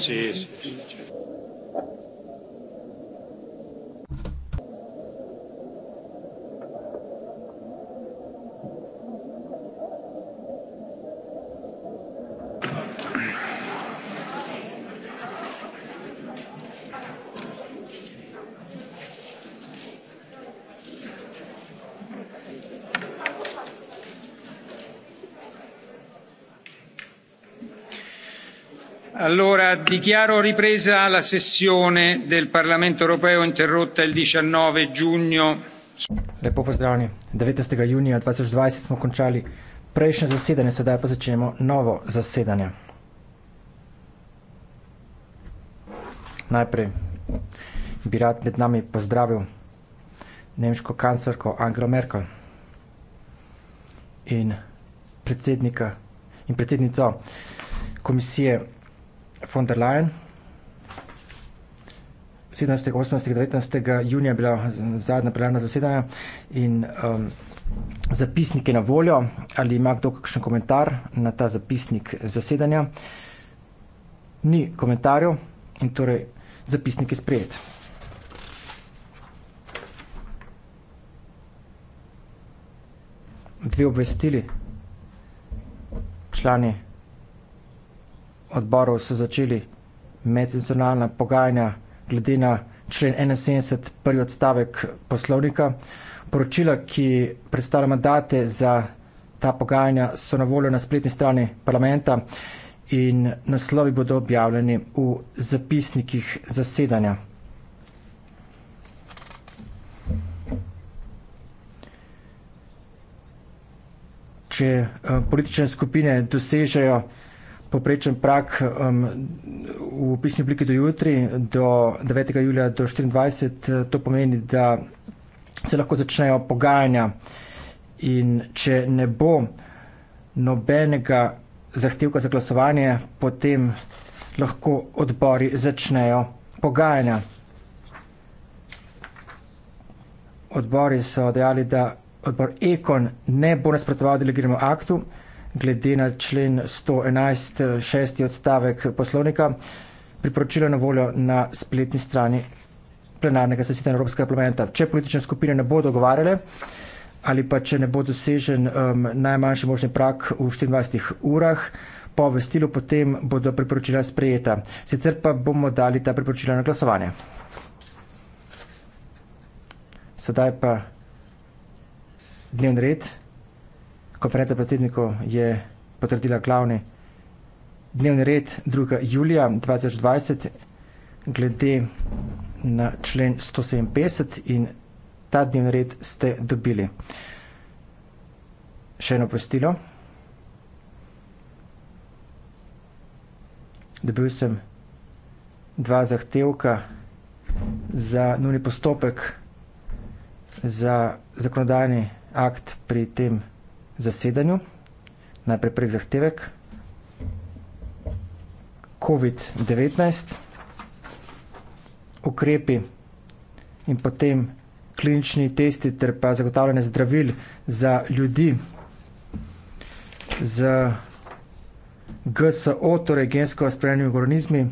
sí, sí, sí, sí. Allora, dichiaro ripresa la sessione del Parlamento europeo interrotta il 19 giugno. Lepo pozdravljeni. 19. junija 2020 smo končali prejšnje zasedanje, sedaj pa začnemo novo zasedanje. Najprej bi rad med nami pozdravil nemško kanclerko Angelo Merkel in predsednika in predsednico komisije von der Leyen. 17., 18., 19. junija je bila zadnja plenarna zasedanja in um, zapisnik je na voljo. Ali ima kdo kakšen komentar na ta zapisnik zasedanja? Ni komentarjev in torej zapisnik je sprejet. Dve obvestili člani odboru so začeli medinstitucionalna pogajanja glede na člen 71, prvi odstavek poslovnika. Poročila, ki predstavlja mandate za ta pogajanja, so na voljo na spletni strani parlamenta in naslovi bodo objavljeni v zapisnikih zasedanja. Če uh, politične skupine dosežejo poprečen prak um, v pisni obliki do jutri, do 9. julija do 24. Eh, to pomeni, da se lahko začnejo pogajanja in če ne bo nobenega zahtevka za glasovanje, potem lahko odbori začnejo pogajanja. Odbori so dejali, da odbor Ekon ne bo nasprotoval delegiranemu aktu glede na člen 111, šesti odstavek poslovnika. Priporočilo na voljo na spletni strani plenarnega sesita Evropskega parlamenta. Če politične skupine ne bodo dogovarjale ali pa če ne bo dosežen um, najmanjši možni prak v 24 urah, po vestilu potem bodo priporočila sprejeta. Sicer pa bomo dali ta priporočila na glasovanje. Sedaj pa dnevni red konferenca predsednikov je potrdila glavni dnevni red 2. julija 2020 glede na člen 157 in ta dnevni red ste dobili. Še eno postilo. Dobil sem dva zahtevka za nujni postopek za zakonodajni akt pri tem postopku zasedanju. Najprej prek zahtevek. COVID-19, ukrepi in potem klinični testi ter pa zagotavljanje zdravil za ljudi z GSO, torej gensko spremenjeni organizmi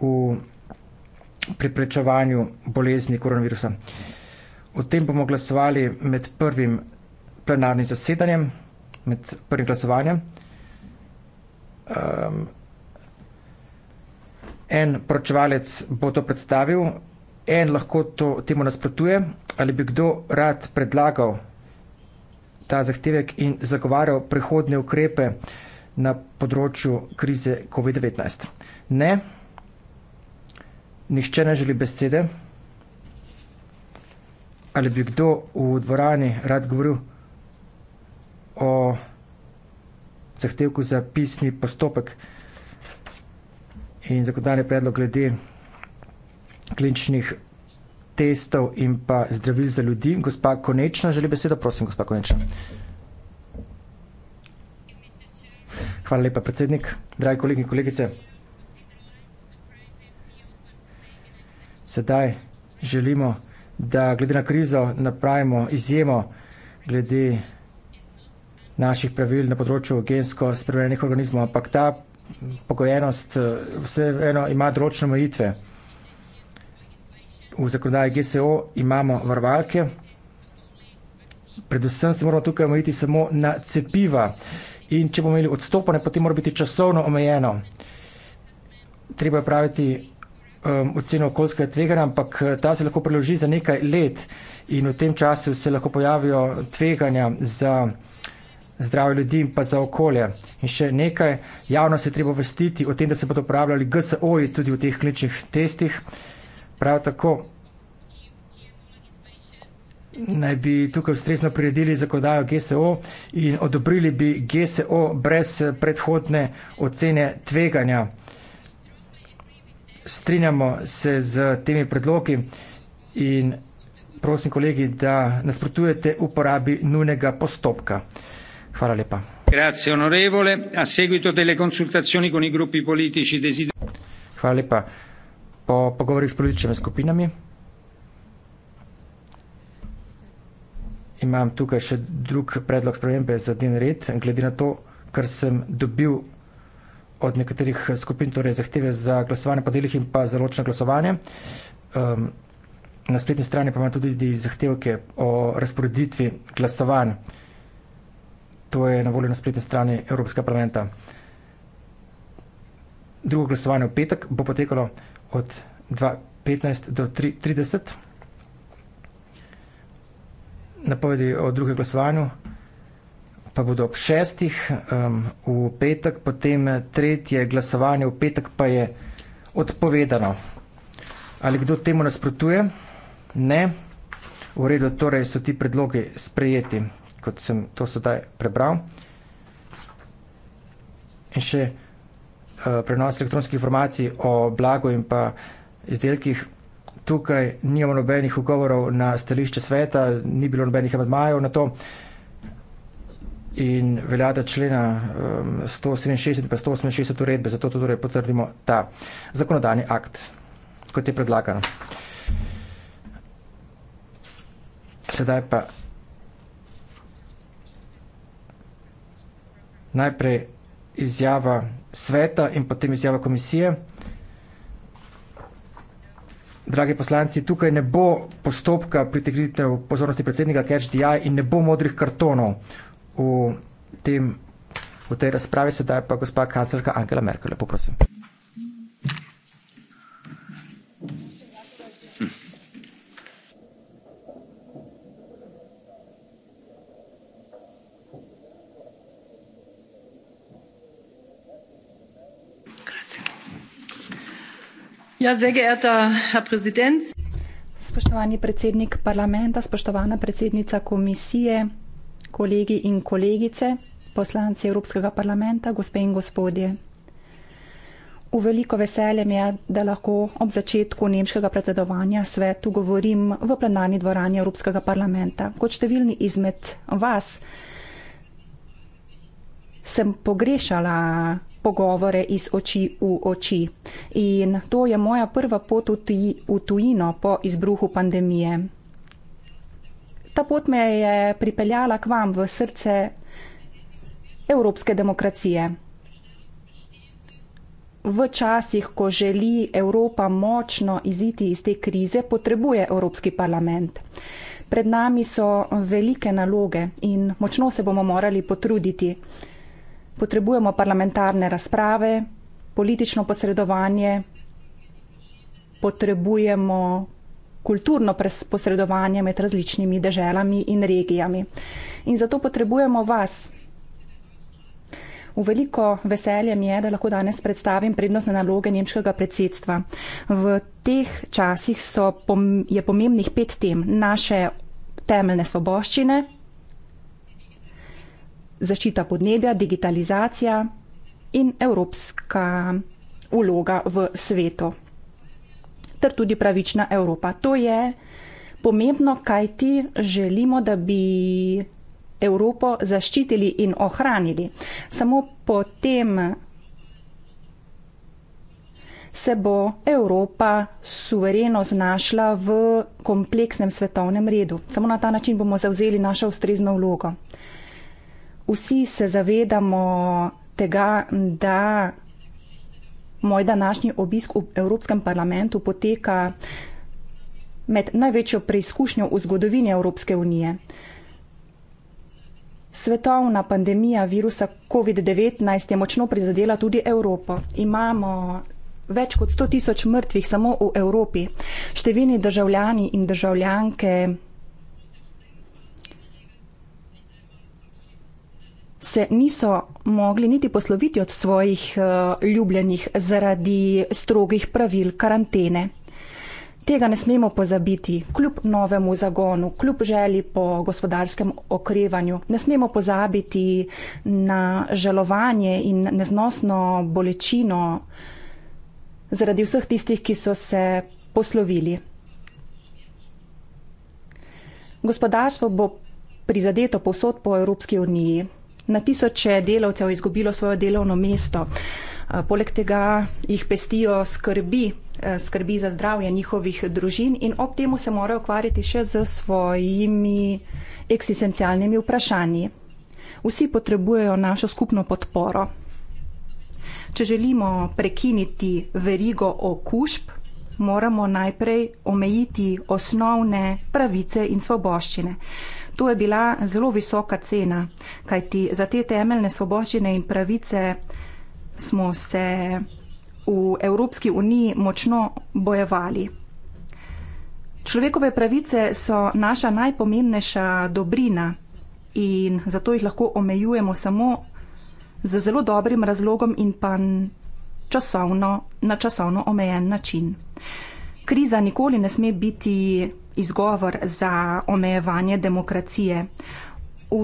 v preprečevanju bolezni koronavirusa. O tem bomo glasovali med prvim plenarnim zasedanjem, med prvim glasovanjem. Um, en pročevalec bo to predstavil, en lahko to, temu nasprotuje, ali bi kdo rad predlagal ta zahtevek in zagovarjal prihodne ukrepe na področju krize COVID-19. Ne, nihče ne želi besede. Ali bi kdo v dvorani rad govoril? o zahtevku za pisni postopek in zakonodajni predlog glede kliničnih testov in pa zdravil za ljudi. Gospa Konečna želi besedo, prosim, gospa Konečna. Hvala lepa, predsednik, dragi kolegi in kolegice. Sedaj želimo, da glede na krizo napravimo izjemo glede naših pravil na področju gensko spremenjenih organizmov, ampak ta pogojenost eh, vse eno ima določene mojitve. V zakonodaji GSO imamo varvalke, predvsem se moramo tukaj omejiti samo na cepiva in če bomo imeli odstopane, potem mora biti časovno omejeno. Treba je praviti ehm, oceno okoljskega tveganja, ampak eh, ta se lahko preloži za nekaj let in v tem času se lahko pojavijo tveganja za vsega, zdravje ljudi in pa za okolje. In še nekaj, javno se je treba vestiti o tem, da se bodo uporabljali GSO-ji tudi v teh kličnih testih. Prav tako naj bi tukaj ustrezno priredili zakonodajo GSO in odobrili bi GSO brez predhodne ocene tveganja. Strinjamo se z temi predlogi in prosim kolegi, da nasprotujete uporabi nujnega postopka. Hvala lepa. Grazie onorevole, a seguito delle consultazioni con i gruppi politici desider- Hvala lepa. Po pogovorih s političnimi skupinami. Imam tukaj še drug predlog spremembe za den red. Glede na to, kar sem dobil od nekaterih skupin, torej zahteve za glasovanje po delih in pa za ločno glasovanje, um, na spletni strani pa imam tudi zahtevke o razporeditvi glasovanj. To je na voljo na spletni strani Evropskega parlamenta. Drugo glasovanje v petek bo potekalo od 2.15 do 3.30. Napovedi o drugem glasovanju pa bodo ob šestih um, v petek, potem tretje glasovanje v petek pa je odpovedano. Ali kdo temu nasprotuje? Ne. V redu torej so ti predlogi sprejeti kot sem to sedaj prebral. In še uh, prenos elektronskih informacij o blagu in pa izdelkih. Tukaj nijamo nobenih ugovorov na stališče sveta, ni bilo nobenih amadmajev na to. In veljata člena um, ehm, 167 pa 168 uredbe, zato to torej potrdimo ta zakonodani akt, kot je predlagano. Sedaj pa najprej izjava sveta in potem izjava komisije. Dragi poslanci, tukaj ne bo postopka pritegnitev pozornosti predsednika Catch the Eye in ne bo modrih kartonov v, tem, v tej razpravi. Sedaj pa gospa kancelka Angela Merkel, lepo prosim. Ja, sehr geehrter Herr Präsident. Spoštovani predsednik parlamenta, spoštovana predsednica komisije, kolegi in kolegice, poslanci Evropskega parlamenta, gospe in gospodje. V veliko veselje mi je, da lahko ob začetku nemškega predsedovanja svetu govorim v plenarni dvorani Evropskega parlamenta. Kot številni izmed vas sem pogrešala pogovore iz oči v oči. In to je moja prva pot v tujino po izbruhu pandemije. Ta pot me je pripeljala k vam v srce evropske demokracije. V časih, ko želi Evropa močno iziti iz te krize, potrebuje Evropski parlament. Pred nami so velike naloge in močno se bomo morali potruditi potrebujemo parlamentarne razprave, politično posredovanje, potrebujemo kulturno posredovanje med različnimi deželami in regijami. In zato potrebujemo vas. V veliko veselje mi je, da lahko danes predstavim prednostne naloge nemškega predsedstva. V teh časih so, je pomembnih pet tem naše temeljne svoboščine, zaščita podnebja, digitalizacija in evropska vloga v svetu. Ter tudi pravična Evropa. To je pomembno, kaj ti želimo, da bi Evropo zaščitili in ohranili. Samo potem se bo Evropa suvereno znašla v kompleksnem svetovnem redu. Samo na ta način bomo zavzeli našo ustrezno vlogo vsi se zavedamo tega, da moj današnji obisk v Evropskem parlamentu poteka med največjo preizkušnjo v zgodovini Evropske unije. Svetovna pandemija virusa COVID-19 je močno prizadela tudi Evropo. Imamo več kot 100 tisoč mrtvih samo v Evropi. Številni državljani in državljanke se niso mogli niti posloviti od svojih uh, ljubljenih zaradi strogih pravil karantene. Tega ne smemo pozabiti, kljub novemu zagonu, kljub želji po gospodarskem okrevanju. Ne smemo pozabiti na žalovanje in neznosno bolečino zaradi vseh tistih, ki so se poslovili. Gospodarstvo bo prizadeto povsod po Evropski uniji na tisoče delavcev izgubilo svoje delovno mesto. Poleg tega jih pestijo skrbi, skrbi za zdravje njihovih družin in ob temu se morajo ukvarjati še z svojimi eksistencialnimi vprašanji. Vsi potrebujejo našo skupno podporo. Če želimo prekiniti verigo okužb, moramo najprej omejiti osnovne pravice in svoboščine. To je bila zelo visoka cena, kajti za te temeljne svoboščine in pravice smo se v Evropski uniji močno bojevali. Človekove pravice so naša najpomembnejša dobrina in zato jih lahko omejujemo samo z zelo dobrim razlogom in pa časovno, na časovno omejen način. Kriza nikoli ne sme biti izgovor za omejevanje demokracije.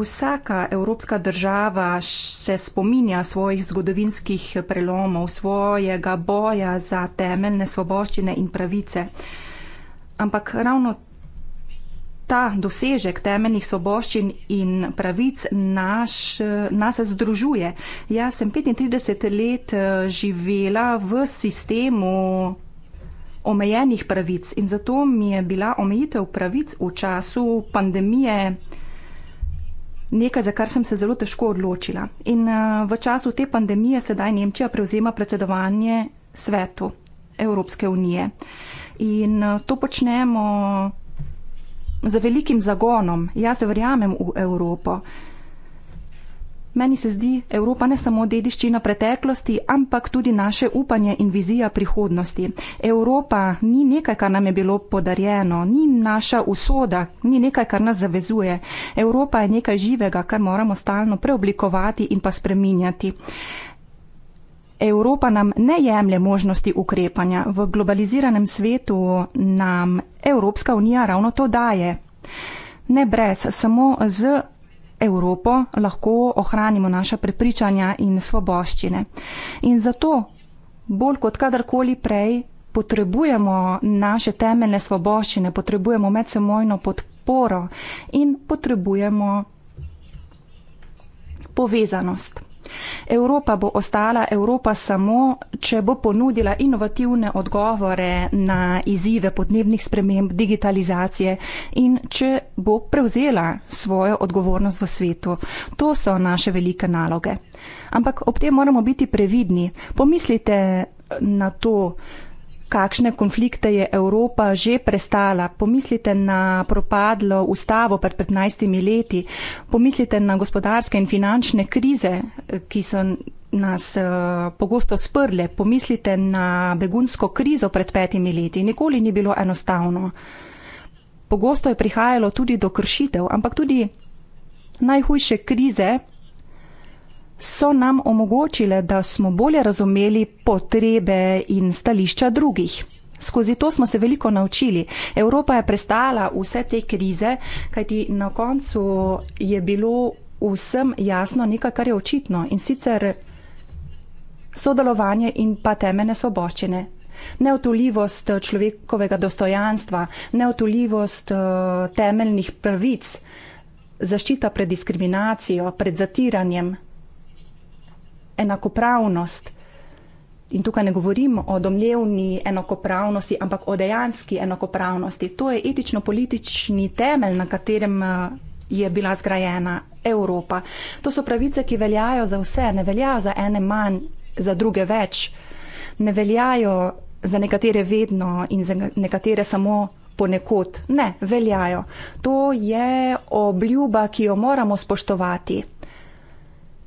Vsaka evropska država se spominja svojih zgodovinskih prelomov, svojega boja za temeljne svoboščine in pravice. Ampak ravno ta dosežek temeljnih svoboščin in pravic naš, nas združuje. Jaz sem 35 let eh, živela v sistemu omejenih pravic in zato mi je bila omejitev pravic v času pandemije nekaj, za kar sem se zelo težko odločila. In uh, v času te pandemije sedaj Nemčija prevzema predsedovanje svetu Evropske unije. In uh, to počnemo z velikim zagonom. Jaz verjamem v Evropo. Uh, Meni se zdi, Evropa ne samo dediščina preteklosti, ampak tudi naše upanje in vizija prihodnosti. Evropa ni nekaj, kar nam je bilo podarjeno, ni naša usoda, ni nekaj, kar nas zavezuje. Evropa je nekaj živega, kar moramo stalno preoblikovati in pa spreminjati. Evropa nam ne jemlje možnosti ukrepanja. V globaliziranem svetu nam Evropska unija ravno to daje. Ne brez, samo z Evropo lahko ohranimo naša prepričanja in svoboščine. In zato bolj kot kadarkoli prej potrebujemo naše temeljne svoboščine, potrebujemo medsebojno podporo in potrebujemo povezanost. Evropa bo ostala Evropa samo, če bo ponudila inovativne odgovore na izzive podnebnih sprememb, digitalizacije in če bo prevzela svojo odgovornost v svetu. To so naše velike naloge. Ampak ob tem moramo biti previdni. Pomislite na to, kakšne konflikte je Evropa že prestala. Pomislite na propadlo ustavo pred 15 leti, pomislite na gospodarske in finančne krize, ki so nas uh, pogosto sprle, pomislite na begunsko krizo pred petimi leti. Nikoli ni bilo enostavno. Pogosto je prihajalo tudi do kršitev, ampak tudi najhujše krize so nam omogočile, da smo bolje razumeli potrebe in stališča drugih. Skozi to smo se veliko naučili. Evropa je prestala vse te krize, kajti na koncu je bilo vsem jasno nekaj, kar je očitno in sicer sodelovanje in pa temene svoboščine. Neotoljivost eh, človekovega dostojanstva, neotoljivost eh, temeljnih pravic, zaščita pred diskriminacijo, pred zatiranjem, enakopravnost. In tukaj ne govorim o domnevni enakopravnosti, ampak o dejanski enakopravnosti. To je etično-politični temelj, na katerem eh, je bila zgrajena Evropa. To so pravice, ki veljajo za vse, ne veljajo za ene manj, za druge več. Ne veljajo za nekatere vedno in za nekatere samo ponekod. Ne, veljajo. To je obljuba, ki jo moramo spoštovati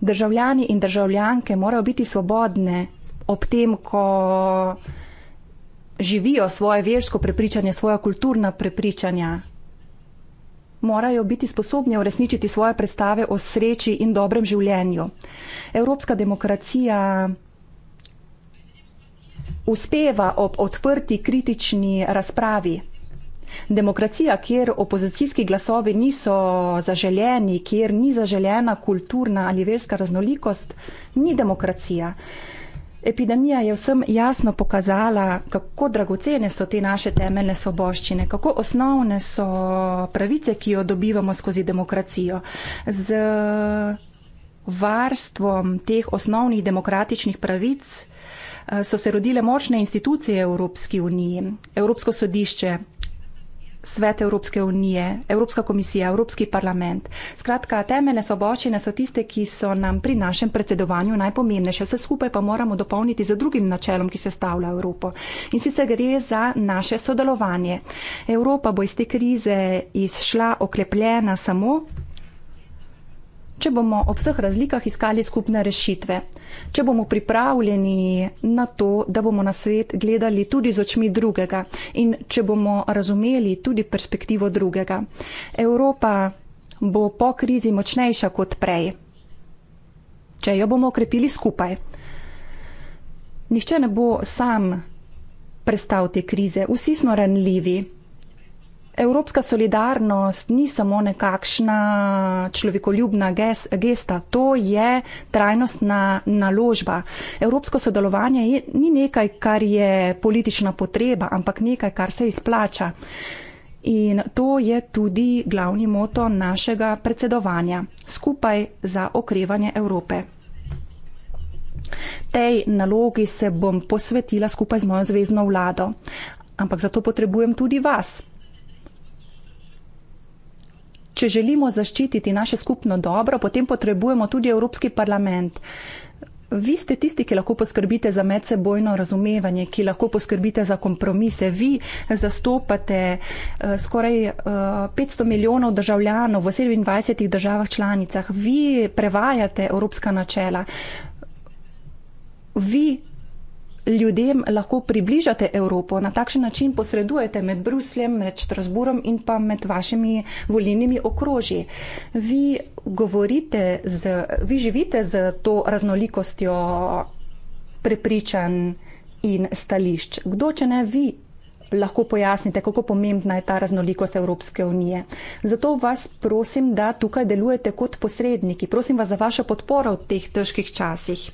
državljani in državljanke morajo biti svobodne ob tem, ko živijo svoje versko prepričanje, svoja kulturna prepričanja. Morajo biti sposobni uresničiti svoje predstave o sreči in dobrem življenju. Evropska demokracija uspeva ob odprti kritični razpravi. Demokracija, kjer opozicijski glasovi niso zaželjeni, kjer ni zaželjena kulturna ali verska raznolikost, ni demokracija. Epidemija je vsem jasno pokazala, kako dragocene so te naše temeljne svoboščine, kako osnovne so pravice, ki jo dobivamo skozi demokracijo. Z varstvom teh osnovnih demokratičnih pravic eh, so se rodile močne institucije Evropske unije, Evropsko sodišče, Svet Evropske unije, Evropska komisija, Evropski parlament. Skratka, temene svoboščine so tiste, ki so nam pri našem predsedovanju najpomembnejše. Vse skupaj pa moramo dopolniti z drugim načelom, ki se stavlja Evropo. In sicer gre za naše sodelovanje. Evropa bo iz te krize izšla okrepljena samo, če bomo ob vseh razlikah iskali skupne rešitve, če bomo pripravljeni na to, da bomo na svet gledali tudi z očmi drugega in če bomo razumeli tudi perspektivo drugega. Evropa bo po krizi močnejša kot prej, če jo bomo okrepili skupaj. Nihče ne bo sam prestal te krize, vsi smo ranljivi. Evropska solidarnost ni samo nekakšna človekoljubna gesta, to je trajnostna naložba. Evropsko sodelovanje je, ni nekaj, kar je politična potreba, ampak nekaj, kar se izplača. In to je tudi glavni moto našega predsedovanja skupaj za okrevanje Evrope. Tej nalogi se bom posvetila skupaj z mojo zvezdno vlado. Ampak zato potrebujem tudi vas, če želimo zaščititi naše skupno dobro, potem potrebujemo tudi Evropski parlament. Vi ste tisti, ki lahko poskrbite za medsebojno razumevanje, ki lahko poskrbite za kompromise. Vi zastopate eh, skoraj 500 eh, milijonov državljanov v 27 državah članicah. Vi prevajate evropska načela. Vi ljudem lahko približate Evropo, na takšen način posredujete med Brusljem, med Štrasburom in pa med vašimi volilnimi okroži. Vi, govorite z, vi živite z to raznolikostjo prepričanj in stališč. Kdo, če ne vi, lahko pojasnite, kako pomembna je ta raznolikost Evropske unije. Zato vas prosim, da tukaj delujete kot posredniki. Prosim vas za vašo podporo v teh težkih časih.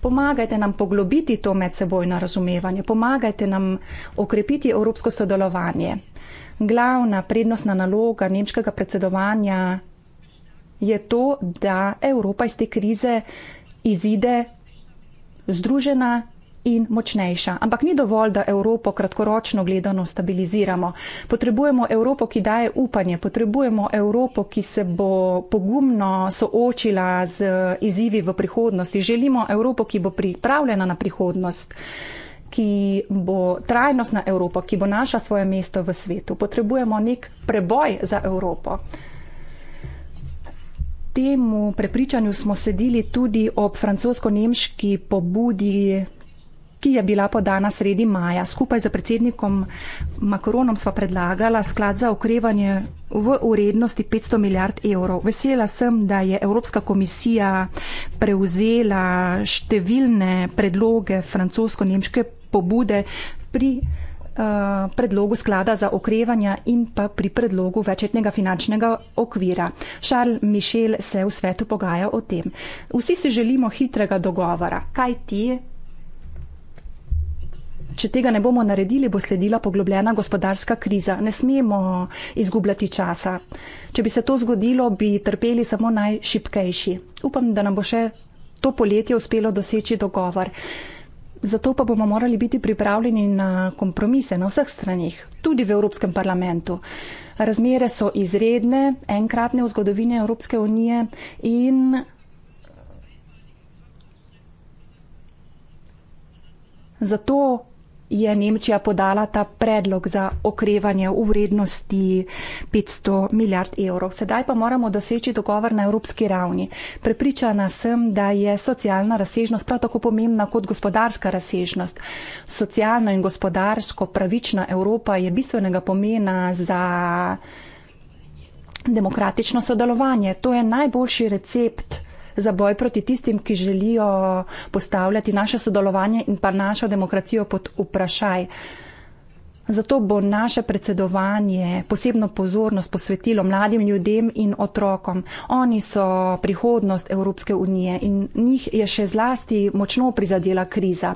Pomagajte nam poglobiti to medsebojno razumevanje, pomagajte nam okrepiti evropsko sodelovanje. Glavna prednostna naloga nemškega predsedovanja je to, da Evropa iz te krize izide združena in močnejša. Ampak ni dovolj, da Evropo kratkoročno gledano stabiliziramo. Potrebujemo Evropo, ki daje upanje, potrebujemo Evropo, ki se bo pogumno soočila z izzivi v prihodnosti. Želimo Evropo, ki bo pripravljena na prihodnost ki bo trajnostna Evropa, ki bo naša svoje mesto v svetu. Potrebujemo nek preboj za Evropo. Temu prepričanju smo sedeli tudi ob francosko-nemški pobudi ki je bila podana sredi maja. Skupaj z predsednikom Makronom sva predlagala sklad za okrevanje v urednosti 500 milijard evrov. Vesela sem, da je Evropska komisija prevzela številne predloge francosko-nemške pobude pri eh, predlogu sklada za okrevanja in pa pri predlogu večetnega finančnega okvira. Charles Michel se v svetu pogaja o tem. Vsi si želimo hitrega dogovora. Kaj ti, če tega ne bomo naredili, bo sledila poglobljena gospodarska kriza. Ne smemo izgubljati časa. Če bi se to zgodilo, bi trpeli samo najšipkejši. Upam, da nam bo še to poletje uspelo doseči dogovor. Zato pa bomo morali biti pripravljeni na kompromise na vseh stranih, tudi v Evropskem parlamentu. Razmere so izredne, enkratne v zgodovini Evropske unije in. Zato je Nemčija podala ta predlog za okrevanje v vrednosti 500 milijard evrov. Sedaj pa moramo doseči dogovor na evropski ravni. Prepričana sem, da je socialna razsežnost prav tako pomembna kot gospodarska razsežnost. Socialno in gospodarsko pravična Evropa je bistvenega pomena za. Demokratično sodelovanje, to je najboljši recept za boj proti tistim, ki želijo postavljati naše sodelovanje in pa našo demokracijo pod vprašaj. Zato bo naše predsedovanje posebno pozornost posvetilo mladim ljudem in otrokom. Oni so prihodnost Evropske unije in njih je še zlasti močno prizadela kriza.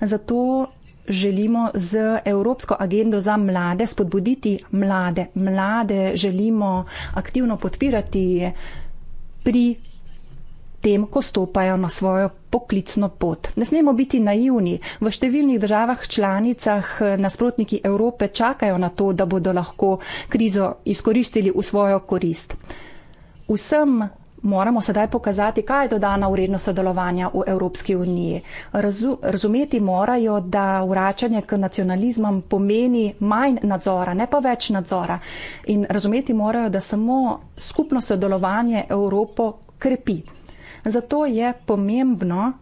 Zato želimo z Evropsko agendo za mlade spodbuditi mlade. Mlade želimo aktivno podpirati pri tem, ko stopajo na svojo poklicno pot. Ne smemo biti naivni. V številnih državah članicah eh, nasprotniki Evrope čakajo na to, da bodo lahko krizo izkoristili v svojo korist. Vsem moramo sedaj pokazati, kaj je dodana vrednost sodelovanja v Evropski uniji. Razu, razumeti morajo, da vračanje k nacionalizmom pomeni manj nadzora, ne pa več nadzora. In razumeti morajo, da samo skupno sodelovanje Evropo krepi. Zato je pomembno,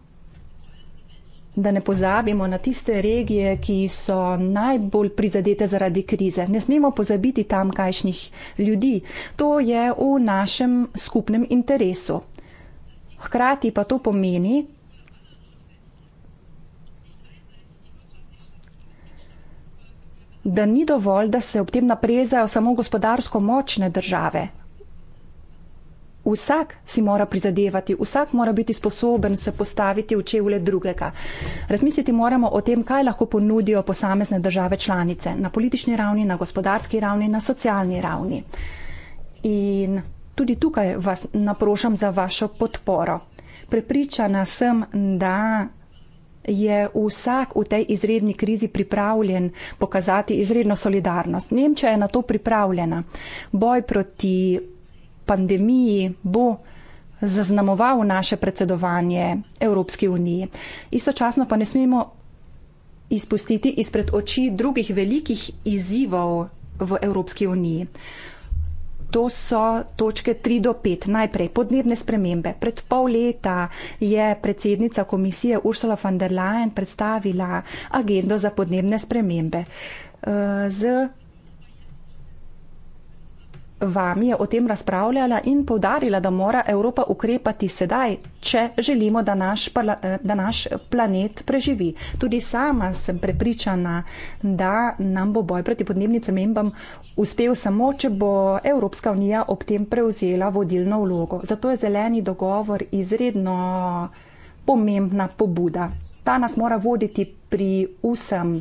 da ne pozabimo na tiste regije, ki so najbolj prizadete zaradi krize. Ne smemo pozabiti tamkajšnjih ljudi. To je v našem skupnem interesu. Hkrati pa to pomeni, da ni dovolj, da se ob tem naprezajo samo gospodarsko močne države, Vsak si mora prizadevati, vsak mora biti sposoben se postaviti v čevlje drugega. Razmisliti moramo o tem, kaj lahko ponudijo posamezne države članice na politični ravni, na gospodarski ravni, na socialni ravni. In tudi tukaj vas naprošam za vašo podporo. Prepričana sem, da je vsak v tej izredni krizi pripravljen pokazati izredno solidarnost. Nemčija je na to pripravljena. Boj proti pandemiji bo zaznamoval naše predsedovanje Evropski uniji. Istočasno pa ne smemo izpustiti izpred oči drugih velikih izzivov v Evropski uniji. To so točke 3 do 5. Najprej podnebne spremembe. Pred pol leta je predsednica komisije Ursula von der Leyen predstavila agendo za podnebne spremembe eh, z vami je o tem razpravljala in povdarila, da mora Evropa ukrepati sedaj, če želimo, da naš, eh, da naš planet preživi. Tudi sama sem prepričana, da nam bo boj proti podnebnim spremembam uspel samo, če bo Evropska unija ob tem prevzela vodilno vlogo. Zato je zeleni dogovor izredno pomembna pobuda. Ta nas mora voditi pri vsem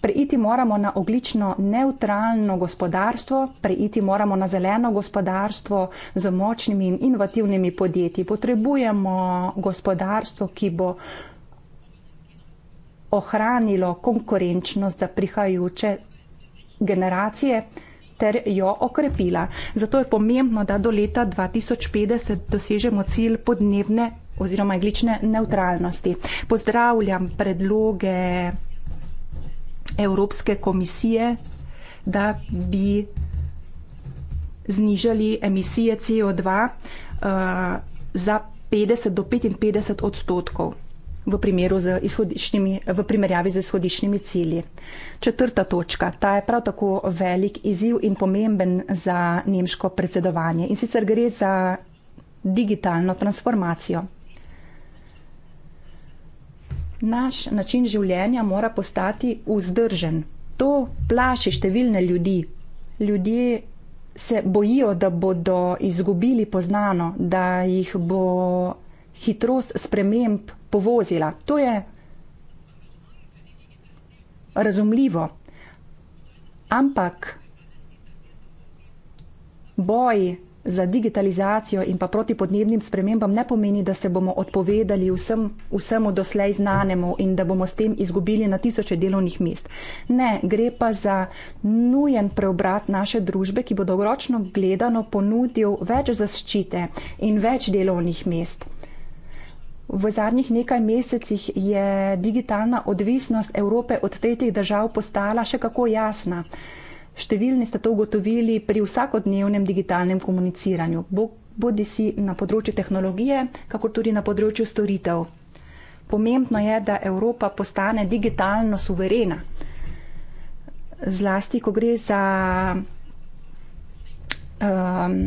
Preiti moramo na oglično neutralno gospodarstvo, preiti moramo na zeleno gospodarstvo z močnimi in inovativnimi podjetji. Potrebujemo gospodarstvo, ki bo ohranilo konkurenčnost za prihajajoče generacije ter jo okrepila. Zato je pomembno, da do leta 2050 dosežemo cilj podnebne oziroma iglične neutralnosti. Pozdravljam predloge Evropske komisije, da bi znižali emisije CO2 uh, eh, za 50 do 55 odstotkov v, v primerjavi z izhodišnjimi cilji. Četrta točka, ta je prav tako velik izziv in pomemben za nemško predsedovanje in sicer gre za digitalno transformacijo. Naš način življenja mora postati vzdržen. To plaši številne ljudi. Ljudje se bojijo, da bodo izgubili poznano, da jih bo hitrost sprememb povozila. To je razumljivo. Ampak boj za digitalizacijo in pa proti podnebnim spremembam ne pomeni, da se bomo odpovedali vsem, vsemu doslej znanemu in da bomo s tem izgubili na tisoče delovnih mest. Ne, gre pa za nujen preobrat naše družbe, ki bo dolgoročno gledano ponudil več zaščite in več delovnih mest. V zadnjih nekaj mesecih je digitalna odvisnost Evrope od tretjih držav postala še kako jasna. Številni ste to ugotovili pri vsakodnevnem digitalnem komuniciranju, bodi si na področju tehnologije, kako tudi na področju storitev. Pomembno je, da Evropa postane digitalno suverena. Zlasti, ko gre za, um,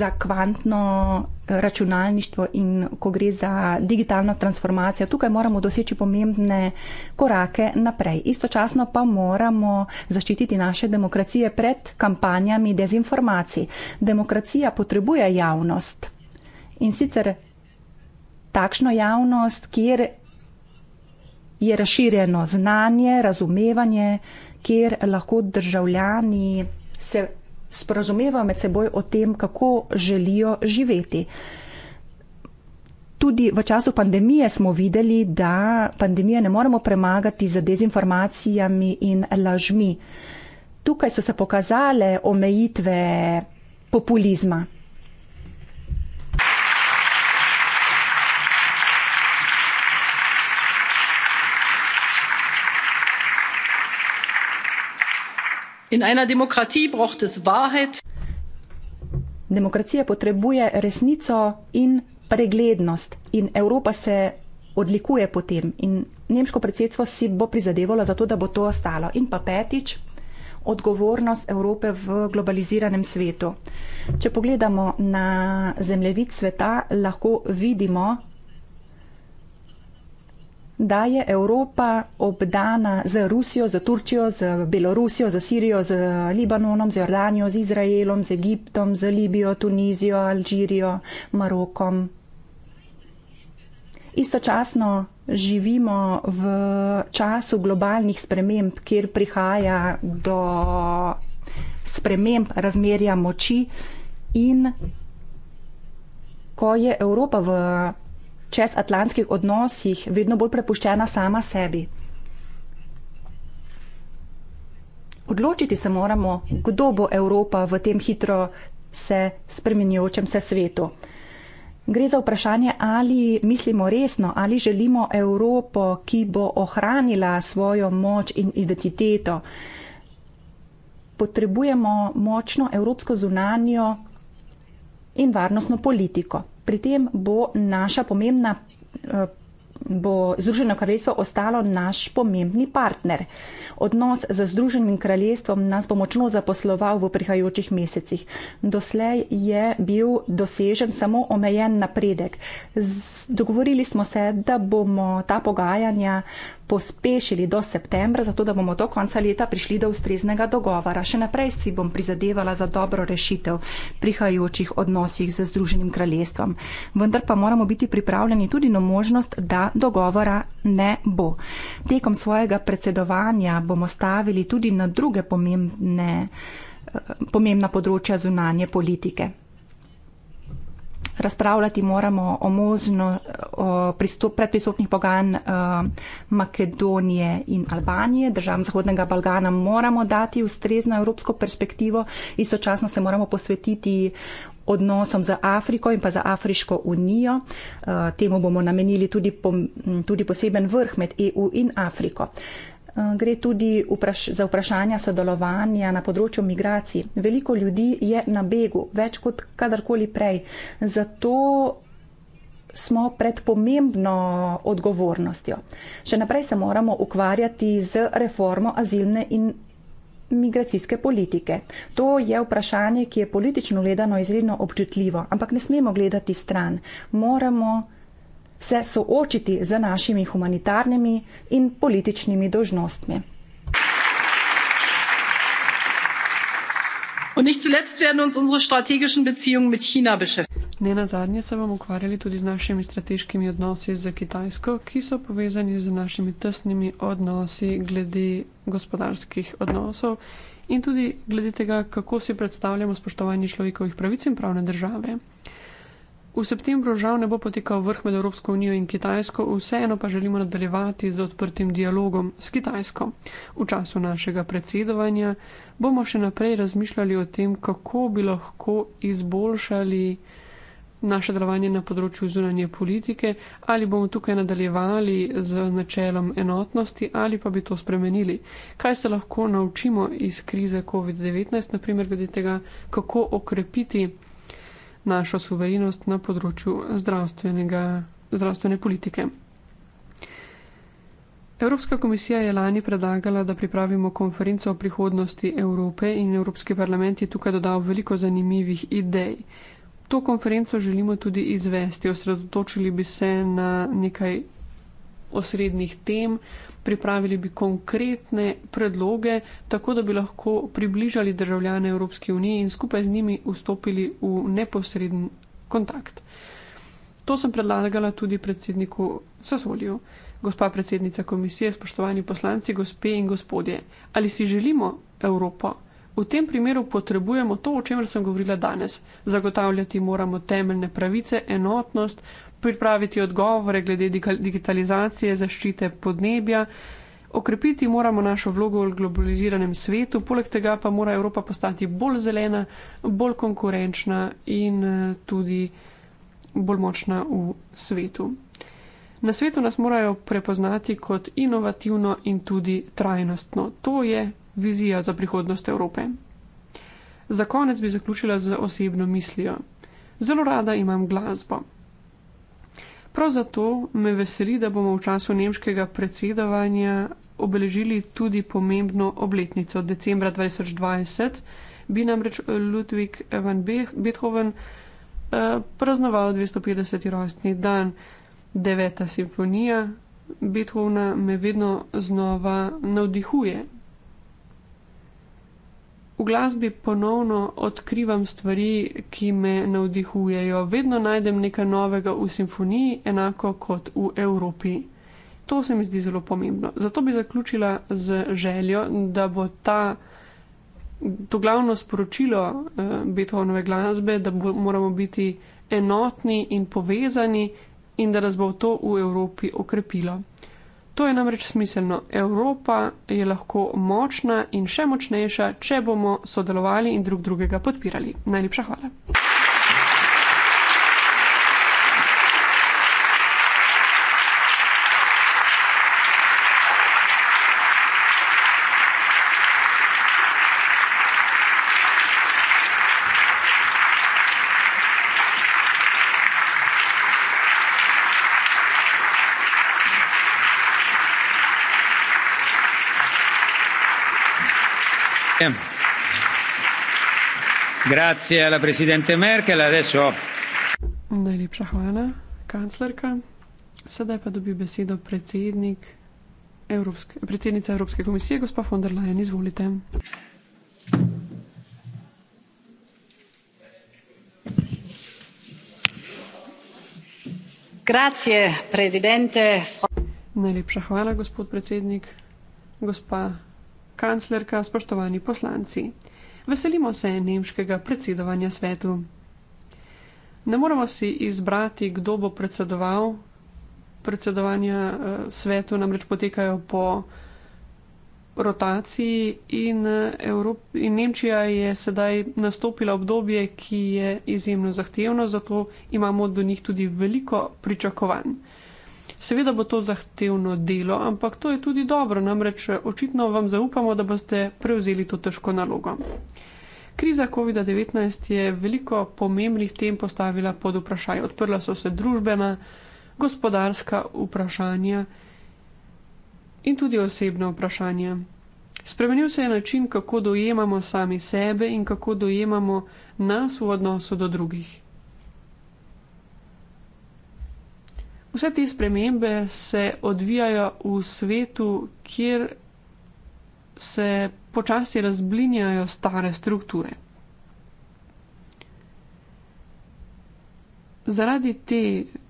za kvantno računalništvo in ko gre za digitalno transformacijo. Tukaj moramo doseči pomembne korake naprej. Istočasno pa moramo zaščititi naše demokracije pred kampanjami dezinformacij. Demokracija potrebuje javnost in sicer takšno javnost, kjer je razširjeno znanje, razumevanje, kjer lahko državljani se sporazumevajo med seboj o tem, kako želijo živeti. Tudi v času pandemije smo videli, da pandemije ne moremo premagati z dezinformacijami in lažmi. Tukaj so se pokazale omejitve populizma. In einer Demokratie braucht es Wahrheit. Demokracija potrebuje resnico in preglednost in Evropa se odlikuje po tem in nemško predsedstvo si bo prizadevalo za to, da bo to ostalo. In pa petič, odgovornost Evrope v globaliziranem svetu. Če pogledamo na zemljevid sveta, lahko vidimo, da je Evropa obdana z Rusijo, z Turčijo, z Belorusijo, z Sirijo, z Libanonom, z Jordanijo, z Izraelom, z Egiptom, z Libijo, Tunizijo, Alžirijo, Marokom. Istočasno živimo v času globalnih sprememb, kjer prihaja do sprememb razmerja moči in ko je Evropa v čezatlantskih odnosih vedno bolj prepuščena sama sebi. Odločiti se moramo, kdo bo Evropa v tem hitro se spremenjujočem se svetu. Gre za vprašanje, ali mislimo resno, ali želimo Evropo, ki bo ohranila svojo moč in identiteto. Potrebujemo močno evropsko zunanjo in varnostno politiko pri tem bo naša pomembna, eh, bo Združeno kraljestvo ostalo naš pomembni partner. Odnos z Združenim kraljestvom nas bo močno zaposloval v prihajajočih mesecih. Doslej je bil dosežen samo omejen napredek. Z, dogovorili smo se, da bomo ta pogajanja pospešili do septembra, zato da bomo do konca leta prišli do ustreznega dogovora. Še naprej si bom prizadevala za dobro rešitev prihajajočih odnosih z Združenim kraljestvom. Vendar pa moramo biti pripravljeni tudi na možnost, da dogovora ne bo. Tekom svojega predsedovanja bomo stavili tudi na druge pomembne, eh, pomembna področja zunanje politike razpravljati moramo o možno o pristop, predpristopnih pogajanj eh, Makedonije in Albanije. Državam Zahodnega Balgana moramo dati ustrezno evropsko perspektivo, istočasno se moramo posvetiti odnosom za Afriko in pa za Afriško unijo. Eh, temu bomo namenili tudi, po, tudi poseben vrh med EU in Afriko. Eh, gre tudi vpraš za vprašanja sodelovanja na področju migracij. Veliko ljudi je na begu, več kot kadarkoli prej. Zato smo pred pomembno odgovornostjo. Še naprej se moramo ukvarjati z reformo azilne in migracijske politike. To je vprašanje, ki je politično gledano izredno občutljivo, ampak ne smemo gledati stran. Moramo se soočiti z našimi humanitarnimi in političnimi dožnostmi. Ne na zadnje se bomo ukvarjali tudi z našimi strateškimi odnosi z Kitajsko, ki so povezani z našimi tesnimi odnosi glede gospodarskih odnosov in tudi glede tega, kako si predstavljamo spoštovanje človekovih pravic in pravne države. V septembru žal ne bo potekal vrh med Evropsko unijo in Kitajsko, vseeno pa želimo nadaljevati z odprtim dialogom s Kitajsko. V času našega predsedovanja bomo še naprej razmišljali o tem, kako bi lahko izboljšali naše delovanje na področju zunanje politike, ali bomo tukaj nadaljevali z načelom enotnosti ali pa bi to spremenili. Kaj se lahko naučimo iz krize COVID-19, naprimer glede tega, kako okrepiti našo suverenost na področju zdravstvene politike. Evropska komisija je lani predlagala, da pripravimo konferenco o prihodnosti Evrope in Evropski parlament je tukaj dodal veliko zanimivih idej. To konferenco želimo tudi izvesti. Osredotočili bi se na nekaj osrednjih tem, pripravili bi konkretne predloge, tako da bi lahko približali državljane Evropske unije in skupaj z njimi vstopili v neposreden kontakt. To sem predlagala tudi predsedniku Sasolju. Gospa predsednica komisije, spoštovani poslanci, gospe in gospodje, ali si želimo Evropo? V tem primeru potrebujemo to, o čemer sem govorila danes. Zagotavljati moramo temeljne pravice, enotnost, pripraviti odgovore glede digitalizacije, zaščite podnebja. Okrepiti moramo našo vlogo v globaliziranem svetu, poleg tega pa mora Evropa postati bolj zelena, bolj konkurenčna in tudi bolj močna v svetu. Na svetu nas morajo prepoznati kot inovativno in tudi trajnostno. To je vizija za prihodnost Evrope. Za konec bi zaključila z osebno mislijo. Zelo rada imam glasbo. Prav zato me veseli, da bomo v času nemškega predsedovanja obeležili tudi pomembno obletnico. Decembra 2020 bi namreč Ludvik van Beethoven eh, praznoval 250. rojstni dan. Deveta simfonija Beethovna me vedno znova navdihuje, V glasbi ponovno odkrivam stvari, ki me navdihujejo. Vedno najdem nekaj novega v simfoniji, enako kot v Evropi. To se mi zdi zelo pomembno. Zato bi zaključila z željo, da bo ta, to glavno sporočilo uh, Beethovenove glasbe, da bo, moramo biti enotni in povezani in da nas bo to v Evropi okrepilo. To je namreč smiselno. Evropa je lahko močna in še močnejša, če bomo sodelovali in drug drugega podpirali. Najlepša hvala. Najlepša hvala, kanclerka. Sedaj pa dobi besedo predsednik Evropske, predsednica Evropske komisije, gospa von der Leyen, izvolite. Najlepša hvala, gospod predsednik. Gospa kanclerka, spoštovani poslanci veselimo se nemškega predsedovanja svetu. Ne moramo si izbrati, kdo bo predsedoval. Predsedovanja eh, svetu namreč potekajo po rotaciji in, eh, Evrop in Nemčija je sedaj nastopila obdobje, ki je izjemno zahtevno, zato imamo do njih tudi veliko pričakovanj. Seveda bo to zahtevno delo, ampak to je tudi dobro, namreč eh, očitno vam zaupamo, da boste prevzeli to težko nalogo. Kriza COVID-19 je veliko pomembnih tem postavila pod vprašanje. Odprla so se družbena, gospodarska vprašanja in tudi osebna vprašanja. Spremenil se je način, kako dojemamo sami sebe in kako dojemamo nas v odnosu do drugih. Vse te spremembe se odvijajo v svetu, kjer se počasi razblinjajo stare strukture. Zaradi te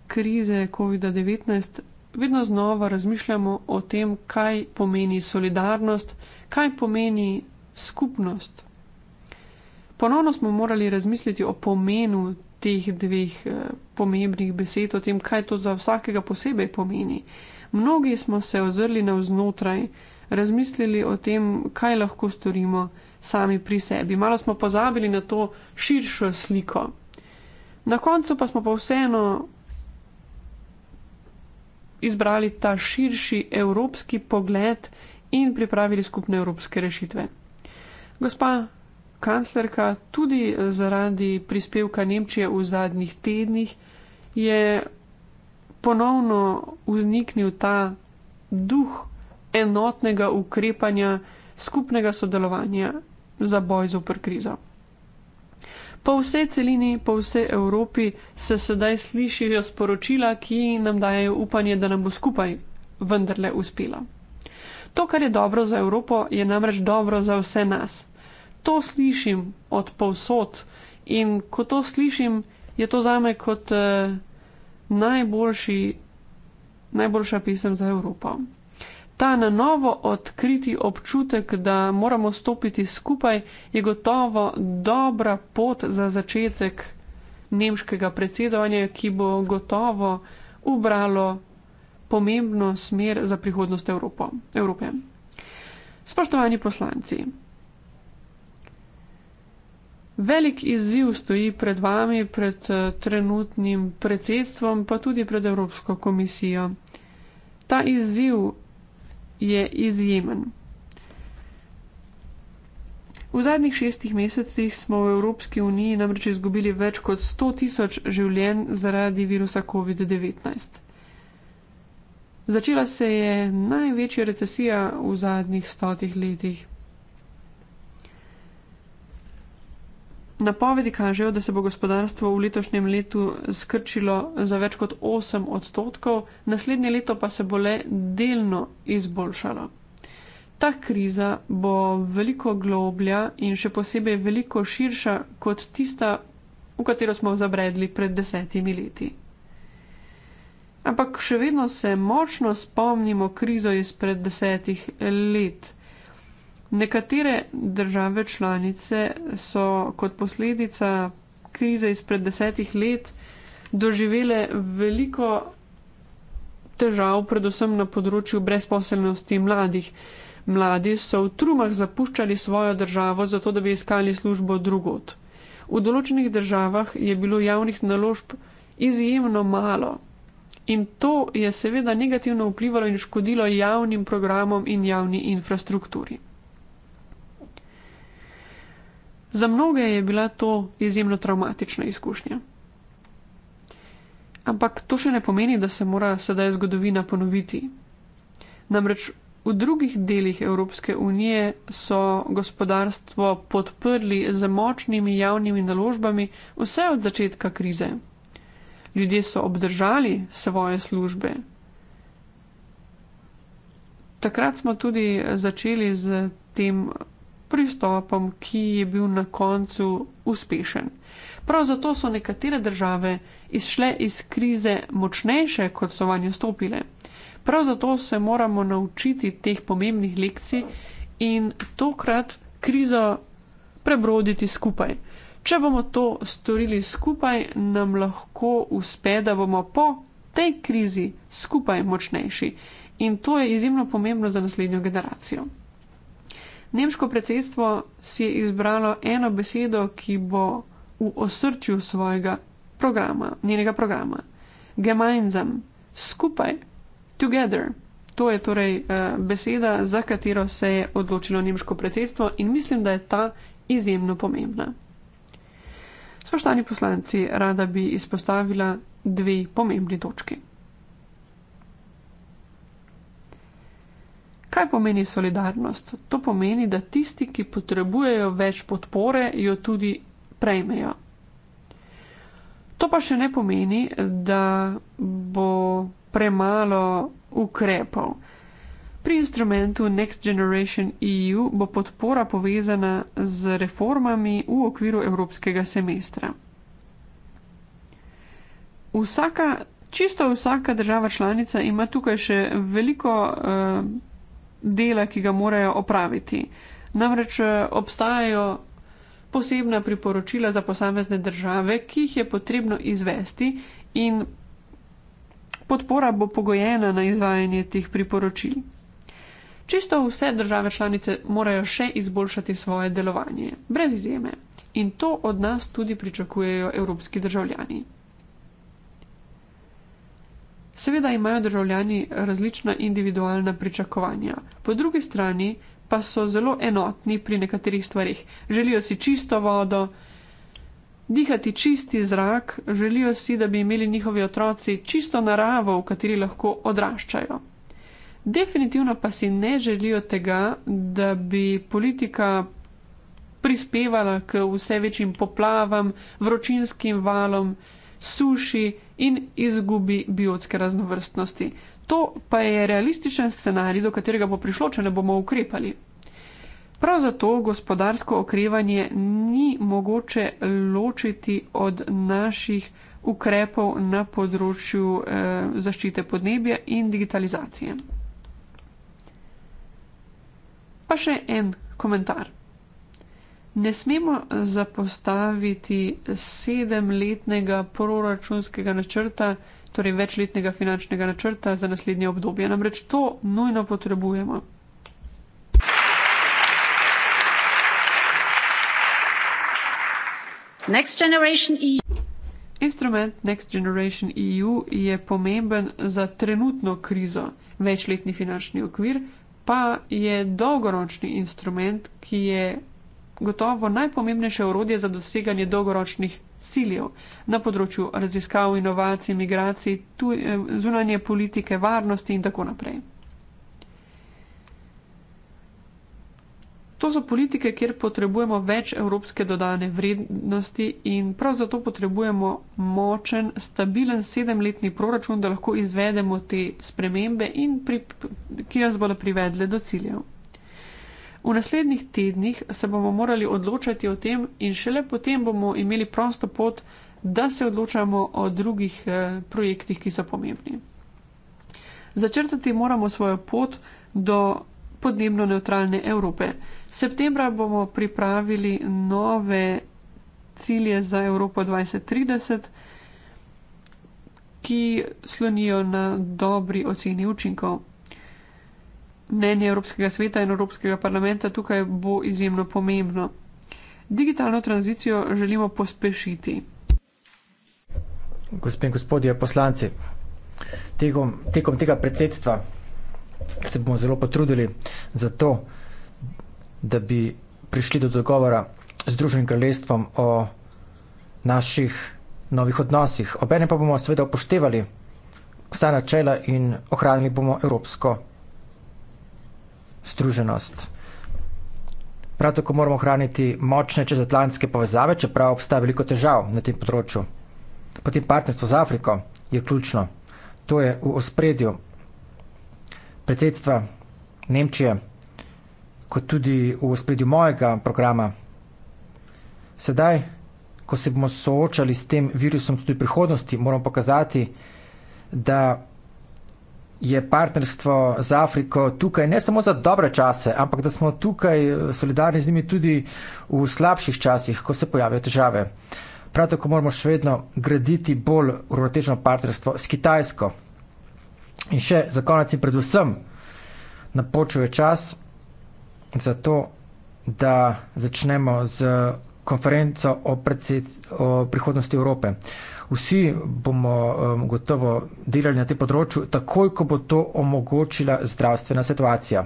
krize COVID-19 vedno znova razmišljamo o tem, kaj pomeni solidarnost, kaj pomeni skupnost. Ponovno smo morali razmisliti o pomenu teh dveh eh, pomembnih besed o tem, kaj to za vsakega posebej pomeni. Mnogi smo se ozrli navznotraj, razmislili o tem, kaj lahko storimo sami pri sebi. Malo smo pozabili na to širšo sliko. Na koncu pa smo pa vseeno izbrali ta širši evropski pogled in pripravili skupne evropske rešitve. Gospa kanclerka, tudi eh, zaradi prispevka Nemčije v zadnjih tednih, je ponovno vzniknil ta duh enotnega ukrepanja, skupnega sodelovanja za boj z opr krizo. Po vsej celini, po vsej Evropi se sedaj slišijo sporočila, ki nam dajejo upanje, da nam bo skupaj vendarle uspelo. To, kar je dobro za Evropo, je namreč dobro za vse nas to slišim od povsod in ko to slišim, je to za me kot eh, najboljši, najboljša pisem za Evropo. Ta na novo odkriti občutek, da moramo stopiti skupaj, je gotovo dobra pot za začetek nemškega predsedovanja, ki bo gotovo ubralo pomembno smer za prihodnost Evropo, Evrope. Spoštovani poslanci, Velik izziv stoji pred vami, pred eh, trenutnim predsedstvom, pa tudi pred Evropsko komisijo. Ta izziv je izjemen. V zadnjih šestih mesecih smo v Evropski uniji namreč izgubili več kot 100 tisoč življenj zaradi virusa COVID-19. Začela se je največja recesija v zadnjih stotih letih. Napovedi kažejo, da se bo gospodarstvo v letošnjem letu skrčilo za več kot 8 odstotkov, naslednje leto pa se bo le delno izboljšalo. Ta kriza bo veliko globlja in še posebej veliko širša kot tista, v katero smo zabredli pred desetimi leti. Ampak še vedno se močno spomnimo krizo izpred desetih let – Nekatere države članice so kot posledica krize izpred desetih let doživele veliko težav, predvsem na področju brezposelnosti mladih. Mladi so v trumah zapuščali svojo državo, zato da bi iskali službo drugot. V določenih državah je bilo javnih naložb izjemno malo in to je seveda negativno vplivalo in škodilo javnim programom in javni infrastrukturi. Za mnoge je bila to izjemno traumatična izkušnja. Ampak to še ne pomeni, da se mora sedaj zgodovina ponoviti. Namreč v drugih delih Evropske unije so gospodarstvo podprli z močnimi javnimi naložbami vse od začetka krize. Ljudje so obdržali svoje službe. Takrat smo tudi začeli z tem pristopom, ki je bil na koncu uspešen. Prav zato so nekatere države izšle iz krize močnejše, kot so vanjo stopile. Prav zato se moramo naučiti teh pomembnih lekcij in tokrat krizo prebroditi skupaj. Če bomo to storili skupaj, nam lahko uspe, da bomo po tej krizi skupaj močnejši. In to je izjemno pomembno za naslednjo generacijo. Nemško predsedstvo si je izbralo eno besedo, ki bo v osrčju svojega programa, njenega programa. Gemeinsam, skupaj, together. To je torej uh, beseda, za katero se je odločilo nemško predsedstvo in mislim, da je ta izjemno pomembna. Spoštovani poslanci, rada bi izpostavila dve pomembni točki. Kaj pomeni solidarnost? To pomeni, da tisti, ki potrebujejo več podpore, jo tudi prejmejo. To pa še ne pomeni, da bo premalo ukrepov. Pri instrumentu Next Generation EU bo podpora povezana z reformami v okviru evropskega semestra. Vsaka, čisto vsaka država članica ima tukaj še veliko uh, dela, ki ga morajo opraviti. Namreč eh, obstajajo posebna priporočila za posamezne države, ki jih je potrebno izvesti in podpora bo pogojena na izvajanje teh priporočil. Čisto vse države članice morajo še izboljšati svoje delovanje, brez izjeme. In to od nas tudi pričakujejo evropski državljani. Seveda imajo državljani različna individualna pričakovanja, po drugi strani pa so zelo enotni pri nekaterih stvarih. Želijo si čisto vodo, dihati čisti zrak, želijo si, da bi imeli njihovi otroci čisto naravo, v kateri lahko odraščajo. Definitivno pa si ne želijo tega, da bi politika prispevala k vse večjim poplavam, vročinskim valom, suši in izgubi biotske raznovrstnosti. To pa je realističen scenarij, do katerega bo prišlo, če ne bomo ukrepali. Prav zato gospodarsko okrevanje ni mogoče ločiti od naših ukrepov na področju eh, zaščite podnebja in digitalizacije. Pa še en komentar. Ne smemo zapostaviti sedemletnega proračunskega načrta, torej večletnega finančnega načrta za naslednje obdobje. Namreč to nujno potrebujemo. Next generation EU. Instrument Next Generation EU je pomemben za trenutno krizo. Večletni finančni okvir pa je dolgoročni instrument, ki je gotovo najpomembnejše urodje za doseganje dolgoročnih ciljev na področju raziskav, inovacij, migracij, eh, zunanje politike, varnosti in tako naprej. To so politike, kjer potrebujemo več evropske dodane vrednosti in prav zato potrebujemo močen, stabilen sedemletni proračun, da lahko izvedemo te spremembe, pri, ki nas bodo privedle do ciljev. V naslednjih tednih se bomo morali odločati o tem in šele potem bomo imeli prosto pot, da se odločamo o drugih eh, projektih, ki so pomembni. Začrtati moramo svojo pot do podnebno neutralne Evrope. Septembra bomo pripravili nove cilje za Evropo 2030, ki slonijo na dobri oceni učinkov mnenje Evropskega sveta in Evropskega parlamenta tukaj bo izjemno pomembno. Digitalno tranzicijo želimo pospešiti. Gospe in gospodje poslanci, tekom, tekom tega predsedstva se bomo zelo potrudili za to, da bi prišli do dogovora z Združenim kraljestvom o naših novih odnosih. Obene pa bomo seveda upoštevali vsa načela in ohranili bomo evropsko združenost. Prav tako moramo ohraniti močne čezatlantske povezave, čeprav obstaja veliko težav na tem področju. Potem partnerstvo z Afriko je ključno. To je v ospredju predsedstva Nemčije, kot tudi v ospredju mojega programa. Sedaj, ko se bomo soočali s tem virusom tudi prihodnosti, moramo pokazati, da je partnerstvo z Afriko tukaj ne samo za dobre čase, ampak da smo tukaj eh, solidarni z njimi tudi v slabših časih, ko se pojavijo težave. Prav tako moramo še vedno graditi bolj uravnoteženo partnerstvo s Kitajsko. In še za konec in predvsem napočuje čas za to, da začnemo z konferenco o, o prihodnosti Evrope vsi bomo um, gotovo delali na tem področju, takoj, ko bo to omogočila zdravstvena situacija.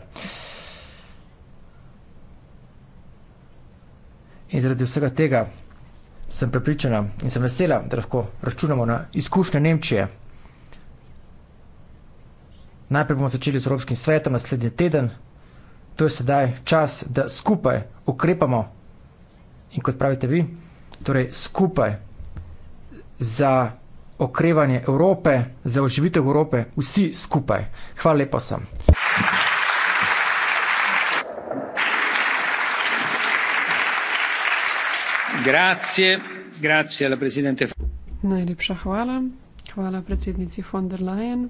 In zaradi vsega tega sem prepričana in sem vesela, da lahko računamo na izkušnje Nemčije. Najprej bomo začeli z Evropskim svetom naslednji teden. To je sedaj čas, da skupaj ukrepamo in kot pravite vi, torej skupaj za okrevanje Evrope, za oživitev Evrope, vsi skupaj. Hvala lepa sem. Grazie, grazie alla Presidente. Najlepša hvala. Hvala predsednici von der Leyen.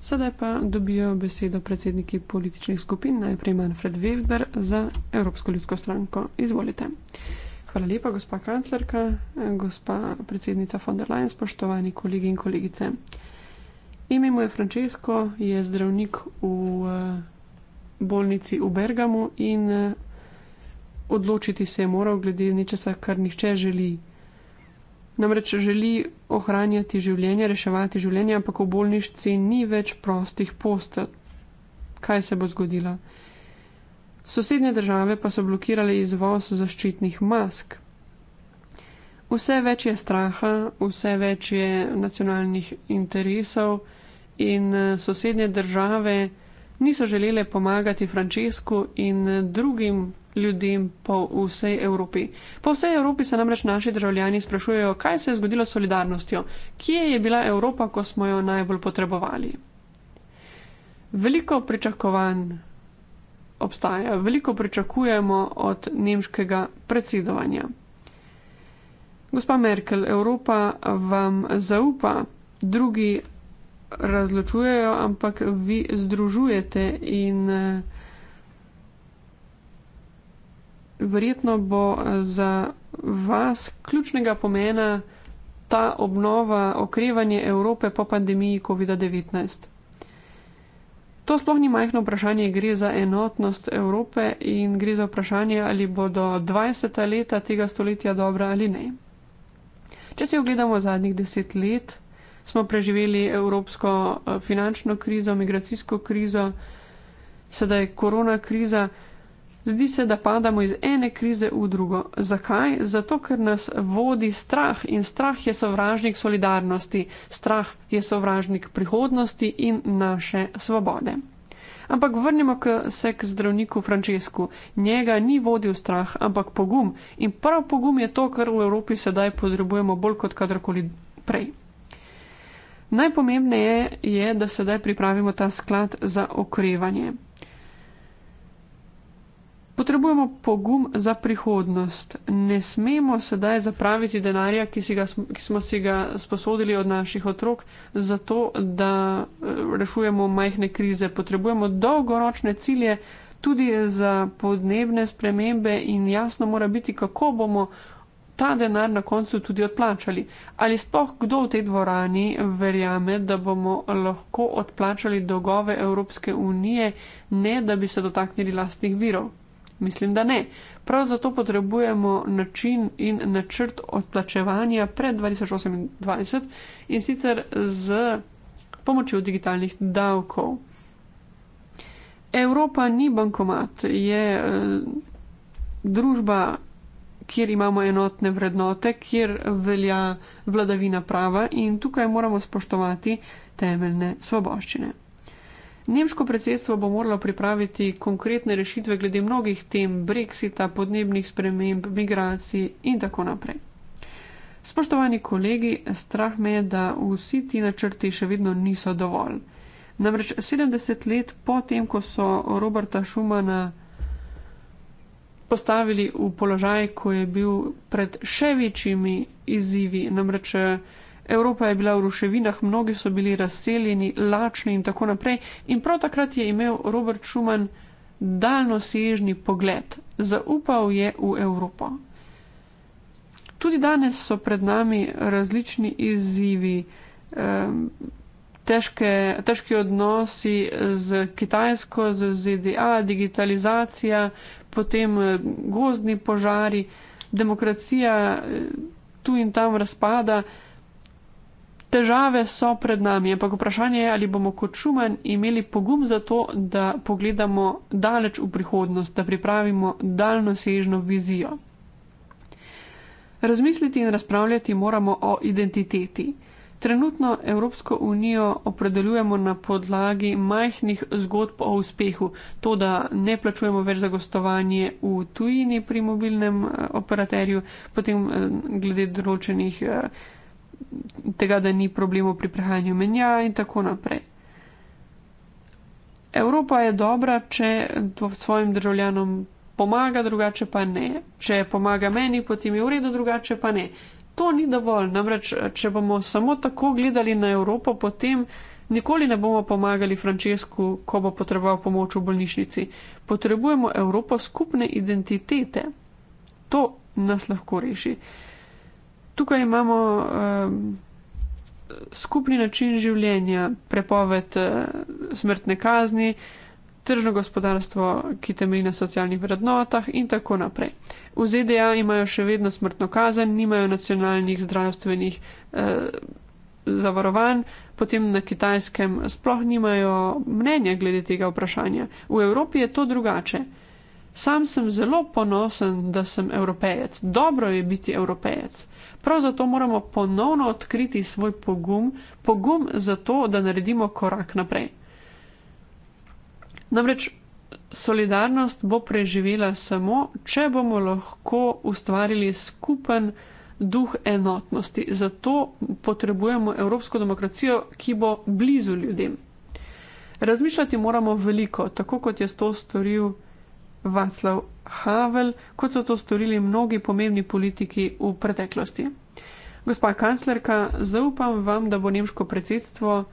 Sedaj pa dobijo besedo predsedniki političnih skupin, najprej Manfred Weber za Evropsko ljudsko stranko. Izvolite. Hvala lepa, gospa kanclerka, gospa predsednica von der Leyen, spoštovani kolegi in kolegice. Ime mu je Francesco, je zdravnik v eh, bolnici v Bergamu in eh, odločiti se je moral glede nečesa, kar nihče želi. Namreč želi ohranjati življenje, reševati življenje, ampak v bolnišnici ni več prostih postelj. Kaj se bo zgodilo? Sosednje države pa so blokirale izvoz zaščitnih mask. Vse več je straha, vse več je nacionalnih interesov in eh, sosednje države niso želele pomagati Frančesku in eh, drugim ljudem po vsej Evropi. Po vsej Evropi se namreč naši državljani sprašujejo, kaj se je zgodilo s solidarnostjo, kje je bila Evropa, ko smo jo najbolj potrebovali. Veliko pričakovanj obstaja. Veliko pričakujemo od nemškega predsedovanja. Gospa Merkel, Evropa vam zaupa, drugi razločujejo, ampak vi združujete in eh, verjetno bo eh, za vas ključnega pomena ta obnova, okrevanje Evrope po pandemiji COVID-19. To sploh ni majhno vprašanje, gre za enotnost Evrope in gre za vprašanje, ali bodo 20. leta tega stoletja dobra ali ne. Če si ogledamo zadnjih deset let, smo preživeli evropsko eh, finančno krizo, migracijsko krizo, sedaj korona kriza. Zdi se, da padamo iz ene krize v drugo. Zakaj? Zato, ker nas vodi strah in strah je sovražnik solidarnosti, strah je sovražnik prihodnosti in naše svobode. Ampak vrnimo k se k zdravniku Frančesku. Njega ni vodil strah, ampak pogum. In prav pogum je to, kar v Evropi sedaj potrebujemo bolj kot kadarkoli prej. Najpomembneje je, da sedaj pripravimo ta sklad za okrevanje. Potrebujemo pogum za prihodnost. Ne smemo sedaj zapraviti denarja, ki, ga, ki smo si ga sposodili od naših otrok, zato da eh, rešujemo majhne krize. Potrebujemo dolgoročne cilje tudi za podnebne spremembe in jasno mora biti, kako bomo ta denar na koncu tudi odplačali. Ali sploh kdo v tej dvorani verjame, da bomo lahko odplačali dolgove Evropske unije, ne da bi se dotaknili lastnih virov? Mislim, da ne. Prav zato potrebujemo način in načrt odplačevanja pred 2028 in sicer z pomočjo digitalnih davkov. Evropa ni bankomat, je eh, družba, kjer imamo enotne vrednote, kjer velja vladavina prava in tukaj moramo spoštovati temeljne svoboščine. Nemško predsedstvo bo moralo pripraviti konkretne rešitve glede mnogih tem, brexita, podnebnih sprememb, migracij in tako naprej. Spoštovani kolegi, strah me je, da vsi ti načrti še vedno niso dovolj. Namreč 70 let po tem, ko so Roberta Šumana postavili v položaj, ko je bil pred še večjimi izzivi, namreč Evropa je bila v ruševinah, mnogi so bili razseljeni, lačni in tako naprej. In prav takrat je imel Robert Schuman daljnosežni pogled, zaupal je v Evropo. Tudi danes so pred nami različni izzivi, težke, težki odnosi z Kitajsko, z ZDA, digitalizacija, potem e, gozdni požari, demokracija e, tu in tam razpada težave so pred nami, ampak vprašanje je, ali bomo kot Šuman imeli pogum za to, da pogledamo daleč v prihodnost, da pripravimo daljnosežno vizijo. Razmisliti in razpravljati moramo o identiteti. Trenutno Evropsko unijo opredeljujemo na podlagi majhnih zgodb o uspehu, to, da ne plačujemo več za gostovanje v tujini pri mobilnem eh, operaterju, potem eh, glede določenih eh, tega, da ni problemov pri prehajanju menja in tako naprej. Evropa je dobra, če svojim državljanom pomaga, drugače pa ne. Če pomaga meni, potem je v redu, drugače pa ne. To ni dovolj. Namreč, če bomo samo tako gledali na Evropo, potem nikoli ne bomo pomagali Frančesku, ko bo potreboval pomoč v bolnišnici. Potrebujemo Evropo skupne identitete. To nas lahko reši. Uh, tukaj imamo um, skupni način življenja, prepoved uh, smrtne kazni, tržno gospodarstvo, ki temelji na socialnih vrednotah in tako naprej. V ZDA imajo še vedno smrtno kazen, nimajo nacionalnih zdravstvenih uh, zavarovanj, potem na kitajskem sploh nimajo mnenja glede tega vprašanja. V Evropi je to drugače. Sam sem zelo ponosen, da sem evropejec. Dobro je biti evropejec. Uh, Prav zato moramo ponovno odkriti svoj pogum, pogum za to, da naredimo korak naprej. Namreč solidarnost bo preživela samo, če bomo lahko ustvarili skupen duh enotnosti. Zato potrebujemo evropsko demokracijo, ki bo blizu ljudem. Razmišljati moramo veliko, tako kot je to storil Václav Havel, kot so to storili mnogi pomembni politiki v preteklosti. Gospa kanclerka, zaupam vam, da bo nemško predsedstvo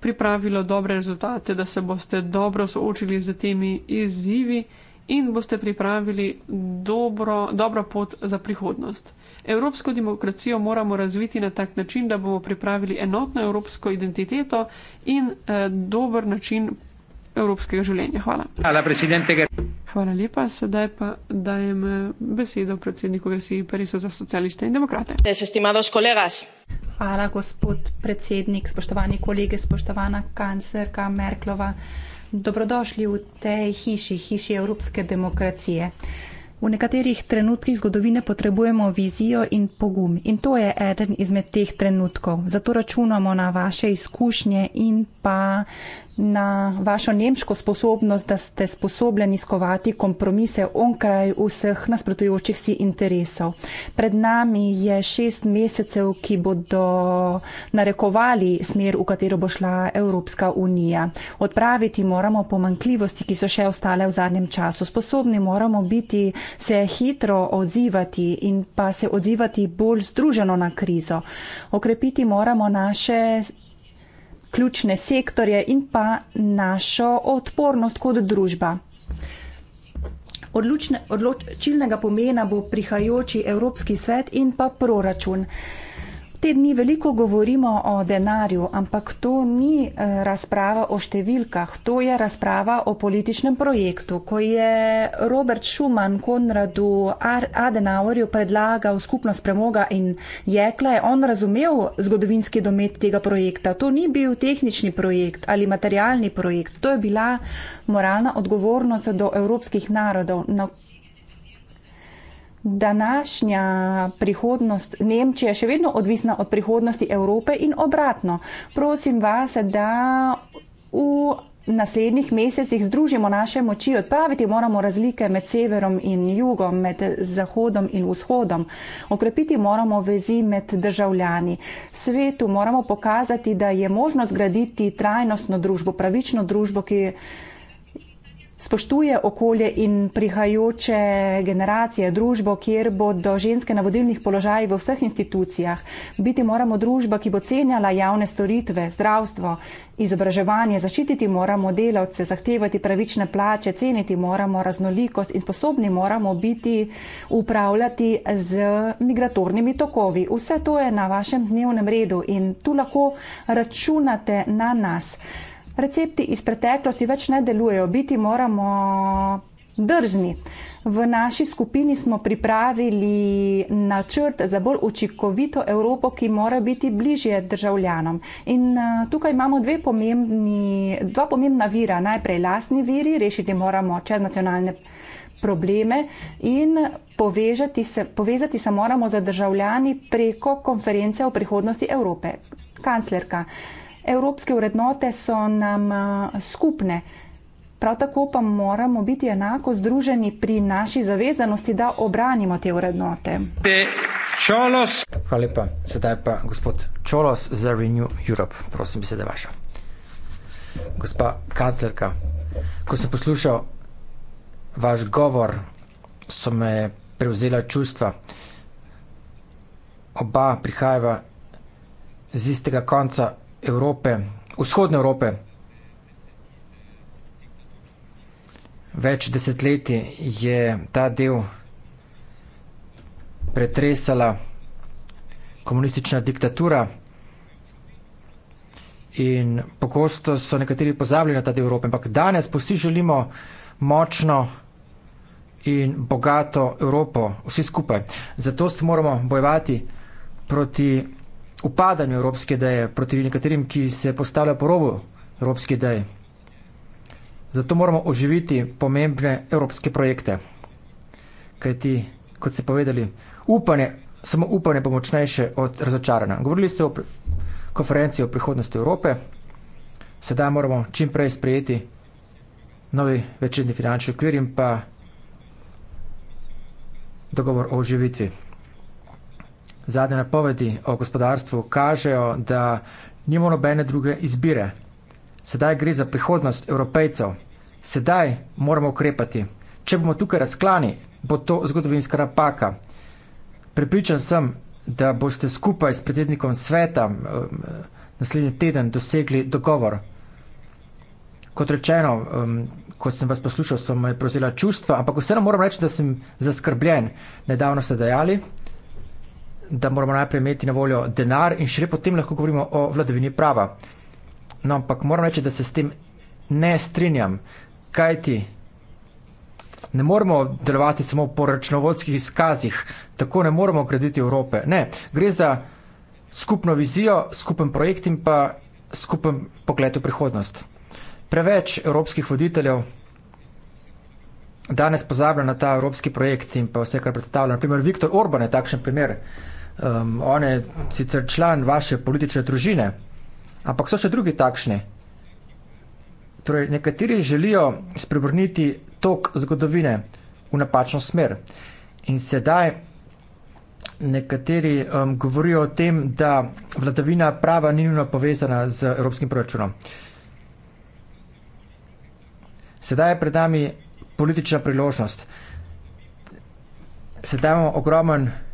pripravilo dobre rezultate, da se boste dobro soočili z temi izzivi in boste pripravili dobro, dobro pot za prihodnost. Evropsko demokracijo moramo razviti na tak način, da bomo pripravili enotno evropsko identiteto in eh, dober način evropskega življenja. Hvala. Hvala, Hvala lepa, sedaj pa dajem eh, besedo predsedniku Grsiji Parisu za socialiste in demokrate. Hvala, gospod predsednik, spoštovani kolege, spoštovana kanclerka Merklova. Dobrodošli v tej hiši, hiši evropske demokracije. V nekaterih trenutkih zgodovine potrebujemo vizijo in pogum in to je eden izmed teh trenutkov. Zato računamo na vaše izkušnje in pa na vašo nemško sposobnost, da ste sposobljeni skovati kompromise onkraj vseh nasprotujočih si interesov. Pred nami je šest mesecev, ki bodo narekovali smer, v katero bo šla Evropska unija. Odpraviti moramo pomankljivosti, ki so še ostale v zadnjem času. Sposobni moramo biti se hitro odzivati in pa se odzivati bolj združeno na krizo. Okrepiti moramo naše ključne sektorje in pa našo odpornost kot družba. Odločilnega pomena bo prihajajoči Evropski svet in pa proračun. Te dni veliko govorimo o denarju, ampak to ni eh, razprava o številkah, to je razprava o političnem projektu. Ko je Robert Schuman Konradu Adenauerju predlagal skupnost premoga in jekla, je on razumel zgodovinski domet tega projekta. To ni bil tehnični projekt ali materialni projekt, to je bila moralna odgovornost do evropskih narodov današnja prihodnost Nemčije še vedno odvisna od prihodnosti Evrope in obratno. Prosim vas, da v naslednjih mesecih združimo naše moči, odpraviti moramo razlike med severom in jugom, med zahodom in vzhodom, okrepiti moramo vezi med državljani. Svetu moramo pokazati, da je možno zgraditi trajnostno družbo, pravično družbo, ki je spoštuje okolje in prihajajoče generacije, družbo, kjer bodo ženske na vodilnih položajih v vseh institucijah. Biti moramo družba, ki bo cenjala javne storitve, zdravstvo, izobraževanje, zaščititi moramo delavce, zahtevati pravične plače, ceniti moramo raznolikost in sposobni moramo biti upravljati z migratornimi tokovi. Vse to je na vašem dnevnem redu in tu lahko računate na nas recepti iz preteklosti več ne delujejo, biti moramo drzni. V naši skupini smo pripravili načrt za bolj učinkovito Evropo, ki mora biti bližje državljanom. In eh, tukaj imamo pomembni, dva pomembna vira. Najprej lastni viri, rešiti moramo čez nacionalne probleme in povezati se, povezati se moramo za državljani preko konference o prihodnosti Evrope. Kanclerka. Uh, Evropske vrednote so nam eh, skupne. Prav tako pa moramo biti enako združeni pri naši zavezanosti, da obranimo te vrednote. Hvala lepa. Sedaj pa gospod Čolos za Renew Europe. Prosim, besede vaša. Gospa kanclerka, ko sem poslušal vaš govor, so me prevzela čustva. Oba prihajava z istega konca Evrope, vzhodne Evrope. Več desetletij je ta del pretresala komunistična diktatura in pogosto so nekateri pozabili na ta del Evrope, ampak danes pa vsi želimo močno in bogato Evropo, vsi skupaj. Zato se moramo bojevati proti upadanju evropske ideje, proti nekaterim, ki se postavljajo po robu evropske ideje. Zato moramo oživiti pomembne evropske projekte. Kaj ti, kot ste povedali, upanje, samo upanje bo močnejše od razočaranja. Govorili ste o konferenciji o prihodnosti Evrope, sedaj moramo čim prej sprejeti novi večerni finančni okvir in pa dogovor o oživitvi zadnje napovedi o gospodarstvu kažejo, da nimamo nobene druge izbire. Sedaj gre za prihodnost evropejcev. Sedaj moramo ukrepati. Če bomo tukaj razklani, bo to zgodovinska napaka. Pripričan sem, da boste skupaj s predsednikom sveta naslednji teden dosegli dogovor. Kot rečeno, ko sem vas poslušal, so me prevzela čustva, ampak vseeno moram reči, da sem zaskrbljen. Nedavno ste dejali, da moramo najprej imeti na voljo denar in šele potem lahko govorimo o vladavini prava. No, ampak moram reči, da se s tem ne strinjam. Kaj ti? Ne moramo delovati samo po računovodskih izkazih, tako ne moramo graditi Evrope. Ne, gre za skupno vizijo, skupen projekt in pa skupen pogled v prihodnost. Preveč evropskih voditeljev danes pozablja na ta evropski projekt in pa vse, kar predstavlja. Naprimer, Viktor Orban je takšen primer. Uh, Um, on je sicer član vaše politične družine, ampak so še drugi takšni. Torej, nekateri želijo spremeniti tok zgodovine v napačno smer. In sedaj nekateri um, govorijo o tem, da vladavina prava ni nujno povezana z evropskim proračunom. Sedaj je pred nami politična priložnost. Sedaj imamo ogromno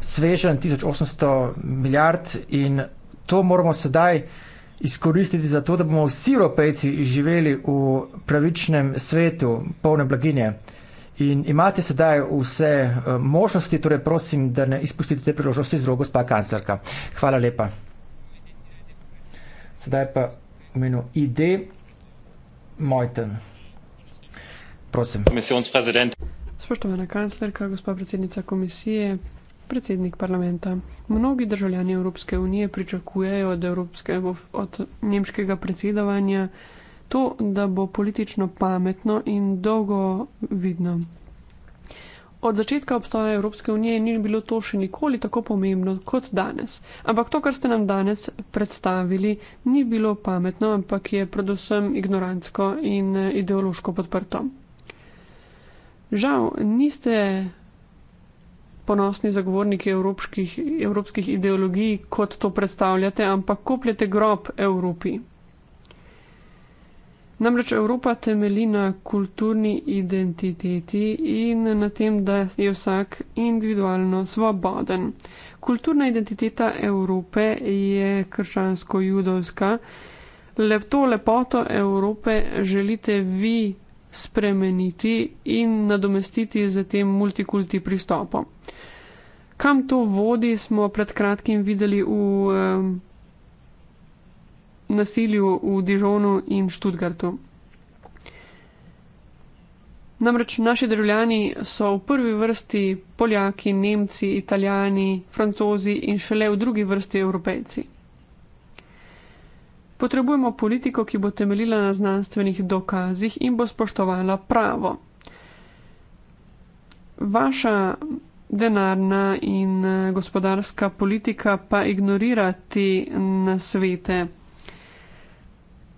svežen 1800 milijard in to moramo sedaj izkoristiti za to, da bomo vsi evropejci živeli v pravičnem svetu, polne blaginje. In imate sedaj vse eh, možnosti, torej prosim, da ne izpustite te priložnosti z rogo spa kancelka. Hvala lepa. Sedaj pa imenu ID Mojten. Prosim. Spoštovana kanclerka, gospa predsednica komisije, predsednik parlamenta. Mnogi državljani Evropske unije pričakujejo od, evropskega, od nemškega predsedovanja to, da bo politično pametno in dolgo vidno. Od začetka obstoja Evropske unije ni bilo to še nikoli tako pomembno kot danes. Ampak to, kar ste nam danes predstavili, ni bilo pametno, ampak je predvsem ignorantsko in ideološko podprto. Žal, niste ponosni zagovorniki evropskih, evropskih ideologij, kot to predstavljate, ampak kopljete grob Evropi. Namreč Evropa temeli na kulturni identiteti in na tem, da je vsak individualno svoboden. Kulturna identiteta Evrope je krščansko-judovska. Lepo lepoto Evrope želite vi spremeniti in nadomestiti z tem multikulti pristopom. Kam to vodi, smo pred kratkim videli v um, nasilju v Dižonu in Študgartu. Namreč naši državljani so v prvi vrsti Poljaki, Nemci, Italijani, Francozi in šele v drugi vrsti Evropejci. Potrebujemo politiko, ki bo temeljila na znanstvenih dokazih in bo spoštovala pravo. Vaša denarna in eh, gospodarska politika pa ignorirati na svete.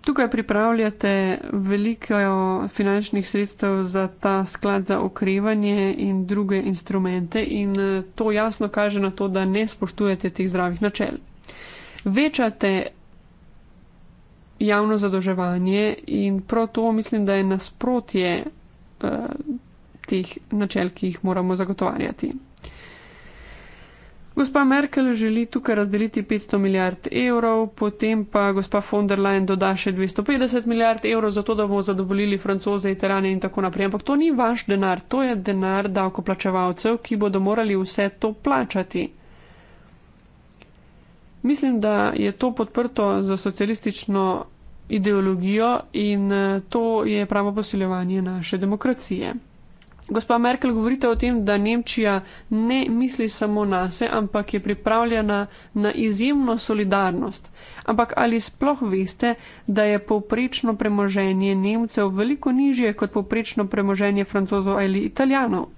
Tukaj pripravljate veliko finančnih sredstev za ta sklad za okrevanje in druge instrumente in eh, to jasno kaže na to, da ne spoštujete teh zdravih načel. Večate javno zadoževanje in prav to mislim, da je nasprotje. Uh, teh načel, ki jih moramo zagotovarjati. Gospa Merkel želi tukaj razdeliti 500 milijard evrov, potem pa gospa von der Leyen doda še 250 milijard evrov, zato da bomo zadovoljili francoze, italijane in tako naprej. Ampak to ni vaš denar, to je denar davkoplačevalcev, ki bodo morali vse to plačati. Mislim, da je to podprto za socialistično ideologijo in eh, to je pravo posiljevanje naše demokracije. Gospa Merkel, govorite o tem, da Nemčija ne misli samo na se, ampak je pripravljena na izjemno solidarnost. Ampak ali sploh veste, da je povprečno premoženje Nemcev veliko nižje kot povprečno premoženje francozov ali italijanov?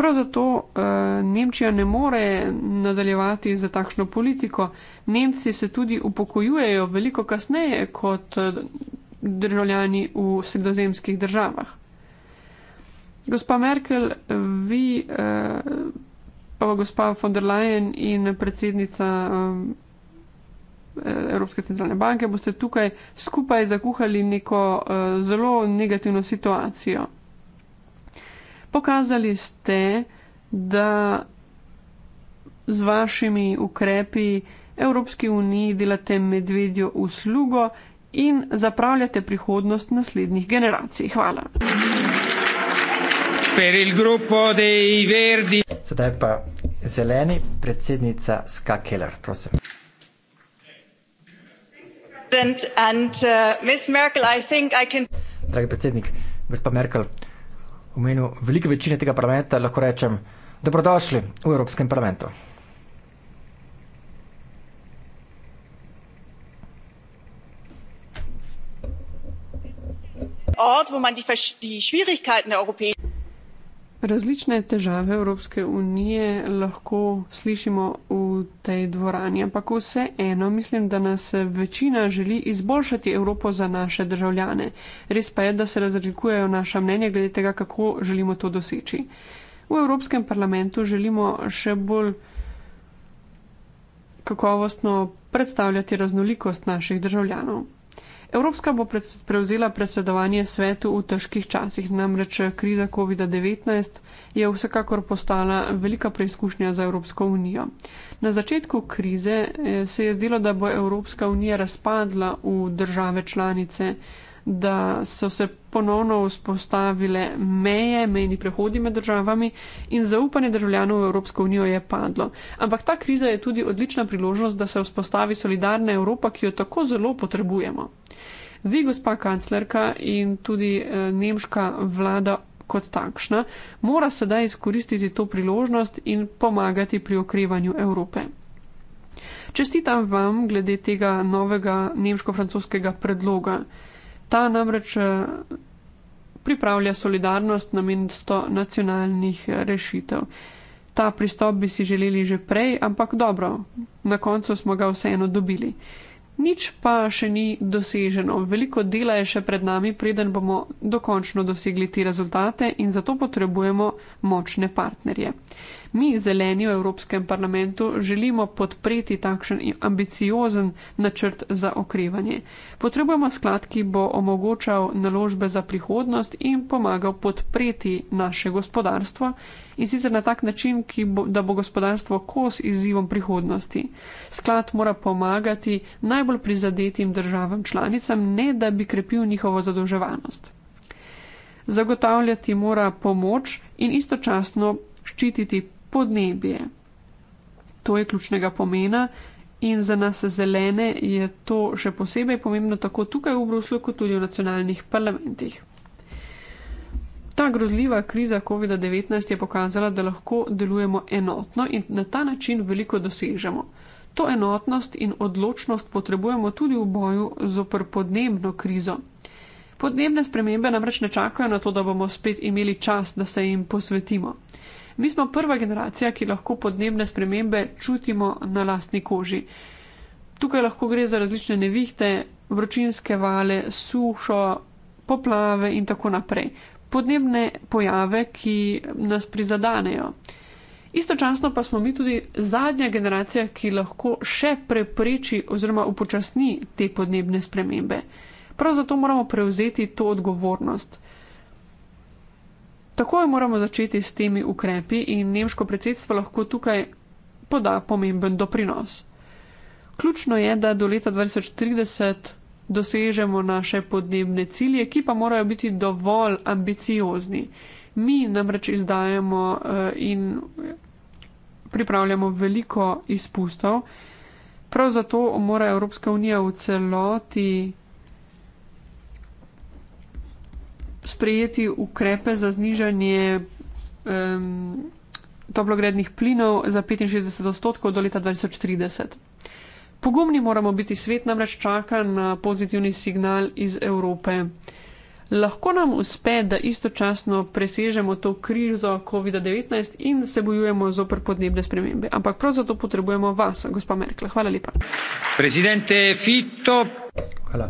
Prav zato uh, Nemčija ne more nadaljevati za takšno politiko. Nemci se tudi upokojujejo veliko kasneje kot. Uh, državljani v sredozemskih državah. Gospa Merkel, vi, eh, pa gospa von der Leyen in predsednica eh, Evropske centralne banke boste tukaj skupaj zakuhali neko eh, zelo negativno situacijo. Pokazali ste, da z vašimi ukrepi Evropski uniji delate medvedjo uslugo in zapravljate prihodnost naslednjih generacij. Hvala. Sedaj pa zeleni predsednica Ska Keller, prosim. Uh, Dragi predsednik, gospa Merkel, v imenu velike večine tega parlamenta lahko rečem dobrodošli v Evropskem parlamentu. ort, wo man die, die Schwierigkeiten der europäischen Različne težave Evropske unije lahko slišimo v tej dvorani, ampak vse eno mislim, da nas večina želi izboljšati Evropo za naše državljane. Res pa je, da se razlikujejo naša mnenja glede tega, kako želimo to doseči. V Evropskem parlamentu želimo še bolj kakovostno predstavljati raznolikost naših državljanov. Evropska bo prevzela predsedovanje svetu v težkih časih, namreč kriza COVID-19 je vsekakor postala velika preizkušnja za Evropsko unijo. Na začetku krize eh, se je zdelo, da bo Evropska unija razpadla v države članice, da so se ponovno vzpostavile meje, mejni prehodi med državami in zaupanje državljanov v Evropsko unijo je padlo. Ampak ta kriza je tudi odlična priložnost, da se vzpostavi solidarna Evropa, ki jo tako zelo potrebujemo vi, gospa kanclerka in tudi eh, nemška vlada kot takšna, mora sedaj izkoristiti to priložnost in pomagati pri okrevanju Evrope. Čestitam vam glede tega novega nemško-francoskega predloga. Ta namreč eh, pripravlja solidarnost na mesto nacionalnih eh, rešitev. Ta pristop bi si želeli že prej, ampak dobro, na koncu smo ga vseeno dobili. Nič pa še ni doseženo. Veliko dela je še pred nami, preden bomo dokončno dosegli te rezultate in zato potrebujemo močne partnerje. Mi, zeleni v Evropskem parlamentu, želimo podpreti takšen ambiciozen načrt za okrevanje. Potrebujemo sklad, ki bo omogočal naložbe za prihodnost in pomagal podpreti naše gospodarstvo in sicer na tak način, bo, da bo gospodarstvo kos izzivom prihodnosti. Sklad mora pomagati najbolj prizadetim državam članicam, ne da bi krepil njihovo zadolževanost. Zagotavljati mora pomoč in istočasno ščititi podnebje. To je ključnega pomena in za nas zelene je to še posebej pomembno tako tukaj v Bruslu, kot tudi v nacionalnih parlamentih. Ta grozljiva kriza COVID-19 je pokazala, da lahko delujemo enotno in na ta način veliko dosežemo. To enotnost in odločnost potrebujemo tudi v boju zopr podnebno krizo. Podnebne spremembe namreč ne čakajo na to, da bomo spet imeli čas, da se jim posvetimo. Mi smo prva generacija, ki lahko podnebne spremembe čutimo na lastni koži. Tukaj lahko gre za različne nevihte, vročinske vale, sušo, poplave in tako naprej. Podnebne pojave, ki nas prizadanejo. Istočasno pa smo mi tudi zadnja generacija, ki lahko še prepreči oziroma upočasni te podnebne spremembe. Prav zato moramo prevzeti to odgovornost. Takoj moramo začeti s temi ukrepi in nemško predsedstvo lahko tukaj poda pomemben doprinos. Ključno je, da do leta 2030 dosežemo naše podnebne cilje, ki pa morajo biti dovolj ambiciozni. Mi namreč izdajemo eh, in pripravljamo veliko izpustov, prav zato mora Evropska unija v celoti sprejeti ukrepe za znižanje um, toplogrednih plinov za 65 odstotkov do leta 2030. Pogumni moramo biti, svet namreč čaka na pozitivni signal iz Evrope. Lahko nam uspe, da istočasno presežemo to krizo COVID-19 in se bojujemo zoper podnebne spremembe. Ampak prav zato potrebujemo vas, gospa Merkel. Hvala lepa. Predsednik Fito. Hvala.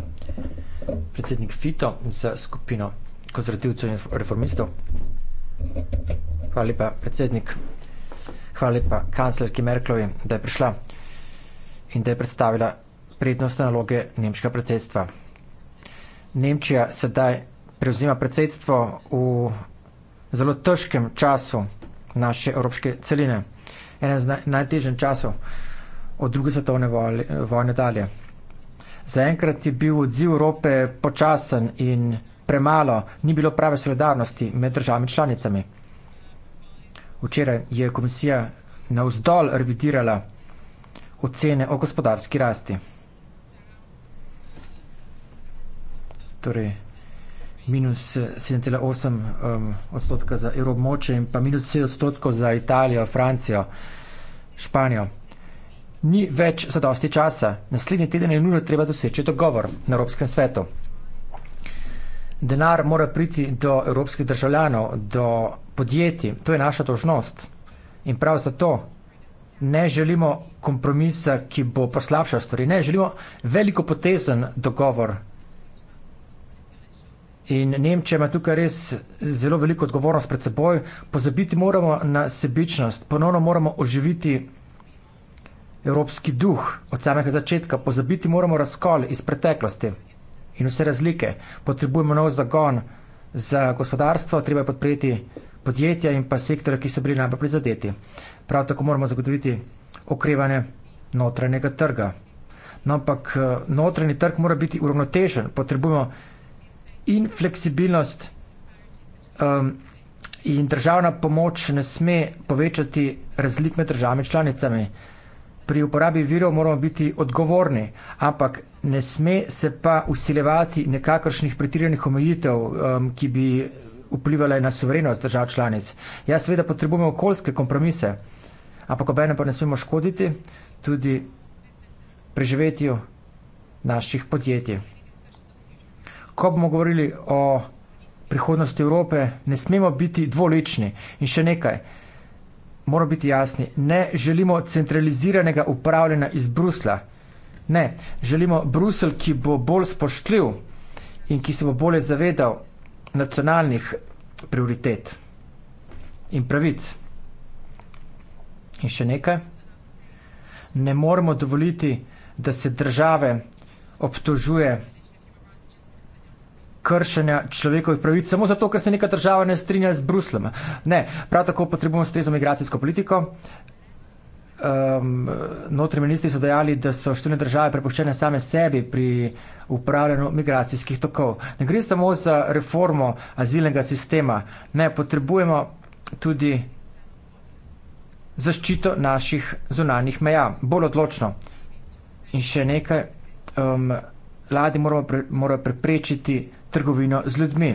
Predsednik Fito za skupino konzervativcev in reformistov. Hvala lepa, predsednik. Hvala lepa, kanclerki Merklovi, da je prišla in da je predstavila prednostne naloge nemškega predsedstva. Nemčija sedaj prevzima predsedstvo v zelo težkem času naše evropske celine. Enem najtežjem času od druge svetovne vojne dalje. Zaenkrat je bil odziv Evrope počasen in premalo, ni bilo prave solidarnosti med državami članicami. Včeraj je komisija na vzdolj revidirala ocene o gospodarski rasti. Torej, minus 7,8 eh, um, odstotka za evroobmoče in pa minus 7 odstotkov za Italijo, Francijo, Španijo. Ni več zadosti časa. Naslednji teden je nujno treba doseči dogovor na Evropskem svetu. Denar mora priti do evropskih državljanov, do podjetij, to je naša dožnost. In prav zato ne želimo kompromisa, ki bo poslabšal stvari, ne želimo veliko potezen dogovor. In Nemčija ima tukaj res zelo veliko odgovornost pred seboj. Pozabiti moramo na sebičnost, ponovno moramo oživiti evropski duh od samega začetka, pozabiti moramo razkol iz preteklosti in vse razlike. Potrebujemo nov zagon za gospodarstvo, treba je podpreti podjetja in pa sektore, ki so bili najbolj prizadeti. Prav tako moramo zagotoviti okrevanje notranjega trga. No, ampak eh, notranji trg mora biti uravnotežen, potrebujemo in fleksibilnost um, in državna pomoč ne sme povečati razlik med državami članicami. Pri uporabi virov moramo biti odgovorni, ampak ne sme se pa usilevati nekakršnih pretiranih omejitev, um, ki bi vplivali na soverenost držav članic. Ja, seveda potrebujemo okoljske kompromise, ampak obene pa ne smemo škoditi tudi preživetju naših podjetij. Ko bomo govorili o prihodnosti Evrope, ne smemo biti dvolični in še nekaj. Moramo biti jasni, ne želimo centraliziranega upravljanja iz Brusla. Ne, želimo Bruselj, ki bo bolj spoštljiv in ki se bo bolje zavedal nacionalnih prioritet in pravic. In še nekaj, ne moremo dovoliti, da se države obtožuje kršenja človekovih pravic samo zato, ker se neka država ne strinja z Bruslem. Ne, prav tako potrebujemo strezno migracijsko politiko, um, notri ministri so dejali, da so številne države prepuščene same sebi pri upravljanju migracijskih tokov. Ne gre samo za reformo azilnega sistema, ne potrebujemo tudi zaščito naših zunanjih meja, bolj odločno. In še nekaj, um, vladi morajo pre, mora preprečiti trgovino z ljudmi.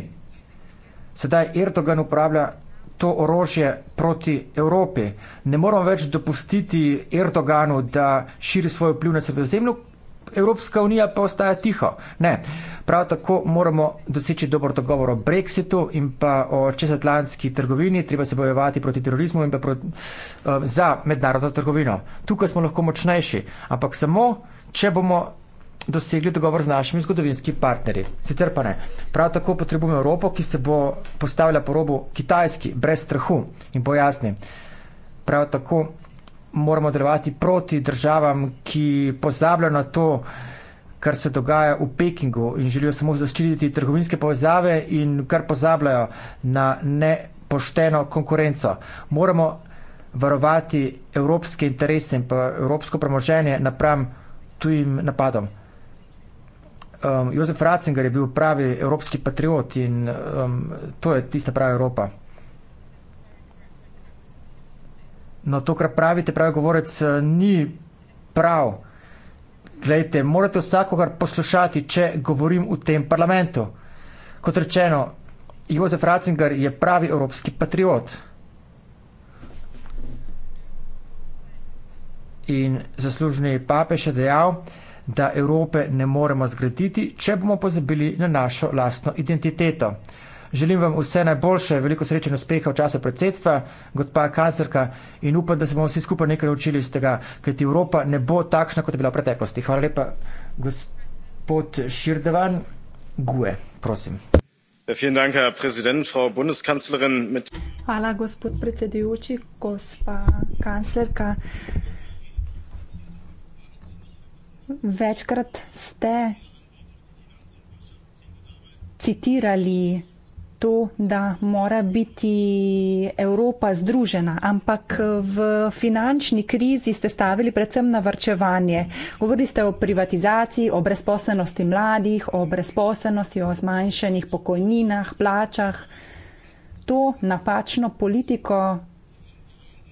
Sedaj Erdogan uporablja to orožje proti Evropi. Ne moramo več dopustiti Erdoganu, da širi svoj vpliv na svetovno zemljo, Evropska unija pa ostaja tiho. Ne. Prav tako moramo doseči dober dogovor o brexitu in pa o čezatlantski trgovini, treba se bojevati proti terorizmu in pa proti, uh, za mednarodno trgovino. Tukaj smo lahko močnejši, ampak samo, če bomo dosegli dogovor z našimi zgodovinskimi partnerji. Sicer pa ne. Prav tako potrebujemo Evropo, ki se bo postavila po robu Kitajski, brez strahu in pojasni. Prav tako moramo delovati proti državam, ki pozabljajo na to, kar se dogaja v Pekingu in želijo samo zaščititi trgovinske povezave in kar pozabljajo na nepošteno konkurenco. Moramo varovati evropske interese in pa evropsko premoženje napram tujim napadom. Um, Jozef Ratzinger je bil pravi evropski patriot in um, to je tista prava Evropa. No, to, kar pravite, pravi govorec, uh, ni prav. Glejte, morate vsakogar poslušati, če govorim v tem parlamentu. Kot rečeno, Jozef Ratzinger je pravi evropski patriot. In zaslužni papež je dejal, da Evrope ne moremo zgraditi, če bomo pozabili na našo lastno identiteto. Želim vam vse najboljše, veliko sreče in uspeha v času predsedstva, gospa kancerka, in upam, da se bomo vsi skupaj nekaj naučili iz tega, kajti Evropa ne bo takšna, kot je bila v preteklosti. Hvala lepa, gospod Širdevan Gue, prosim. Ja, Hvala, gospod predsedujoči, gospa kanclerka večkrat ste citirali to, da mora biti Evropa združena, ampak v finančni krizi ste stavili predvsem na vrčevanje. Govorili ste o privatizaciji, o brezposelnosti mladih, o brezposelnosti, o zmanjšanih pokojninah, plačah. To napačno politiko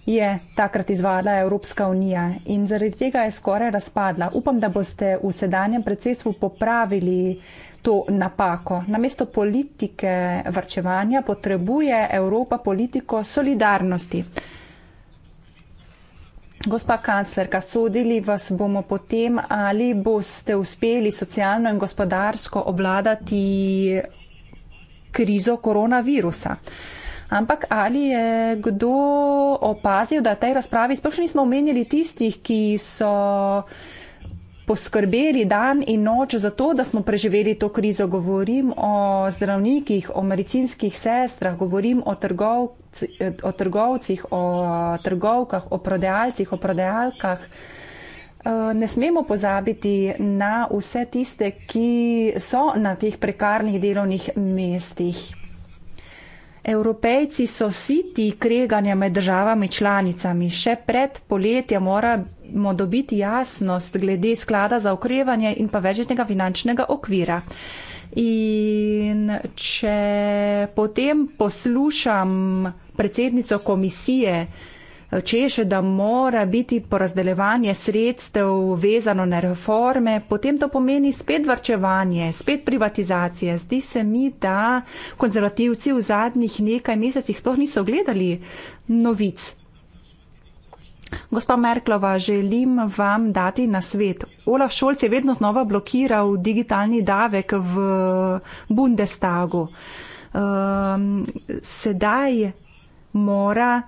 je takrat izvadila Evropska unija in zaradi tega je skoraj razpadla. Upam, da boste v sedanjem predsedstvu popravili to napako. Namesto politike vrčevanja potrebuje Evropa politiko solidarnosti. Gospa kanclerka, sodili vas bomo potem, ali boste uspeli socialno in gospodarsko obladati krizo koronavirusa. Ampak ali je kdo opazil, da tej razpravi sploh nismo omenjali tistih, ki so poskrbeli dan in noč za to, da smo preživeli to krizo. Govorim o zdravnikih, o medicinskih sestrah, govorim o, trgovci, o trgovcih, o trgovkah, o prodajalcih, o prodajalkah. Eh, ne smemo pozabiti na vse tiste, ki so na teh prekarnih delovnih mestih. Evropejci so siti kreganja med državami članicami. Še pred poletjem moramo dobiti jasnost glede sklada za okrevanje in pa večnega finančnega okvira. In če potem poslušam predsednico komisije, češ, da mora biti porazdelevanje sredstev vezano na reforme, potem to pomeni spet vrčevanje, spet privatizacije. Zdi se mi, da konzervativci v zadnjih nekaj mesecih to niso gledali novic. Gospa Merklova, želim vam dati na svet. Olaf Šolc je vedno znova blokiral digitalni davek v Bundestagu. Um, sedaj mora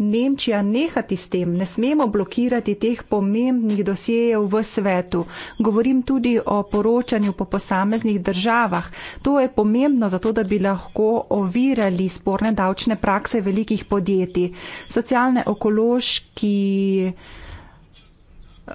Nemčija nehati s tem, ne smemo blokirati teh pomembnih dosjejev v svetu. Govorim tudi o poročanju po posameznih državah. To je pomembno zato, da bi lahko ovirali sporne davčne prakse velikih podjetij. Socialne ekološki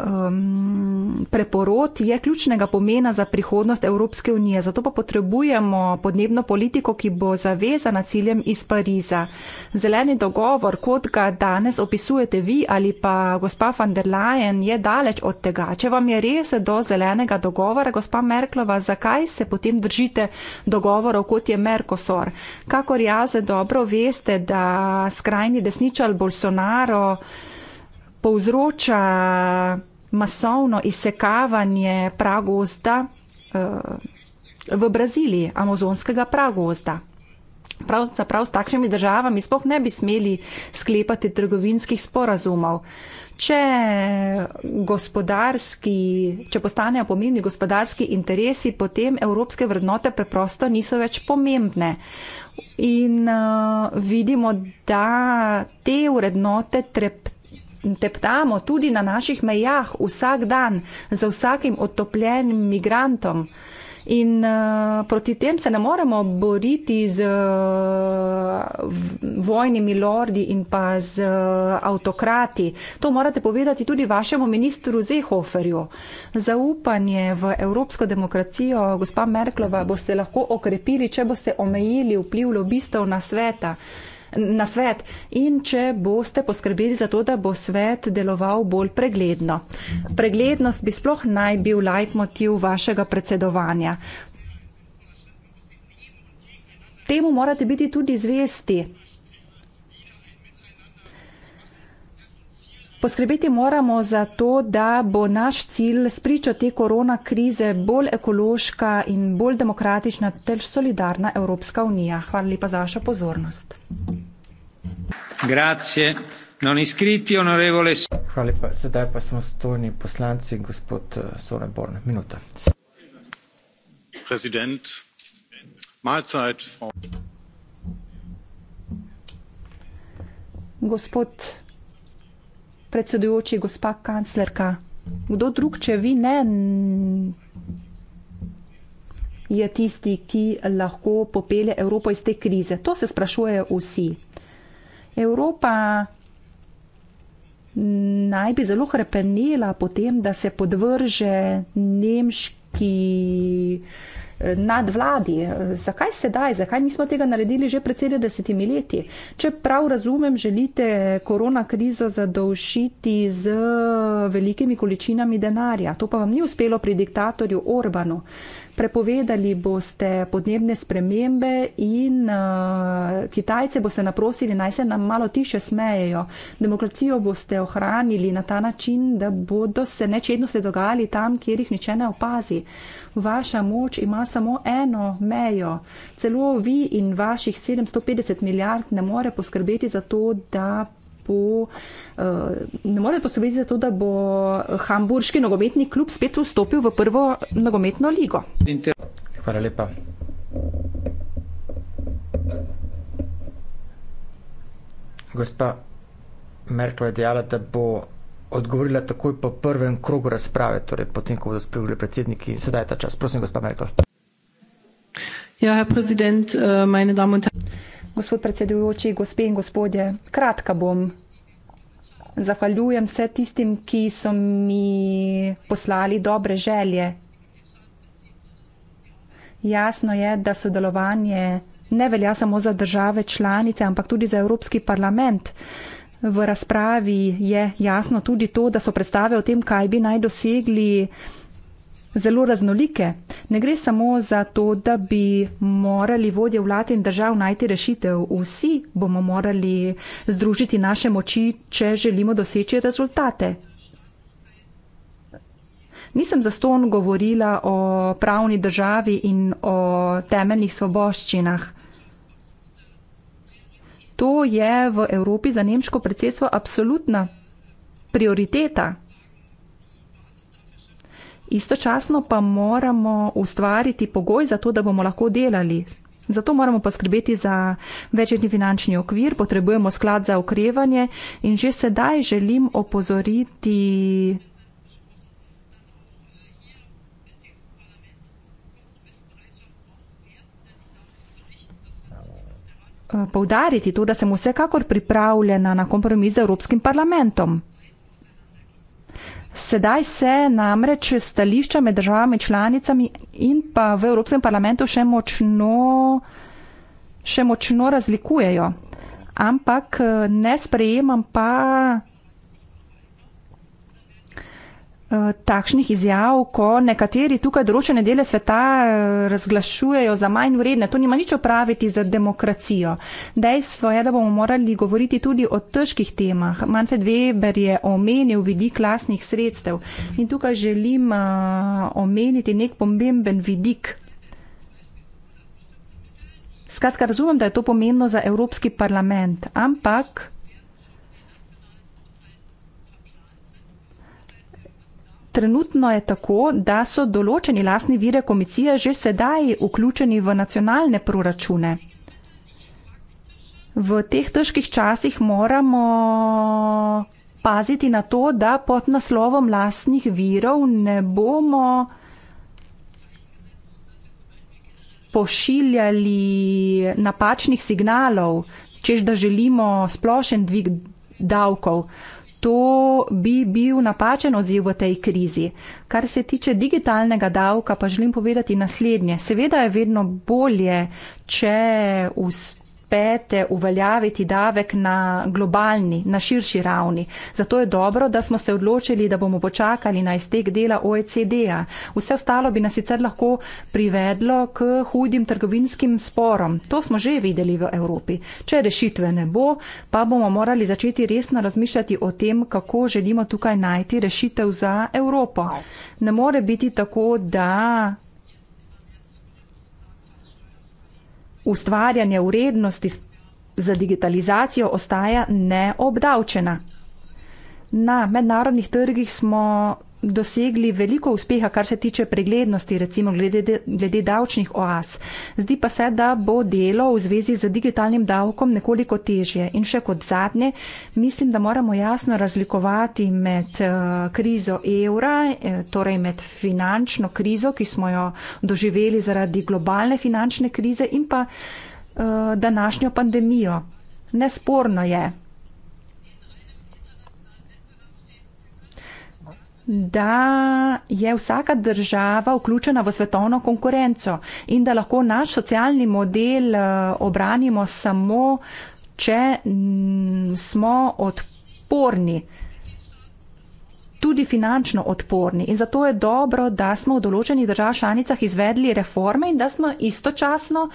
um, preporod je ključnega pomena za prihodnost Evropske unije. Zato pa potrebujemo podnebno politiko, ki bo zavezana ciljem iz Pariza. Zeleni dogovor, kot ga danes opisujete vi ali pa gospa van der Leyen, je daleč od tega. Če vam je res do zelenega dogovora, gospa Merklova, zakaj se potem držite dogovorov, kot je Mercosur? Kakor jaz dobro veste, da skrajni desničar Bolsonaro povzroča masovno izsekavanje pragozda uh, v Braziliji, amazonskega pragozda. Prav s takšnimi državami spoh ne bi smeli sklepati trgovinskih sporazumov. Če, gospodarski, če postanejo pomembni gospodarski interesi, potem evropske vrednote preprosto niso več pomembne. In uh, vidimo, da te vrednote trepte teptamo tudi na naših mejah vsak dan za vsakim otopljenim migrantom. In uh, proti tem se ne moremo boriti z uh, vojnimi lordi in pa z uh, avtokrati. To morate povedati tudi vašemu ministru Zehoferju. Zaupanje v evropsko demokracijo, gospa Merklova, boste lahko okrepili, če boste omejili vpliv lobistov na sveta. Uh, na svet in če boste poskrbeli za to, da bo svet deloval bolj pregledno. Preglednost bi sploh naj bil lajtmotiv vašega predsedovanja. Temu morate biti tudi zvesti. Poskrbeti moramo za to, da bo naš cilj spričo te korona krize bolj ekološka in bolj demokratična ter solidarna Evropska unija. Hvala lepa za vašo pozornost. Grazie. Non iscritti, onorevole. Hvala lepa. Sedaj pa smo stojni poslanci, gospod eh, Soleborn. Minuta. Prezident, malcajt. Gospod predsedujoči, gospa kanclerka, kdo drug, če vi ne, je tisti, ki lahko popelje Evropo iz te krize? To se sprašujejo vsi. Evropa naj bi zelo hrepenela potem, da se podvrže nemški eh, nadvladi. Zakaj sedaj? Zakaj nismo tega naredili že pred 70 leti? Če prav razumem, želite korona krizo zadolšiti z velikimi količinami denarja. To pa vam ni uspelo pri diktatorju Orbanu prepovedali boste podnebne spremembe in uh, Kitajce boste naprosili, naj se nam malo tiše smejejo. Demokracijo boste ohranili na ta način, da bodo se nečednosti dogajali tam, kjer jih niče ne opazi. Vaša moč ima samo eno mejo. Celo vi in vaših 750 milijard ne more poskrbeti za to, da bo, eh, ne more poskrbeti za to, da bo hamburški nogometni klub spet vstopil v prvo nogometno ligo. Hvala lepa. Gospa Merkel je dejala, da bo odgovorila takoj po prvem krogu razprave, torej potem, ko bodo spregovorili predsedniki. Sedaj je ta čas. Prosim, gospa Merkel. Ja, herr Präsident, äh, meine Damen und Herren gospod predsedujoči, gospe in gospodje. Kratka bom. Zahvaljujem se tistim, ki so mi poslali dobre želje. Jasno je, da sodelovanje ne velja samo za države članice, ampak tudi za Evropski parlament. V razpravi je jasno tudi to, da so predstave o tem, kaj bi naj dosegli, zelo raznolike. Ne gre samo za to, da bi morali vodje vlade in držav najti rešitev. Vsi bomo morali združiti naše moči, če želimo doseči rezultate. Nisem zaston govorila o pravni državi in o temeljnih svoboščinah. To je v Evropi za nemško predsedstvo absolutna prioriteta istočasno pa moramo ustvariti pogoj za to, da bomo lahko delali. Zato moramo poskrbeti za večetni finančni okvir, potrebujemo sklad za okrevanje in že sedaj želim opozoriti. Eh, poudariti to, da sem vsekakor pripravljena na kompromis z Evropskim parlamentom. Sedaj se namreč stališča med državami članicami in pa v Evropskem parlamentu še močno, še močno razlikujejo. Ampak eh, ne sprejemam pa takšnih izjav, ko nekateri tukaj določene dele sveta eh, razglašujejo za manj vredne. To nima nič opraviti za demokracijo. Dejstvo je, da bomo morali govoriti tudi o težkih temah. Manfred Weber je omenil vidik lasnih sredstev in tukaj želim eh, omeniti nek pomemben vidik. Skratka, razumem, da je to pomembno za Evropski parlament, ampak Trenutno je tako, da so določeni lastni vire komisije že sedaj vključeni v nacionalne proračune. V teh težkih časih moramo paziti na to, da pod naslovom lastnih virov ne bomo pošiljali napačnih signalov, čež da želimo splošen dvig davkov to bi bil napačen odziv v tej krizi. Kar se tiče digitalnega davka, pa želim povedati naslednje. Seveda je vedno bolje, če uspešno uspete uveljaviti davek na globalni, na širši ravni. Zato je dobro, da smo se odločili, da bomo počakali na iztek dela OECD-a. Vse ostalo bi nas sicer lahko privedlo k hudim trgovinskim sporom. To smo že videli v Evropi. Če rešitve ne bo, pa bomo morali začeti resno razmišljati o tem, kako želimo tukaj najti rešitev za Evropo. Ne more biti tako, da ustvarjanje vrednosti za digitalizacijo ostaja neobdavčena. Na mednarodnih trgih smo dosegli veliko uspeha, kar se tiče preglednosti, recimo glede, glede davčnih oaz. Zdi pa se, da bo delo v zvezi z digitalnim davkom nekoliko težje. In še kot zadnje, mislim, da moramo jasno razlikovati med eh, krizo evra, eh, torej med finančno krizo, ki smo jo doživeli zaradi globalne finančne krize in pa eh, današnjo pandemijo. Nesporno je, da je vsaka država vključena v svetovno konkurenco in da lahko naš socialni model eh, obranimo samo, če smo odporni tudi finančno odporni. In zato je dobro, da smo v določenih državah članicah izvedli reforme in da smo istočasno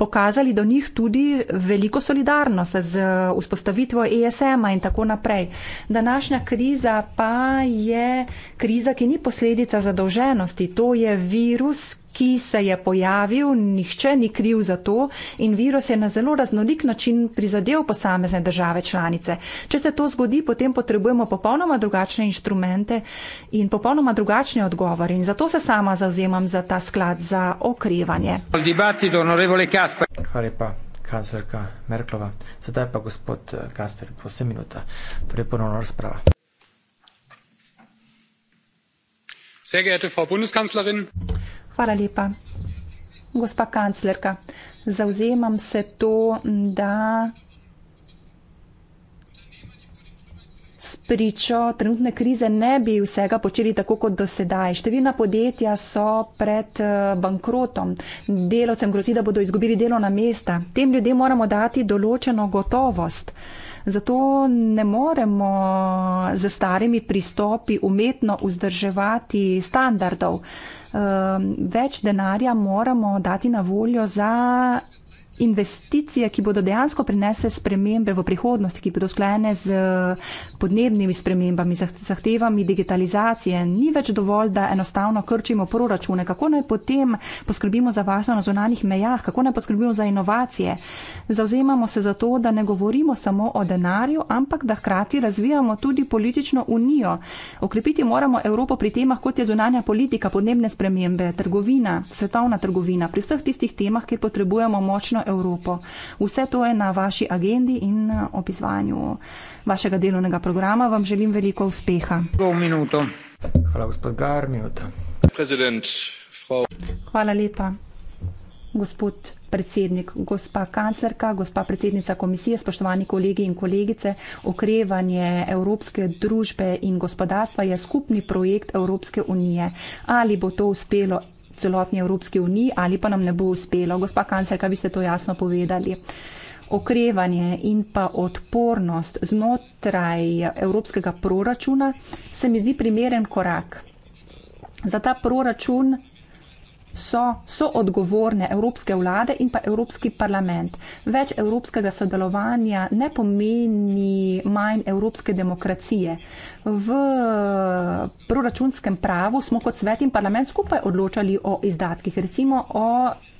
pokazali do njih tudi veliko solidarnost z vzpostavitvo ESM-a in tako naprej. Današnja kriza pa je kriza, ki ni posledica zadolženosti. To je virus, ki se je pojavil, nihče ni kriv za to in virus je na zelo raznolik način prizadel posamezne države članice. Če se to zgodi, potem potrebujemo popolnoma drugačne inštrumente in popolnoma drugačne odgovore in zato se sama zauzemam za ta sklad za okrevanje. Hvala lepa, kancelka Merklova. Sedaj pa gospod eh, Kasper, prosim minuta, torej ponovno razprava. Sehr geehrte Frau Bundeskanzlerin. Hvala lepa. Gospa kanclerka, zauzemam se to, da spričo trenutne krize ne bi vsega počeli tako kot do sedaj. Številna podjetja so pred eh, bankrotom, delovcem grozi, da bodo izgubili delovna mesta. Tem ljudem moramo dati določeno gotovost. Zato ne moremo z starimi pristopi umetno vzdrževati standardov. Ehm, več denarja moramo dati na voljo za investicije, ki bodo dejansko prinese spremembe v prihodnosti, ki bodo sklene z podnebnimi spremembami, zahtevami digitalizacije, ni več dovolj, da enostavno krčimo proračune, kako naj potem poskrbimo za varstvo na zonanih mejah, kako naj poskrbimo za inovacije. Zauzemamo se za to, da ne govorimo samo o denarju, ampak da hkrati razvijamo tudi politično unijo. Okrepiti moramo Evropo pri temah, kot je zonanja politika, podnebne spremembe, trgovina, svetovna trgovina, pri vseh tistih temah, kjer potrebujemo močno Evropo. Vse to je na vaši agendi in eh, ob izvajanju vašega delovnega programa. Vam želim veliko uspeha. Hvala, gospod Gar, minuta. Hvala lepa, gospod predsednik, gospa kancerka, gospa predsednica komisije, spoštovani kolegi in kolegice. Okrevanje Evropske družbe in gospodarstva je skupni projekt Evropske unije. Ali bo to uspelo? celotni Evropski uniji ali pa nam ne bo uspelo. Gospa kancelka, vi ste to jasno povedali okrevanje in pa odpornost znotraj evropskega proračuna, se mi zdi primeren korak. Za ta proračun so, so odgovorne evropske vlade in pa evropski parlament. Več evropskega sodelovanja ne pomeni manj evropske demokracije. V eh, proračunskem pravu smo kot svet in parlament skupaj odločali o izdatkih, recimo o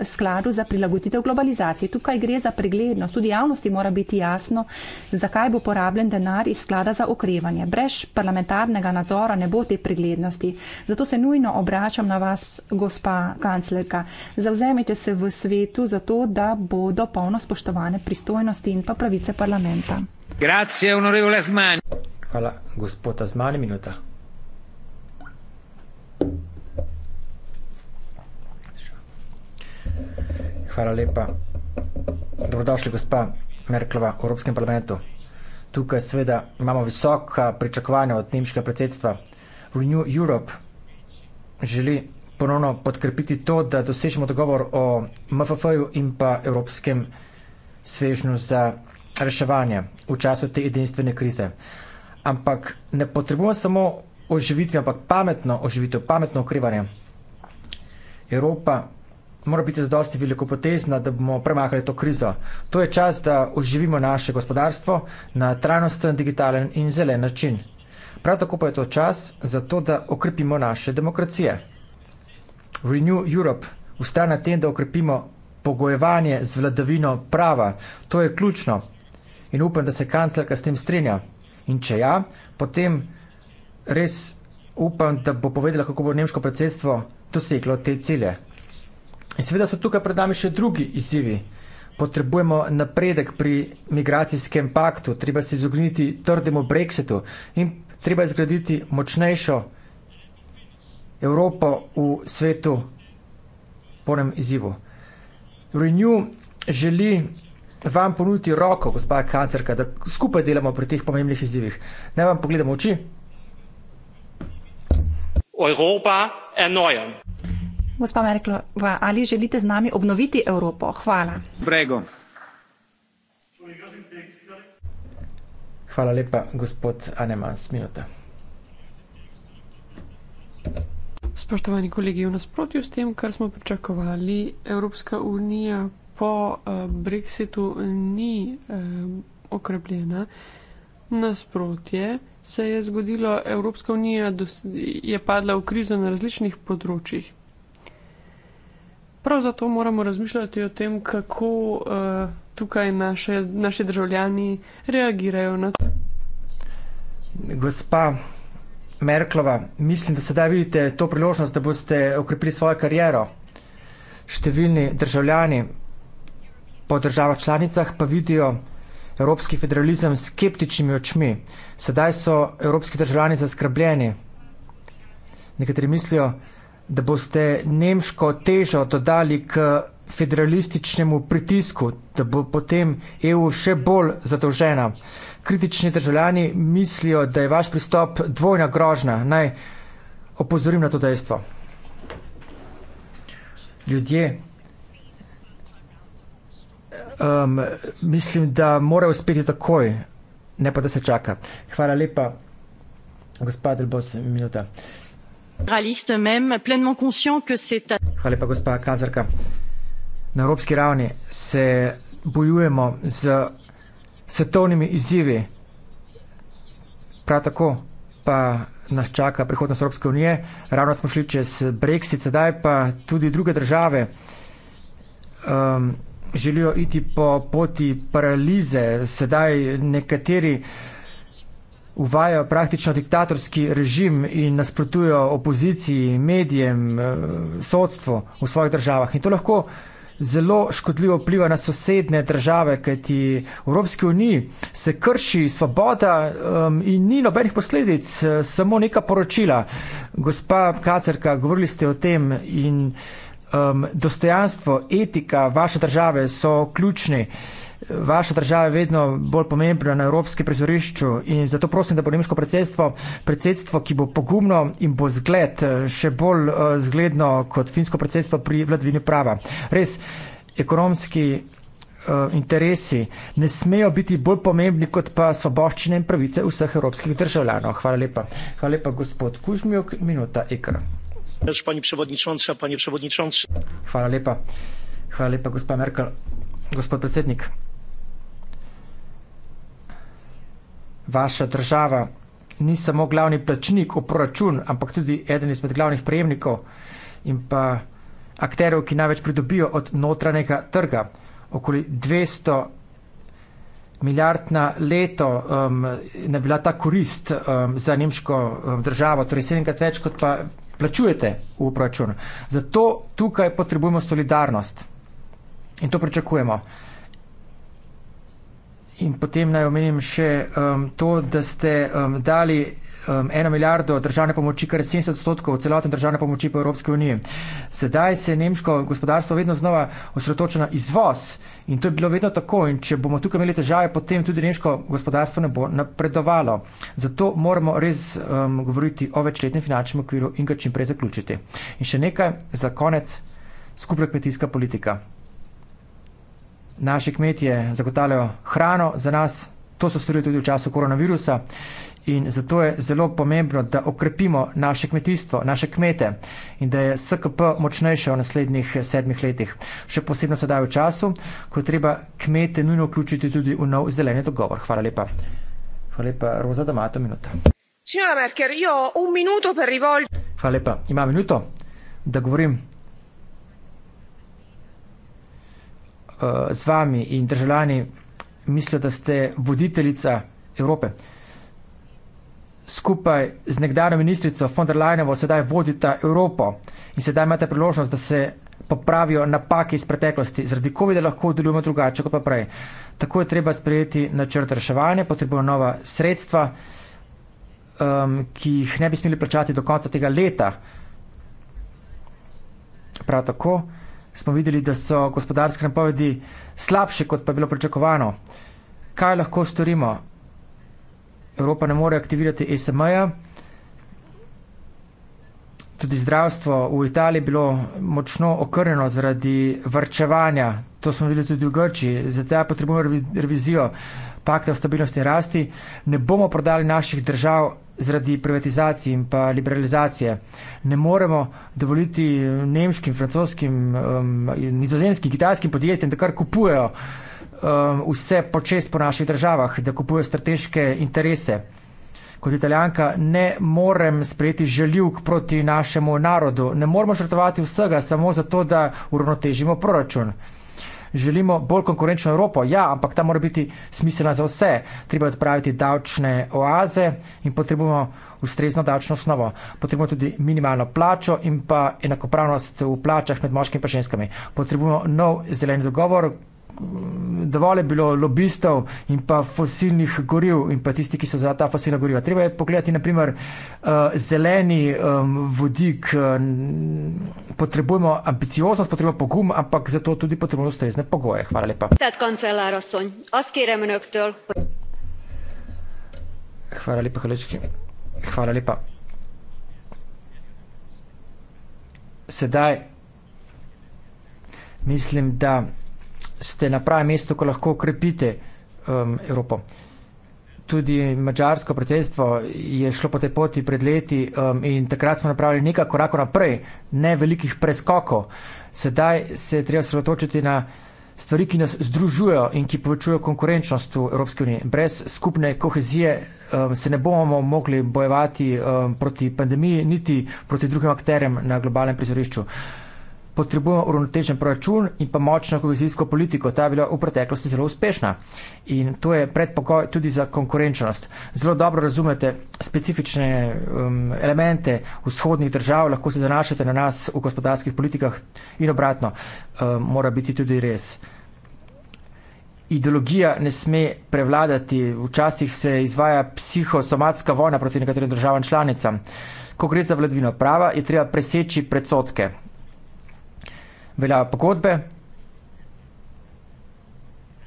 skladu za prilagoditev globalizacije. Tukaj gre za preglednost. Tudi javnosti mora biti jasno, zakaj bo porabljen denar iz sklada za okrevanje. Brez parlamentarnega nadzora ne bo te preglednosti. Zato se nujno obračam na vas, gospa kanclerka. Zavzemite se v svetu za to, da bodo polno spoštovane pristojnosti in pa pravice parlamenta. Grazie, onorevole Smanj. Hvala, gospod Azman, minuta. Hvala lepa. Dobrodošli, gospa Merklova, v Evropskem parlamentu. Tukaj seveda imamo visoka pričakovanja od nemškega predsedstva. Renew Europe želi ponovno podkrepiti to, da dosežemo dogovor o MFF-ju in pa evropskem svežnju za reševanje v času te edinstvene krize ampak ne potrebujem samo oživitve, ampak pametno oživitev, pametno okrevanje. Evropa mora biti zadosti velikopotezna, da bomo premakali to krizo. To je čas, da oživimo naše gospodarstvo na trajnosten, digitalen in zelen način. Prav tako pa je to čas za to, da okrepimo naše demokracije. Renew Europe ustane na tem, da okrepimo pogojevanje z vladavino prava. To je ključno in upam, da se kanclerka s tem strinja. In če ja, potem res upam, da bo povedala, kako bo nemško predsedstvo doseglo te cilje. In seveda so tukaj pred nami še drugi izzivi. Potrebujemo napredek pri migracijskem paktu, treba se izogniti trdemu brexitu in treba izgraditi močnejšo Evropo v svetu po nem izzivu. Renew želi vam ponuditi roko, gospa kancerka, da skupaj delamo pri teh pomembnih izzivih. Naj vam pogledamo oči. Evropa enojen. Gospa Merkel, ali želite z nami obnoviti Evropo? Hvala. Brego. Hvala lepa, gospod Anemans. Minuta. Spoštovani kolegi, v nasprotju s tem, kar smo pričakovali, Evropska unija po uh, Brexitu ni um, okrepljena. Nasprotje se je zgodilo, Evropska unija je padla v krizo na različnih področjih. Prav zato moramo razmišljati o tem, kako uh, tukaj naše, naši državljani reagirajo na to. Gospa Merklova, mislim, da sedaj vidite to priložnost, da boste okrepili svojo kariero. Številni državljani po državah članicah pa vidijo evropski federalizem s skeptičnimi očmi. Sedaj so evropski državljani zaskrbljeni. Nekateri mislijo, da boste nemško težo dodali k federalističnemu pritisku, da bo potem EU še bolj zadolžena. Kritični državljani mislijo, da je vaš pristop dvojna grožna. Naj opozorim na to dejstvo. Ljudje um, mislim, da mora uspeti takoj, ne pa da se čaka. Hvala lepa, gospod Delbos, minuta. Hvala lepa, gospa Kazarka. Na evropski ravni se bojujemo z svetovnimi izzivi, prav tako pa nas čaka prihodnost Evropske unije. Ravno smo šli čez Brexit, sedaj pa tudi druge države. Um, želijo iti po poti paralize. Sedaj nekateri uvajajo praktično diktatorski režim in nasprotujo opoziciji, medijem, eh, sodstvu v svojih državah. In to lahko zelo škodljivo vpliva na sosedne države, kajti v Evropski uniji se krši svoboda um, in ni nobenih posledic, eh, samo neka poročila. Gospa Kacerka, govorili ste o tem in um, dostojanstvo, etika vaše države so ključni. Vaša država je vedno bolj pomembna na evropskem prizorišču in zato prosim, da bo nemško predsedstvo predsedstvo, ki bo pogumno in bo zgled eh, še bolj eh, zgledno kot finsko predsedstvo pri vladavini prava. Res, ekonomski uh, interesi ne smejo biti bolj pomembni kot pa svoboščine in pravice vseh evropskih državljanov. Hvala lepa. Hvala lepa, gospod Kužmjuk. Minuta ekra też pani przewodnicząca, panie przewodniczący. Chwała lepa. Chwała lepa, gospa Merkel. Gospod predsednik. Vaša država ni samo glavni plačnik v proračun, ampak tudi eden izmed glavnih prejemnikov in pa akterjev, ki največ pridobijo od notranjega trga. Okoli 200 milijard na leto um, ne bila ta korist um, za nemško um, državo, torej sedemkrat več kot pa plačujete v proračun. Zato tukaj potrebujemo solidarnost in to pričakujemo. In potem naj omenim še um, to, da ste um, dali um, eno milijardo državne pomoči, kar je 70 odstotkov celotne državne pomoči po Evropske unije. Sedaj se je nemško gospodarstvo vedno znova osredotočilo na izvoz in to je bilo vedno tako in če bomo tukaj imeli težave, potem tudi nemško gospodarstvo ne bo napredovalo. Zato moramo res um, govoriti o večletnem finančnem okviru in ga čim prej zaključiti. In še nekaj za konec, skupna kmetijska politika. Naši kmetije zagotavljajo hrano za nas, to so storili tudi v času koronavirusa. In zato je zelo pomembno, da okrepimo naše kmetijstvo, naše kmete in da je SKP močnejša v naslednjih sedmih letih. Še posebno sedaj v času, ko je treba kmete nujno vključiti tudi v nov zeleni dogovor. Hvala lepa. Hvala lepa, Roza, da imate minuto. Signora Merker, jo, un minuto per rivol... Hvala lepa. Imam minuto, da govorim uh, z vami in državljani mislijo, da ste voditeljica Evrope skupaj z nekdano ministrico von der Leinovo sedaj vodita Evropo in sedaj imate priložnost, da se popravijo napake iz preteklosti. Zaradi COVID-19 lahko delujemo drugače kot pa prej. Tako je treba sprejeti načrt reševanja, potrebujemo nova sredstva, um, ki jih ne bi smeli plačati do konca tega leta. Prav tako smo videli, da so gospodarske napovedi slabše, kot pa je bilo pričakovano. Kaj lahko storimo? Evropa ne more aktivirati SMA-ja. Tudi zdravstvo v Italiji je bilo močno okrnjeno zaradi vrčevanja. To smo videli tudi v Grčiji. Zato ja potrebujemo revizijo pakta o stabilnosti in rasti. Ne bomo prodali naših držav zaradi privatizacije in pa liberalizacije. Ne moremo dovoliti nemškim, francoskim, um, nizozemskim, kitajskim podjetjem, da kar kupujejo um, vse počest po naših državah, da kupuje strateške interese. Kot italijanka ne morem sprejeti željuk proti našemu narodu. Ne moramo žrtovati vsega samo zato, da uravnotežimo proračun. Želimo bolj konkurenčno Evropo, ja, ampak ta mora biti smiselna za vse. Treba je odpraviti davčne oaze in potrebujemo ustrezno davčno osnovo. Potrebujemo tudi minimalno plačo in pa enakopravnost v plačah med moškimi in ženskami. Potrebujemo nov zeleni dogovor, dovolj je bilo lobistov in pa fosilnih goriv in pa tisti, ki so za ta fosilna goriva. Treba je pogledati, naprimer, uh, eh, zeleni um, vodik. Um, potrebujemo ambicioznost, potrebujemo pogum, ampak za to tudi potrebujemo ustrezne pogoje. Hvala lepa. Hvala lepa, Halečki. Hvala lepa. Sedaj mislim, da ste na pravem mestu, ko lahko ukrepite um, Evropo. Tudi mačarsko predsedstvo je šlo po tej poti pred leti um, in takrat smo napravili nekaj korakov naprej, ne velikih preskokov. Sedaj se je treba sredotočiti na stvari, ki nas združujejo in ki povečujejo konkurenčnost v Evropski uniji. Brez skupne kohezije um, se ne bomo mogli bojevati um, proti pandemiji, niti proti drugim akterjem na globalnem prizorišču potrebujemo uravnotežen proračun in pa močno kohezijsko politiko. Ta je bila v preteklosti zelo uspešna in to je predpogoj tudi za konkurenčnost. Zelo dobro razumete specifične um, elemente vzhodnih držav, lahko se zanašate na nas v gospodarskih politikah in obratno, um, mora biti tudi res. Ideologija ne sme prevladati, včasih se izvaja psihosomatska vojna proti nekaterim državam članicam. Ko gre za vladvino prava, je treba preseči predsotke veljajo pogodbe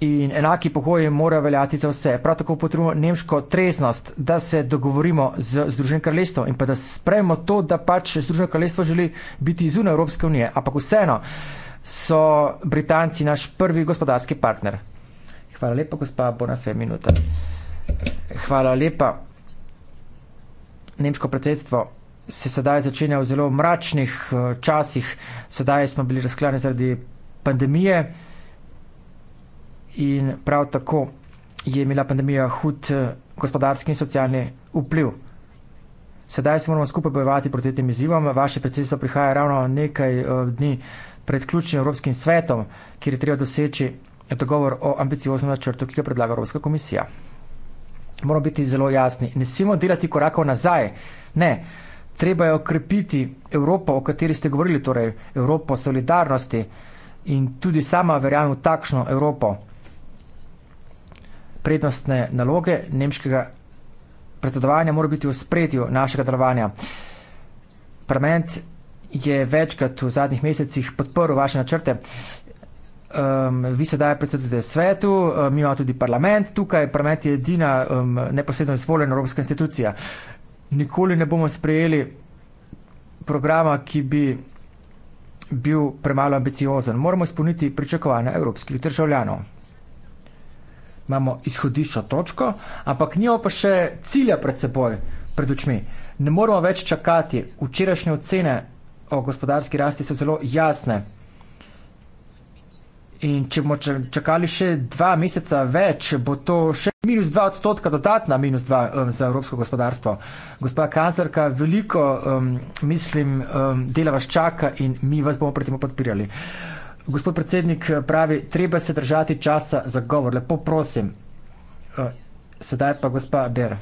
in enaki pogoji morajo veljati za vse. Prav tako potrebujemo nemško treznost, da se dogovorimo z Združenim kraljestvom in pa da sprejmemo to, da pač Združeno kraljestvo želi biti izven Evropske unije. Ampak vseeno so Britanci naš prvi gospodarski partner. Hvala lepa, gospa Bonafe, minuta. Hvala lepa, nemško predsedstvo se sedaj začenja v zelo mračnih eh, časih. Sedaj smo bili razklani zaradi pandemije in prav tako je imela pandemija hud eh, gospodarski in socialni vpliv. Sedaj se moramo skupaj bojevati proti tem izzivom. Vaše predsedstvo prihaja ravno nekaj eh, dni pred ključnim Evropskim svetom, kjer je treba doseči dogovor o ambicioznem načrtu, ki ga predlaga Evropska komisija. Moramo biti zelo jasni. Ne smemo delati korakov nazaj. Ne treba je okrepiti Evropo, o kateri ste govorili, torej Evropo solidarnosti in tudi sama verjamem v takšno Evropo. Prednostne naloge nemškega predsedovanja mora biti v spredju našega delovanja. Parlament je večkrat v zadnjih mesecih podprl vaše načrte. Um, vi sedaj predsedujete svetu, um, mi um, imamo tudi parlament tukaj, parlament je edina um, neposredno izvoljena evropska institucija nikoli ne bomo sprejeli programa, ki bi bil premalo ambiciozen. Moramo izpolniti pričakovanja evropskih državljanov. Imamo izhodiščo točko, ampak njo pa še cilja pred seboj, pred očmi. Ne moramo več čakati. Včerajšnje ocene o gospodarski rasti so zelo jasne. In če bomo čakali še dva meseca več, bo to še minus dva odstotka, dodatna minus dva um, za evropsko gospodarstvo. Gospa kancelarka, veliko, um, mislim, um, dela vas čaka in mi vas bomo pri tem podpirali. Gospod predsednik pravi, treba se držati časa za govor. Lepo prosim. Uh, sedaj pa gospa Bera.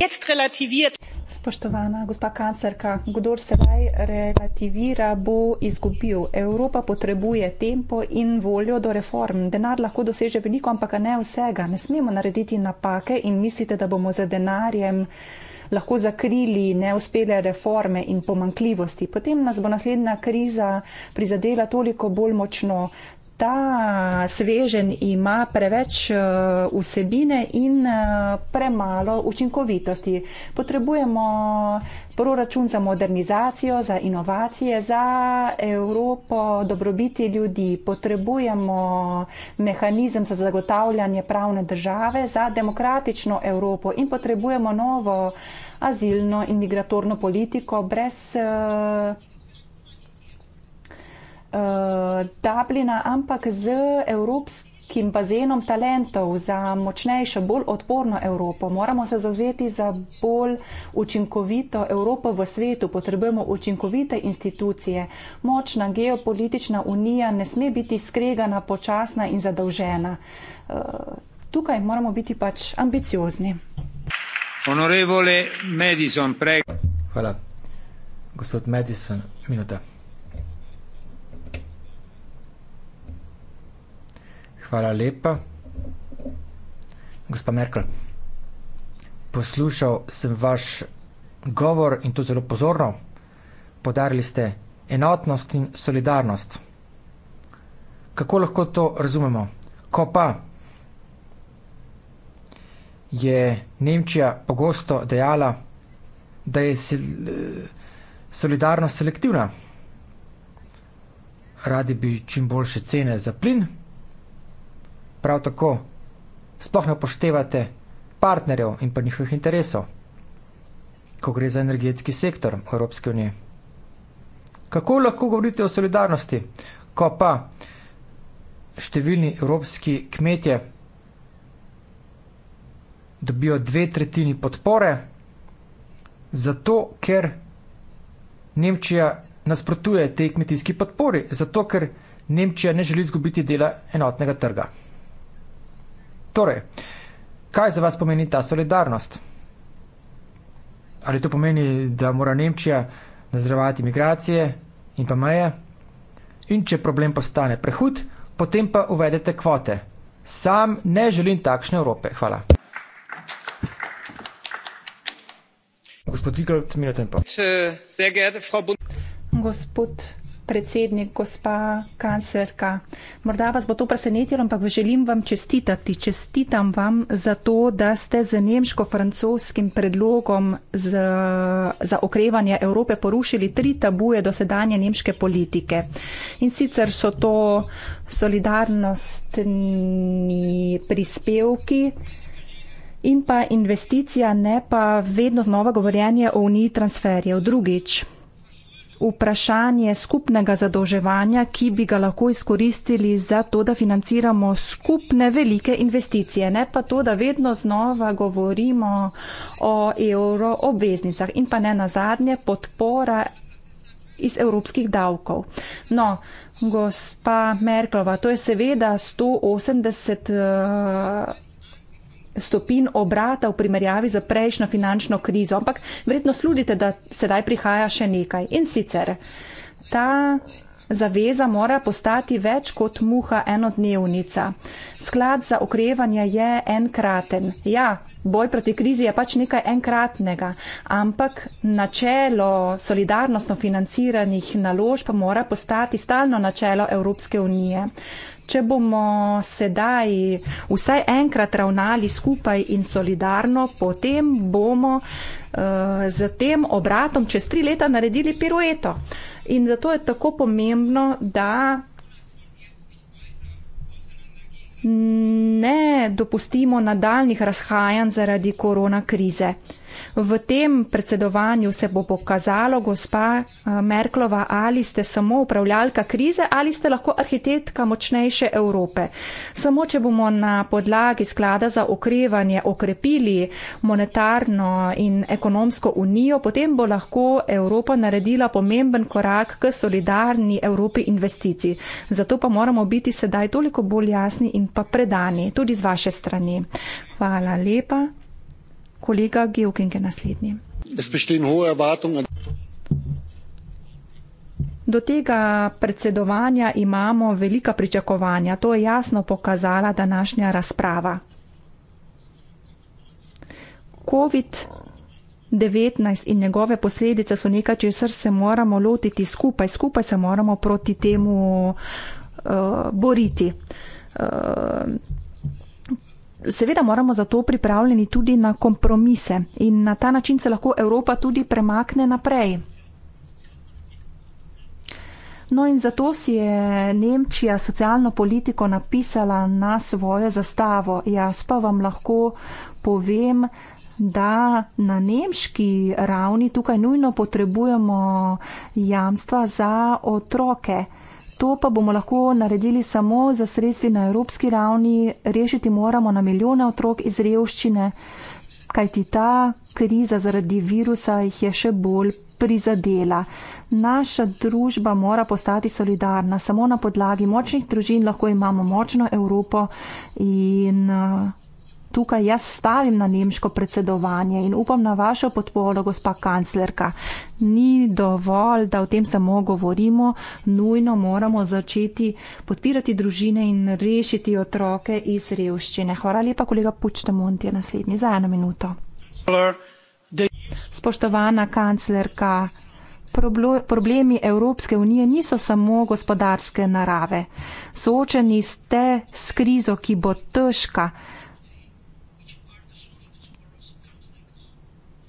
Jetzt relativiert. Spoštovana gospa kancerka, kdor sedaj relativira, bo izgubil. Evropa potrebuje tempo in voljo do reform. Denar lahko doseže veliko, ampak ne vsega. Ne smemo narediti napake in mislite, da bomo za denarjem lahko zakrili neuspele reforme in pomankljivosti. Potem nas bo naslednja kriza prizadela toliko bolj močno ta svežen ima preveč eh, vsebine in eh, premalo učinkovitosti. Potrebujemo proračun za modernizacijo, za inovacije, za Evropo dobrobiti ljudi. Potrebujemo mehanizem za zagotavljanje pravne države, za demokratično Evropo in potrebujemo novo azilno in migratorno politiko brez eh, uh, Dublina, ampak z evropskim bazenom talentov za močnejšo, bolj odporno Evropo. Moramo se zauzeti za bolj učinkovito Evropo v svetu. Potrebujemo učinkovite institucije. Močna geopolitična unija ne sme biti skregana, počasna in zadolžena. Eh, tukaj moramo biti pač ambiciozni. Honorevole Madison, prej. Hvala. Gospod Madison, minuta. Hvala lepa. Gospa Merkel, poslušal sem vaš govor in to zelo pozorno. Podarili ste enotnost in solidarnost. Kako lahko to razumemo? Ko pa je Nemčija pogosto dejala, da je solidarnost selektivna. Radi bi čim boljše cene za plin, prav tako sploh ne upoštevate partnerjev in pa njihovih interesov, ko gre za energetski sektor Evropske unije. Kako lahko govorite o solidarnosti, ko pa številni evropski kmetje dobijo dve tretjini podpore, zato ker Nemčija nasprotuje tej kmetijski podpori, zato ker Nemčija ne želi izgubiti dela enotnega trga. Torej, kaj za vas pomeni ta solidarnost? Ali to pomeni, da mora Nemčija nadzorovati migracije in pa meje? In če problem postane prehud, potem pa uvedete kvote. Sam ne želim takšne Evrope. Hvala. Gospod Tikal, mi eh, je tempo. Eh, Gospod predsednik, gospa kancerka. Morda vas bo to presenetilo, ampak želim vam čestitati. Čestitam vam za to, da ste z nemško-francoskim predlogom za, za okrevanje Evrope porušili tri tabuje dosedanje nemške politike. In sicer so to solidarnostni prispevki. In pa investicija, ne pa vedno znova govorjenje o uniji transferjev. Drugič, vprašanje skupnega zadolževanja, ki bi ga lahko izkoristili za to, da financiramo skupne velike investicije, ne pa to, da vedno znova govorimo o evro obveznicah in pa ne nazadnje podpora iz evropskih davkov. No, gospa Merklova, to je seveda 180. Uh, stopin obrata v primerjavi z prejšnjo finančno krizo, ampak verjetno sludite, da sedaj prihaja še nekaj. In sicer ta zaveza mora postati več kot muha enodnevnica. Sklad za okrevanje je enkraten. Ja, boj proti krizi je pač nekaj enkratnega, ampak načelo solidarnostno financiranih naložb mora postati stalno načelo Evropske unije če bomo sedaj vsaj enkrat ravnali skupaj in solidarno, potem bomo uh, eh, z tem obratom čez tri leta naredili pirueto. In zato je tako pomembno, da ne dopustimo nadaljnih razhajanj zaradi korona krize. V tem predsedovanju se bo pokazalo, gospa eh, Merklova, ali ste samo upravljalka krize ali ste lahko arhitektka močnejše Evrope. Samo, če bomo na podlagi sklada za okrevanje okrepili monetarno in ekonomsko unijo, potem bo lahko Evropa naredila pomemben korak k solidarni Evropi investicij. Zato pa moramo biti sedaj toliko bolj jasni in pa predani, tudi z vaše strani. Hvala lepa. Kolega Geoking je naslednji. Do tega predsedovanja imamo velika pričakovanja. To je jasno pokazala današnja razprava. COVID-19 in njegove posledice so nekaj, če srce se moramo lotiti skupaj, skupaj se moramo proti temu uh, boriti. Uh, Seveda moramo zato pripravljeni tudi na kompromise in na ta način se lahko Evropa tudi premakne naprej. No in zato si je Nemčija socialno politiko napisala na svojo zastavo. Jaz pa vam lahko povem, da na nemški ravni tukaj nujno potrebujemo jamstva za otroke. To pa bomo lahko naredili samo za sredstvi na evropski ravni. Rešiti moramo na milijone otrok iz revščine, kajti ta kriza zaradi virusa jih je še bolj prizadela. Naša družba mora postati solidarna. Samo na podlagi močnih družin lahko imamo močno Evropo in tukaj jaz stavim na nemško predsedovanje in upam na vašo podporo, gospa kanclerka. Ni dovolj, da o tem samo govorimo, nujno moramo začeti podpirati družine in rešiti otroke iz revščine. Hvala lepa, kolega Pučtamonti, naslednji za eno minuto. Spoštovana kanclerka, problemi Evropske unije niso samo gospodarske narave. Soočeni ste s krizo, ki bo težka.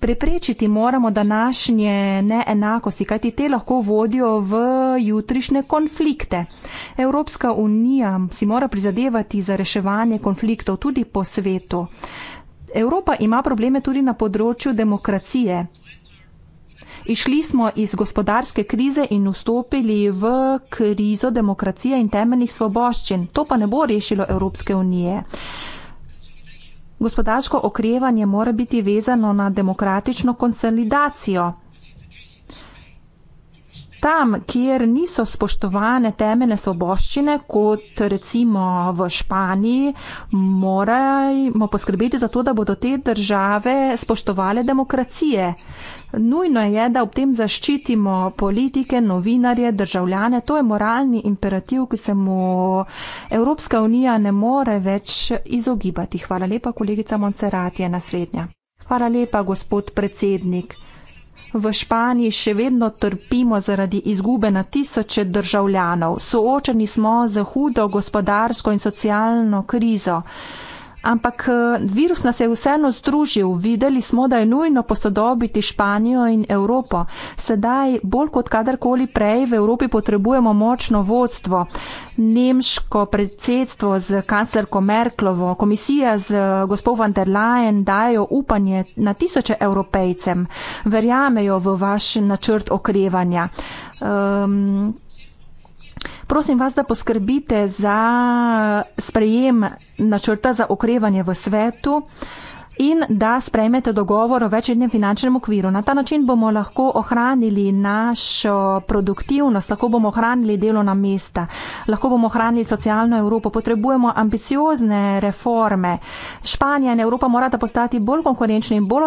preprečiti moramo današnje neenakosti, kajti te lahko vodijo v jutrišnje konflikte. Evropska unija si mora prizadevati za reševanje konfliktov tudi po svetu. Evropa ima probleme tudi na področju demokracije. Išli smo iz gospodarske krize in vstopili v krizo demokracije in temeljnih svoboščin. To pa ne bo rešilo Evropske unije. Gospodarsko okrevanje mora biti vezano na demokratično konsolidacijo, tam, kjer niso spoštovane temene svoboščine, kot recimo v Španiji, moramo poskrbeti za to, da bodo te države spoštovale demokracije. Nujno je, da ob tem zaščitimo politike, novinarje, državljane. To je moralni imperativ, ki se mu Evropska unija ne more več izogibati. Hvala lepa, kolegica Monserrat je naslednja. Hvala lepa, gospod predsednik. V Španiji še vedno trpimo zaradi izgube na tisoče državljanov. Soočeni smo z hudo gospodarsko in socialno krizo. Ampak eh, virus nas je vseeno združil, videli smo, da je nujno posodobiti Španijo in Evropo. Sedaj, bolj kot kadarkoli prej, v Evropi potrebujemo močno vodstvo. Nemško predsedstvo z kanclerko Merklovo, komisija z eh, gospod van der Leyen dajo upanje na tisoče evropejcem, verjamejo v vaš načrt okrevanja. Um, Prosim vas, da poskrbite za sprejem načrta za okrevanje v svetu in da sprejmete dogovor o večjem finančnem okviru. Na ta način bomo lahko ohranili našo produktivnost, lahko bomo ohranili delovna mesta, lahko bomo ohranili socialno Evropo. Potrebujemo ambiciozne reforme. Španija in Evropa morata postati bolj konkurenčni in bolj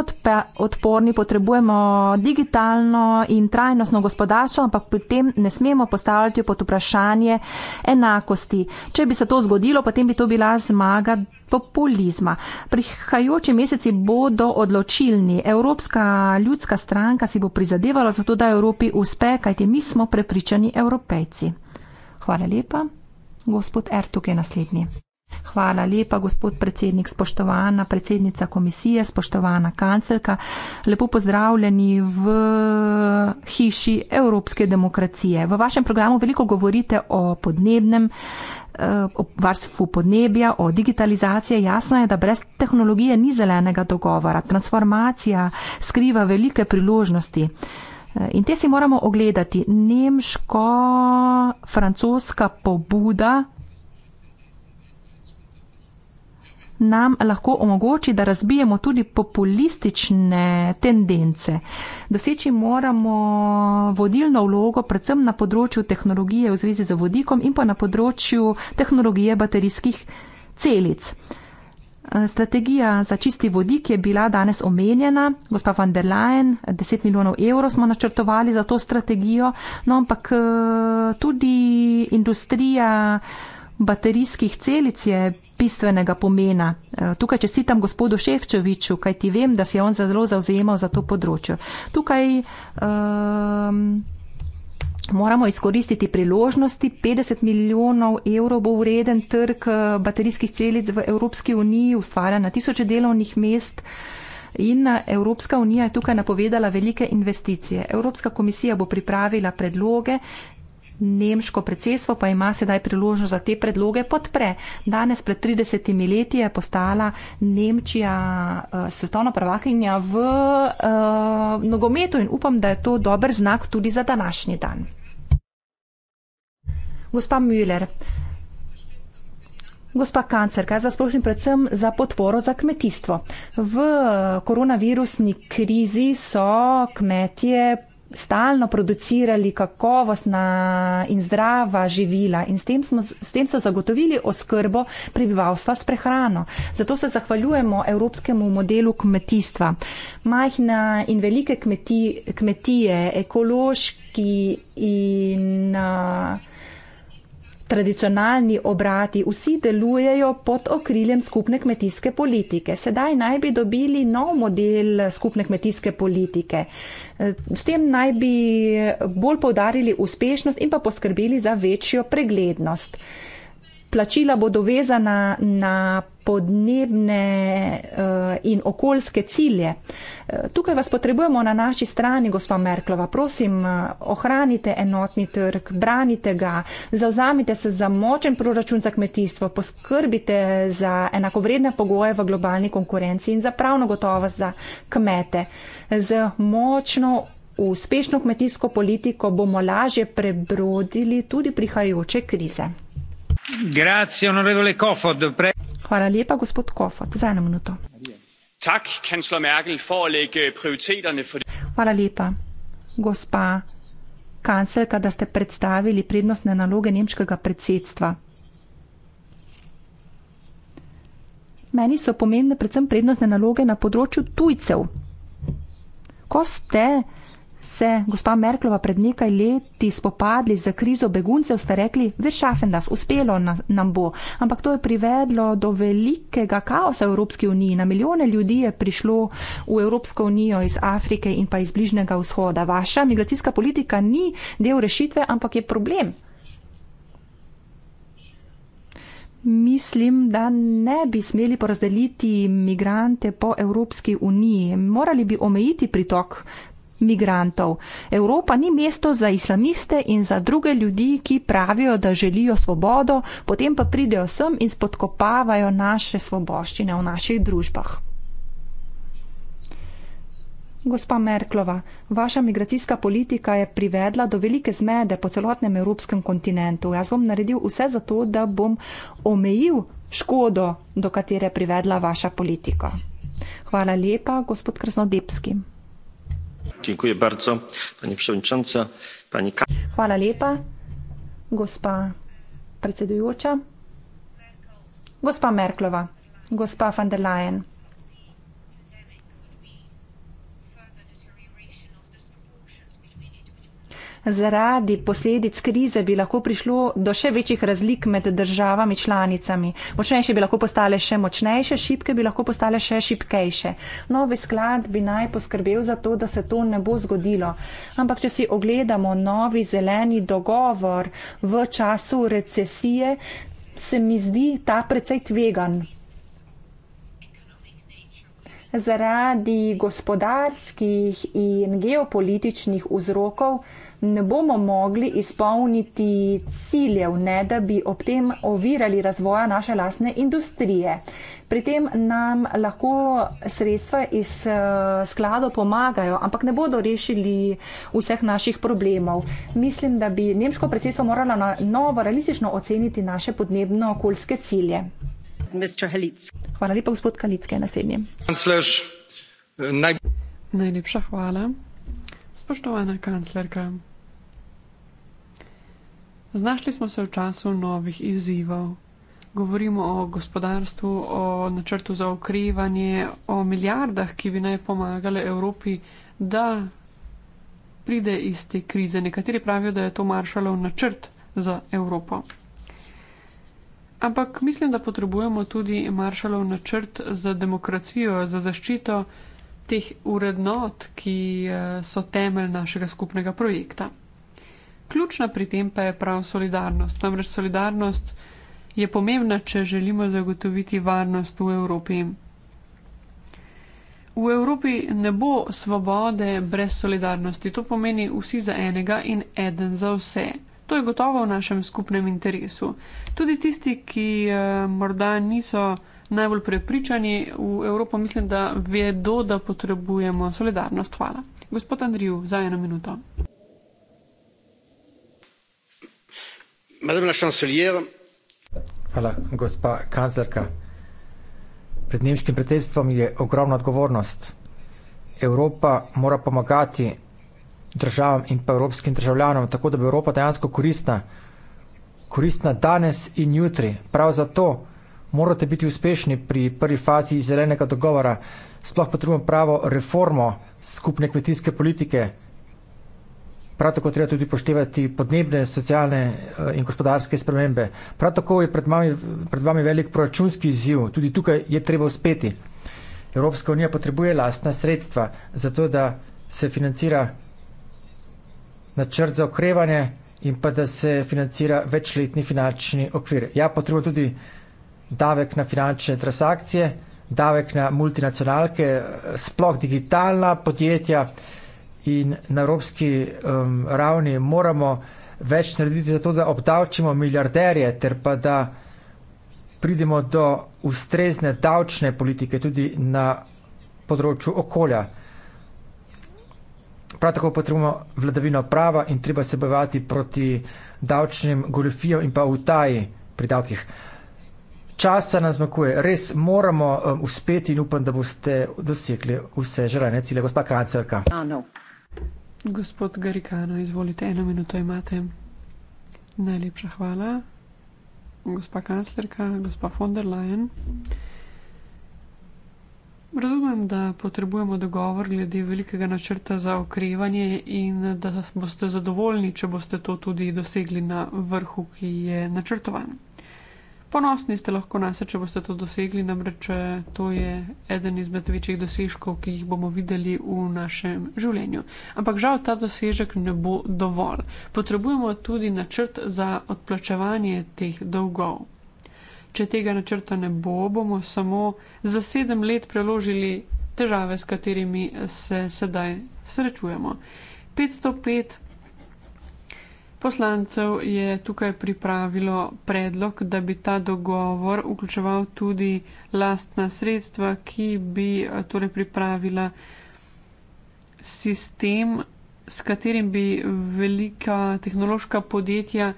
odporni. Potrebujemo digitalno in trajnostno gospodarstvo, ampak pri tem ne smemo postavljati pod vprašanje enakosti. Če bi se to zgodilo, potem bi to bila zmaga populizma. Prihajoči meseci bodo odločilni. Evropska ljudska stranka si bo prizadevala za to, da Evropi uspe, kajti mi smo prepričani evropejci. Hvala lepa. Gospod Ertuk je naslednji. Hvala lepa, gospod predsednik, spoštovana predsednica komisije, spoštovana kancelka. Lepo pozdravljeni v hiši Evropske demokracije. V vašem programu veliko govorite o podnebnem Eh, o varstvu podnebja, o digitalizaciji. Jasno je, da brez tehnologije ni zelenega dogovora. Transformacija skriva velike priložnosti. Eh, in te si moramo ogledati. Nemško-francoska pobuda nam lahko omogoči, da razbijemo tudi populistične tendence. Doseči moramo vodilno vlogo predvsem na področju tehnologije v zvezi z vodikom in pa na področju tehnologije baterijskih celic. Strategija za čisti vodik je bila danes omenjena, gospa van der Leyen, 10 milijonov evrov smo načrtovali za to strategijo, no ampak eh, tudi industrija baterijskih celic je bistvenega pomena. Eh, tukaj čestitam gospodu Ševčoviču, kaj ti vem, da se je on zelo zauzemal za to področje. Tukaj um, moramo izkoristiti priložnosti. 50 milijonov evrov bo vreden trg eh, baterijskih celic v Evropski uniji, ustvarja na tisoče delovnih mest. In eh, Evropska unija je tukaj napovedala velike investicije. Evropska komisija bo pripravila predloge Nemško predsedstvo pa ima sedaj priložnost, da te predloge podpre. Danes pred 30 leti je postala Nemčija uh, svetovna prvakinja v uh, nogometu in upam, da je to dober znak tudi za današnji dan. Gospa Müller, gospa kancer, kaj vas prosim predvsem za podporo za kmetijstvo. V eh, koronavirusni krizi so kmetije stalno producirali kakovostna in zdrava živila in s tem, smo, s tem so zagotovili oskrbo prebivalstva s prehrano. Zato se zahvaljujemo evropskemu modelu kmetijstva. Majhne in velike kmetije, ekološki in. Uh, Tradicionalni obrati vsi delujejo pod okriljem skupne kmetijske politike. Sedaj naj bi dobili nov model skupne kmetijske politike. S tem naj bi bolj povdarili uspešnost in pa poskrbeli za večjo preglednost. Plačila bodo vezana na podnebne eh, in okoljske cilje. Eh, tukaj vas potrebujemo na naši strani, gospod Merklova. Prosim, eh, ohranite enotni trg, branite ga, zauzamite se za močen proračun za kmetijstvo, poskrbite za enakovredne pogoje v globalni konkurenci in za pravno gotovost za kmete. Z močno, uspešno kmetijsko politiko bomo lažje prebrodili tudi prihajajoče krize. Hvala lepa, gospod Kofod. Za eno minuto. Øh, Hvala lepa, gospa kancelka, da ste predstavili prednostne naloge nemškega predsedstva. Meni so pomembne predvsem prednostne naloge na področju tujcev. Ko ste se gospa Merklova pred nekaj leti spopadli za krizo beguncev, ste rekli, vešafen nas, uspelo nam bo. Ampak to je privedlo do velikega kaosa v Evropski uniji. Na milijone ljudi je prišlo v Evropsko unijo iz Afrike in pa iz Bližnjega vzhoda. Vaša migracijska politika ni del rešitve, ampak je problem. Mislim, da ne bi smeli porazdeliti migrante po Evropski uniji. Morali bi omejiti pritok migrantov. Evropa ni mesto za islamiste in za druge ljudi, ki pravijo, da želijo svobodo, potem pa pridejo sem in spodkopavajo naše svoboščine v naših družbah. Gospa Merklova, vaša migracijska politika je privedla do velike zmede po celotnem evropskem kontinentu. Jaz bom naredil vse za to, da bom omejil škodo, do katere je privedla vaša politika. Hvala lepa, gospod Krasnodebski. Hvala lepa, gospa predsedujoča. Gospa Merklova, gospa von der Leyen. zaradi posledic krize bi lahko prišlo do še večjih razlik med državami članicami. Močnejše bi lahko postale še močnejše, šipke bi lahko postale še šipkejše. Novi sklad bi naj poskrbel za to, da se to ne bo zgodilo. Ampak, če si ogledamo novi zeleni dogovor v času recesije, se mi zdi ta precej tvegan. Zaradi gospodarskih in geopolitičnih vzrokov, ne bomo mogli izpolniti ciljev, ne da bi ob tem ovirali razvoja naše lastne industrije. Pri tem nam lahko sredstva iz eh, sklado pomagajo, ampak ne bodo rešili vseh naših problemov. Mislim, da bi nemško predsedstvo moralo na novo realistično oceniti naše podnebno-okoljske cilje. Hvala lepa, gospod Kalitske, naslednji. Eh, Najlepša hvala. Spoštovana kanclerka, znašli smo se v času novih izzivov. Govorimo o gospodarstvu, o načrtu za okrevanje, o milijardah, ki bi naj pomagale Evropi, da pride iz te krize. Nekateri pravijo, da je to maršalov načrt za Evropo. Ampak mislim, da potrebujemo tudi maršalov načrt za demokracijo, za zaščito teh urednot, ki eh, so temelj našega skupnega projekta. Ključna pri tem pa je prav solidarnost. Namreč solidarnost je pomembna, če želimo zagotoviti varnost v Evropi. V Evropi ne bo svobode brez solidarnosti. To pomeni vsi za enega in eden za vse. To je gotovo v našem skupnem interesu. Tudi tisti, ki eh, morda niso najbolj prepričani v Evropo, mislim, da vedo, da potrebujemo solidarnost. Hvala. Gospod Andriju, za eno minuto. Hvala, gospa kanclerka. Pred nemškim predsedstvom je ogromna odgovornost. Evropa mora pomagati državam in pa evropskim državljanom, tako da bi Evropa dejansko koristna, koristna danes in jutri. Prav zato, morate biti uspešni pri prvi fazi zelenega dogovora, sploh potrebujemo pravo reformo skupne kmetijske politike. Prav tako treba tudi poštevati podnebne, socialne eh, in gospodarske spremembe. Prav tako je pred vami, pred vami velik proračunski izziv, tudi tukaj je treba uspeti. Evropska unija potrebuje lastna sredstva za to, da se financira načrt za okrevanje in pa da se financira večletni finančni okvir. Ja, potrebujemo tudi davek na finančne transakcije, davek na multinacionalke, sploh digitalna podjetja in na evropski um, ravni moramo več narediti za to, da obdavčimo milijarderje ter pa da pridemo do ustrezne davčne politike tudi na področju okolja. Prav tako potrebujemo vladavino prava in treba se bojevati proti davčnim goljofijam in pa utaji pri davkih časa nam zmakuje, res moramo um, uspeti in upam, da boste dosegli vse želene cilje, gospa kancelka. No. Gospod Garikano, izvolite, eno minuto imate. Najlepša hvala. Gospa kanclerka, gospa von der Leyen. Razumem, da potrebujemo dogovor glede velikega načrta za okrevanje in da boste zadovoljni, če boste to tudi dosegli na vrhu, ki je načrtovan. Ponosni ste lahko na sebe, če boste to dosegli, namreč eh, to je eden izmed večjih dosežkov, ki jih bomo videli v našem življenju. Ampak žal ta dosežek ne bo dovolj. Potrebujemo tudi načrt za odplačevanje teh dolgov. Če tega načrta ne bo, bomo samo za sedem let preložili težave, s katerimi se sedaj srečujemo. 505 poslancev je tukaj pripravilo predlog, da bi ta dogovor vključeval tudi lastna sredstva, ki bi eh, torej pripravila sistem, s katerim bi velika tehnološka podjetja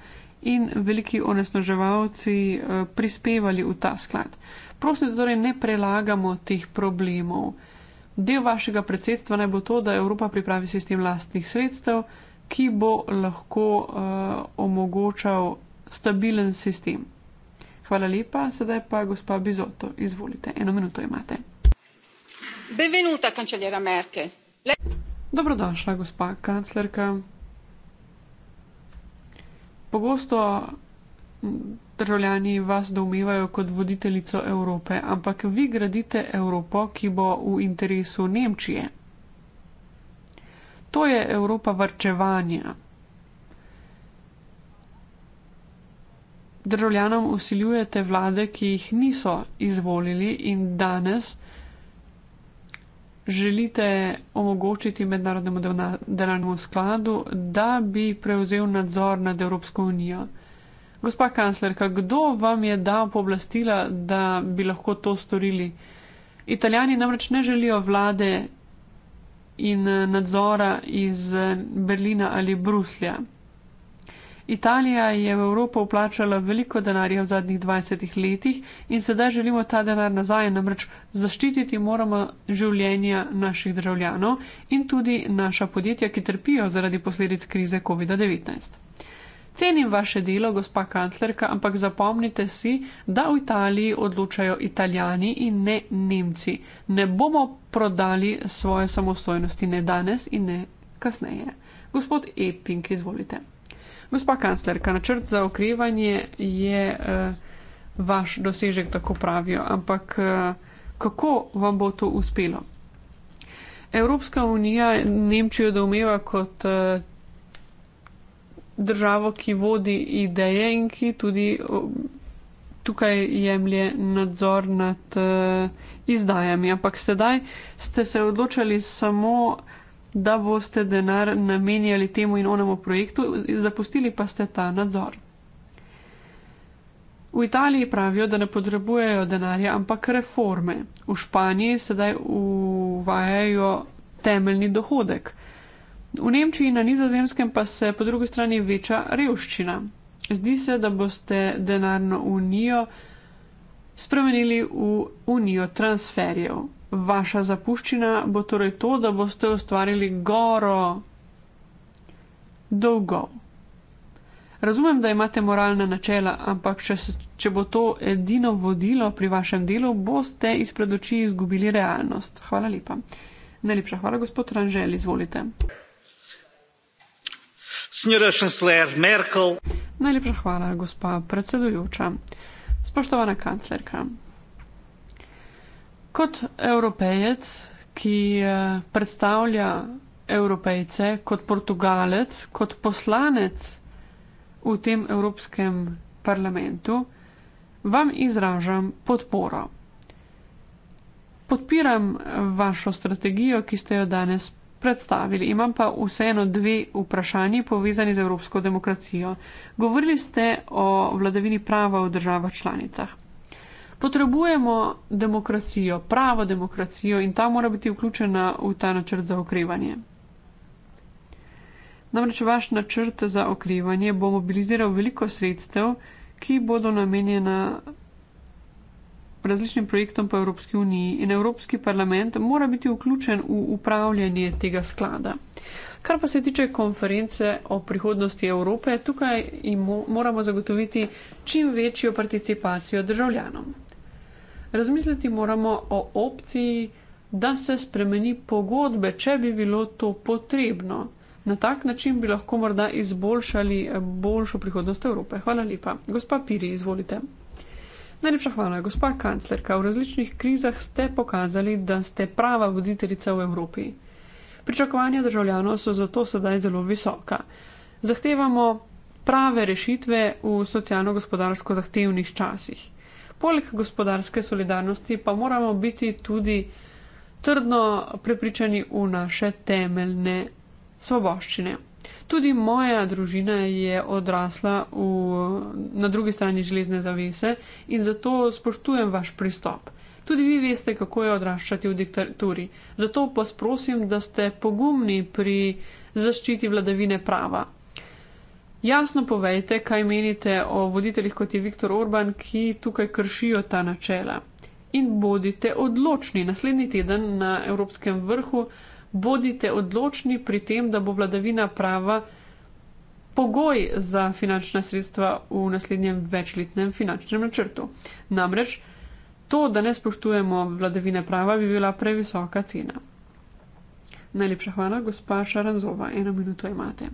in veliki onesnaževalci eh, prispevali v ta sklad. Prosim, da torej ne prelagamo teh problemov. Del vašega predsedstva naj bo to, da Evropa pripravi sistem lastnih sredstev, ki bo lahko uh, omogočal stabilen sistem. Hvala lepa, sedaj pa gospa Bizoto, izvolite, eno minuto imate. Benvenuta, kancelera Merkel. Le Dobrodošla, gospa kanclerka. Pogosto državljani vas domivajo kot voditeljico Evrope, ampak vi gradite Evropo, ki bo v interesu Nemčije, To je Evropa varčevanja. Državljanom usiljujete vlade, ki jih niso izvolili, in danes želite omogočiti mednarodnemu denarnemu skladu, da bi prevzel nadzor nad Evropsko unijo. Gospa kanclerka, kdo vam je dal pooblastila, da bi lahko to storili? Italijani namreč ne želijo vlade, in eh, nadzora iz eh, Berlina ali Bruslja. Italija je v Evropo vplačala veliko denarja v zadnjih 20 letih in sedaj želimo ta denar nazaj, namreč zaščititi moramo življenja naših državljanov in tudi naša podjetja, ki trpijo zaradi posledic krize COVID-19. Cenim vaše delo, gospa kanclerka, ampak zapomnite si, da v Italiji odločajo Italijani in ne Nemci. Ne bomo prodali svoje samostojnosti ne danes in ne kasneje. Gospod Epink, izvolite. Gospa kanclerka, načrt za okrevanje je uh, vaš dosežek, tako pravijo, ampak uh, kako vam bo to uspelo? Evropska unija Nemčijo domeva kot uh, državo, ki vodi ideje in ki tudi tukaj jemlje nadzor nad uh, izdajami. Ampak sedaj ste se odločili samo, da boste denar namenjali temu in onemu projektu, zapustili pa ste ta nadzor. V Italiji pravijo, da ne potrebujejo denarja, ampak reforme. V Španiji sedaj uvajajo temeljni dohodek. V Nemčiji in na nizozemskem pa se po drugi strani veča revščina. Zdi se, da boste denarno unijo spremenili v unijo transferjev. Vaša zapuščina bo torej to, da boste ustvarili goro dolgov. Razumem, da imate moralna načela, ampak če, se, če bo to edino vodilo pri vašem delu, boste izpred oči izgubili realnost. Hvala lepa. Najlepša hvala, gospod Ranžel, izvolite. Snirja Šensler, Merkel. Najlepša hvala, gospa predsedujoča. Spoštovana kanclerka. Kot evropejec, ki eh, predstavlja evropejce, kot portugalec, kot poslanec v tem evropskem parlamentu, vam izražam podporo. Podpiram vašo strategijo, ki ste jo danes predstavili. Imam pa vseeno dve vprašanji povezani z evropsko demokracijo. Govorili ste o vladavini prava v državah članicah. Potrebujemo demokracijo, pravo demokracijo in ta mora biti vključena v ta načrt za okrevanje. Namreč vaš načrt za okrevanje bo mobiliziral veliko sredstev, ki bodo namenjena različnim projektom po Evropski uniji in Evropski parlament mora biti vključen v upravljanje tega sklada. Kar pa se tiče konference o prihodnosti Evrope, tukaj moramo zagotoviti čim večjo participacijo državljanom. Razmisliti moramo o opciji, da se spremeni pogodbe, če bi bilo to potrebno. Na tak način bi lahko morda izboljšali boljšo prihodnost Evrope. Hvala lepa. Gospa Piri, izvolite. Najlepša hvala, gospa kanclerka. V različnih krizah ste pokazali, da ste prava voditeljica v Evropi. Pričakovanja državljanov so zato sedaj zelo visoka. Zahtevamo prave rešitve v socialno-gospodarsko zahtevnih časih. Poleg gospodarske solidarnosti pa moramo biti tudi trdno prepričani v naše temeljne svoboščine. Tudi moja družina je odrasla v, na drugi strani železne zavese in zato spoštujem vaš pristop. Tudi vi veste, kako je odraščati v diktaturi. Zato pa prosim, da ste pogumni pri zaščiti vladavine prava. Jasno povejte, kaj menite o voditeljih kot je Viktor Orban, ki tukaj kršijo ta načela. In bodite odločni naslednji teden na Evropskem vrhu bodite odločni pri tem, da bo vladavina prava pogoj za finančna sredstva v naslednjem večletnem finančnem načrtu. Namreč to, da ne spoštujemo vladavine prava, bi bila previsoka cena. Najlepša hvala, gospa Šaranzova. Eno minuto imate.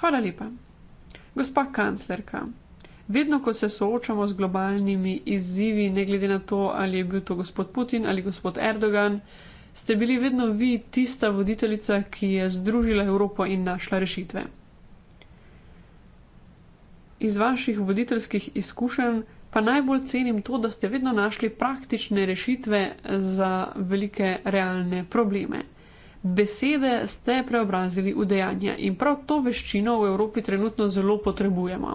Hvala lepa. Gospa kanclerka, vedno, ko se soočamo z globalnimi izzivi, ne glede na to, ali je bil to gospod Putin ali gospod Erdogan, ste bili vedno vi tista voditeljica, ki je združila Evropo in našla rešitve. Iz vaših voditeljskih izkušenj pa najbolj cenim to, da ste vedno našli praktične rešitve za velike realne probleme. Besede ste preobrazili v dejanja in prav to veščino v Evropi trenutno zelo potrebujemo.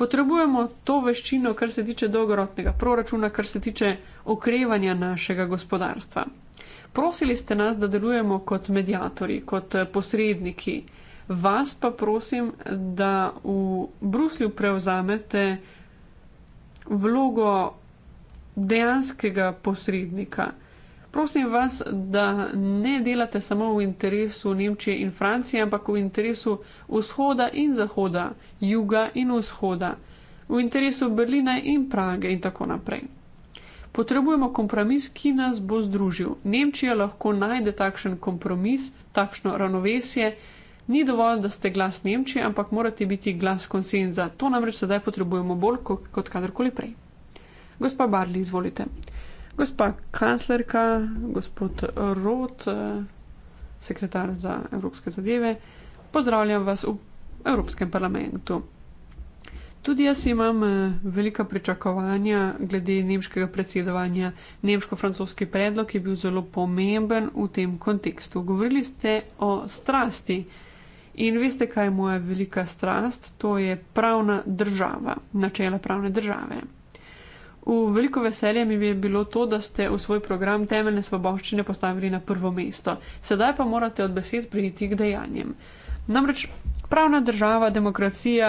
Potrebujemo to veščino, kar se tiče dolgorotnega proračuna, kar se tiče okrevanja našega gospodarstva. Prosili ste nas, da delujemo kot medijatori, kot eh, posredniki. Vas pa prosim, da v Bruslju prevzamete vlogo dejanskega posrednika. Prosim vas, da ne delate samo v interesu Nemčije in Francije, ampak v interesu vzhoda in zahoda, juga in vzhoda, v interesu Berlina in Prage in tako naprej. Potrebujemo kompromis, ki nas bo združil. Nemčija lahko najde takšen kompromis, takšno ravnovesje. Ni dovolj, da ste glas Nemčije, ampak morate biti glas konsenza. To namreč sedaj potrebujemo bolj kot kadarkoli prej. Gospa Barli, izvolite. Gospa kanclerka, gospod Roth, sekretar za evropske zadeve, pozdravljam vas v Evropskem parlamentu. Tudi jaz imam eh, velika pričakovanja glede nemškega predsedovanja. Nemško-francoski predlog je bil zelo pomemben v tem kontekstu. Govorili ste o strasti in veste, kaj je moja velika strast, to je pravna država, načela pravne države. V veliko veselje mi je bilo to, da ste v svoj program temeljne svoboščine postavili na prvo mesto. Sedaj pa morate od besed prejiti k dejanjem. Namreč pravna država, demokracija,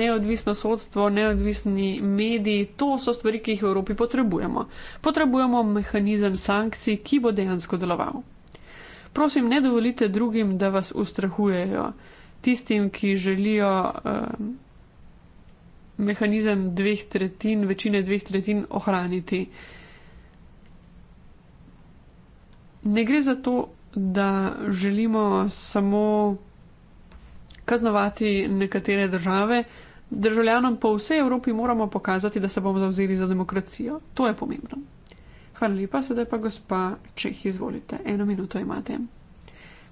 neodvisno sodstvo, neodvisni mediji, to so stvari, ki jih v Evropi potrebujemo. Potrebujemo mehanizem sankcij, ki bo dejansko deloval. Prosim, ne dovolite drugim, da vas ustrahujejo, tistim, ki želijo eh, mehanizem dveh tretjin, večine dveh tretjin ohraniti. Ne gre za to, da želimo samo kaznovati nekatere države. Državljanom po vsej Evropi moramo pokazati, da se bomo zavzeli za demokracijo. To je pomembno. Hvala lepa, sedaj pa gospa Čeh, izvolite. Eno minuto imate.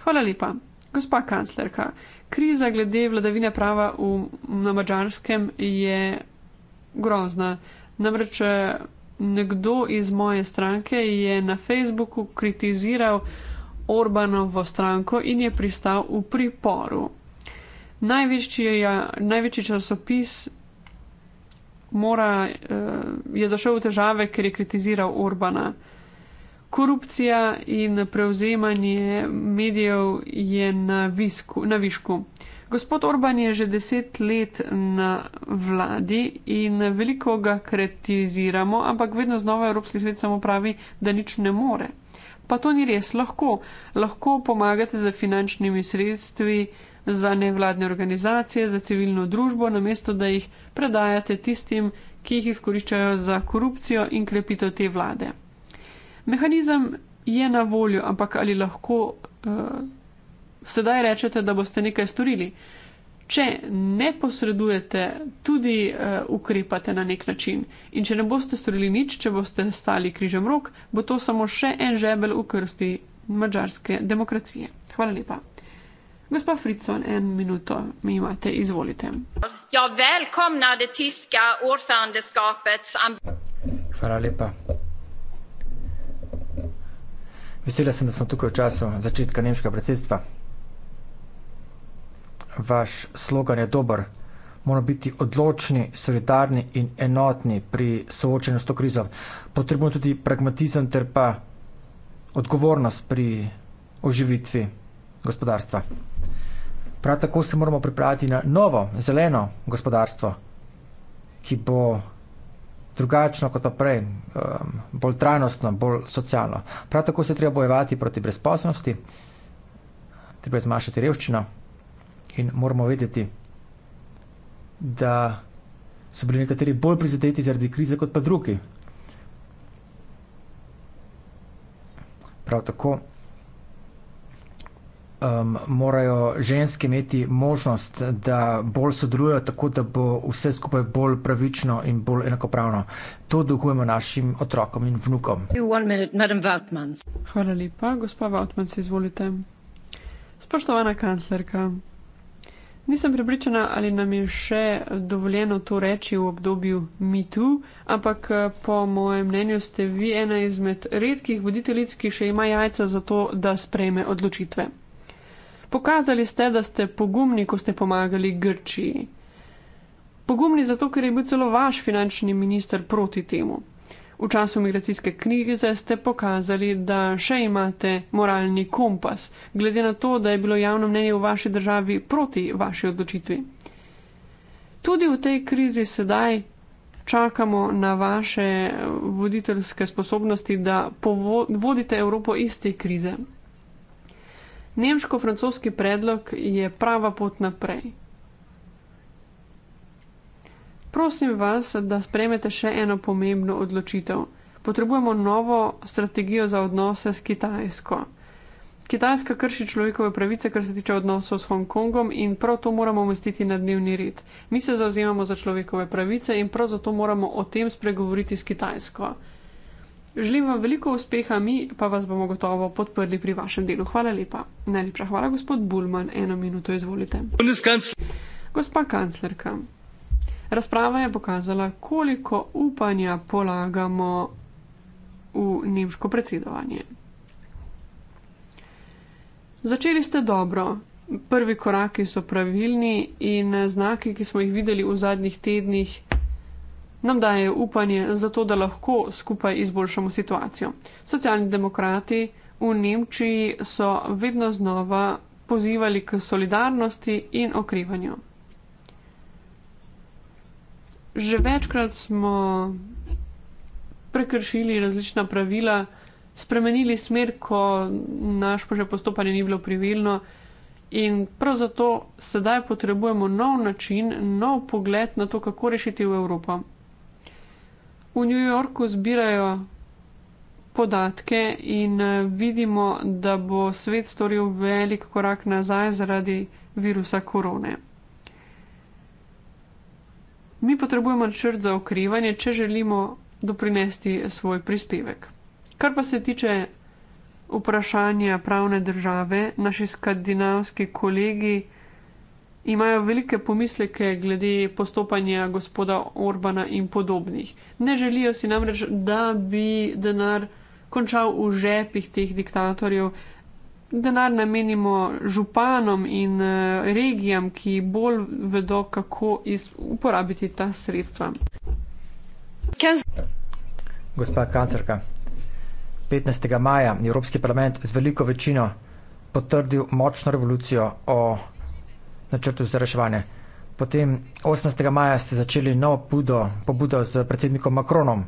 Hvala lepa. Gospa kanclerka, kriza glede vladavine prava v, na mačarskem je grozna. Namreč eh, nekdo iz moje stranke je na Facebooku kritiziral Orbanovo stranko in je pristal v priporu. Največji, je, največji časopis mora, eh, je zašel v težave, ker je kritiziral Orbana. Korupcija in prevzemanje medijev je na, visku, na višku. Gospod Orban je že deset let na vladi in veliko ga kritiziramo, ampak vedno znova Evropski svet samo pravi, da nič ne more. Pa to ni res. Lahko, lahko pomagate z finančnimi sredstvi, za nevladne organizacije, za civilno družbo, namesto da jih predajate tistim, ki jih izkoriščajo za korupcijo in krepitev te vlade. Mehanizem je na voljo, ampak ali lahko uh, sedaj rečete, da boste nekaj storili? Če ne posredujete, tudi uh, ukrepate na nek način. In če ne boste storili nič, če boste stali križem rok, bo to samo še en žebel v krsti mađarske demokracije. Hvala lepa. Gospa Fritzon, en minuto mi imate, izvolite. Jag välkomnar det tyska ordförandeskapets Hvala lepa. Vesela sem, da smo tukaj v času začetka nemškega predsedstva. Vaš slogan je dober. Moramo biti odločni, solidarni in enotni pri soočenju s to krizo. Potrebujemo tudi pragmatizem ter pa odgovornost pri oživitvi gospodarstva. Prav tako se moramo pripraviti na novo, zeleno gospodarstvo, ki bo drugačno kot pa prej, um, bolj trajnostno, bolj socialno. Prav tako se treba bojevati proti brezposobnosti, treba je zmanjšati revščino in moramo vedeti, da so bili nekateri bolj prizadeti zaradi krize kot pa drugi. Prav tako um, morajo ženske imeti možnost, da bolj sodelujo, tako da bo vse skupaj bolj pravično in bolj enakopravno. To dolgujemo našim otrokom in vnukom. Hvala lepa, gospa Vautmans, izvolite. Spoštovana kanclerka, nisem prepričana, ali nam je še dovoljeno to reči v obdobju MeToo, ampak eh, po mojem mnenju ste vi ena izmed redkih voditeljic, ki še ima jajca za to, da sprejme odločitve. Pokazali ste, da ste pogumni, ko ste pomagali Grčiji. Pogumni zato, ker je bil celo vaš finančni minister proti temu. V času migracijske krize ste pokazali, da še imate moralni kompas, glede na to, da je bilo javno mnenje v vaši državi proti vaši odločitvi. Tudi v tej krizi sedaj čakamo na vaše voditeljske sposobnosti, da vodite Evropo iz te krize. Nemško-francoski predlog je prava pot naprej. Prosim vas, da sprejmete še eno pomembno odločitev. Potrebujemo novo strategijo za odnose s Kitajsko. Kitajska krši človekove pravice, kar se tiče odnosov s Hongkongom in prav to moramo umestiti na dnevni red. Mi se zauzemamo za človekove pravice in prav zato moramo o tem spregovoriti s Kitajsko. Želim vam veliko uspeha, mi pa vas bomo gotovo podprli pri vašem delu. Hvala lepa. Najlepša hvala, gospod Bulman. Eno minuto, izvolite. Gospa kanclerka, razprava je pokazala, koliko upanja polagamo v nemško predsedovanje. Začeli ste dobro. Prvi koraki so pravilni in znaki, ki smo jih videli v zadnjih tednih, nam daje upanje za to, da lahko skupaj izboljšamo situacijo. Socialni demokrati v Nemčiji so vedno znova pozivali k solidarnosti in okrivanju. Že večkrat smo prekršili različna pravila, spremenili smer, ko naš pa že postopanje ni bilo privilno. In prav zato sedaj potrebujemo nov način, nov pogled na to, kako rešiti v Evropo v New Yorku zbirajo podatke in eh, vidimo, da bo svet storil velik korak nazaj zaradi virusa korone. Mi potrebujemo načrt za okrevanje, če želimo doprinesti svoj prispevek. Kar pa se tiče vprašanja pravne države, naši skandinavski kolegi imajo velike pomisleke glede postopanja gospoda Orbana in podobnih. Ne želijo si namreč, da bi denar končal v žepih teh diktatorjev. Denar namenimo županom in eh, regijam, ki bolj vedo, kako uporabiti ta sredstva. Gospa kancerka, 15. maja je Evropski parlament z veliko večino potrdil močno revolucijo o načrtu za reševanje. Potem 18. maja ste začeli novo pobudo, pobudo z predsednikom Macronom.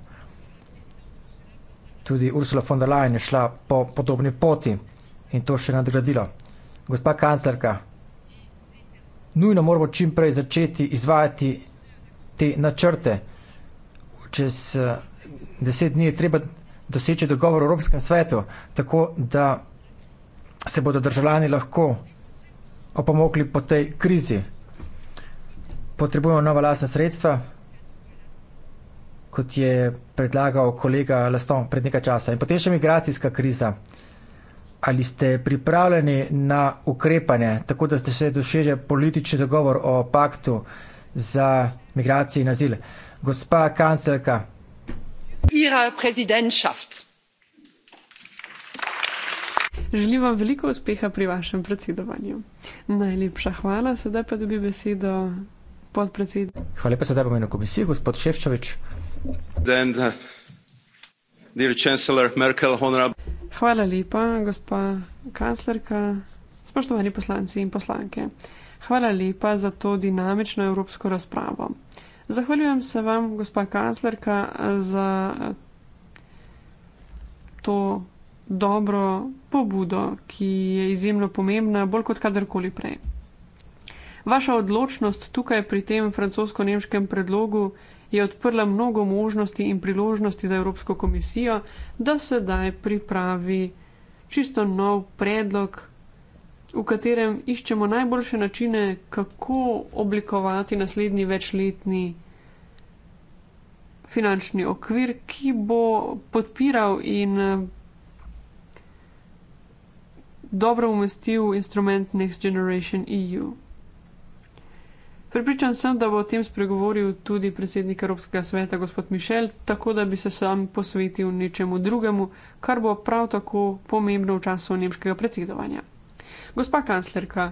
Tudi Ursula von der Leyen je šla po podobni poti in to še nadgradilo. Gospa kanclerka, nujno moramo čim prej začeti izvajati te načrte. Čez eh, deset dni je treba doseči dogovor v Evropskem svetu, tako da se bodo državljani lahko opomogli po tej krizi. Potrebujemo nova lasna sredstva, kot je predlagal kolega Laston pred nekaj časa. In potem še migracijska kriza. Ali ste pripravljeni na ukrepanje, tako da ste se doseže politični dogovor o paktu za migracije in azil? Gospa kanclerka. Ira prezidentšaft. Želim vam veliko uspeha pri vašem predsedovanju. Najlepša hvala, sedaj pa dobi besedo podpredsednik. Hvala lepa, sedaj bom imel komisijo, gospod Ševčovič. Uh, hvala lepa, gospa kanclerka, spoštovani poslanci in poslanke. Hvala lepa za to dinamično evropsko razpravo. Zahvaljujem se vam, gospa kanclerka, za to dobro pobudo, ki je izjemno pomembna, bolj kot kadarkoli prej. Vaša odločnost tukaj pri tem francosko-nemškem predlogu je odprla mnogo možnosti in priložnosti za Evropsko komisijo, da sedaj pripravi čisto nov predlog, v katerem iščemo najboljše načine, kako oblikovati naslednji večletni finančni okvir, ki bo podpiral in dobro umestil instrument Next Generation EU. Pripričan sem, da bo o tem spregovoril tudi predsednik Evropskega sveta, gospod Mišel, tako da bi se sam posvetil nečemu drugemu, kar bo prav tako pomembno v času nemškega predsedovanja. Gospa kanclerka,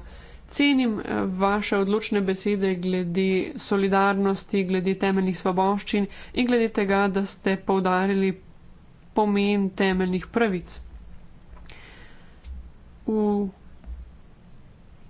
cenim eh, vaše odločne besede glede solidarnosti, glede temeljnih svoboščin in glede tega, da ste povdarili pomen temeljnih pravic v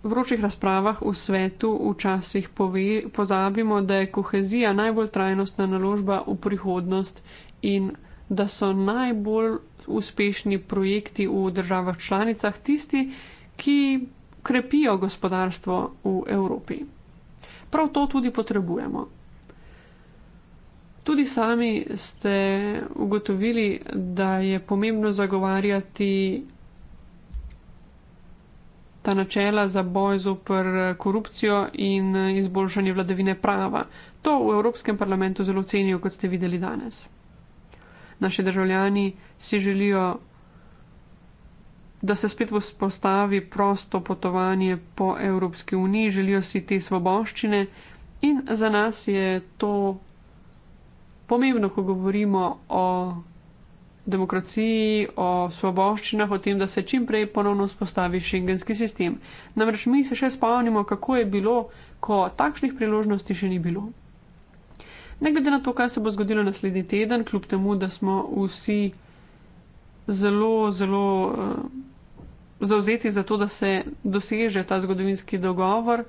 vročih razpravah v svetu včasih pove, pozabimo, da je kohezija najbolj trajnostna naložba v prihodnost in da so najbolj uspešni projekti v državah članicah tisti, ki krepijo gospodarstvo v Evropi. Prav to tudi potrebujemo. Tudi sami ste ugotovili, da je pomembno zagovarjati ta načela za boj zoper eh, korupcijo in eh, izboljšanje vladavine prava. To v Evropskem parlamentu zelo cenijo, kot ste videli danes. Naši državljani si želijo, da se spet vzpostavi prosto potovanje po Evropski uniji, želijo si te svoboščine in za nas je to pomembno, ko govorimo o demokraciji, o svoboščinah, o tem, da se čim prej ponovno vzpostavi šengenski sistem. Namreč mi se še spomnimo, kako je bilo, ko takšnih priložnosti še ni bilo. Ne glede na to, kaj se bo zgodilo naslednji teden, kljub temu, da smo vsi zelo, zelo uh, eh, zauzeti za to, da se doseže ta zgodovinski dogovor,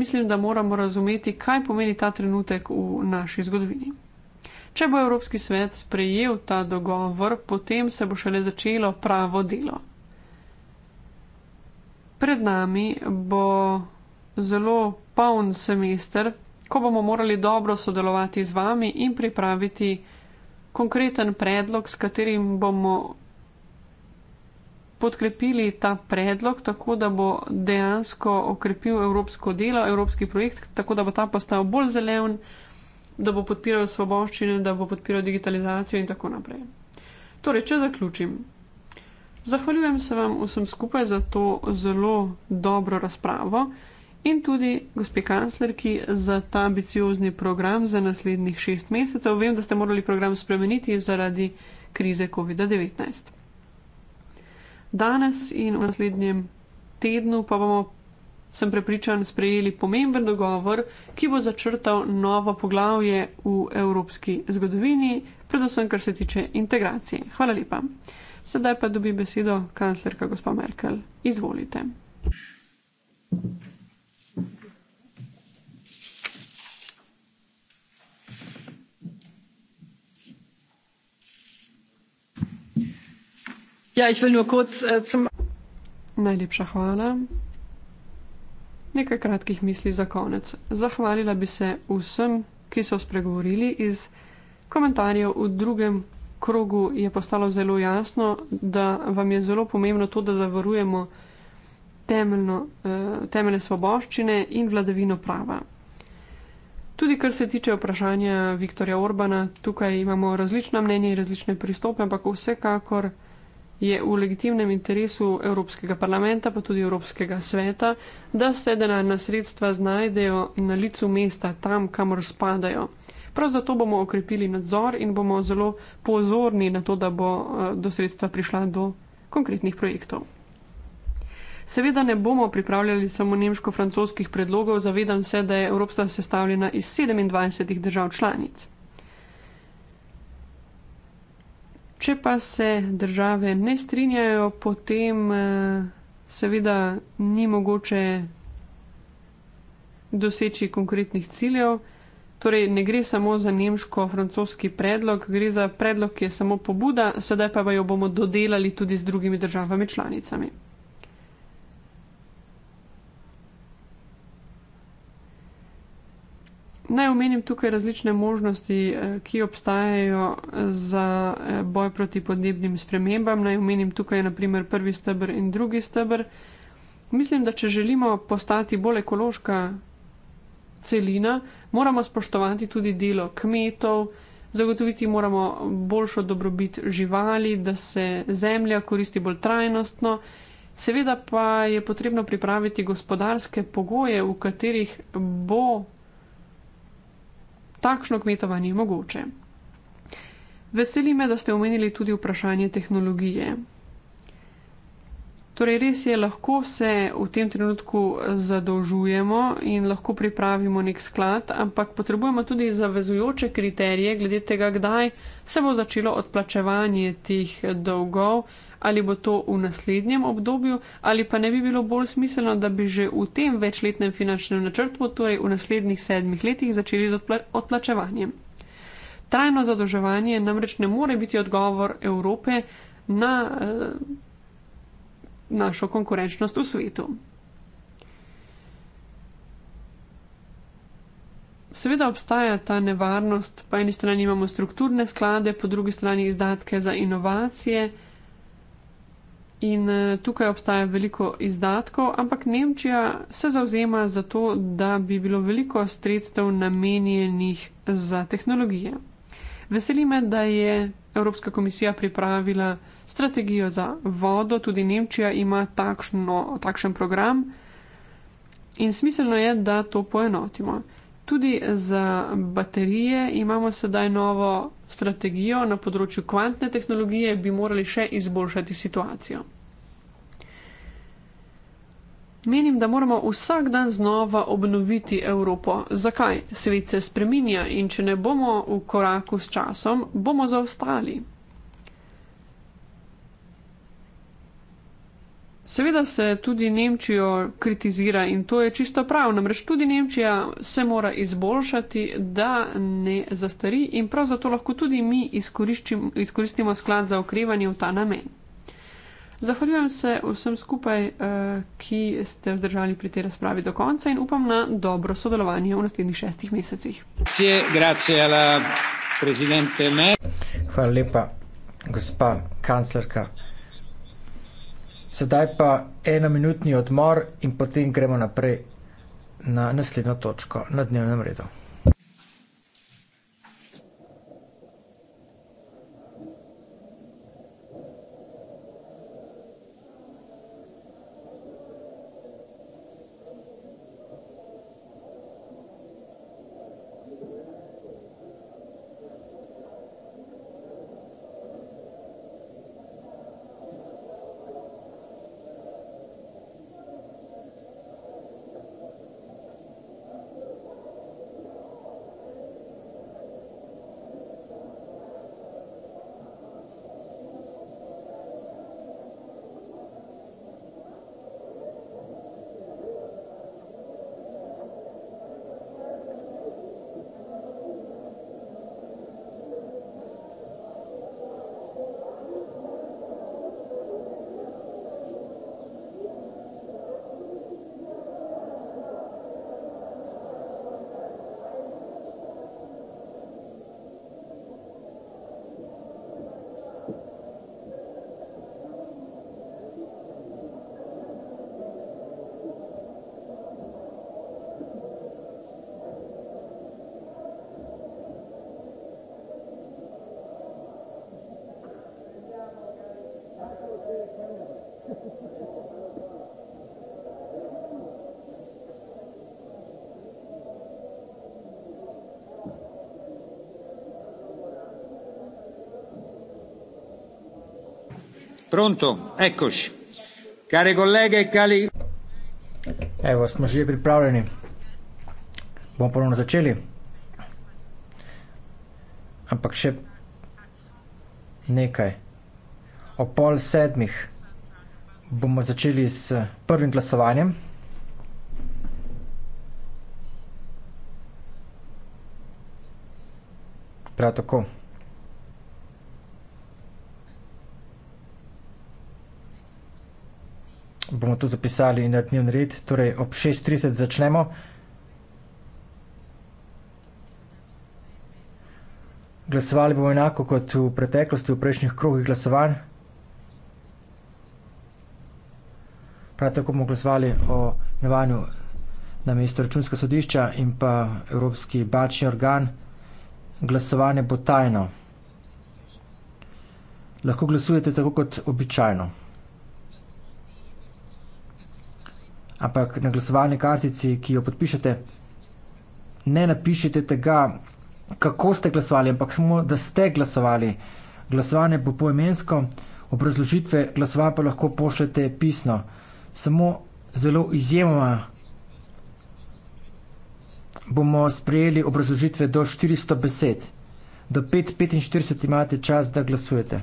mislim, da moramo razumeti, kaj pomeni ta trenutek v naši zgodovini. Če bo Evropski svet sprejel ta dogovor, potem se bo šele začelo pravo delo. Pred nami bo zelo poln semester, ko bomo morali dobro sodelovati z vami in pripraviti konkreten predlog, s katerim bomo podkrepili ta predlog, tako da bo dejansko okrepil evropsko delo, evropski projekt, tako da bo ta postal bolj zelen da bo podpiral svoboščine, da bo podpiral digitalizacijo in tako naprej. Torej, če zaključim. Zahvaljujem se vam vsem skupaj za to zelo dobro razpravo in tudi gospe kanclerki za ta ambiciozni program za naslednjih šest mesecev. Vem, da ste morali program spremeniti zaradi krize COVID-19. Danes in v naslednjem tednu pa bomo sem prepričan, sprejeli pomemben dogovor, ki bo začrtal novo poglavje v evropski zgodovini, predvsem kar se tiče integracije. Hvala lepa. Sedaj pa dobi besedo kanclerka gospa Merkel. Izvolite. Ja, ich will nur kurz äh, zum. Najlepša hvala. Nekaj kratkih misli za konec. Zahvalila bi se vsem, ki so spregovorili iz komentarjev v drugem krogu. Je postalo zelo jasno, da vam je zelo pomembno to, da zavarujemo temeljno, eh, temeljne svoboščine in vladavino prava. Tudi kar se tiče vprašanja Viktorja Orbana, tukaj imamo različna mnenja in različne pristope, ampak vsekakor je v legitimnem interesu Evropskega parlamenta, pa tudi Evropskega sveta, da se denarna sredstva znajdejo na licu mesta, tam, kamor spadajo. Prav zato bomo okrepili nadzor in bomo zelo pozorni na to, da bo eh, do sredstva prišla do konkretnih projektov. Seveda ne bomo pripravljali samo nemško-francoskih predlogov, zavedam se, da je Evropska sestavljena iz 27 držav članic. Če pa se države ne strinjajo, potem eh, seveda ni mogoče doseči konkretnih ciljev. Torej, ne gre samo za nemško-francoski predlog, gre za predlog, ki je samo pobuda, sedaj pa jo bomo dodelali tudi z drugimi državami članicami. Naj omenim tukaj različne možnosti, eh, ki obstajajo za eh, boj proti podnebnim spremembam. Naj omenim tukaj naprimer prvi stebr in drugi stebr. Mislim, da če želimo postati bolj ekološka celina, moramo spoštovati tudi delo kmetov, zagotoviti moramo boljšo dobrobit živali, da se zemlja koristi bolj trajnostno. Seveda pa je potrebno pripraviti gospodarske pogoje, v katerih bo takšno kmetovanje mogoče. Veseli me, da ste omenili tudi vprašanje tehnologije. Torej, res je, lahko se v tem trenutku zadolžujemo in lahko pripravimo nek sklad, ampak potrebujemo tudi zavezujoče kriterije glede tega, kdaj se bo začelo odplačevanje teh dolgov ali bo to v naslednjem obdobju, ali pa ne bi bilo bolj smiselno, da bi že v tem večletnem finančnem načrtu, torej v naslednjih sedmih letih, začeli z odpla odplačevanjem. Trajno zadolževanje namreč ne more biti odgovor Evrope na eh, našo konkurenčnost v svetu. Seveda obstaja ta nevarnost, po eni strani imamo strukturne sklade, po drugi strani izdatke za inovacije. In eh, tukaj obstaja veliko izdatkov, ampak Nemčija se zauzema za to, da bi bilo veliko sredstev namenjenih za tehnologije. Veseli me, da je Evropska komisija pripravila strategijo za vodo, tudi Nemčija ima takšno, takšen program in smiselno je, da to poenotimo. Tudi za baterije imamo sedaj novo strategijo na področju kvantne tehnologije, bi morali še izboljšati situacijo. Menim, da moramo vsak dan znova obnoviti Evropo. Zakaj? Svet se spreminja in če ne bomo v koraku s časom, bomo zaostali. Seveda se tudi Nemčijo kritizira in to je čisto prav. Namreč tudi Nemčija se mora izboljšati, da ne zastari in prav zato lahko tudi mi izkoristimo sklad za okrevanje v ta namen. Zahvaljujem se vsem skupaj, eh, ki ste vzdržali pri tej razpravi do konca in upam na dobro sodelovanje v naslednjih šestih mesecih. Hvala lepa, gospa kanclerka. Sedaj pa eno minutni odmor in potem gremo naprej na naslednjo točko na dnevnem redu. Pronto, eccoci. Care colleghe e cari. Evo, eh, smo že pripravljeni. Bomo ponovno začeli. Ampak še nekaj. O pol sedmih bomo začeli s prvim glasovanjem. Prav tako. bomo to zapisali na dnevni red, torej ob 6.30 začnemo. Glasovali bomo enako kot v preteklosti, v prejšnjih krogih glasovanj. Prav tako bomo glasovali o navanju na mesto računska sodišča in pa Evropski bančni organ. Glasovanje bo tajno. Lahko glasujete tako kot običajno. ampak na glasovalni kartici, ki jo podpišete, ne napišete tega, kako ste glasovali, ampak samo, da ste glasovali. Glasovanje bo poemensko, obrazložitve glasovanja pa lahko pošljete pisno. Samo zelo izjemoma bomo sprejeli obrazložitve do 400 besed. Do 5.45 imate čas, da glasujete.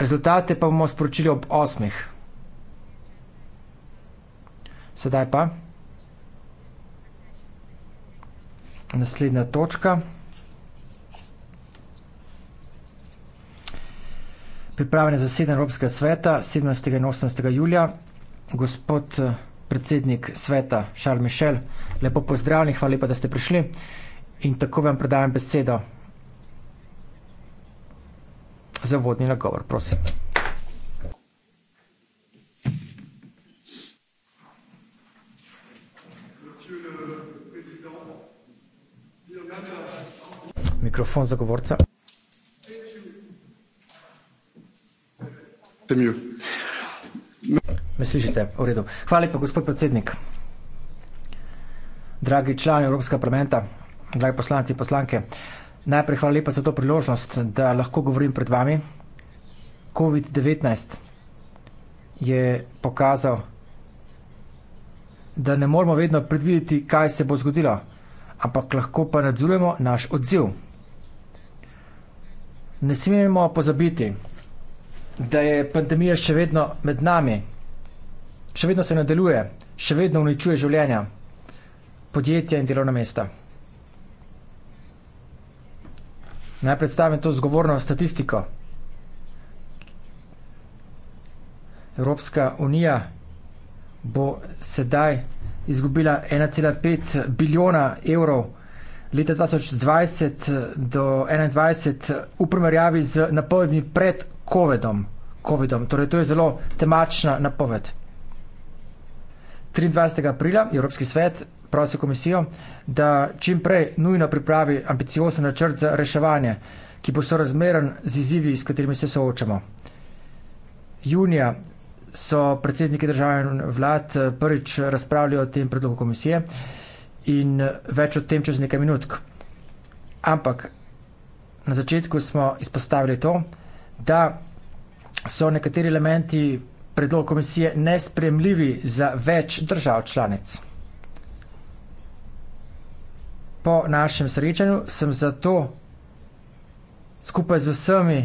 Rezultate pa bomo sporočili ob osmeh. Sedaj pa naslednja točka. Pripravljene za sedem Evropskega sveta 17. in 18. julija. Gospod eh, predsednik sveta Charles Michel, lepo pozdravljeni, hvala lepa, da ste prišli. In tako vam predajam besedo za vodni nagovor, prosim. Hvala. mikrofon za govorca. Ste mi. Me slišite? V redu. Hvala lepa, gospod predsednik. Dragi člani Evropskega parlamenta, dragi poslanci in poslanke, najprej hvala lepa za to priložnost, da lahko govorim pred vami. COVID-19 je pokazal, da ne moramo vedno predvideti, kaj se bo zgodilo, ampak lahko pa nadzorujemo naš odziv. Ne smemo pozabiti, da je pandemija še vedno med nami, še vedno se nadaljuje, še vedno uničuje življenja, podjetja in delovna mesta. Naj predstavim to zgovorno statistiko. Evropska unija bo sedaj izgubila 1,5 biljona evrov leta 2020 eh, do 2021 eh, v primerjavi z napovedmi pred COVID-om. COVID torej, to je zelo temačna napoved. 23. aprila je Evropski svet prosil komisijo, da čim prej nujno pripravi ambiciozen načrt za reševanje, ki bo sorazmeren z izzivi, s katerimi se soočamo. Junija so predsedniki držav in vlad eh, prvič razpravljali o tem predlogu komisije in eh, več o tem čez nekaj minut. Ampak na začetku smo izpostavili to, da so nekateri elementi predloga komisije nespremljivi za več držav članic. Po našem srečanju sem zato skupaj z vsemi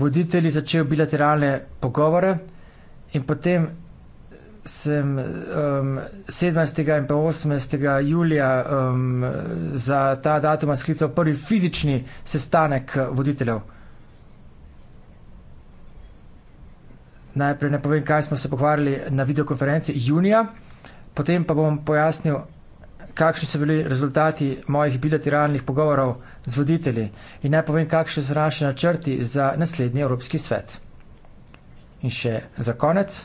voditelji začel bilateralne pogovore in potem sem um, 17. in pa 18. julija um, za ta datum sklical prvi fizični sestanek voditeljev. Najprej ne povem, kaj smo se pogovarjali na videokonferenci junija, potem pa bom pojasnil, kakšni so bili rezultati mojih bilateralnih pogovorov z voditelji in naj povem, kakšni so naši načrti za naslednji Evropski svet. In še za konec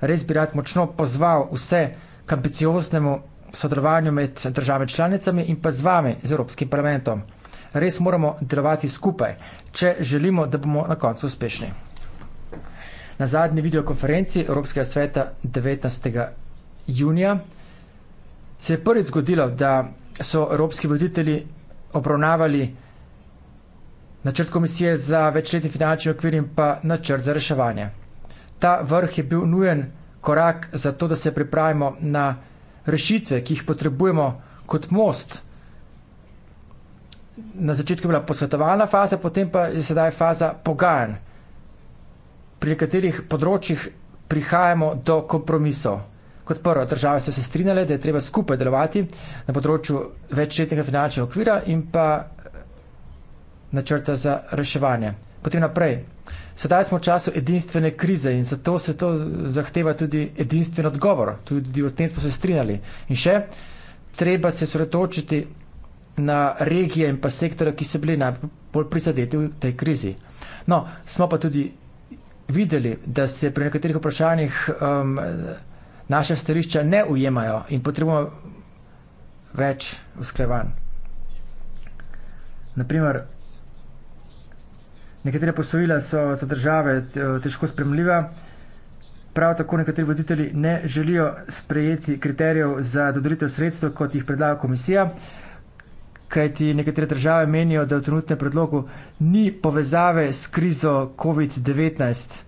res bi rad močno pozval vse k ambicioznemu sodelovanju med državami članicami in pa z vami, z Evropskim parlamentom. Res moramo delovati skupaj, če želimo, da bomo na koncu uspešni. Na zadnji videokonferenci Evropskega sveta 19. junija se je prvič zgodilo, da so evropski voditelji obravnavali načrt komisije za večletni finančni okvir in pa načrt za reševanje ta vrh je bil nujen korak za to, da se pripravimo na rešitve, ki jih potrebujemo kot most. Na začetku je bila posvetovalna faza, potem pa je sedaj faza pogajanj, pri katerih področjih prihajamo do kompromisov. Kot prvo, države so se strinjale, da je treba skupaj delovati na področju večletnega finančnega okvira in pa eh, načrta za reševanje. Potem naprej. Sedaj smo v času edinstvene krize in zato se to zahteva tudi edinstven odgovor. Tudi o tem smo se strinjali. In še, treba se sredotočiti na regije in pa sektore, ki so bili najbolj prizadeti v tej krizi. No, smo pa tudi videli, da se pri nekaterih vprašanjih um, naše starišča ne ujemajo in potrebujemo več usklevanj. Naprimer, nekatere posojila so za države eh, težko spremljiva. Prav tako nekateri voditelji ne želijo sprejeti kriterijev za dodelitev sredstev, kot jih predlaga komisija, kajti nekatere države menijo, da v trenutnem predlogu ni povezave s krizo COVID-19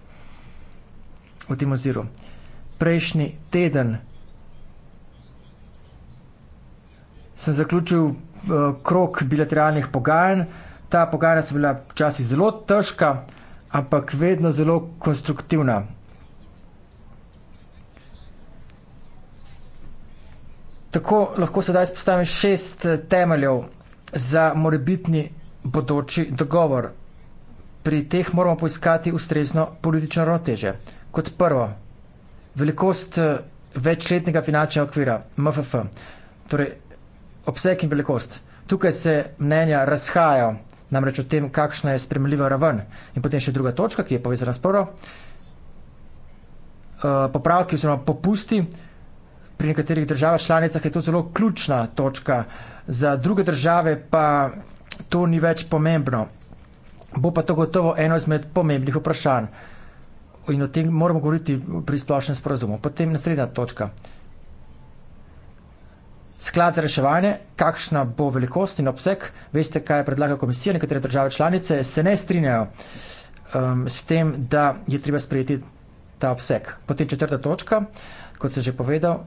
v tem oziru. Prejšnji teden sem zaključil eh, krok bilateralnih pogajanj. Ta pogajanja so bila včasih zelo težka, ampak vedno zelo konstruktivna. Tako lahko sedaj spostavim šest eh, temeljev za morebitni bodoči dogovor. Pri teh moramo poiskati ustrezno politično ravnoteže. Kot prvo, velikost eh, večletnega finančnega okvira, MFF, torej obseg in velikost. Tukaj se mnenja razhajajo namreč o tem, kakšna je spremljiva raven. In potem še druga točka, ki je povezana s prvo. Eh, popravki oziroma popusti pri nekaterih državah članicah je to zelo ključna točka, za druge države pa to ni več pomembno. Bo pa to gotovo eno izmed pomembnih vprašanj. In o tem moramo govoriti pri splošnem sporazumu. Potem naslednja točka. Sklad za reševanje, kakšna bo velikost in obseg, veste, kaj predlaga komisija, nekatere države članice se ne strinjajo um, s tem, da je treba sprejeti ta obseg. Potem četrta točka, kot sem že povedal,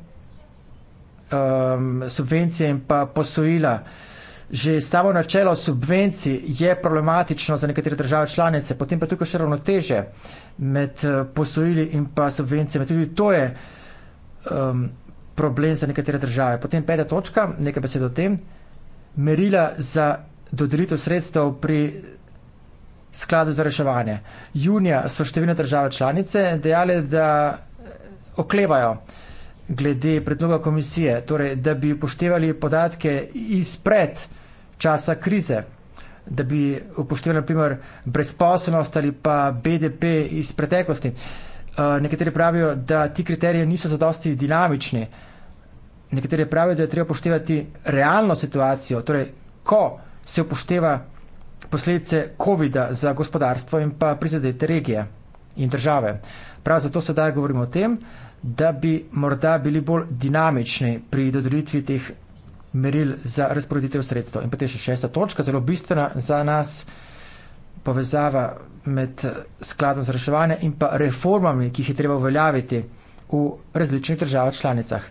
um, subvencije in pa posojila. Že samo načelo subvencij je problematično za nekatere države članice, potem pa tukaj še ravnoteže med uh, posojili in pa subvencijami. Tudi to je. Um, problem za nekatere države. Potem peta točka, nekaj besed o tem, merila za dodelitev sredstev pri skladu za reševanje. Junija so številne države članice dejale, da eh, oklevajo glede predloga komisije, torej da bi upoštevali podatke izpred časa krize, da bi upoštevali naprimer brezposobnost ali pa BDP iz preteklosti. Uh, Eh, nekateri pravijo, da ti kriteriji niso za dosti dinamični. Nekateri pravijo, da je treba poštevati realno situacijo, torej, ko se upošteva posledice COVID-a za gospodarstvo in pa prizadete regije in države. Prav zato sedaj govorimo o tem, da bi morda bili bolj dinamični pri dodelitvi teh meril za razporeditev sredstev. In potem še šesta točka, zelo bistvena za nas povezava med skladom za reševanje in pa reformami, ki jih je treba uveljaviti v različnih državah članicah.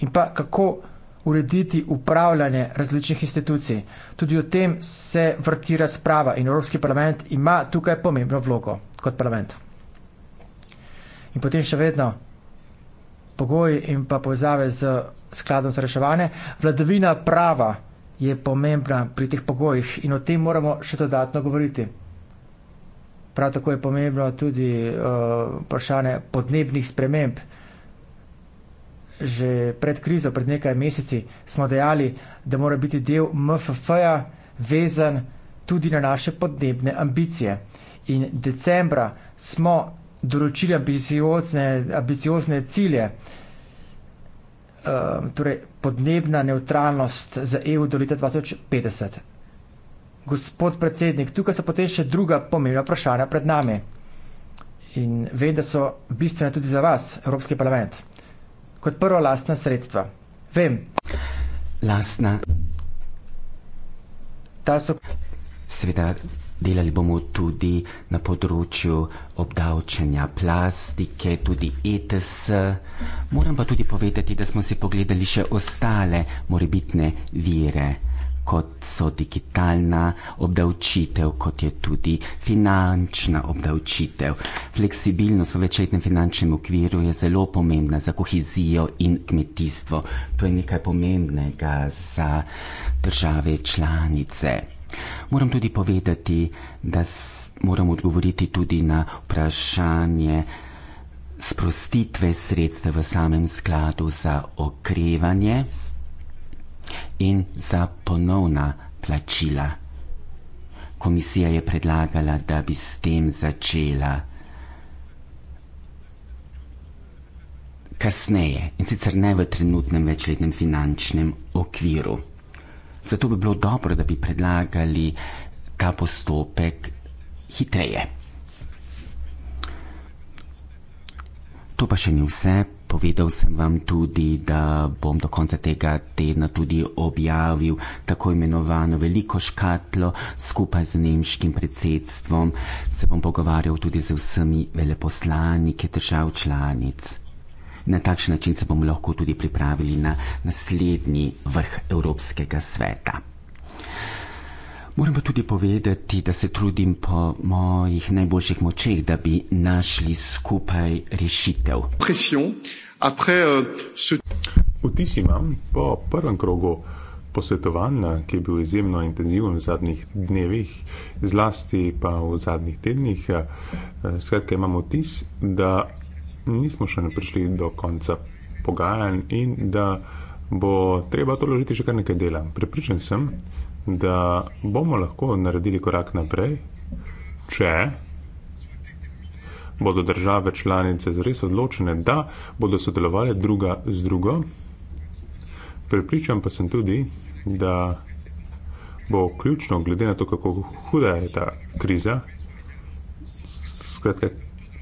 In pa kako urediti upravljanje različnih institucij. Tudi o tem se vrti razprava in Evropski parlament ima tukaj pomembno vlogo kot parlament. In potem še vedno pogoji in pa povezave z skladom za reševanje. Vladavina prava je pomembna pri teh pogojih in o tem moramo še dodatno govoriti. Prav tako je pomembno tudi uh, vprašanje podnebnih sprememb. Že pred krizo, pred nekaj meseci, smo dejali, da mora biti del MFF-ja vezan tudi na naše podnebne ambicije. In decembra smo določili ambiciozne, ambiciozne cilje, um, torej podnebna neutralnost za EU do leta 2050. Gospod predsednik, tukaj so potem še druga pomembna vprašanja pred nami. In ve, da so bistvene tudi za vas, Evropski parlament. Kot prvo, lastna sredstva. Vem. Lastna. Ta so. Seveda, delali bomo tudi na področju obdavčanja plastike, tudi ETS. Moram pa tudi povedati, da smo si pogledali še ostale morebitne vire kot so digitalna obdavčitev, kot je tudi finančna obdavčitev. Fleksibilnost v večletnem finančnem okviru je zelo pomembna za kohezijo in kmetijstvo. To je nekaj pomembnega za države članice. Moram tudi povedati, da moram odgovoriti tudi na vprašanje sprostitve sredstev v samem skladu za okrevanje in za ponovna plačila. Komisija je predlagala, da bi s tem začela kasneje in sicer ne v trenutnem večletnem finančnem okviru. Zato bi bilo dobro, da bi predlagali ta postopek hitreje. To pa še ni vse, Povedal sem vam tudi, da bom do konca tega tedna tudi objavil tako imenovano veliko škatlo skupaj z nemškim predsedstvom. Se bom pogovarjal tudi z vsemi veleposlaniki držav članic. Na takšen način se bomo lahko tudi pripravili na naslednji vrh Evropskega sveta. Moram pa tudi povedati, da se trudim po mojih najboljših močeh, da bi našli skupaj rešitev. Euh, vtis imam po prvem krogu posvetovanja, ki je bil izjemno intenziven v zadnjih dnevih, zlasti pa v zadnjih tednih. Eh, skratka, imam vtis, da nismo še ne prišli do konca pogajanj in da bo treba to ložiti še kar nekaj dela. Prepričan sem, da bomo lahko naredili korak naprej, če bodo države članice zares odločene, da bodo sodelovali druga z drugo. Pripričan pa sem tudi, da bo ključno, glede na to, kako huda je ta kriza, skratka,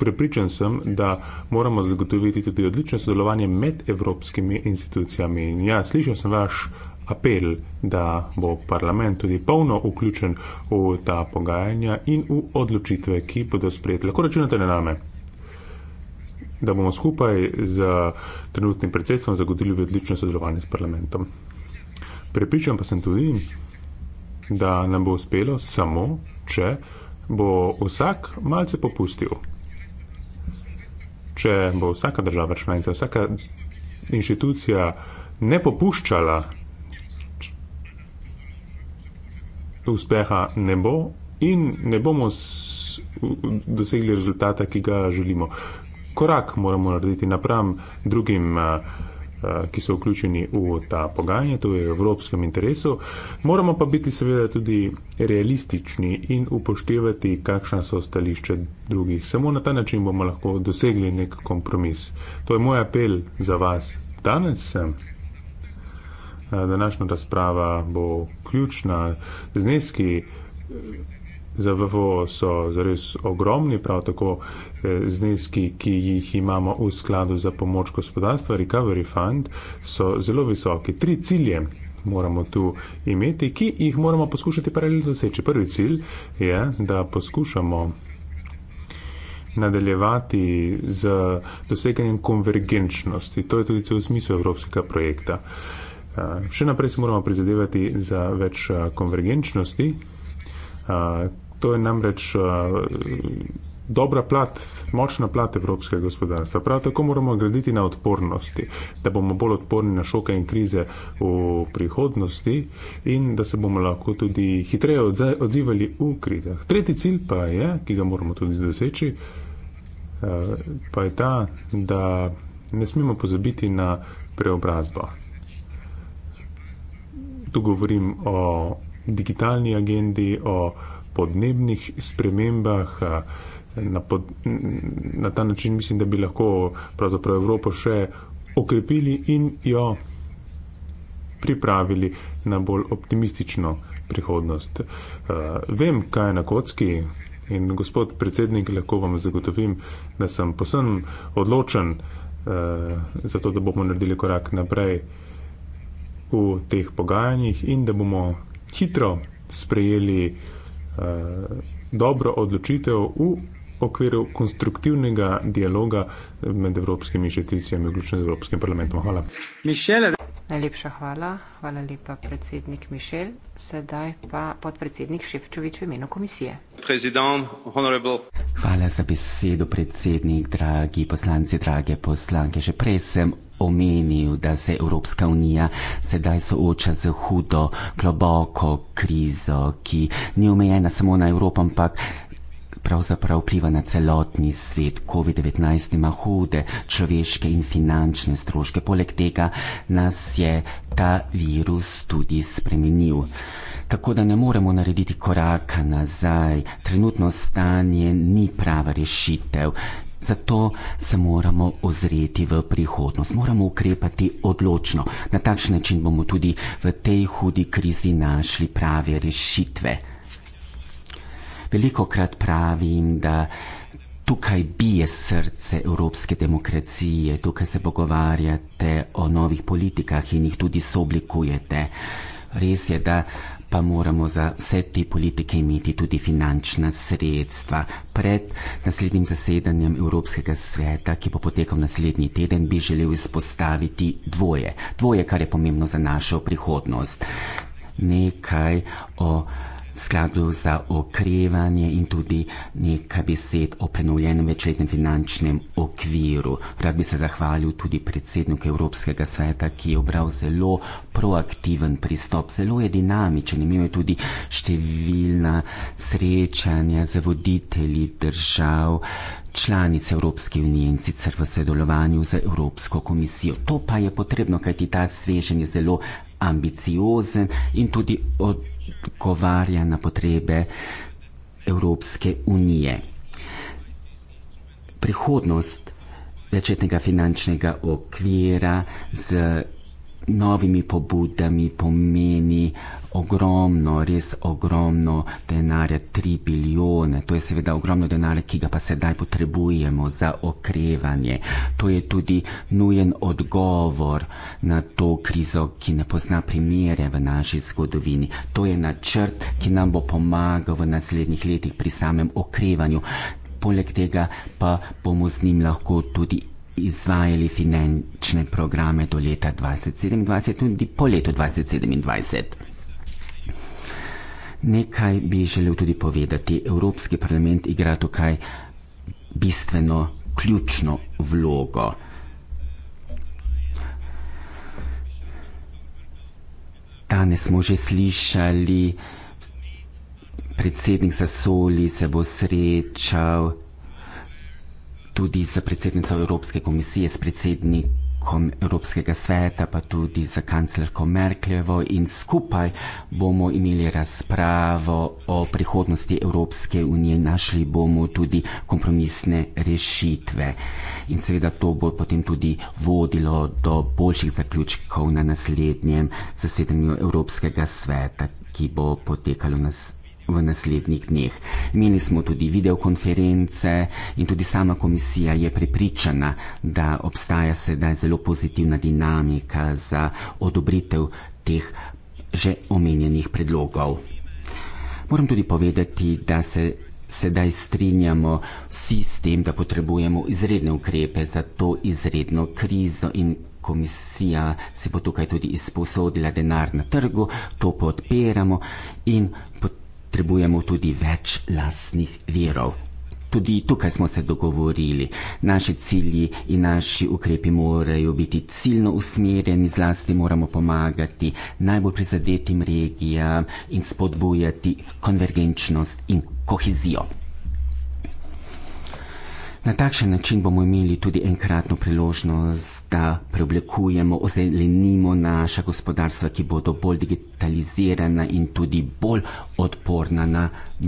pripričan sem, da moramo zagotoviti tudi odlično sodelovanje med evropskimi institucijami. In ja, slišal sem vaš apel, da bo parlament tudi polno vključen v ta pogajanja in v odločitve, ki bodo sprejeti. Lahko računate na name, da bomo skupaj z trenutnim predsedstvom zagodili odlično sodelovanje s parlamentom. Prepričan pa sem tudi, da nam bo uspelo samo, če bo vsak malce popustil. Če bo vsaka država članica, vsaka inštitucija ne popuščala uspeha ne bo in ne bomo dosegli rezultata, ki ga želimo. Korak moramo narediti napram drugim, eh, eh, ki so vključeni v ta pogajanja, to je v evropskem interesu. Moramo pa biti seveda tudi realistični in upoštevati, kakšna so stališče drugih. Samo na ta način bomo lahko dosegli nek kompromis. To je moj apel za vas danes. Eh, današnja razprava bo ključna. Zneski eh, za VVO so zares ogromni, prav tako eh, zneski, ki jih imamo v skladu za pomoč gospodarstva, Recovery Fund, so zelo visoki. Tri cilje moramo tu imeti, ki jih moramo poskušati paralelno doseči. Prvi cilj je, da poskušamo nadaljevati z doseganjem konvergenčnosti. To je tudi cel smisel evropskega projekta. Uh, Eh, še naprej se moramo prizadevati za več eh, konvergenčnosti. Eh, to je namreč dobra plat, močna plat evropskega gospodarstva. Prav tako moramo graditi na odpornosti, da bomo bolj odporni na šoke in krize v prihodnosti in da se bomo lahko tudi hitreje odzivali v krizah. Tretji cilj pa je, ki ga moramo tudi doseči, pa je ta, da ne smemo pozabiti na preobrazbo. Tu govorim o digitalni agendi, o podnebnih spremembah. Na, pod, na ta način mislim, da bi lahko Evropo še okrepili in jo pripravili na bolj optimistično prihodnost. Vem, kaj je na kocki. In gospod predsednik, lahko vam zagotovim, da sem posebno odločen eh, za to, da bomo naredili korak naprej eh, v teh pogajanjih in da bomo hitro sprejeli eh, dobro odločitev v okviru konstruktivnega dialoga med evropskimi inštitucijami, vključno z Evropskim parlamentom. Hvala. Mišele. Najlepša hvala. Hvala lepa, predsednik Mišel. Sedaj pa podpredsednik Ševčovič v imenu komisije. Hvala za besedo, predsednik, dragi poslanci, drage poslanke. Že prej sem omenil, da se Evropska unija sedaj sooča z hudo, globoko krizo, ki ni omejena samo na Evropo, ampak pravzaprav vpliva na celotni svet. COVID-19 ima hude človeške in finančne stroške. Poleg tega nas je ta virus tudi spremenil. Tako da ne moremo narediti koraka nazaj. Trenutno stanje ni prava rešitev. Zato se moramo ozreti v prihodnost, moramo ukrepati odločno. Na takšen način bomo tudi v tej hudi krizi našli prave rešitve veliko krat pravim, da tukaj bije srce evropske demokracije, tukaj se pogovarjate o novih politikah in jih tudi sooblikujete. Res je, da pa moramo za vse te politike imeti tudi finančna sredstva. Pred naslednjim zasedanjem Evropskega sveta, ki bo potekal naslednji teden, bi želel izpostaviti dvoje. Dvoje, kar je pomembno za našo prihodnost. Nekaj o skladu za okrevanje in tudi nekaj besed o prenovljenem večletnem finančnem okviru. Rad bi se zahvalil tudi predsedniku Evropskega sveta, ki je obral zelo proaktiven pristop, zelo je dinamičen, imel je tudi številna srečanja z voditelji držav članice Evropske unije in sicer v sodelovanju z Evropsko komisijo. To pa je potrebno, kajti ta svežen je zelo ambiciozen in tudi odločen odgovarja na potrebe Evropske unije. Prihodnost večetnega finančnega okvira z novimi pobudami pomeni ogromno, res ogromno denarja, 3 bilijone. To je seveda ogromno denarja, ki ga pa sedaj potrebujemo za okrevanje. To je tudi nujen odgovor na to krizo, ki ne pozna primere v naši zgodovini. To je načrt, ki nam bo pomagal v naslednjih letih pri samem okrevanju. Poleg tega pa bomo z njim lahko tudi izvajali finančne programe do leta 2027, tudi po letu 2027. Nekaj bi želel tudi povedati. Evropski parlament igra tukaj bistveno, ključno vlogo. Danes smo že slišali, predsednik Sasoli se bo srečal tudi z predsednico Evropske komisije, s predsednikom Evropskega sveta, pa tudi z kanclerko Merkljevo in skupaj bomo imeli razpravo o prihodnosti Evropske unije, našli bomo tudi kompromisne rešitve. In seveda to bo potem tudi vodilo do boljših zaključkov na naslednjem zasedanju Evropskega sveta, ki bo potekalo nas v naslednjih dneh. Imeli smo tudi videokonference in tudi sama komisija je prepričana, da obstaja sedaj zelo pozitivna dinamika za odobritev teh že omenjenih predlogov. Moram tudi povedati, da se sedaj strinjamo vsi s tem, da potrebujemo izredne ukrepe za to izredno krizo in komisija se bo tukaj tudi izposodila denar na trgu, to podpiramo in potrebujemo potrebujemo tudi več lastnih virov. Tudi tukaj smo se dogovorili. Naši cilji in naši ukrepi morajo biti ciljno usmerjeni, zlasti moramo pomagati najbolj prizadetim regijam in spodbujati konvergenčnost in kohezijo. Na takšen način bomo imeli tudi enkratno priložnost, da preoblikujemo, ozelenimo naša gospodarstva, ki bodo bolj digitalizirana in tudi bolj odporna na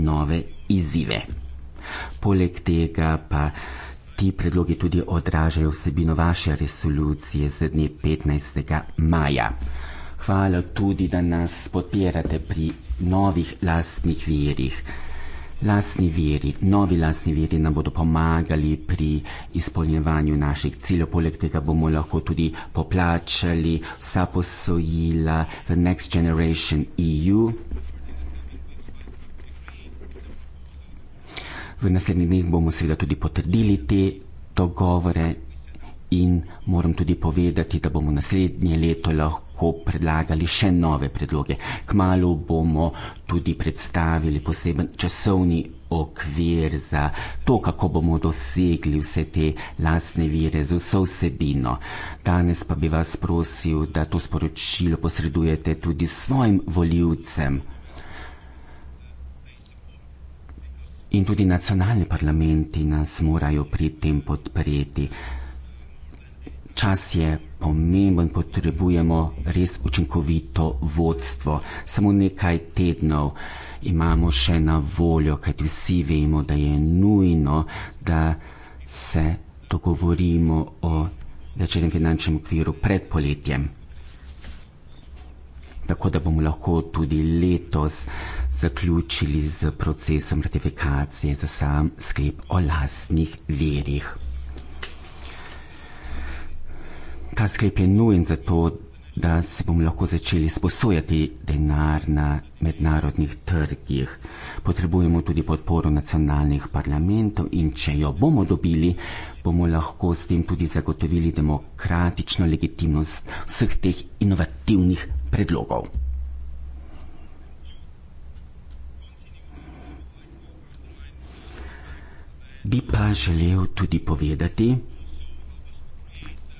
nove izzive. Poleg tega pa ti predlogi tudi odražajo vsebino vaše resolucije z dne 15. maja. Hvala tudi, da nas podpirate pri novih lastnih virih. Lastni viri, novi lastni viri nam bodo pomagali pri izpolnjevanju naših ciljev, poleg tega bomo lahko tudi poplačali vsa posojila v Next Generation EU. V naslednjih dneh bomo seveda tudi potrdili te dogovore in moram tudi povedati, da bomo naslednje leto lahko lahko predlagali še nove predloge. Kmalo bomo tudi predstavili poseben časovni okvir za to, kako bomo dosegli vse te lastne vire z vso vsebino. Danes pa bi vas prosil, da to sporočilo posredujete tudi svojim voljivcem. In tudi nacionalni parlamenti nas morajo pri tem podpreti. Čas je pomembno in potrebujemo res učinkovito vodstvo. Samo nekaj tednov imamo še na voljo, kajti vsi vemo, da je nujno, da se dogovorimo o večjem finančnem okviru pred poletjem. Tako da bomo lahko tudi letos zaključili z procesom ratifikacije za sam sklep o lastnih verjih. Ta sklep je nujen zato, da se bomo lahko začeli sposojati denar na mednarodnih trgih. Potrebujemo tudi podporo nacionalnih parlamentov in če jo bomo dobili, bomo lahko s tem tudi zagotovili demokratično legitimnost vseh teh inovativnih predlogov. Bi pa želel tudi povedati,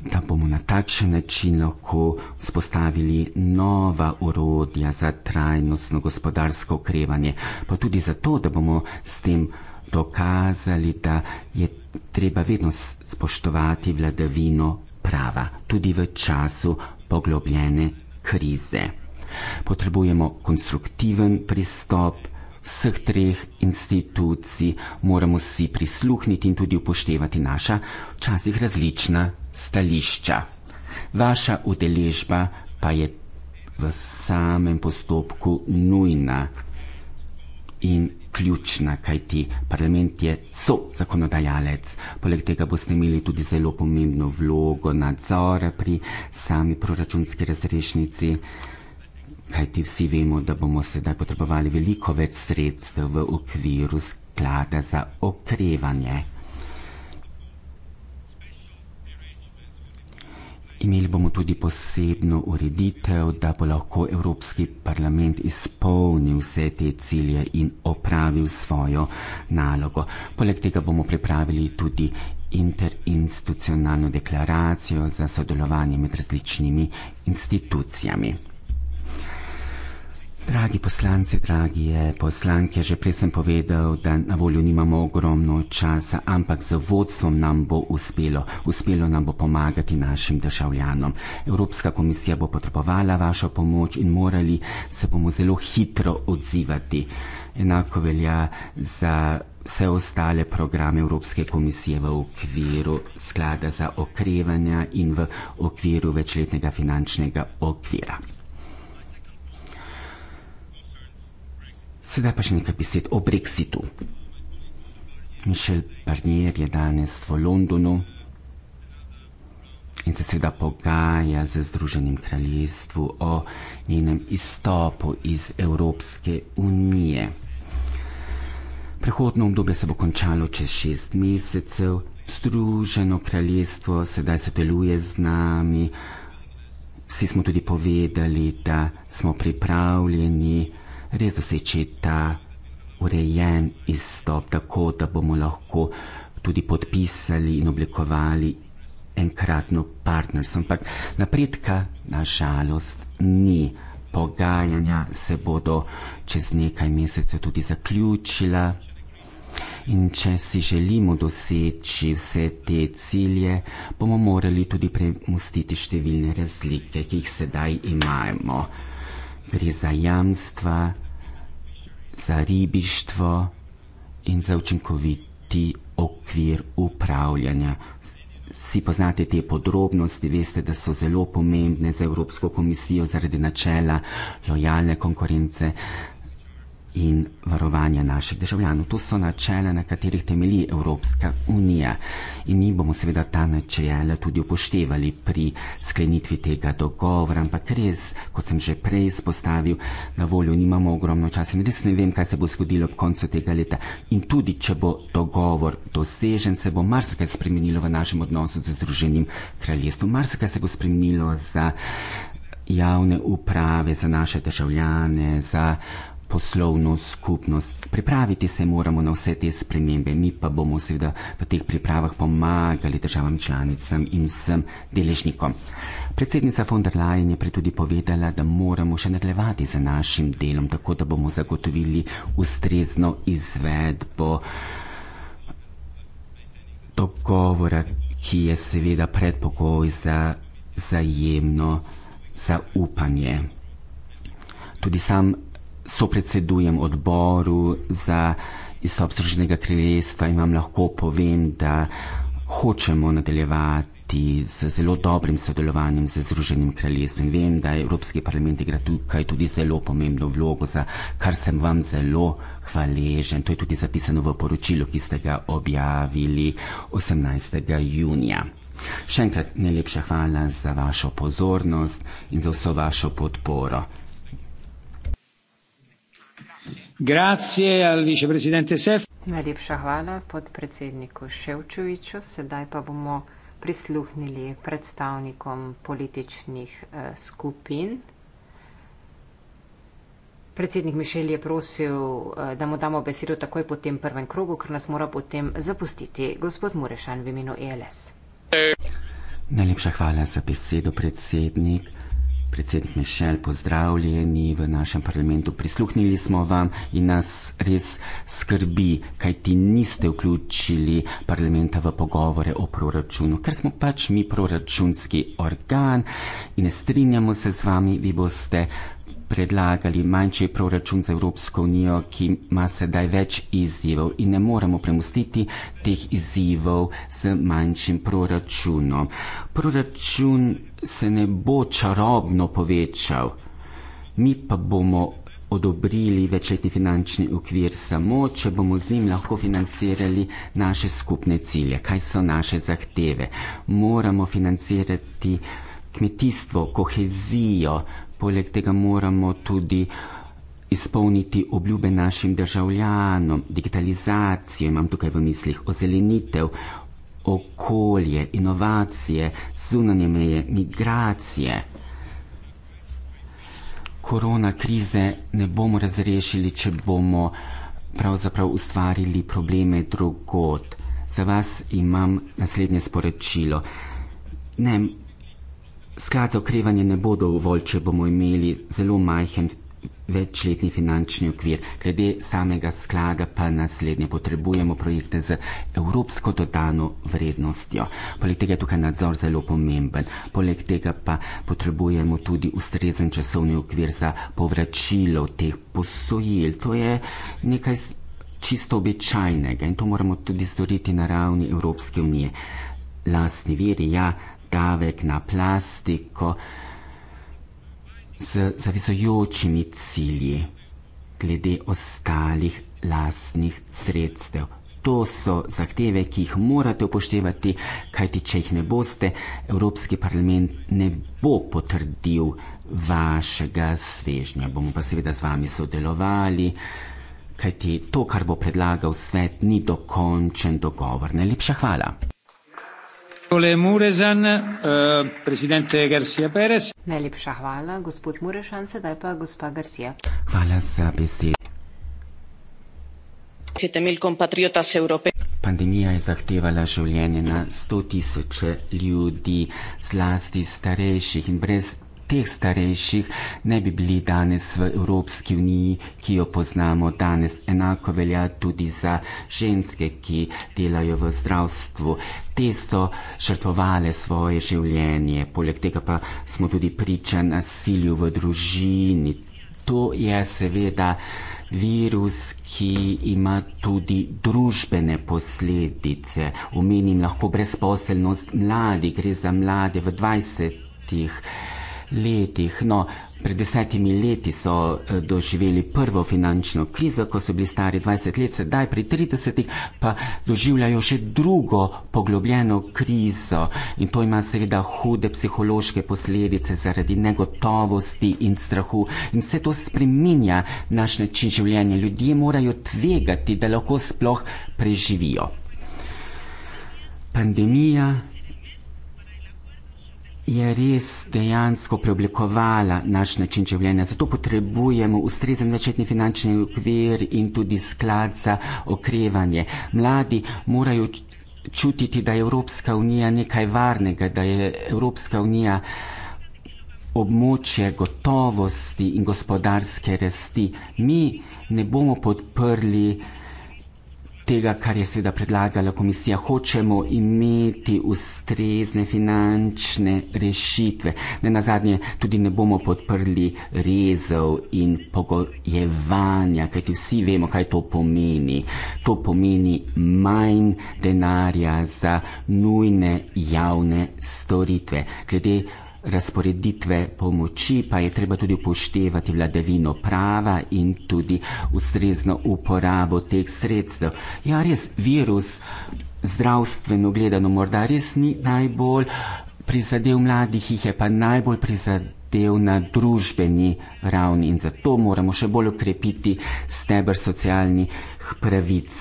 da bomo na takšen način lahko spostavili nova urodja za trajnostno gospodarsko okrevanje, pa tudi zato, da bomo s tem dokazali, da je treba vedno spoštovati vladavino prava, tudi v času poglobljene krize. Potrebujemo konstruktiven pristop vseh treh institucij moramo si prisluhniti in tudi upoštevati naša včasih različna stališča. Vaša udeležba pa je v samem postopku nujna in ključna, kajti parlament je so zakonodajalec. Poleg tega boste imeli tudi zelo pomembno vlogo nadzora pri sami proračunski razrešnici. Kajti vsi vemo, da bomo sedaj potrebovali veliko več sredstev v okviru sklada za okrevanje. Imeli bomo tudi posebno ureditev, da bo lahko Evropski parlament izpolnil vse te cilje in opravil svojo nalogo. Poleg tega bomo pripravili tudi interinstitucionalno deklaracijo za sodelovanje med različnimi institucijami. Dragi poslanci, dragi poslanke, že prej sem povedal, da na voljo nimamo ogromno časa, ampak z vodstvom nam bo uspelo. Uspelo nam bo pomagati našim državljanom. Evropska komisija bo potrebovala vašo pomoč in morali se bomo zelo hitro odzivati. Enako velja za vse ostale programe Evropske komisije v okviru sklada za okrevanja in v okviru večletnega finančnega okvira. Sedaj pa še nekaj besed o Brexitu. Mišel Barnier je danes v Londonu in se seveda pogaja z Združenim kraljestvom o njenem izstopu iz Evropske unije. Prehodno obdobje se bo končalo čez šest mesecev, Združeno kraljestvo sedaj sodeluje z nami. Vsi smo tudi povedali, da smo pripravljeni res vse četa urejen izstop, tako da bomo lahko tudi podpisali in oblikovali enkratno partnerstvo. Ampak napredka, nažalost, ni. Pogajanja se bodo čez nekaj mesecev tudi zaključila. In če si želimo doseči vse te cilje, bomo morali tudi premustiti številne razlike, ki jih sedaj imamo. Gre za jamstva, za ribištvo in za učinkoviti okvir upravljanja. Vsi poznate te podrobnosti, veste, da so zelo pomembne za Evropsko komisijo zaradi načela lojalne konkurence, in varovanja naših državljanov. To so načele, na katerih temelji Evropska unija in mi bomo seveda ta načele tudi upoštevali pri sklenitvi tega dogovora, ampak res, kot sem že prej spostavil, na voljo nimamo ogromno časa in res ne vem, kaj se bo zgodilo ob koncu tega leta. In tudi, če bo dogovor dosežen, se bo marsikaj spremenilo v našem odnosu z Združenim kraljestvom, marsikaj se bo spremenilo za javne uprave, za naše državljane, za poslovno skupnost. Pripraviti se moramo na vse te spremembe, mi pa bomo seveda v teh pripravah pomagali državam članicam in vsem deležnikom. Predsednica von der Leyen je predtudi povedala, da moramo še nadaljevati z našim delom, tako da bomo zagotovili ustrezno izvedbo dogovora, ki je seveda predpogoj za zajemno zaupanje. Tudi sam sopredsedujem odboru za izobstrožnega kraljestva in vam lahko povem, da hočemo nadaljevati z zelo dobrim sodelovanjem z Združenim kraljestvom. Vem, da Evropski parlament igra tukaj tudi zelo pomembno vlogo, za kar sem vam zelo hvaležen. To je tudi zapisano v poročilu, ki ste ga objavili 18. junija. Še enkrat najlepša hvala za vašo pozornost in za vso vašo podporo. Grazie al vicepresidente Sef. Najlepša hvala podpredsedniku Ševčoviču. Sedaj pa bomo prisluhnili predstavnikom političnih eh, skupin. Predsednik Mišel je prosil, eh, da mu damo besedo takoj po tem prvem krogu, ker nas mora potem zapustiti gospod Murešan v imenu ELS. Najlepša hvala za besedo, predsednik predsednik Mišel, pozdravljeni v našem parlamentu. Prisluhnili smo vam in nas res skrbi, kaj ti niste vključili parlamenta v pogovore o proračunu, ker smo pač mi proračunski organ in ne strinjamo se z vami, vi boste predlagali manjši proračun za Evropsko unijo, ki ima sedaj več izzivov in ne moremo premustiti teh izzivov z manjšim proračunom. Proračun se ne bo čarobno povečal, mi pa bomo odobrili večletni finančni okvir samo, če bomo z njim lahko financirali naše skupne cilje, kaj so naše zahteve. Moramo financirati kmetijstvo, kohezijo, poleg tega moramo tudi izpolniti obljube našim državljanom, digitalizacijo imam tukaj v mislih, ozelenitev, okolje, inovacije, zunanje meje, migracije. Korona krize ne bomo razrešili, če bomo pravzaprav ustvarili probleme drugod. Za vas imam naslednje sporočilo. Ne, Sklad za okrevanje ne bo dovolj, če bomo imeli zelo majhen večletni finančni okvir. Glede samega sklada pa naslednje potrebujemo projekte z evropsko dodano vrednostjo. Poleg tega je tukaj nadzor zelo pomemben. Poleg tega pa potrebujemo tudi ustrezen časovni okvir za povračilo teh posojil. To je nekaj čisto običajnega in to moramo tudi storiti na ravni Evropske unije. Lastni viri, ja, davek na plastiko z zavezojočimi cilji glede ostalih lastnih sredstev. To so zahteve, ki jih morate upoštevati, kajti če jih ne boste, Evropski parlament ne bo potrdil vašega svežnja. Bomo pa seveda z vami sodelovali, kajti to, kar bo predlagal svet, ni dokončen dogovor. Najlepša hvala. Eh, Najlepša hvala, gospod Murešan, sedaj pa gospa Garcia. Hvala za besedo. Pandemija je zahtevala življenje na sto tisoče ljudi, zlasti starejših in brez teh starejših ne bi bili danes v Evropski uniji, ki jo poznamo danes. Enako velja tudi za ženske, ki delajo v zdravstvu. Te so žrtvovale svoje življenje, poleg tega pa smo tudi priča nasilju v družini. To je seveda virus, ki ima tudi družbene posledice. Omenim lahko brezposelnost mladih, gre za mlade v 20-ih letih letih. No, pred desetimi leti so eh, doživeli prvo finančno krizo, ko so bili stari 20 let, sedaj pri 30-ih pa doživljajo še drugo poglobljeno krizo in to ima seveda hude psihološke posledice zaradi negotovosti in strahu in vse to spreminja naš način življenja. Ljudje morajo tvegati, da lahko sploh preživijo. Pandemija je res dejansko preoblikovala naš način življenja. Zato potrebujemo ustrezen začetni finančni okvir in tudi sklad za okrevanje. Mladi morajo čutiti, da je Evropska unija nekaj varnega, da je Evropska unija območje gotovosti in gospodarske rasti. Mi ne bomo podprli tega, kar je seveda predlagala komisija, hočemo imeti ustrezne finančne rešitve. Ne na zadnje, tudi ne bomo podprli rezov in pogojevanja, kajti vsi vemo, kaj to pomeni. To pomeni manj denarja za nujne javne storitve. Glede razporeditve pomoči, pa je treba tudi upoštevati vladavino prava in tudi ustrezno uporabo teh sredstev. Ja, res virus zdravstveno gledano morda res ni najbolj prizadel mladih, jih je pa najbolj prizadel del na družbeni ravni in zato moramo še bolj ukrepiti steber socialnih pravic,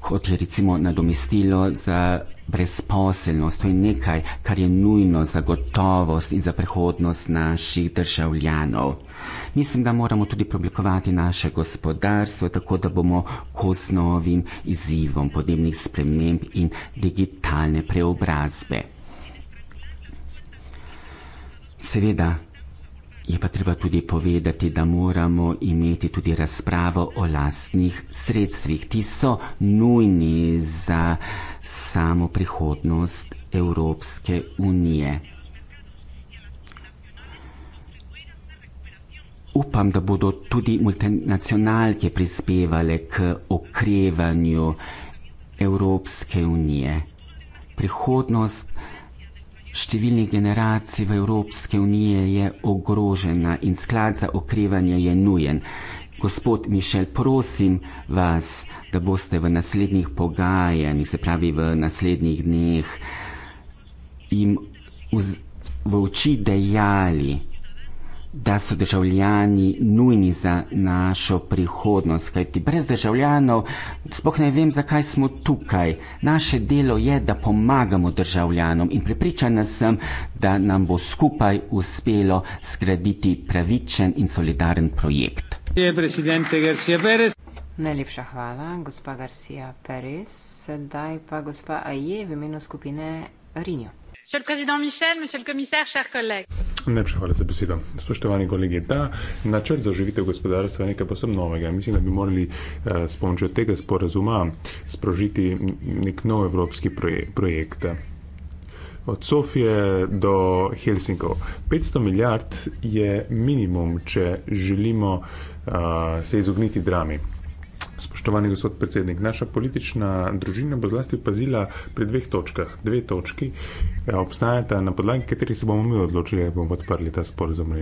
kot je recimo nadomestilo za brezposelnost, to je nekaj, kar je nujno za gotovost in za prihodnost naših državljanov. Mislim, da moramo tudi preoblikovati naše gospodarstvo tako, da bomo kos novim izzivom podnebnih sprememb in digitalne preobrazbe. Seveda je pa treba tudi povedati, da moramo imeti tudi razpravo o lastnih sredstvih, ki so nujni za samo prihodnost Evropske unije. Upam, da bodo tudi multinacionalke prispevale k okrevanju Evropske unije. Prihodnost številnih generacij v Evropski uniji je ogrožena in sklad za okrevanje je nujen. Gospod Mišel, prosim vas, da boste v naslednjih pogajanjih, se pravi v naslednjih dneh, jim vz, v oči dejali, da so državljani nujni za našo prihodnost. Kajti brez državljanov sploh ne vem, zakaj smo tukaj. Naše delo je, da pomagamo državljanom in prepričana sem, da nam bo skupaj uspelo zgraditi pravičen in solidaren projekt. Najlepša hvala, gospa Garcia Perez. Sedaj pa gospa Aje v imenu skupine Rinjo. Najlepša hvala za besedo. Spoštovani kolegi, ta načrt za oživitev gospodarstva je nekaj posebno novega. Mislim, da bi morali eh, s pomočjo tega sporazuma sprožiti nek nov evropski proje projekt od Sofije do Helsinkov. 500 milijard je minimum, če želimo uh, se izogniti drami. Spoštovani gospod predsednik, naša politična družina bo zlasti pazila pri dveh točkah. Dve točki eh, obstajata na podlagi, katerih se bomo mi odločili, da bomo podprli ta sporozum.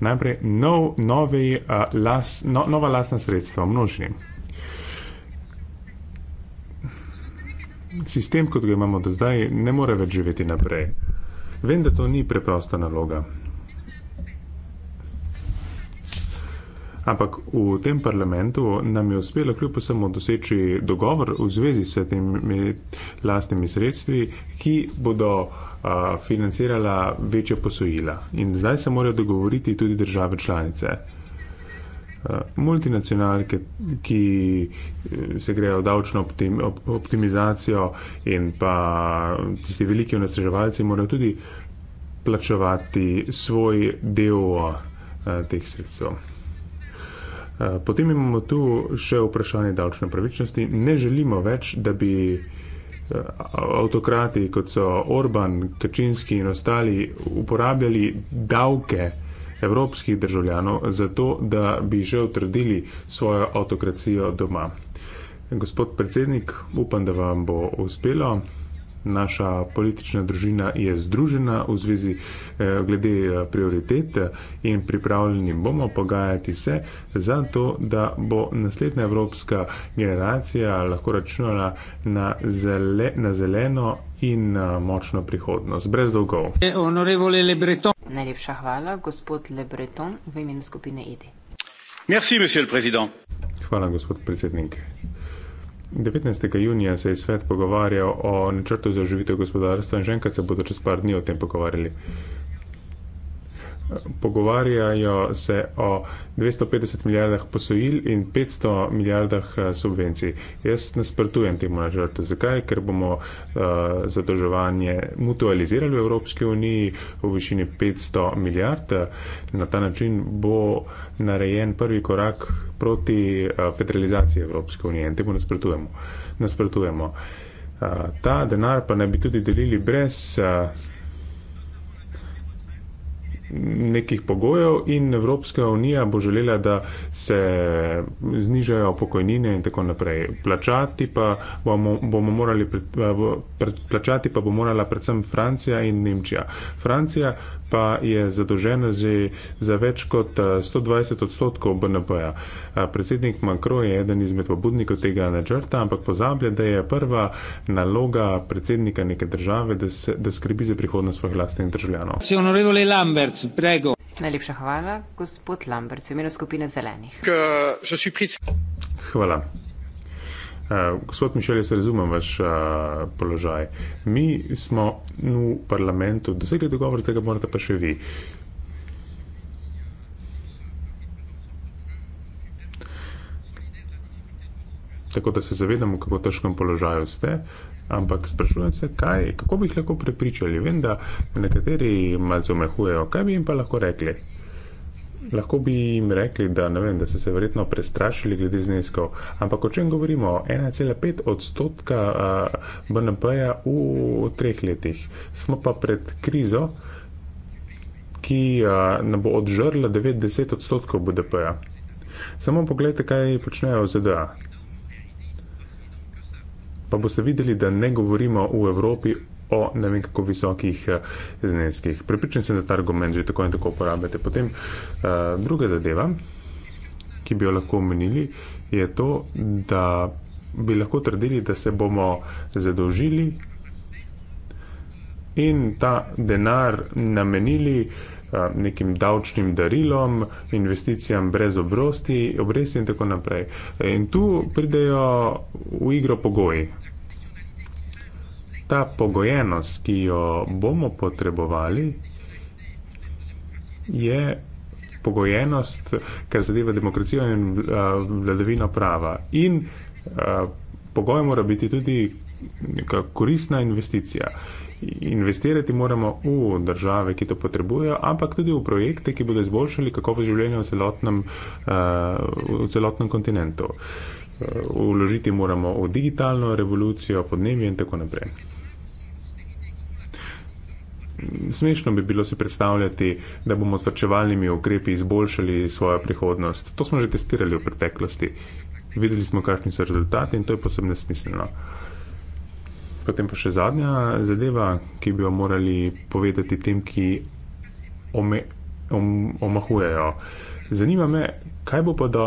Najprej nov, novi, uh, las, no, nova lasna sredstva, množni. sistem, kot ga imamo do zdaj, ne more več živeti naprej. Vem, da to ni preprosta naloga. Ampak v tem parlamentu nam je uspelo kljub samo doseči dogovor v zvezi s temi lastnimi sredstvi, ki bodo uh, financirala večja posojila. In zdaj se morajo dogovoriti tudi države članice. Uh, Eh, multinacionalke, ki eh, se grejo davčno optim, optimizacijo in pa tisti veliki onesreževalci morajo tudi plačevati svoj del eh, teh sredstev. Potem imamo tu še vprašanje davčne pravičnosti. Ne želimo več, da bi avtokrati, kot so Orban, Kačinski in ostali, uporabljali davke evropskih državljanov, zato da bi že utrdili svojo avtokracijo doma. Gospod predsednik, upam, da vam bo uspelo naša politična družina je združena v zvezi eh, glede eh, prioritet eh, in pripravljeni bomo pogajati se za to, da bo naslednja evropska generacija lahko računala na, zele, na zeleno in močno prihodnost, brez dolgov. Najlepša hvala, gospod Lebreton, v imenu skupine ID. E Merci, hvala, gospod predsednik. 19. junija se je svet pogovarjal o načrtu za oživitev gospodarstva in že enkrat se bodo čez par dni o tem pogovarjali pogovarjajo se o 250 milijardah posojil in 500 milijardah eh, subvencij. Jaz nasprotujem temu načrtu. Zakaj? Ker bomo uh, zadolževanje mutualizirali v Evropski uniji v višini 500 milijard. Na ta način bo narejen prvi korak proti uh, federalizaciji Evropske unije in temu nasprotujemo. nasprotujemo. Uh, ta denar pa naj bi tudi delili brez. Uh, nekih pogojev in Evropska unija bo želela, da se znižajo pokojnine in tako naprej. Plačati pa bomo, bomo morali, pred, pred, plačati pa bo morala predvsem Francija in Nemčija. Francija pa je zadolžena že za več kot 120 odstotkov BNP-ja. Predsednik Makro je eden izmed pobudnikov tega načrta, ampak pozablja, da je prva naloga predsednika neke države, da, se, da skrbi za prihodnost svojih lastnih državljanov. Najlepša hvala, gospod Lambert, v imenu skupine zelenih. Hvala. Eh, gospod Mišel, jaz razumem vaš a, eh, položaj. Mi smo v parlamentu dosegli dogovor, tega morate pa še vi. Tako da se zavedamo, kako težkem položaju ste, ampak sprašujem se, kaj, kako bi jih lahko prepričali. Vem, da nekateri malce omehujejo, kaj bi jim pa lahko rekli lahko bi jim rekli, da, vem, da so se verjetno prestrašili glede zneskov, ampak o čem govorimo? 1,5 odstotka BNP-ja v treh letih. Smo pa pred krizo, ki nam bo odžrla 90 odstotkov BDP-ja. Samo pogledajte, kaj počnejo v ZDA. Pa boste videli, da ne govorimo v Evropi o ne vem kako visokih eh, zneskih. Pripričam se, da ta argument že tako in tako uporabljate. Potem uh, druga zadeva, ki bi jo lahko omenili, je to, da bi lahko trdili, da se bomo zadolžili in ta denar namenili eh, nekim davčnim darilom, investicijam brez obrosti, obresti in tako naprej. In tu pridejo v igro pogoji, ta pogojenost, ki jo bomo potrebovali, je pogojenost, kar zadeva demokracijo in eh, vladavino prava. In eh, pogoj mora biti tudi neka korisna investicija. Investirati moramo v države, ki to potrebujejo, ampak tudi v projekte, ki bodo izboljšali kakovost življenja v celotnem, eh, v celotnem kontinentu. Uložiti moramo v digitalno revolucijo, podnebje in tako naprej smešno bi bilo si predstavljati, da bomo z vrčevalnimi ukrepi izboljšali svojo prihodnost. To smo že testirali v preteklosti. Videli smo, kakšni so rezultati in to je posebno nesmiselno. Potem pa še zadnja zadeva, ki bi jo morali povedati tem, ki ome, om, omahujejo. Zanima me, kaj, bo pa do,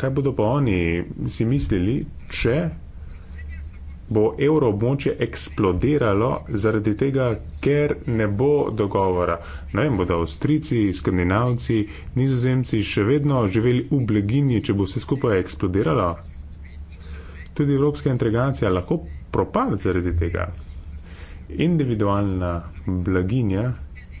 kaj bodo pa oni si mislili, če bo evro območje eksplodiralo zaradi tega, ker ne bo dogovora. Naj no, bodo Avstrici, Skandinavci, Nizozemci še vedno živeli v bleginji, če bo vse skupaj eksplodiralo. Tudi evropska integracija lahko propade zaradi tega. Individualna blaginja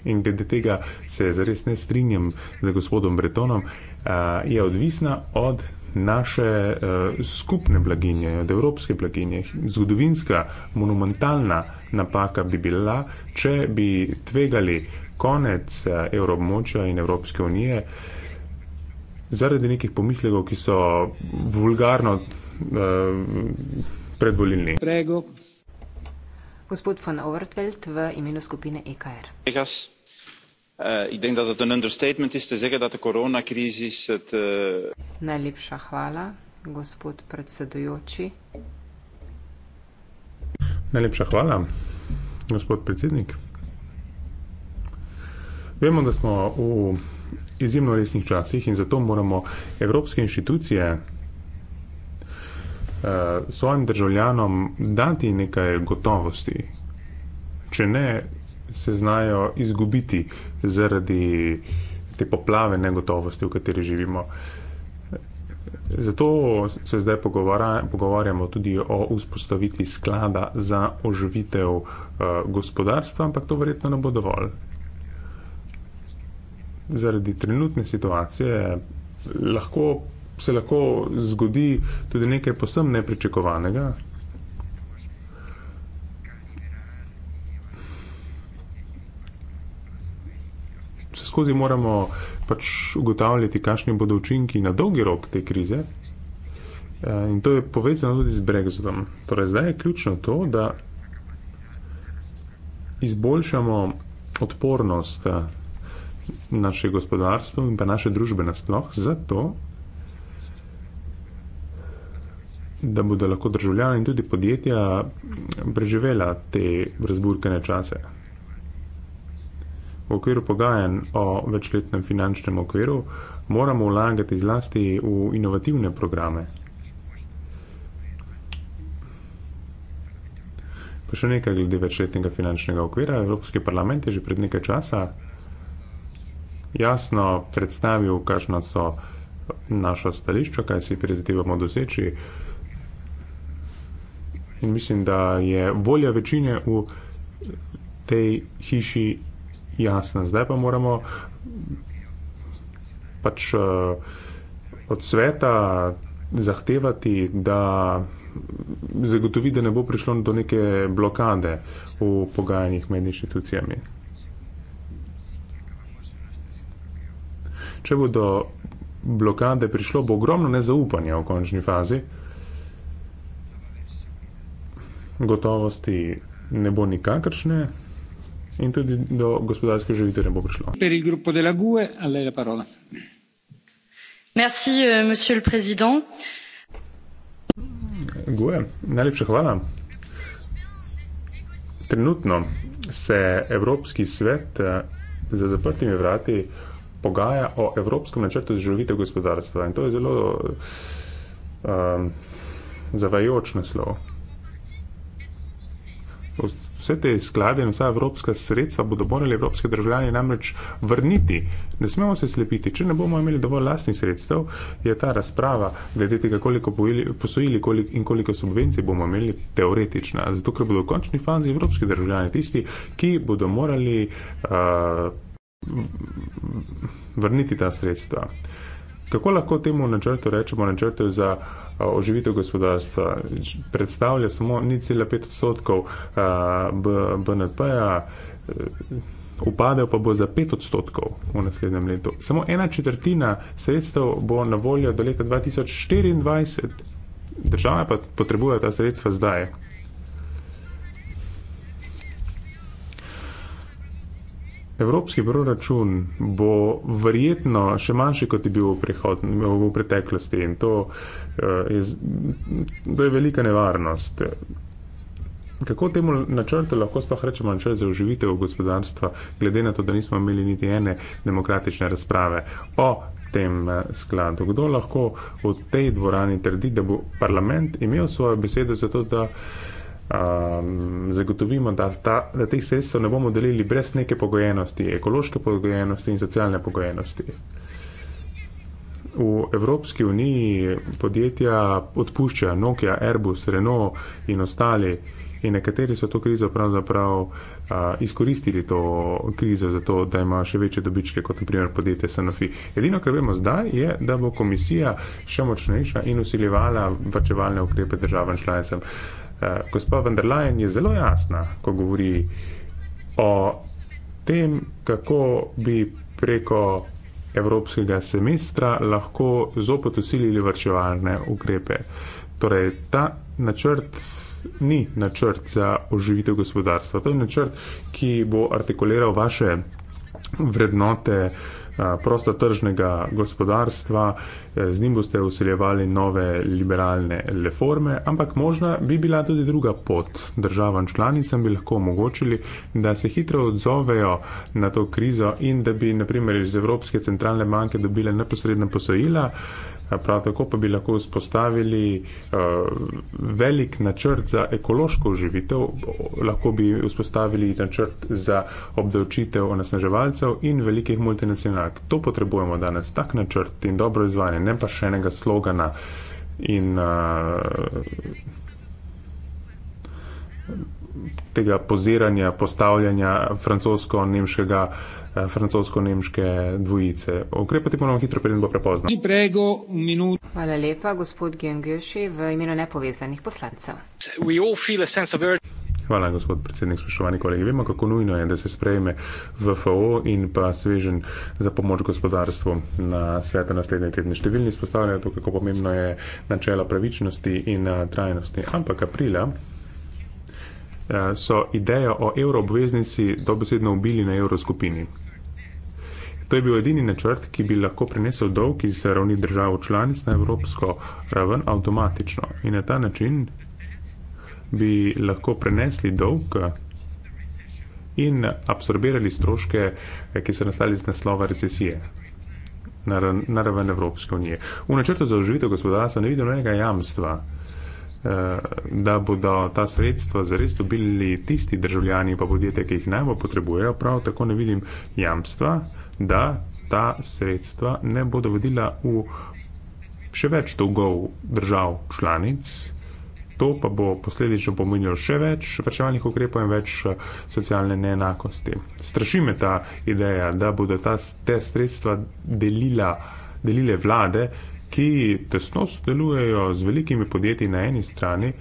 in glede tega se zares ne strinjam z gospodom Bretonom, eh, je odvisna od naše uh, skupne blaginje, od evropske blaginje. Zgodovinska, monumentalna napaka bi bila, če bi tvegali konec uh, evroobmočja in Evropske unije zaradi nekih pomislekov, ki so vulgarno uh, predvolilni. Prego. Gospod von Overtveld v imenu skupine EKR. Yes. Eh, ik denk dat het een understatement is te zeggen dat de coronacrisis het. Eh, Najlepša hvala, gospod predsedujoči. Najlepša hvala, gospod predsednik. Vemo, da smo v izjemno resnih časih in zato moramo evropske inštitucije eh, svojim državljanom dati nekaj gotovosti. Če ne, se znajo izgubiti zaradi te poplave negotovosti, v kateri živimo. Zato se zdaj pogovarjamo tudi o vzpostavitvi sklada za oživitev eh, gospodarstva, ampak to verjetno ne bo dovolj. Zaradi trenutne situacije eh, lahko, se lahko zgodi tudi nekaj posebno nepričakovanega. skozi moramo pač ugotavljati, kakšni bodo učinki na dolgi rok te krize. E, in to je povezano tudi z Brexitom. Torej, zdaj je ključno to, da izboljšamo odpornost e, naše gospodarstvo in pa naše družbe nasploh, zato, da bodo lahko državljani in tudi podjetja preživela te razburkane čase v okviru pogajanj o večletnem finančnem okviru moramo vlagati zlasti v inovativne programe. Pa še nekaj glede večletnega finančnega okvira. Evropski parlament je že pred nekaj časa jasno predstavil, kakšno so naša stališča, kaj si prizadevamo doseči. In mislim, da je volja večine v tej hiši jasna. Zdaj pa moramo pač eh, od sveta zahtevati, da zagotovi, da ne bo prišlo do neke blokade v pogajanjih med inštitucijami. Če bo do blokade prišlo, bo ogromno nezaupanja v končni fazi, gotovosti ne bo nikakršne in tudi do gospodarske živite ne bo prišlo. Euh, Gue, najlepša hvala. Trenutno se Evropski svet eh, za zaprtimi vrati pogaja o Evropskem načrtu za živitev gospodarstva in to je zelo um, eh, zavajoč naslov vse te sklade in vsa evropska sredstva bodo morali evropske državljani namreč vrniti. Ne smemo se slepiti, če ne bomo imeli dovolj lastnih sredstev, je ta razprava glede tega, koliko posojili kolik in koliko subvencij bomo imeli, teoretična. Zato, ker bodo v končni fazi evropski državljani tisti, ki bodo morali uh, vrniti ta sredstva. Uh, Kako lahko temu načrtu rečemo načrtu za oživitev gospodarstva? Predstavlja samo 0,5 odstotkov BNP-ja, upadel pa bo za 5 odstotkov v naslednjem letu. Samo ena četrtina sredstev bo na voljo do leta 2024. Država pa potrebuje ta sredstva zdaj. Evropski proračun bo verjetno še manjši, kot je bil v, prihod, v preteklosti in to eh, je, to je velika nevarnost. Kako temu načrtu lahko sploh rečemo načrt za oživitev gospodarstva, glede na to, da nismo imeli niti ene demokratične razprave o tem eh, skladu? Kdo lahko v tej dvorani trdi, da bo parlament imel svojo besedo za to, da um, zagotovimo, da, ta, da teh sredstev ne bomo delili brez neke pogojenosti, ekološke pogojenosti in socialne pogojenosti. V Evropski uniji podjetja odpuščajo Nokia, Airbus, Renault in ostali in nekateri so to krizo pravzaprav uh, izkoristili to krizo za to, da imajo še večje dobičke kot naprimer podjetje Sanofi. Edino, kar vemo zdaj, je, da bo komisija še močnejša in usiljevala vrčevalne ukrepe državam članicam. Uh, Eh, gospod van der Leyen je zelo jasna, ko govori o tem, kako bi preko evropskega semestra lahko zopet usilili vrčevalne ukrepe. Torej, ta načrt ni načrt za oživitev gospodarstva. To je načrt, ki bo artikuliral vaše vrednote, uh, prostotržnega gospodarstva, e, z njim boste usiljevali nove liberalne reforme, ampak možna bi bila tudi druga pot. Državam članicam bi lahko omogočili, da se hitro odzovejo na to krizo in da bi naprimer iz Evropske centralne banke dobile neposredna posojila. Prav tako pa bi lahko spostavili uh, eh, velik načrt za ekološko oživitev, lahko bi spostavili načrt za obdavčitev onesnaževalcev in velikih multinacionalk. To potrebujemo danes, tak načrt in dobro izvajanje, ne pa še enega slogana in uh, tega poziranja, postavljanja francosko-nemškega uh, Eh, francosko-nemške dvojice. Okrepati moramo hitro, preden bo prepozno. Prego, Hvala lepa, gospod Gengjoši, v imenu nepovezanih poslancev. Hvala, gospod predsednik, spoštovani kolegi. Vemo, kako nujno je, da se sprejme VFO in pa svežen za pomoč gospodarstvu na sveta naslednje tedne. Številni spostavljajo to, kako pomembno je načelo pravičnosti in eh, trajnosti. Ampak aprila eh, so idejo o evroobveznici dobesedno ubili na evroskupini. To je bil edini načrt, ki bi lahko prenesel dolg iz ravni držav članic na evropsko raven avtomatično. In na ta način bi lahko prenesli dolg in absorbirali stroške, ki so nastali z naslova recesije na raven Evropske unije. V načrtu za oživitev gospodarstva ne vidimo enega jamstva, eh, da bodo ta sredstva zares dobili tisti državljani pa podjetja, ki jih najbolj potrebujejo. Prav tako ne vidim jamstva, da ta sredstva ne bodo vodila v še več dolgov držav članic, to pa bo posledično pomenilo še več vrčevalnih ukrepov in več eh, socialne neenakosti. Straši me ta ideja, da bodo ta, te sredstva delila, delile vlade, ki tesno sodelujejo z velikimi podjetji na eni strani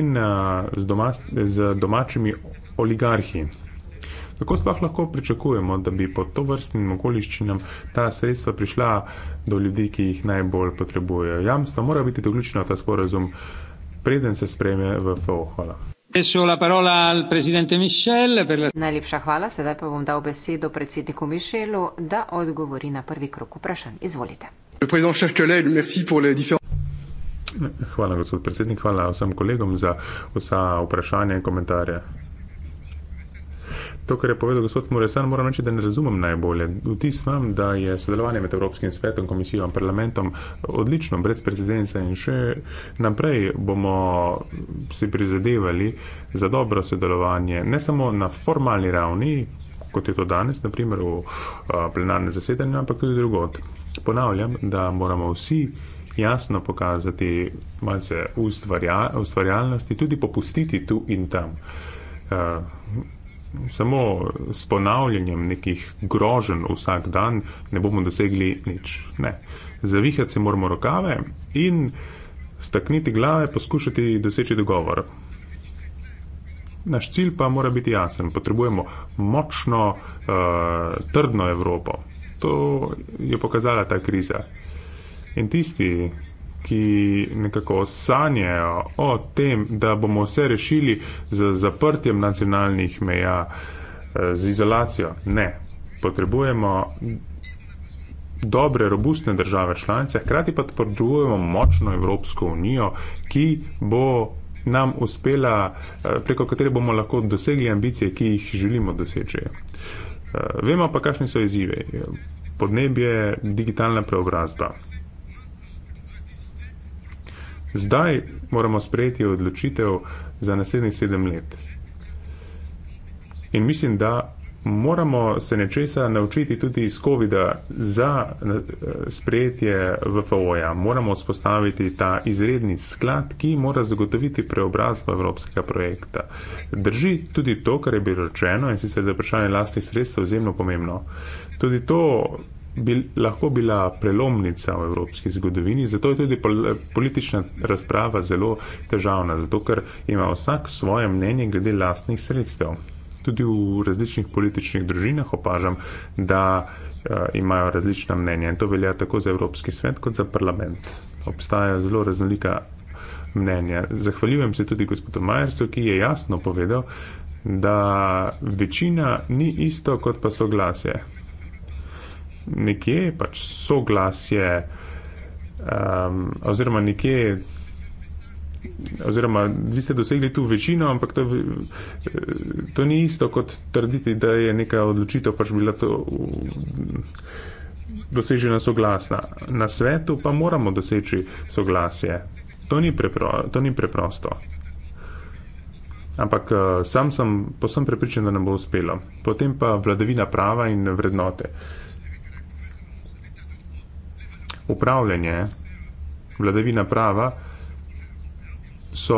in a, eh, z, doma, z domačimi oligarhi Kako sploh lahko pričakujemo, da bi pod to vrstnim okoliščinam ta sredstva prišla do ljudi, ki jih najbolj potrebujejo? Jamstvo mora biti doključeno v ta sporazum, preden se spreme v FO. Hvala. Najlepša hvala, sedaj pa bom dal besedo predsedniku Mišelu, da odgovori na prvi krok vprašanj. Izvolite. Hvala, gospod predsednik, hvala vsem kolegom za vsa vprašanja in komentarje to, kar je povedal gospod Moresan, moram reči, da ne razumem najbolje. Vtis imam, da je sodelovanje med Evropskim svetom, komisijo in parlamentom odlično, brez precedenca in še naprej bomo si prizadevali za dobro sodelovanje, ne samo na formalni ravni, kot je to danes, naprimer v plenarnem zasedanju, ampak tudi drugot. Ponavljam, da moramo vsi jasno pokazati malce ustvarja, ustvarjalnosti, tudi popustiti tu in tam. Uh, Samo s ponavljanjem nekih grožen vsak dan ne bomo dosegli nič. Ne. Zavihati se moramo rokave in stakniti glave, poskušati doseči dogovor. Naš cilj pa mora biti jasen. Potrebujemo močno, uh, trdno Evropo. To je pokazala ta kriza. In tisti, ki nekako sanjajo o tem, da bomo vse rešili z zaprtjem nacionalnih meja, eh, z izolacijo. Ne, potrebujemo dobre, robustne države članice, hkrati pa potrebujemo močno Evropsko unijo, ki bo nam uspela, eh, preko katere bomo lahko dosegli ambicije, ki jih želimo doseči. Eh, vemo pa, kakšni so izzive. Podnebje, digitalna preobrazba. Zdaj moramo sprejeti odločitev za naslednjih sedem let. In mislim, da moramo se nečesa naučiti tudi iz COVID-a za eh, sprejetje VFO-ja. Moramo vzpostaviti ta izredni sklad, ki mora zagotoviti preobrazbo evropskega projekta. Drži tudi to, kar je bilo rečeno in sicer, da je vprašanje lastnih sredstev izjemno pomembno. Tudi to bi lahko bila prelomnica v evropski zgodovini, zato je tudi pol, politična razprava zelo težavna, zato ker ima vsak svoje mnenje glede lastnih sredstev. Tudi v različnih političnih družinah opažam, da uh, imajo različna mnenja in to velja tako za Evropski svet kot za parlament. Obstajajo zelo raznolika mnenja. Zahvaljujem se tudi gospodu Majercu, ki je jasno povedal, da večina ni isto kot pa soglasje nekje pač soglasje, um, oziroma nekje, oziroma vi ste dosegli tu večino, ampak to, to ni isto kot trditi, da je neka odločitev pač bila to dosežena soglasna. Na svetu pa moramo doseči soglasje. To ni, prepro, to ni preprosto. Ampak eh, sam sem posem pripričan, da nam bo uspelo. Potem pa vladavina prava in vrednote. Uh, upravljanje, vladavina prava, so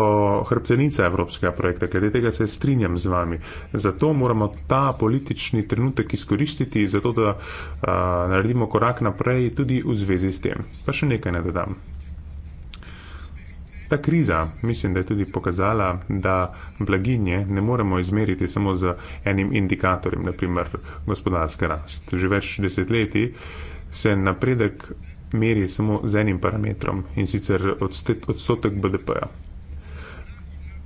hrbtenica evropskega projekta. Glede tega se strinjam z vami. Zato moramo ta politični trenutek izkoristiti, zato da a, naredimo korak naprej tudi v zvezi s tem. Pa še nekaj ne dodam. Ta kriza mislim, da je tudi pokazala, da blaginje ne moremo izmeriti samo z enim indikatorjem, naprimer gospodarska rast. Že več desetletij se napredek meri samo z enim parametrom in sicer odstotek BDP-ja.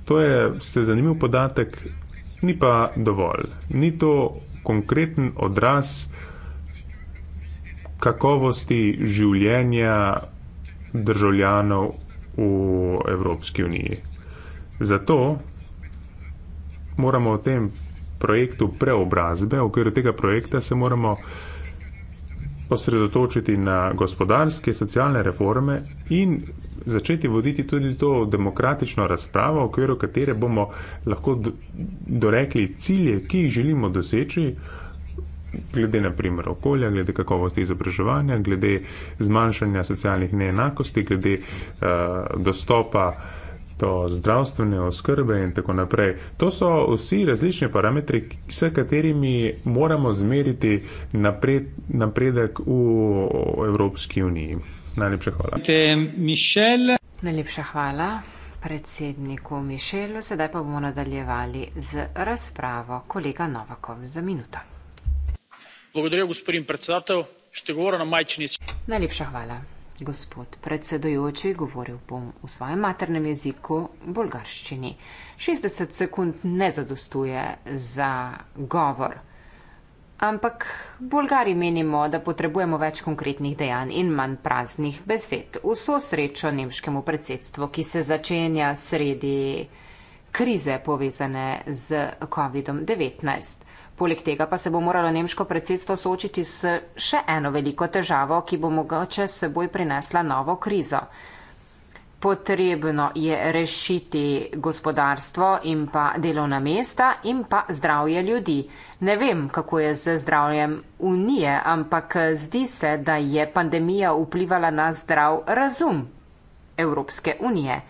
To je se zanimiv podatek, ni pa dovolj. Ni to konkreten odraz kakovosti življenja državljanov v Evropski uniji. Zato moramo o tem projektu preobrazbe, v okviru tega projekta se moramo uh, osredotočiti na gospodarske, socialne reforme in začeti voditi tudi to demokratično razpravo, v okviru katere bomo lahko dorekli cilje, ki jih želimo doseči, glede na primer okolja, glede kakovosti izobraževanja, glede zmanjšanja socialnih neenakosti, glede uh, dostopa uh, do zdravstvene oskrbe in tako naprej. To so vsi različni parametri, s katerimi moramo zmeriti napred, napredek v Evropski uniji. Najlepša hvala. Najlepša hvala predsedniku Mišelu. Sedaj pa bomo nadaljevali z razpravo kolega Novakov za minuto. Najlepša hvala gospod predsedojoči, govoril bom v svojem maternem jeziku, bolgarščini. 60 sekund ne zadostuje za govor. Ampak bolgari menimo, da potrebujemo več konkretnih dejanj in manj praznih besed. Vso srečo nemškemu predsedstvu, ki se začenja sredi krize povezane z COVID-19. Poleg tega pa se bo moralo nemško predsedstvo soočiti s še eno veliko težavo, ki bo mogoče seboj prinesla novo krizo. Potrebno je rešiti gospodarstvo in pa delovna mesta in pa zdravje ljudi. Ne vem, kako je z zdravjem unije, ampak zdi se, da je pandemija vplivala na zdrav razum Evropske unije.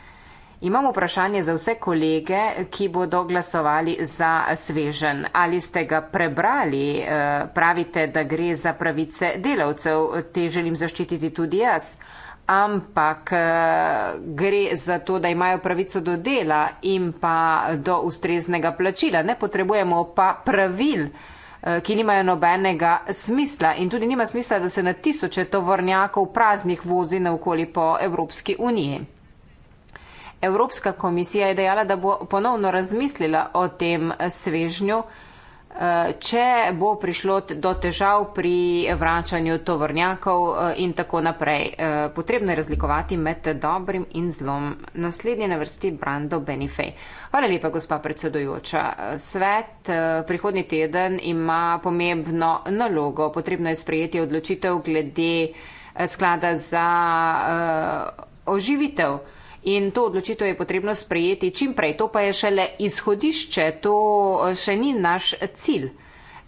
Imam vprašanje za vse kolege, ki bodo glasovali za svežen. Ali ste ga prebrali? Eh, pravite, da gre za pravice delavcev, te želim zaščititi tudi jaz. Ampak eh, gre za to, da imajo pravico do dela in pa do ustreznega plačila. Ne potrebujemo pa pravil, eh, ki nimajo nobenega smisla in tudi nima smisla, da se na tisoče tovornjakov praznih vozi na okoli po Evropski uniji. Evropska komisija je dejala, da bo ponovno razmislila o tem svežnju, eh, če bo prišlo do težav pri vračanju tovrnjakov eh, in tako naprej. Eh, potrebno je razlikovati med dobrim in zlom. Naslednje na vrsti Brando Benifej. Hvala lepa, gospa predsedujoča. Svet prihodni teden ima pomembno nalogo. Potrebno je sprejeti odločitev glede sklada za uh, oživitev in to odločitev je potrebno sprejeti čimprej. To pa je šele izhodišče, to eh, še ni naš cilj.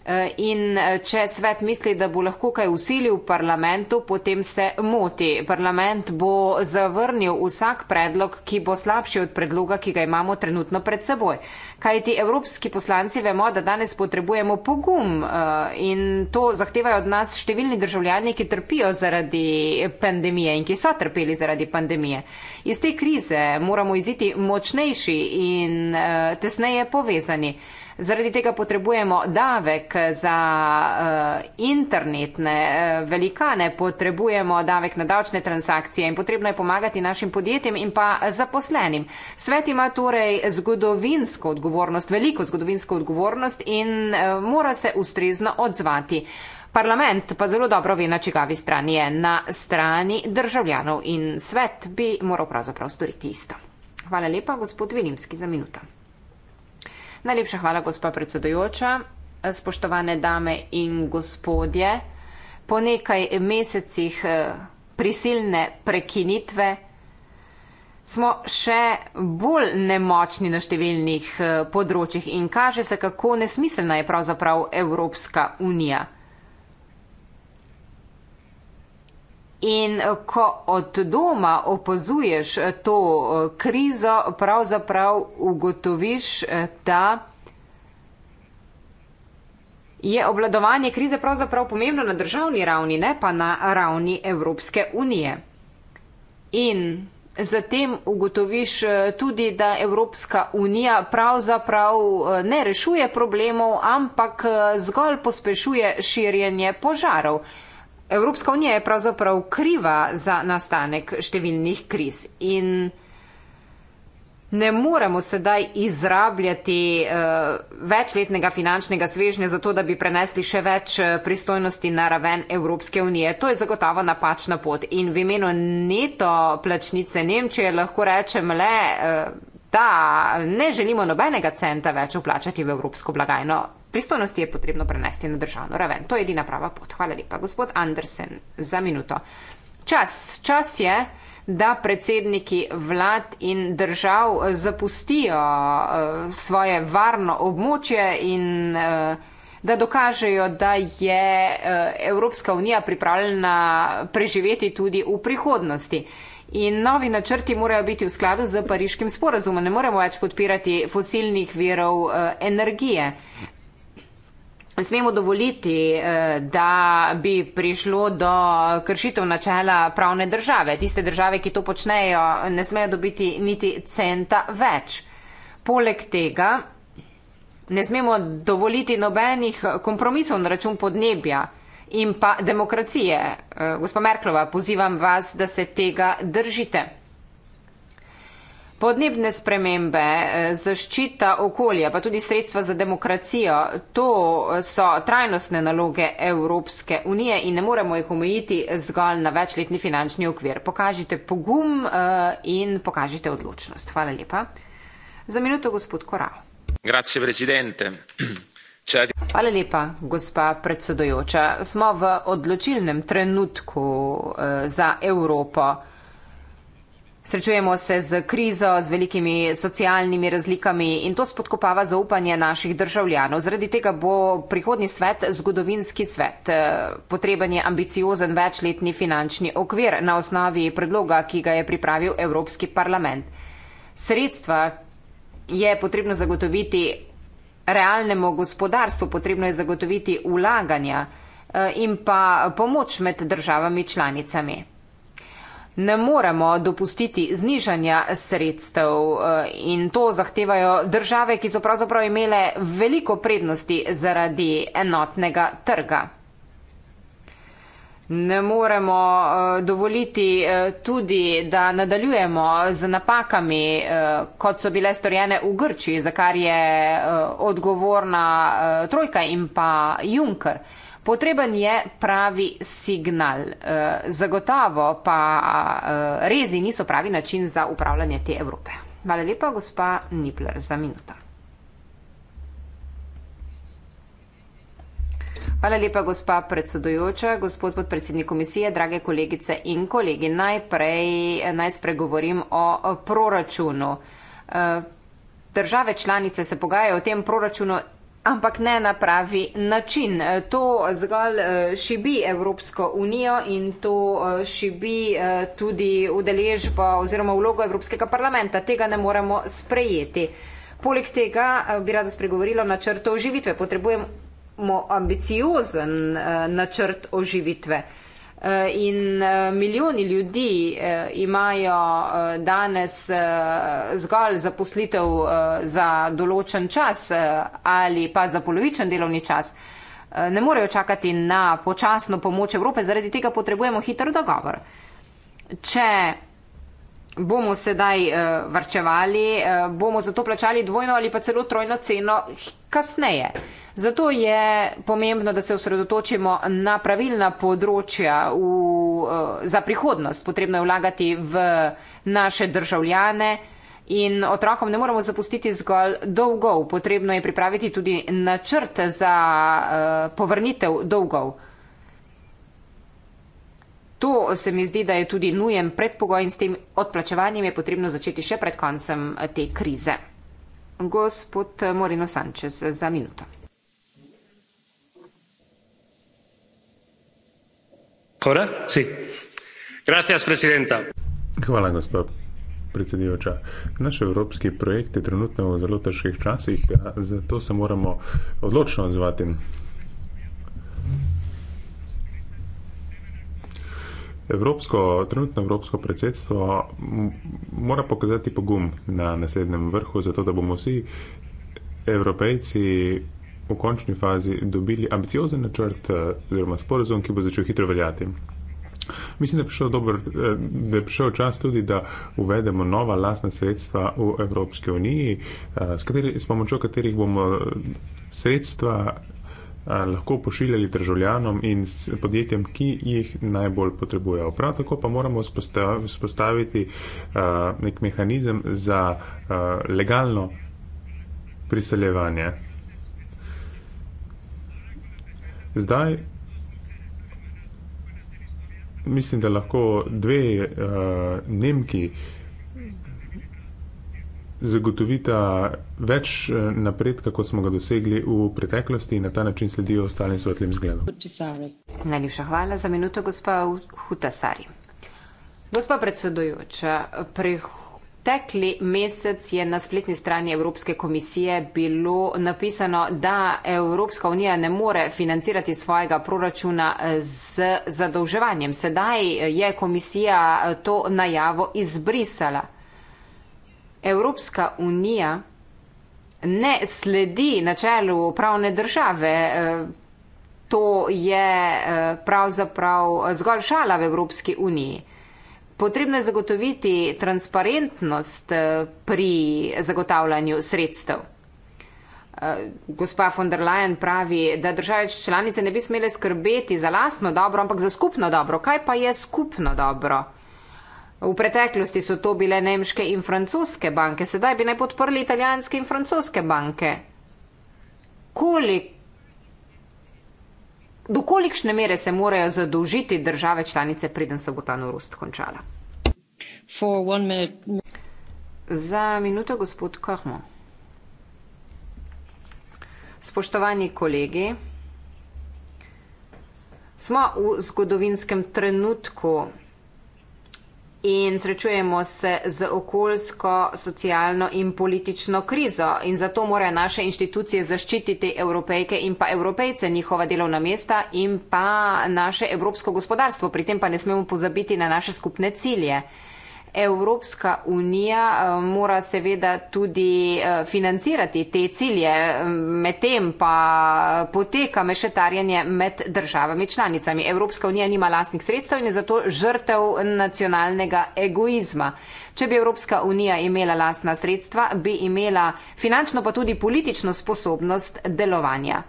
E, in e, če svet misli, da bo lahko kaj usilil parlamentu, potem se moti. Parlament bo zavrnil vsak predlog, ki bo slabši od predloga, ki ga imamo trenutno pred seboj. Kaj ti evropski poslanci vemo, da danes potrebujemo pogum e, in to zahtevajo od nas številni državljani, ki trpijo zaradi pandemije in ki so trpeli zaradi pandemije. Iz te krize moramo iziti močnejši in tesneje povezani. Zaradi tega potrebujemo davek za uh, internetne uh, velikane, potrebujemo davek na davčne transakcije in potrebno je pomagati našim podjetjem in pa zaposlenim. Svet ima torej zgodovinsko odgovornost, veliko zgodovinsko odgovornost in uh, mora se ustrezno odzvati. Parlament pa zelo dobro ve, na čigavi strani je, na strani državljanov in svet bi moral pravzaprav storiti isto. Hvala lepa, gospod Vilimski, za minuto. Najlepša hvala, gospa predsedujoča. Spoštovane dame in gospodje, po nekaj mesecih eh, prisilne prekinitve smo še bolj nemočni na številnih eh, področjih in kaže se, kako nesmiselna je pravzaprav Evropska unija. In eh, ko od doma opazuješ eh, to eh, krizo, pravzaprav ugotoviš, da je obladovanje krize pravzaprav pomembno na državni ravni, ne pa na ravni Evropske unije. In zatem ugotoviš tudi, da Evropska unija pravzaprav ne rešuje problemov, ampak zgolj pospešuje širjenje požarov. Evropska unija je pravzaprav kriva za nastanek številnih kriz in ne moremo sedaj izrabljati uh, večletnega finančnega svežnja za to, da bi prenesli še več eh, pristojnosti na raven Evropske unije. To je zagotovo napačna pot in v imenu neto plačnice Nemčije lahko rečem le. Uh, Da, ne želimo nobenega centa več vplačati v evropsko blagajno pristojnosti je potrebno prenesti na državno raven. To je edina prava pot. Hvala lepa, gospod Andersen, za minuto. Čas, čas je, da predsedniki vlad in držav eh, zapustijo uh, svoje varno območje in uh, da dokažejo, da je uh, Evropska unija pripravljena preživeti tudi v prihodnosti. In novi načrti morajo biti v skladu z pariškim sporazumom. Ne moremo več podpirati fosilnih verov uh, energije. Ne smemo dovoliti, eh, da bi prišlo do kršitev načela pravne države. Tiste države, ki to počnejo, ne smejo dobiti niti centa več. Poleg tega ne smemo dovoliti nobenih kompromisov na račun podnebja in pa demokracije. Eh, gospa Merklova, pozivam vas, da se tega držite podnebne spremembe, eh, zaščita okolja, pa tudi sredstva za demokracijo, to eh, so trajnostne naloge Evropske unije in ne moremo jih omejiti zgolj na večletni finančni okvir. Pokažite pogum eh, in pokažite odločnost. Hvala lepa. Za minuto gospod Koral. Grazie, presidente. Hvala lepa, gospa predsedojoča. Smo v odločilnem trenutku za Evropo. Srečujemo se z krizo, z velikimi socialnimi razlikami in to spodkopava zaupanje naših državljanov. Zaradi tega bo prihodni svet zgodovinski svet. E, potreben je ambiciozen večletni finančni okvir na osnovi predloga, ki ga je pripravil Evropski parlament. Sredstva je potrebno zagotoviti realnemu gospodarstvu, potrebno je zagotoviti ulaganja e, in pa pomoč med državami članicami ne moremo dopustiti znižanja sredstev eh, in to zahtevajo države, ki so pravzaprav imele veliko prednosti zaradi enotnega trga. Ne moremo eh, dovoliti eh, tudi, da nadaljujemo z napakami, kot so bile storjene v Grčiji, za kar je odgovorna Trojka in pa Juncker. Potreben je pravi signal. Eh, zagotovo pa eh, rezi niso pravi način za upravljanje te Evrope. Hvala lepa, gospa Nipler, za minuto. Hvala lepa, gospa predsedujoča, gospod podpredsednik komisije, drage kolegice in kolegi. Najprej eh, naj spregovorim o proračunu. Države članice se pogajajo o tem proračunu Ampak ne na pravi način. Eh, to zgolj eh, šibi Evropsko unijo in to eh, šibi tudi udeležbo oziroma vlogo Evropskega parlamenta. Tega ne moremo sprejeti. Poleg tega bi rada spregovorila načrt oživitve. Potrebujemo ambiciozen načrt oživitve. Eh, in eh, milijoni ljudi eh, imajo danes zgolj zaposlitev za določen čas ali pa za polovičen delovni čas. Ne morejo čakati na počasno pomoč Evrope, zaradi tega potrebujemo hiter dogovor. Če bomo sedaj varčevali, bomo zato plačali dvojno ali pa celo trojno ceno kasneje. Zato je pomembno, da se osredotočimo na pravilna področja v, eh, za prihodnost. Potrebno je vlagati v naše državljane in otrokom ne moremo zapustiti zgolj dolgov. Potrebno je pripraviti tudi načrt za eh, povrnitev dolgov. To se mi zdi, da je tudi nujen predpogoj in s tem odplačevanjem je potrebno začeti še pred koncem te krize. Gospod eh, Morino Sančez za minuto. Hvala, gospod. Predsedujoča, naš evropski projekt je trenutno v zelo težkih časih, zato se moramo odločno odzvati. Evropsko, trenutno evropsko predsedstvo mora pokazati pogum na naslednjem vrhu, zato da bomo vsi evropejci v končni fazi dobili ambiciozen načrt eh, oziroma sporozum, ki bo začel hitro veljati. Mislim, da je, prišel dober, eh, da je prišel čas tudi, da uvedemo nova lasna sredstva v Evropski uniji, eh, s, kateri, s pomočjo katerih bomo sredstva lahko pošiljali državljanom in podjetjem, ki jih najbolj potrebujejo. Prav tako pa moramo spostaviti nek mehanizem za legalno priseljevanje. Zdaj, mislim, da lahko dve uh, Nemki zagotovita več eh, napredka, kot smo ga dosegli v preteklosti in na ta način sledijo ostalim svetlim zgledom. Najlepša hvala za minuto, gospa Hutasari. Gospa predsedujoča, prihodnost. Tekli mesec je na spletni strani Evropske komisije bilo napisano, da Evropska unija ne more financirati svojega proračuna z zadolževanjem. Sedaj je komisija to najavo izbrisala. Evropska unija ne sledi načelu pravne države. To je eh, pravzaprav zgolj šala v Evropski uniji. Potrebno je zagotoviti transparentnost eh, pri zagotavljanju sredstev. Eh, gospa von der Leyen pravi, da države članice ne bi smele skrbeti za lastno dobro, ampak za skupno dobro. Kaj pa je skupno dobro? V preteklosti so to bile nemške in francoske banke, sedaj bi naj podprli italijanske in francoske banke. Koliko? do kolikšne mere se morajo zadolžiti države članice, preden se bo ta norost končala? Za minuto, gospod Kahmo. Spoštovani kolegi, smo v zgodovinskem trenutku, in srečujemo se z okoljsko, socialno in politično krizo in zato morajo naše inštitucije zaščititi evropejke in pa evropejce, njihova delovna mesta in pa naše evropsko gospodarstvo. Pri tem pa ne smemo pozabiti na naše skupne cilje. Evropska unija eh, mora seveda tudi eh, financirati te cilje, eh, medtem pa poteka mešetarjanje med državami članicami. Evropska unija nima lastnih sredstev in je zato žrtev nacionalnega egoizma. Če bi Evropska unija imela lastna sredstva, bi imela finančno pa tudi politično sposobnost delovanja.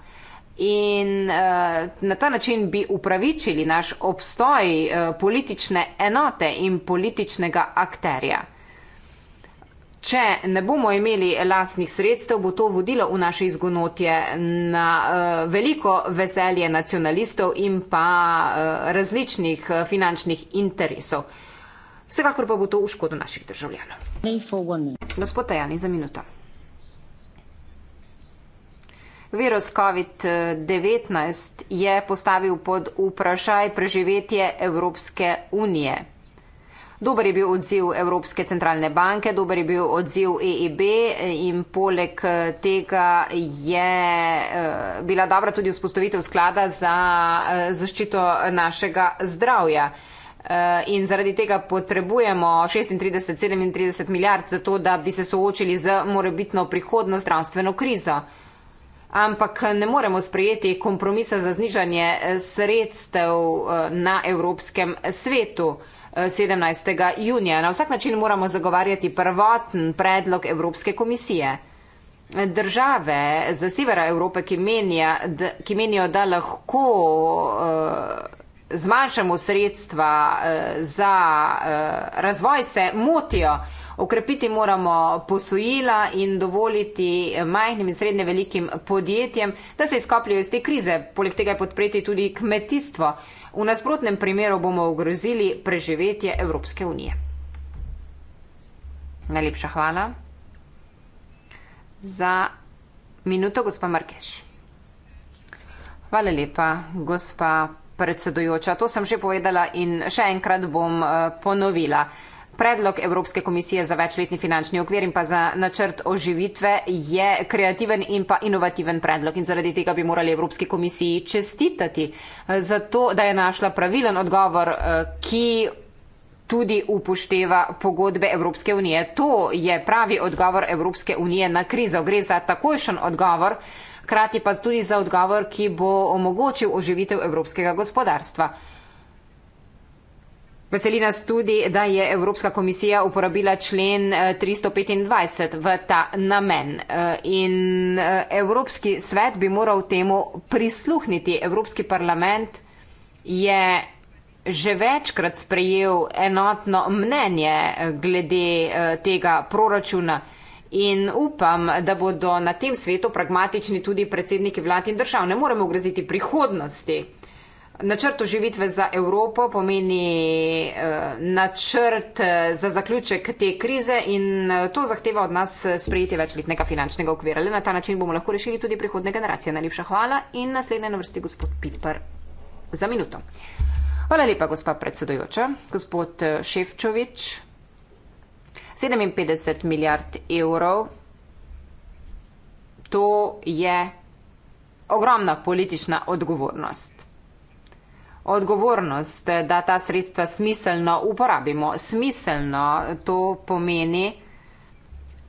In uh, na ta način bi upravičili naš obstoj uh, politične enote in političnega akterja. Če ne bomo imeli lastnih sredstev, bo to vodilo v naše izgonotje na uh, veliko veselje nacionalistov in pa uh, različnih uh, finančnih interesov. Vsekakor pa bo to v škodo naših državljanov. Gospod Tajani, za minuto. Virus COVID-19 je postavil pod vprašaj preživetje Evropske unije. Dober je bil odziv Evropske centralne banke, dober je bil odziv EIB in poleg eh, tega je eh, bila dobra tudi vzpostavitev sklada za eh, zaščito našega zdravja. In zaradi tega potrebujemo 36-37 milijard za to, da bi se soočili z morebitno prihodno zdravstveno krizo ampak ne moremo sprejeti kompromisa za znižanje eh, sredstev eh, na Evropskem svetu. 17. Eh, junija. Na vsak način moramo zagovarjati prvoten predlog Evropske komisije. Države za severa Evrope, ki, menja, da, ki menijo, da lahko uh, zmanjšamo sredstva uh, za uh, razvoj, se motijo. Okrepiti moramo posojila in dovoliti majhnim in srednje velikim podjetjem, da se izkopljajo iz te krize. Poleg tega je podpreti tudi kmetijstvo. V nasprotnem primeru bomo ogrozili preživetje Evropske unije. Najlepša hvala za minuto, gospa Markeš. Hvala lepa, gospa predsedujoča. To sem že povedala in še enkrat bom eh, ponovila predlog Evropske komisije za večletni finančni okvir in pa za načrt oživitve je kreativen in pa inovativen predlog in zaradi tega bi morali Evropski komisiji čestitati eh, za to, da je našla pravilen odgovor, eh, ki tudi upošteva pogodbe Evropske unije. To je pravi odgovor Evropske unije na krizo. Gre za takojšen odgovor, krati pa tudi za odgovor, ki bo omogočil oživitev evropskega gospodarstva. Veseli nas tudi, da je Evropska komisija uporabila člen 325 eh, v ta namen. Eh, in eh, Evropski svet bi moral temu prisluhniti. Evropski parlament je že večkrat sprejel enotno mnenje glede tega proračuna in upam, da bodo na tem svetu pragmatični tudi predsedniki vlad in držav. Ne moremo ogroziti prihodnosti. Načrt oživitve za Evropo pomeni eh, načrt eh, za zaključek te krize in eh, to zahteva od nas sprejeti večletnega finančnega okvira. Le na ta način bomo lahko rešili tudi prihodne generacije. Najlepša hvala in naslednje na vrsti gospod Piper za minuto. Hvala lepa, gospa predsedojoča. Gospod Ševčovič, 57 milijard evrov, to je ogromna politična odgovornost odgovornost, da ta sredstva smiselno uporabimo. Smiselno to pomeni,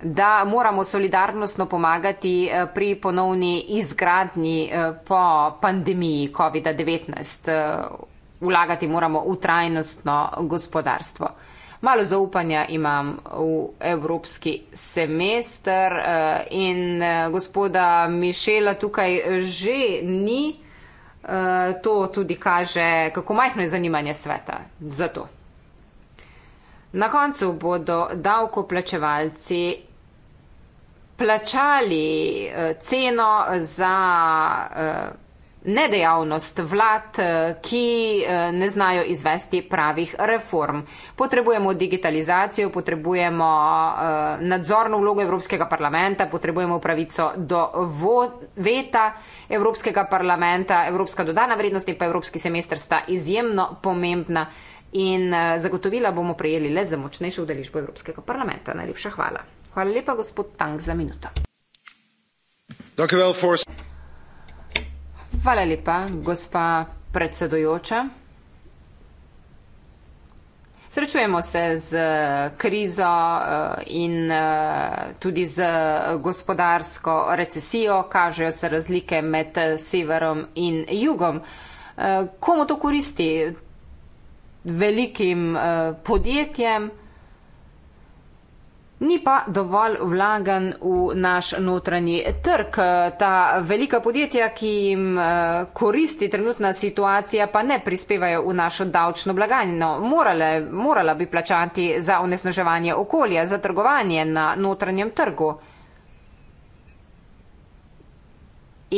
da moramo solidarnostno pomagati eh, pri ponovni izgradnji eh, po pandemiji COVID-19. Eh, vlagati moramo v trajnostno gospodarstvo. Malo zaupanja imam v evropski semester in gospoda Mišela tukaj že ni. Eh, to tudi kaže, kako majhno je zanimanje sveta za to. Na koncu bodo davkoplačevalci plačali eh, ceno za eh, nedejavnost vlad, eh, ki eh, ne znajo izvesti pravih reform. Potrebujemo digitalizacijo, potrebujemo eh, nadzorno vlogo Evropskega parlamenta, potrebujemo pravico do veta Evropskega parlamenta, Evropska dodana vrednost in pa Evropski semester sta izjemno pomembna in zagotovila bomo prejeli le za močnejšo udeležbo Evropskega parlamenta. Najlepša hvala. Hvala lepa, gospod Tank, za minuto. Dankjewel, voorzitter. Hvala lepa, gospa predsedujoča. Srečujemo se z krizo eh, in eh, tudi z gospodarsko recesijo, kažejo se razlike med eh, severom in jugom. Komu to koristi? Velikim podjetjem? ni pa dovolj vlagan v naš notranji trg. Ta velika podjetja, ki jim eh, koristi trenutna situacija, pa ne prispevajo v našo davčno blagajno. Morale, morala bi plačati za onesnaževanje okolja, za trgovanje na notranjem trgu.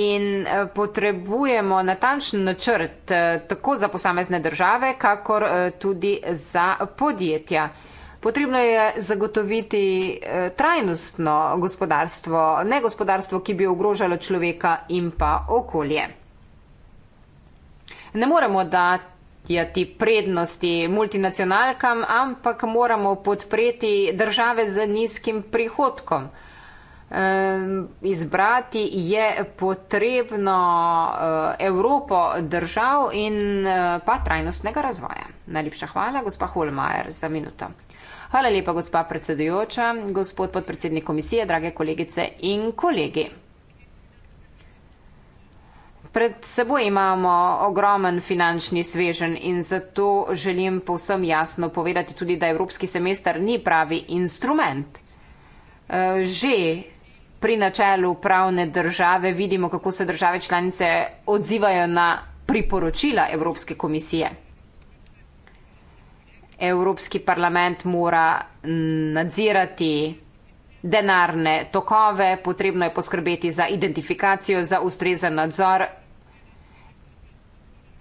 In eh, potrebujemo natančen načrt eh, tako za posamezne države, kakor tudi za podjetja. Potrebno je zagotoviti eh, trajnostno gospodarstvo, ne gospodarstvo, ki bi ogrožalo človeka in pa okolje. Ne moremo dati prednosti multinacionalkam, ampak moramo podpreti države z nizkim prihodkom. Izbrati je potrebno eh, Evropo držav in eh, pa trajnostnega razvoja. Najlepša hvala, gospa Holmajer, za minuto. Hvala lepa, gospa predsedujoča, gospod podpredsednik komisije, drage kolegice in kolegi. Pred seboj imamo ogromen finančni svežen in zato želim povsem jasno povedati tudi, da evropski semester ni pravi instrument. Eh, že pri načelu pravne države vidimo, kako se države članice odzivajo na priporočila Evropske komisije. Evropski parlament mora nadzirati denarne tokove, potrebno je poskrbeti za identifikacijo, za ustrezen nadzor.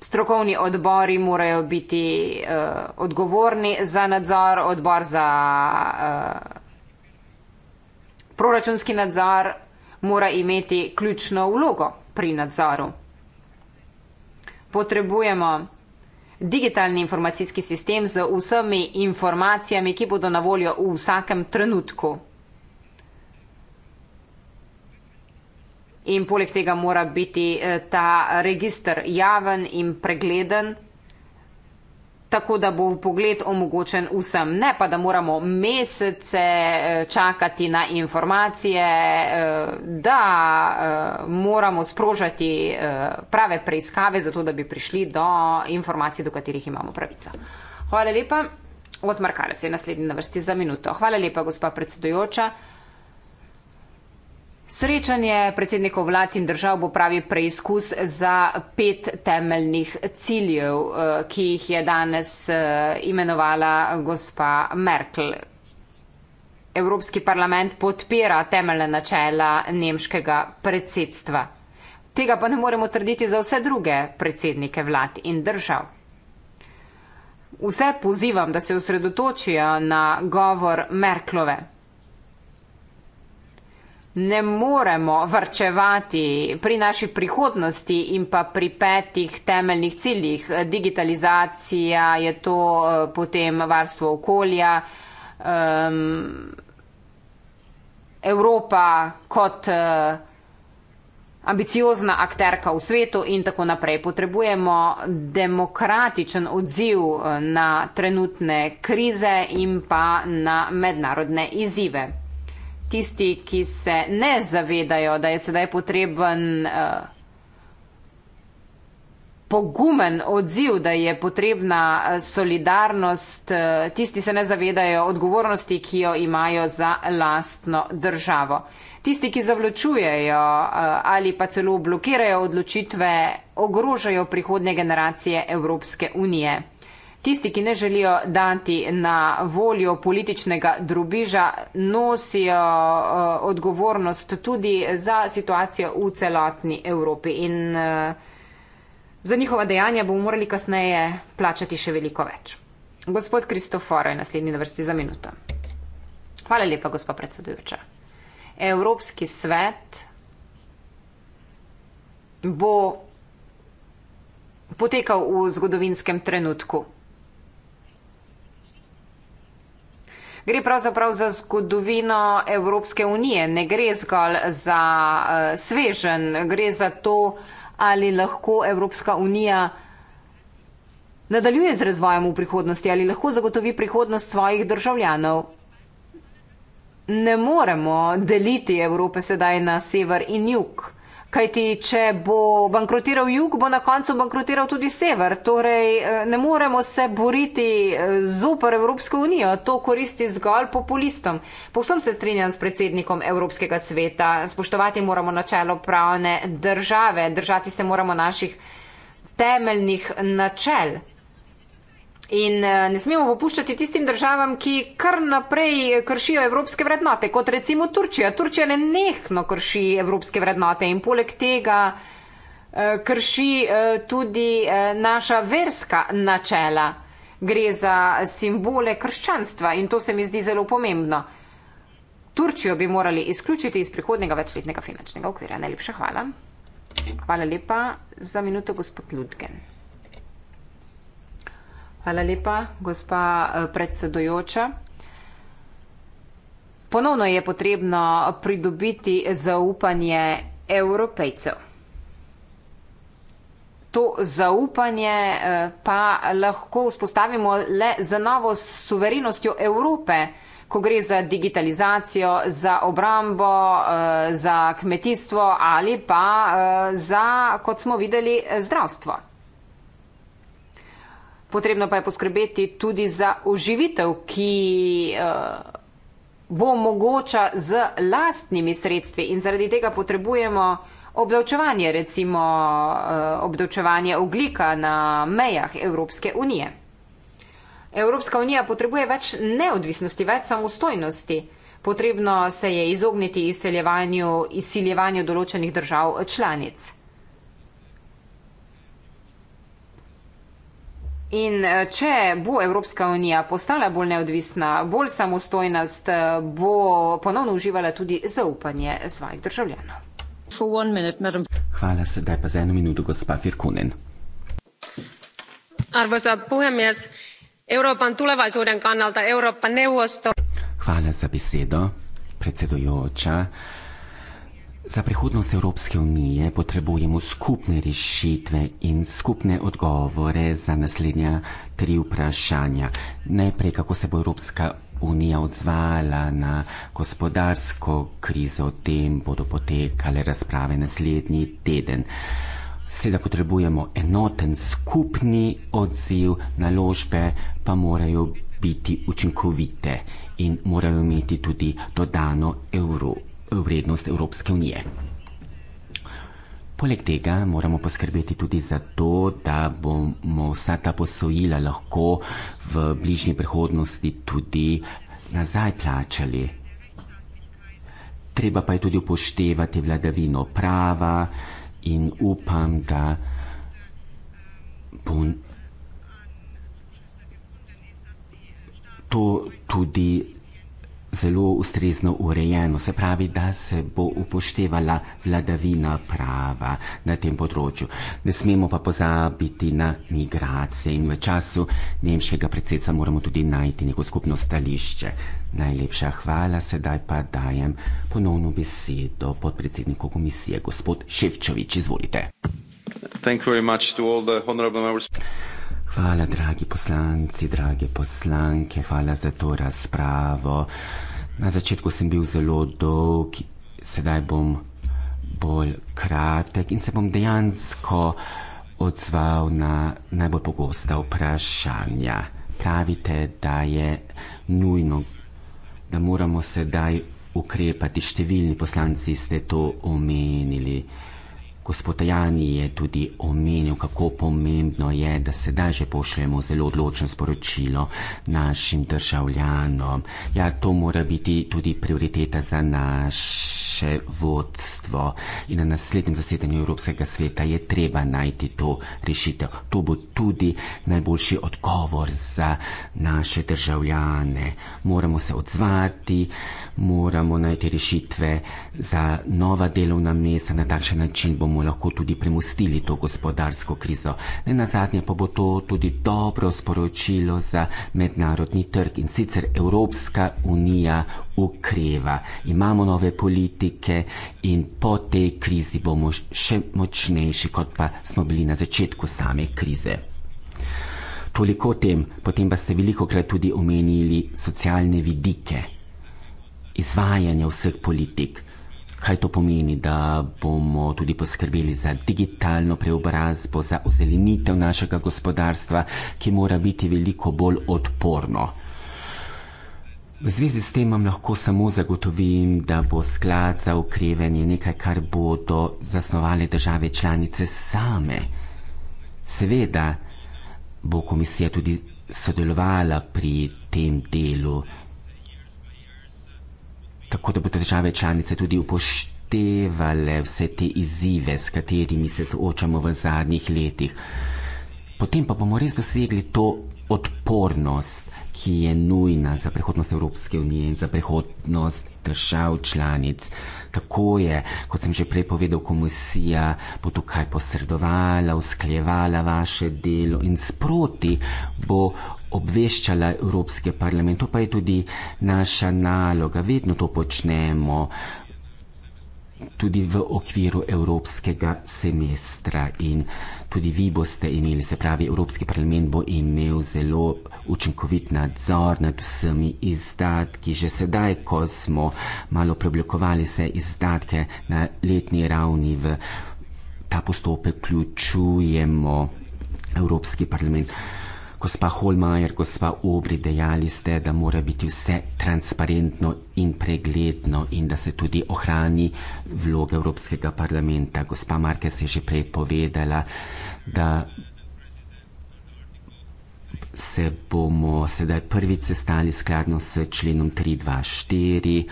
Strokovni odbori morajo biti uh, odgovorni za nadzor, odbor za uh, proračunski nadzor mora imeti ključno vlogo pri nadzoru. Potrebujemo digitalni informacijski sistem z vsemi informacijami, ki bodo na voljo v vsakem trenutku. In poleg tega mora biti eh, ta registr javen in pregleden tako da bo pogled omogočen vsem, ne pa da moramo mesece eh, čakati na informacije, eh, da eh, moramo sprožati prave preiskave, zato da bi prišli do informacij, do katerih imamo pravico. Hvala lepa. Odmarkar se je naslednji na vrsti za minuto. Hvala lepa, gospa predsedujoča. Srečanje predsednikov vlad in držav bo pravi preizkus za pet temeljnih ciljev, eh, ki jih je danes eh, imenovala gospa Merkel. Evropski parlament podpira temeljne načela nemškega predsedstva. Tega pa ne moremo trditi za vse druge predsednike vlad in držav. Vse pozivam, da se osredotočijo na govor Merklove ne moremo vrčevati pri naši prihodnosti in pa pri petih temeljnih ciljih. Digitalizacija je to eh, potem varstvo okolja. Um, Evropa kot uh, ambiciozna akterka v svetu in tako naprej. Potrebujemo demokratičen odziv eh, na trenutne krize in pa na mednarodne izzive tisti, ki se ne zavedajo, da je sedaj potreben eh, pogumen odziv, da je potrebna eh, solidarnost, eh, tisti se ne zavedajo odgovornosti, ki jo imajo za lastno državo. Tisti, ki zavlačujejo ali pa celo blokirajo odločitve, ogrožajo prihodnje generacije Evropske unije. Tisti, ki ne želijo dati na voljo političnega drubiža, nosijo eh, odgovornost tudi za situacijo v celotni Evropi. In eh, za njihova dejanja bomo morali kasneje plačati še veliko več. Gospod Kristofor je naslednji na vrsti za minuto. Hvala lepa, gospa predsedujoča. Evropski svet bo potekal v zgodovinskem trenutku. gre pravzaprav za zgodovino Evropske unije, ne gre zgolj za uh, svežen, gre za to, ali lahko Evropska unija nadaljuje z razvojem v prihodnosti, ali lahko zagotovi prihodnost svojih državljanov. Ne moremo deliti Evrope sedaj na sever in jug. Kajti, če bo bankrotiral jug, bo na koncu bankrotiral tudi sever. Torej, eh, ne moremo se boriti eh, zoper Evropsko unijo, to koristi zgolj populistom. Povsem se strinjam s predsednikom Evropskega sveta. Spoštovati moramo načelo pravne države, držati se moramo naših temeljnih načel. In eh, ne smemo popuščati tistim državam, ki kar naprej kršijo evropske vrednote, kot recimo Turčija. Turčija ne nekno krši evropske vrednote in poleg tega eh, krši eh, tudi naša verska načela. Gre za simbole krščanstva in to se mi zdi zelo pomembno. Turčijo bi morali izključiti iz prihodnega večletnega finančnega okvira. Najlepša hvala. Hvala lepa za minuto, gospod Ludgen. Hvala lepa, gospa eh, predsedujoča. Ponovno je potrebno pridobiti zaupanje evropejcev. To zaupanje eh, pa lahko vzpostavimo le za novo suverenostjo Evrope, ko gre za digitalizacijo, za obrambo, eh, za kmetijstvo ali pa za, kot smo videli, zdravstvo potrebno pa je poskrbeti tudi za oživitev, ki eh, bo mogoča z lastnimi sredstvi in zaradi tega potrebujemo obdavčevanje, recimo eh, obdavčevanje oglika na mejah Evropske unije. Evropska unija potrebuje več neodvisnosti, več samostojnosti. Potrebno se je izogniti izsiljevanju določenih držav eh, članic. In eh, če bo Evropska unija postala bolj neodvisna, bolj samostojnost, eh, bo ponovno uživala tudi zaupanje svojih državljanov. Minute, Hvala, sedaj pa za eno minuto, gospa Firkunen. Arvoisa puhemies, Euroopan tulevaisuuden kannalta Eurooppa neuvosto. Hvala za besedo, predsedujoča. Za prihodnost Evropske unije potrebujemo skupne rešitve in skupne odgovore za naslednja tri vprašanja. Najprej, kako se bo Evropska unija odzvala na gospodarsko krizo, o tem bodo potekale razprave naslednji teden. Seveda potrebujemo enoten skupni odziv, naložbe pa morajo biti učinkovite in morajo imeti tudi dodano Evropo vrednost Evropske unije. Poleg tega moramo poskrbeti tudi za to, da bomo vsa ta posojila lahko v bližnji prihodnosti tudi nazaj plačali. Treba pa je tudi upoštevati vladavino prava in upam, da bo to tudi zelo ustrezno urejeno, se pravi, da se bo upoštevala vladavina prava na tem področju. Ne smemo pa pozabiti na migracije in v času nemškega predsedca moramo tudi najti neko skupno stališče. Najlepša hvala, sedaj pa dajem ponovno besedo podpredsedniku komisije, gospod Ševčovič, izvolite. Thank you very much to all the honorable members. Hvala, dragi poslanci, drage poslanke, hvala za to razpravo. Na začetku sem bil zelo dolg, sedaj bom bolj kratek in se bom dejansko odzval na najbolj pogosta vprašanja. Pravite, da je nujno, da moramo sedaj ukrepati, številni poslanci ste to omenili. Gospod Jani je tudi omenil, kako pomembno je, da sedaj že pošljemo zelo odločno sporočilo našim državljanom. Ja, to mora biti tudi prioriteta za naše vodstvo in na naslednjem zasedanju Evropskega sveta je treba najti to rešitev. To bo tudi najboljši odgovor za naše državljane. Moramo se odzvati, moramo najti rešitve za nova delovna mesta, na takšen način bomo bomo lahko tudi premustili to gospodarsko krizo. Ne nazadnje pa bo to tudi dobro sporočilo za mednarodni trg in sicer Evropska unija ukreva. Imamo nove politike in po tej krizi bomo še močnejši, kot pa smo bili na začetku same krize. Toliko o tem, potem pa ste veliko krat tudi omenili socialne vidike izvajanja vseh politik kaj to pomeni, da bomo tudi poskrbeli za digitalno preobrazbo, za ozelenitev našega gospodarstva, ki mora biti veliko bolj odporno. V zvezi s tem vam lahko samo zagotovim, da bo sklad za ukrevanje nekaj, kar bodo zasnovali države članice same. Seveda bo komisija tudi sodelovala pri tem delu tako da bodo države članice tudi upoštevale vse te izzive, s katerimi se soočamo v zadnjih letih. Potem pa bomo res dosegli to odpornost, ki je nujna za prihodnost Evropske unije in za prihodnost držav članic. Tako je, kot sem že prej povedal, komisija bo tukaj posredovala, usklejevala vaše delo in sproti bo obveščala Evropski parlament. To pa je tudi naša naloga, vedno to počnemo tudi v okviru Evropskega semestra in tudi vi boste imeli, se pravi, Evropski parlament bo imel zelo učinkovit nadzor nad vsemi izdatki. Že sedaj, ko smo malo preoblikovali se izdatke na letni ravni v ta postopek, ključujemo Evropski parlament. Gospa Holmajer, gospa Obri, dejali ste, da mora biti vse transparentno in pregledno in da se tudi ohrani vloga Evropskega parlamenta. Gospa Markes je že prej povedala, da se bomo sedaj prvič sestali skladno s členom 324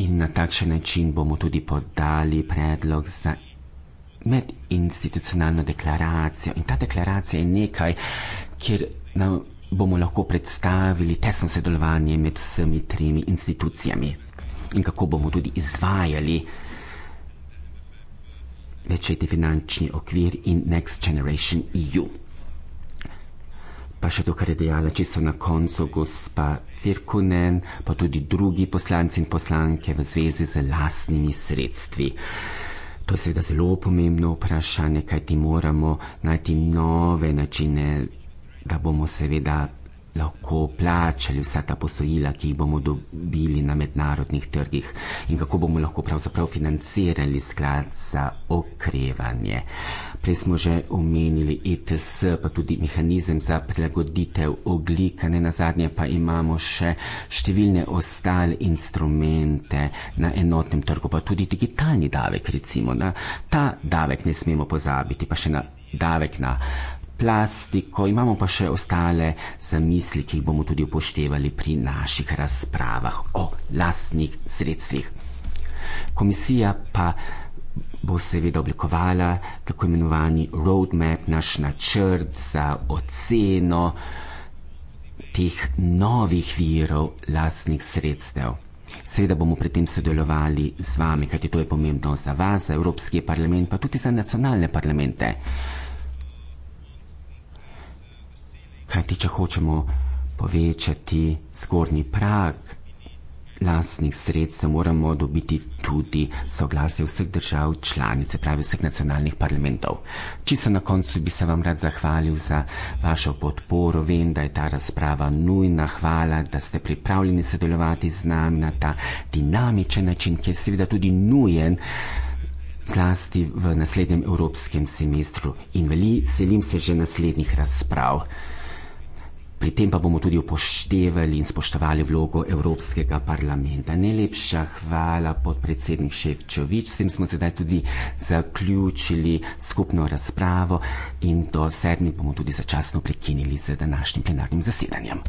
in na takšen način bomo tudi podali predlog za medinstitucionalno deklaracijo. In ta deklaracija je nekaj, kjer nam bomo lahko predstavili tesno sodelovanje med vsemi tremi institucijami in kako bomo tudi izvajali večji finančni okvir in Next Generation EU. Pa še to, kar je dejala čisto na koncu gospa Firkunen, pa tudi drugi poslanci in poslanke v zvezi z lasnimi sredstvi. To je seveda zelo pomembno vprašanje, kaj ti moramo najti nove načine, da bomo seveda lahko plačali vsa ta posojila, ki jih bomo dobili na mednarodnih trgih in kako bomo lahko pravzaprav financirali sklad za okrevanje. Prej smo že omenili ETS, pa tudi mehanizem za prilagoditev oglika, ne nazadnje pa imamo še številne ostale instrumente na enotnem trgu, pa tudi digitalni davek, recimo na ta davek ne smemo pozabiti, pa še na davek na plastiko, imamo pa še ostale zamisli, ki jih bomo tudi upoštevali pri naših razpravah o lastnih sredstvih. Komisija pa bo seveda oblikovala tako imenovani roadmap, naš načrt za oceno teh novih virov lastnih sredstev. Seveda bomo pri tem sodelovali z vami, kajti to je pomembno za vas, za Evropski parlament, pa tudi za nacionalne parlamente. Kajti, če hočemo povečati zgornji prag lastnih sredstev, moramo dobiti tudi soglasje vseh držav članic, se pravi vseh nacionalnih parlamentov. Čisto na koncu bi se vam rad zahvalil za vašo podporo. Vem, da je ta razprava nujna. Hvala, da ste pripravljeni sodelovati z nami na ta dinamičen način, ki je seveda tudi nujen. Zlasti v naslednjem evropskem semestru in veli, selim se že naslednjih razprav. Pri tem pa bomo tudi upoštevali in spoštovali vlogo Evropskega parlamenta. Najlepša hvala podpredsednik Ševčovič. S tem smo sedaj tudi zaključili skupno razpravo in do sedmi bomo tudi začasno prekinili z današnjim plenarnim zasedanjem.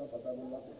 kapatabullah.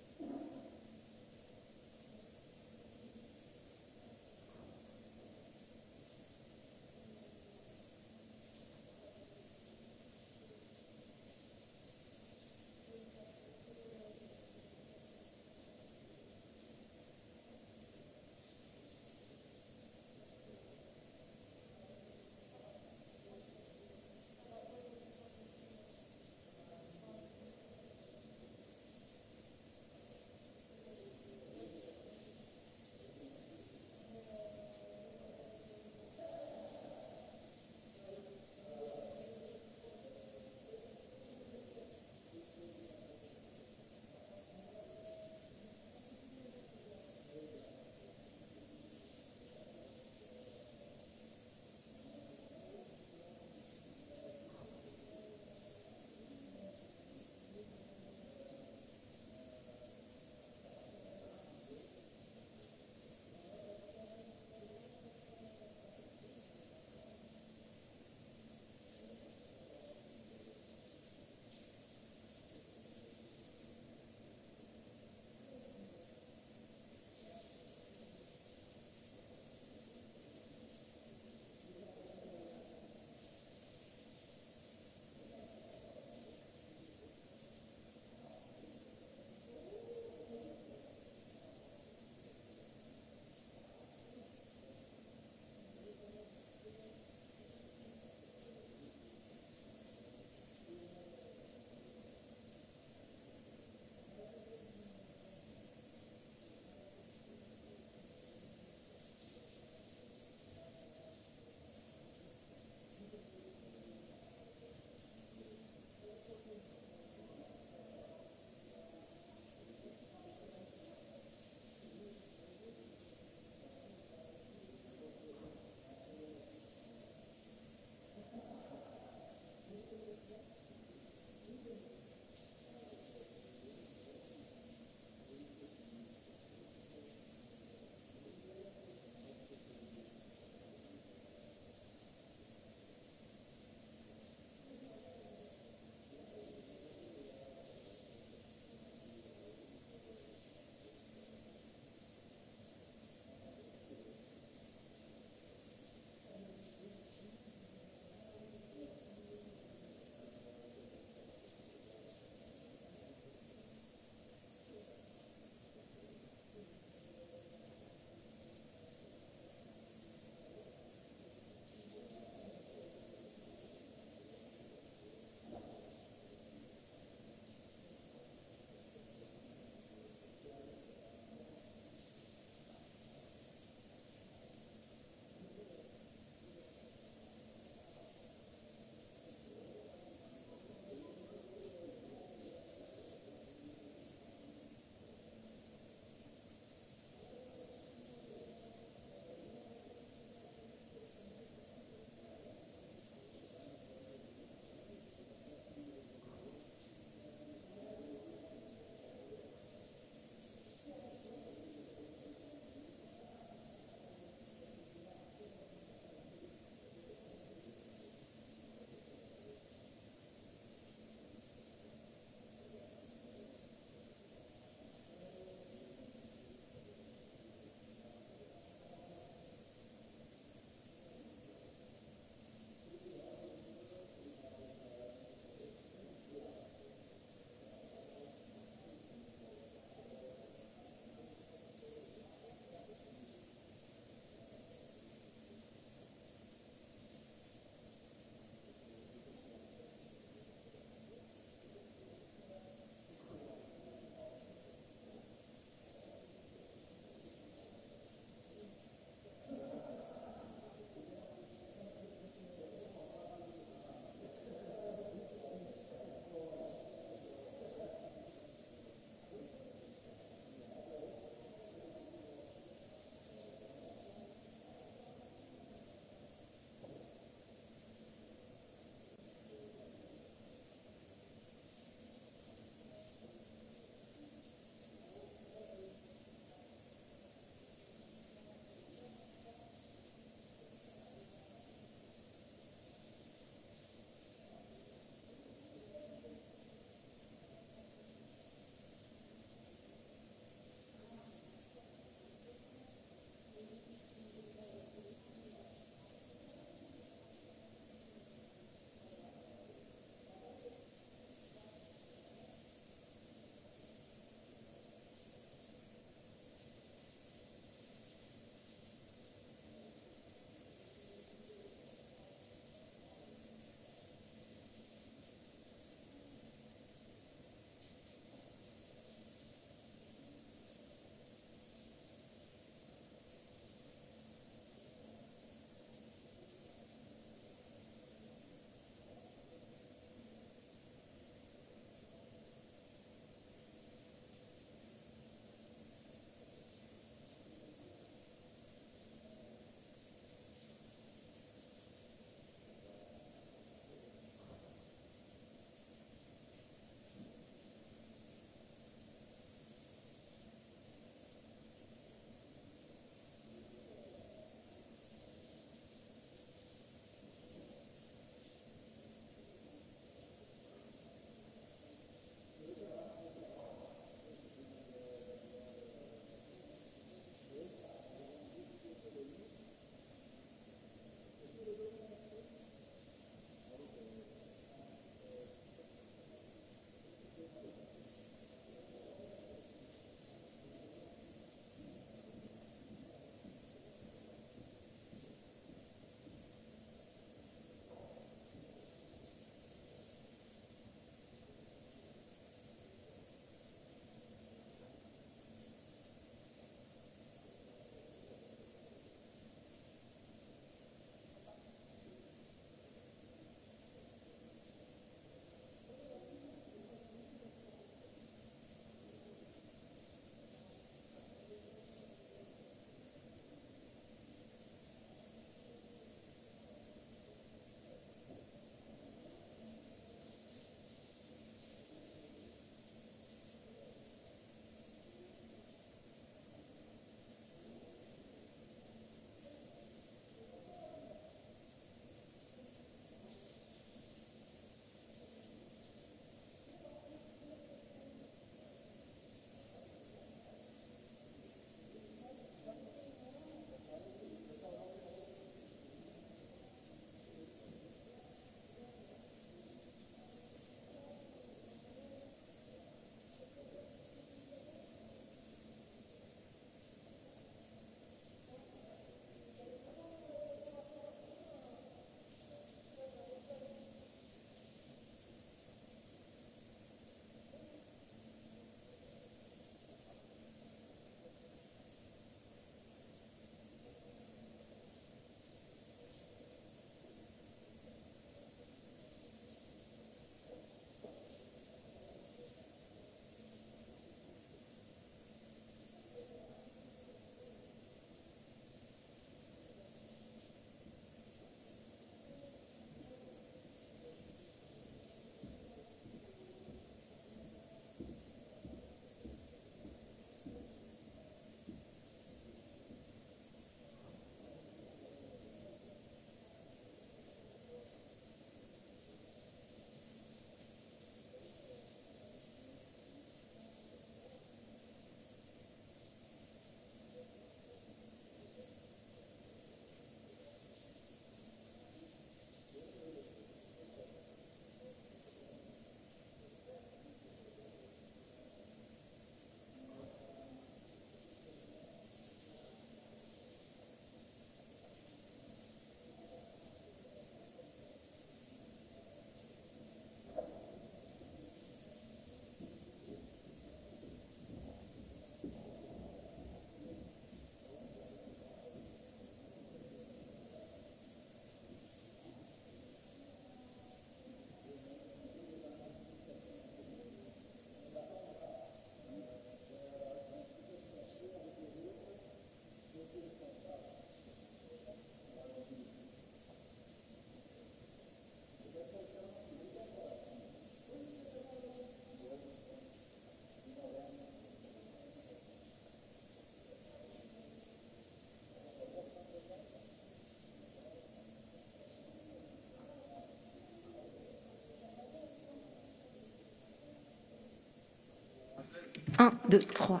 1, 2, 3.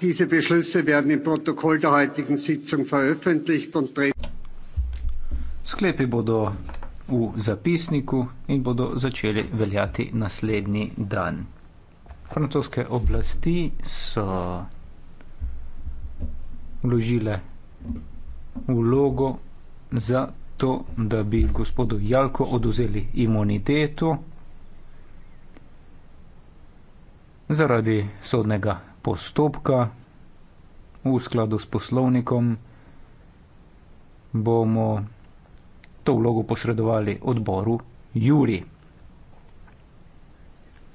Diese Beschlüsse werden im Protokoll der heutigen Sitzung veröffentlicht und Sklepi bodo v zapisniku in bodo začeli veljati naslednji dan. Francoske oblasti so vložile vlogo za to, da bi gospodu Jalko oduzeli imuniteto zaradi sodnega postopka v skladu s poslovnikom, bomo to vlogo posredovali odboru Juri.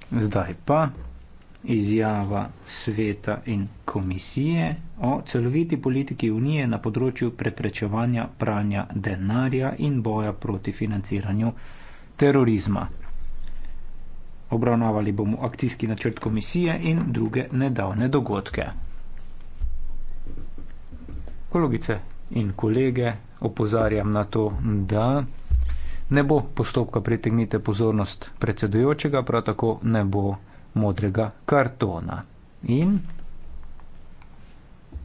Zdaj pa izjava sveta in komisije o celoviti politiki Unije na področju preprečevanja pranja denarja in boja proti financiranju terorizma. Obravnavali bomo akcijski načrt komisije in druge nedavne dogodke. Kolegice in kolege, opozarjam na to, da ne bo postopka pritegnite pozornost predsedujočega, prav tako ne bo modrega kartona. In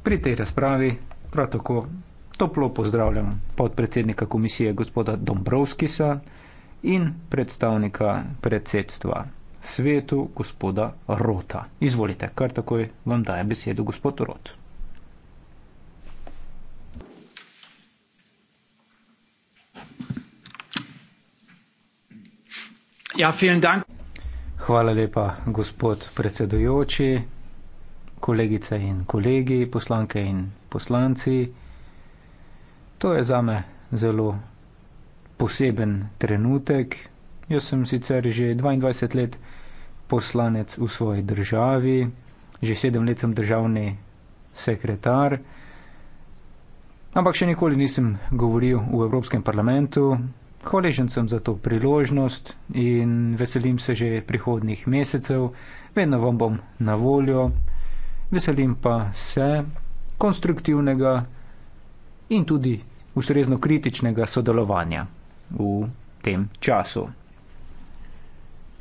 pri tej razpravi prav tako toplo pozdravljam podpredsednika komisije gospoda Dombrovskisa in predstavnika predsedstva svetu gospoda Rota. Izvolite, kar takoj vam daje besedo gospod Rot. Ja, dank. Hvala lepa, gospod predsedujoči, kolegice in kolegi, poslanke in poslanci. To je zame zelo poseben trenutek, Jaz sem sicer že 22 let poslanec v svoji državi, že 7 let sem državni sekretar, ampak še nikoli nisem govoril v Evropskem parlamentu. Hvaležen sem za to priložnost in veselim se že prihodnih mesecev, vedno vam bom na voljo. Veselim pa se konstruktivnega in tudi ustrezno kritičnega sodelovanja v tem času.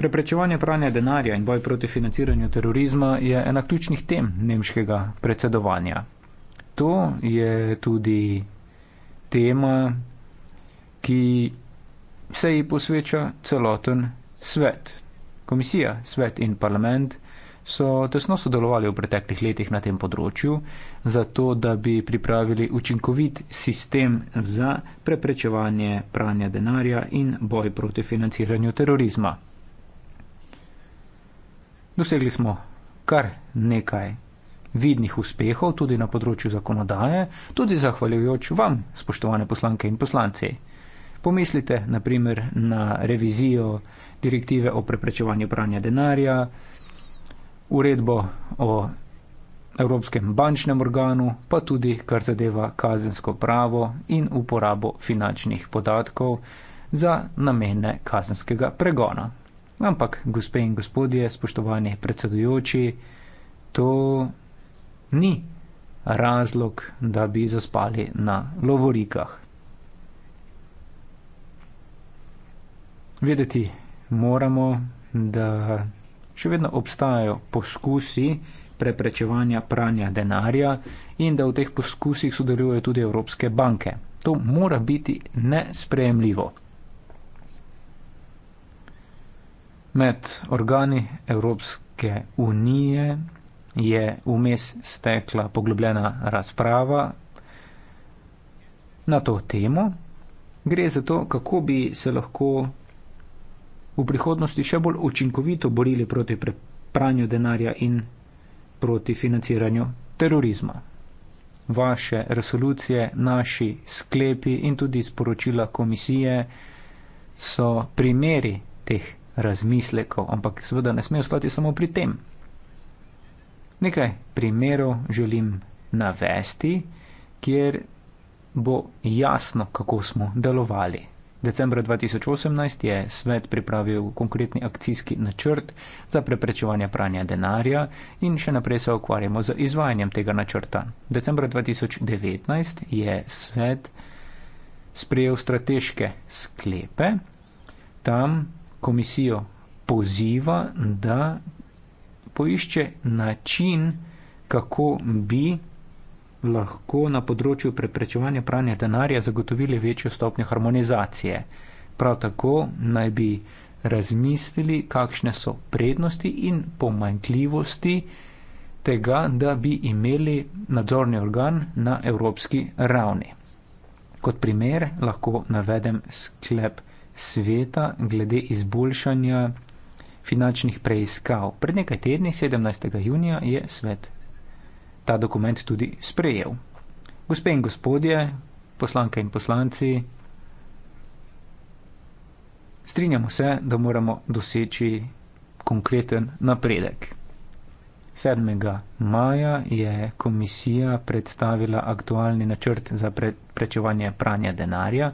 Preprečevanje pranja denarja in boj proti financiranju terorizma je ena ključnih tem nemškega predsedovanja. To je tudi tema, ki se ji posveča celoten svet. Komisija, svet in parlament so tesno sodelovali v preteklih letih na tem področju, zato da bi pripravili učinkovit sistem za preprečevanje pranja denarja in boj proti financiranju terorizma. Dosegli smo kar nekaj vidnih uspehov tudi na področju zakonodaje, tudi zahvaljujoč vam, spoštovane poslanke in poslanci. Pomislite naprimer na revizijo direktive o preprečevanju pranja denarja, uredbo o Evropskem bančnem organu, pa tudi kar zadeva kazensko pravo in uporabo finančnih podatkov za namene kazenskega pregona. Ampak, gospe in gospodje, spoštovani predsedujoči, to ni razlog, da bi zaspali na lovorikah. Vedeti moramo, da še vedno obstajajo poskusi preprečevanja pranja denarja in da v teh poskusih sodelujejo tudi evropske banke. To mora biti nespremljivo. Med organi Evropske unije je vmes stekla poglobljena razprava na to temo. Gre za to, kako bi se lahko v prihodnosti še bolj učinkovito borili proti pranju denarja in proti financiranju terorizma. Vaše resolucije, naši sklepi in tudi sporočila komisije so primeri teh razmislekov, ampak seveda ne sme ostati samo pri tem. Nekaj primerov želim navesti, kjer bo jasno, kako smo delovali. Decembra 2018 je svet pripravil konkretni akcijski načrt za preprečevanje pranja denarja in še naprej se ukvarjamo z izvajanjem tega načrta. Decembra 2019 je svet sprejel strateške sklepe, tam komisijo poziva, da poišče način, kako bi lahko na področju preprečevanja pranja denarja zagotovili večjo stopnjo harmonizacije. Prav tako naj bi razmislili, kakšne so prednosti in pomanjkljivosti tega, da bi imeli nadzorni organ na evropski ravni. Kot primer lahko navedem sklep sveta glede izboljšanja finančnih preiskav. Pred nekaj tedni, 17. junija, je svet ta dokument tudi sprejel. Gospe in gospodje, poslanke in poslanci, strinjamo se, da moramo doseči konkreten napredek. 7. maja je komisija predstavila aktualni načrt za pre prečevanje pranja denarja,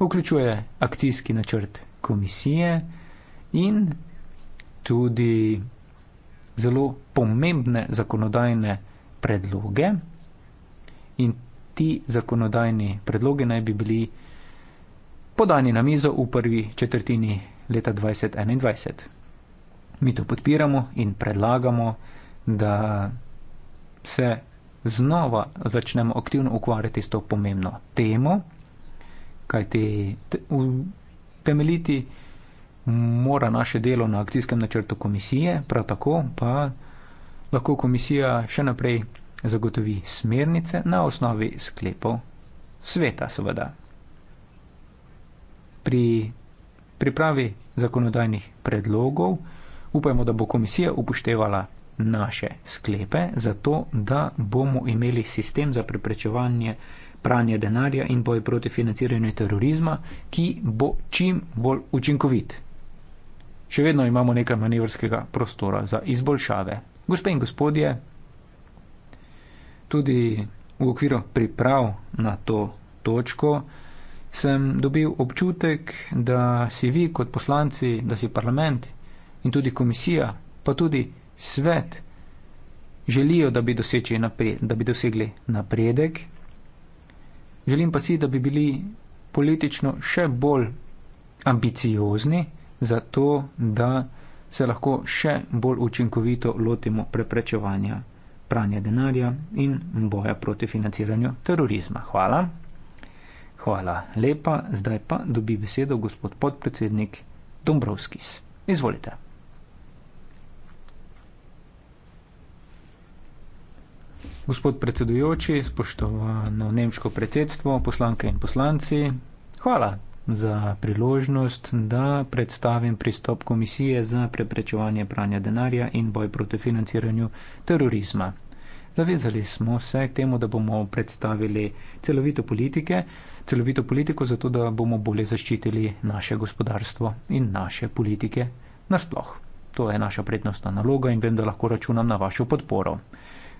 vključuje akcijski načrt komisije in tudi zelo pomembne zakonodajne predloge. In ti zakonodajni predloge naj bi bili podani na mizo v prvi četrtini leta 2021. Mi to podpiramo in predlagamo, da se znova začnemo aktivno ukvarjati s to pomembno temo kaj te temeljiti mora naše delo na akcijskem načrtu komisije, prav tako pa lahko komisija še naprej zagotovi smernice na osnovi sklepov sveta, seveda. Pri pripravi zakonodajnih predlogov upajmo, da bo komisija upoštevala naše sklepe, zato da bomo imeli sistem za preprečevanje pranje denarja in boj proti financiranju terorizma, ki bo čim bolj učinkovit. Še vedno imamo nekaj manevrskega prostora za izboljšave. Gospe in gospodje, tudi v okviru priprav na to točko sem dobil občutek, da si vi kot poslanci, da si parlament in tudi komisija, pa tudi svet želijo, da bi, napred, da bi dosegli napredek Želim pa si, da bi bili politično še bolj ambiciozni, zato da se lahko še bolj učinkovito lotimo preprečevanja pranja denarja in boja proti financiranju terorizma. Hvala. Hvala lepa. Zdaj pa dobi besedo gospod podpredsednik Dombrovskis. Izvolite. Gospod predsedujoči, spoštovano nemško predsedstvo, poslanke in poslanci, hvala za priložnost, da predstavim pristop Komisije za preprečevanje pranja denarja in boj proti financiranju terorizma. Zavezali smo se k temu, da bomo predstavili celovito, politike, celovito politiko, zato da bomo bolje zaščitili naše gospodarstvo in naše politike nasploh. To je naša prednostna naloga in vem, da lahko računam na vašo podporo.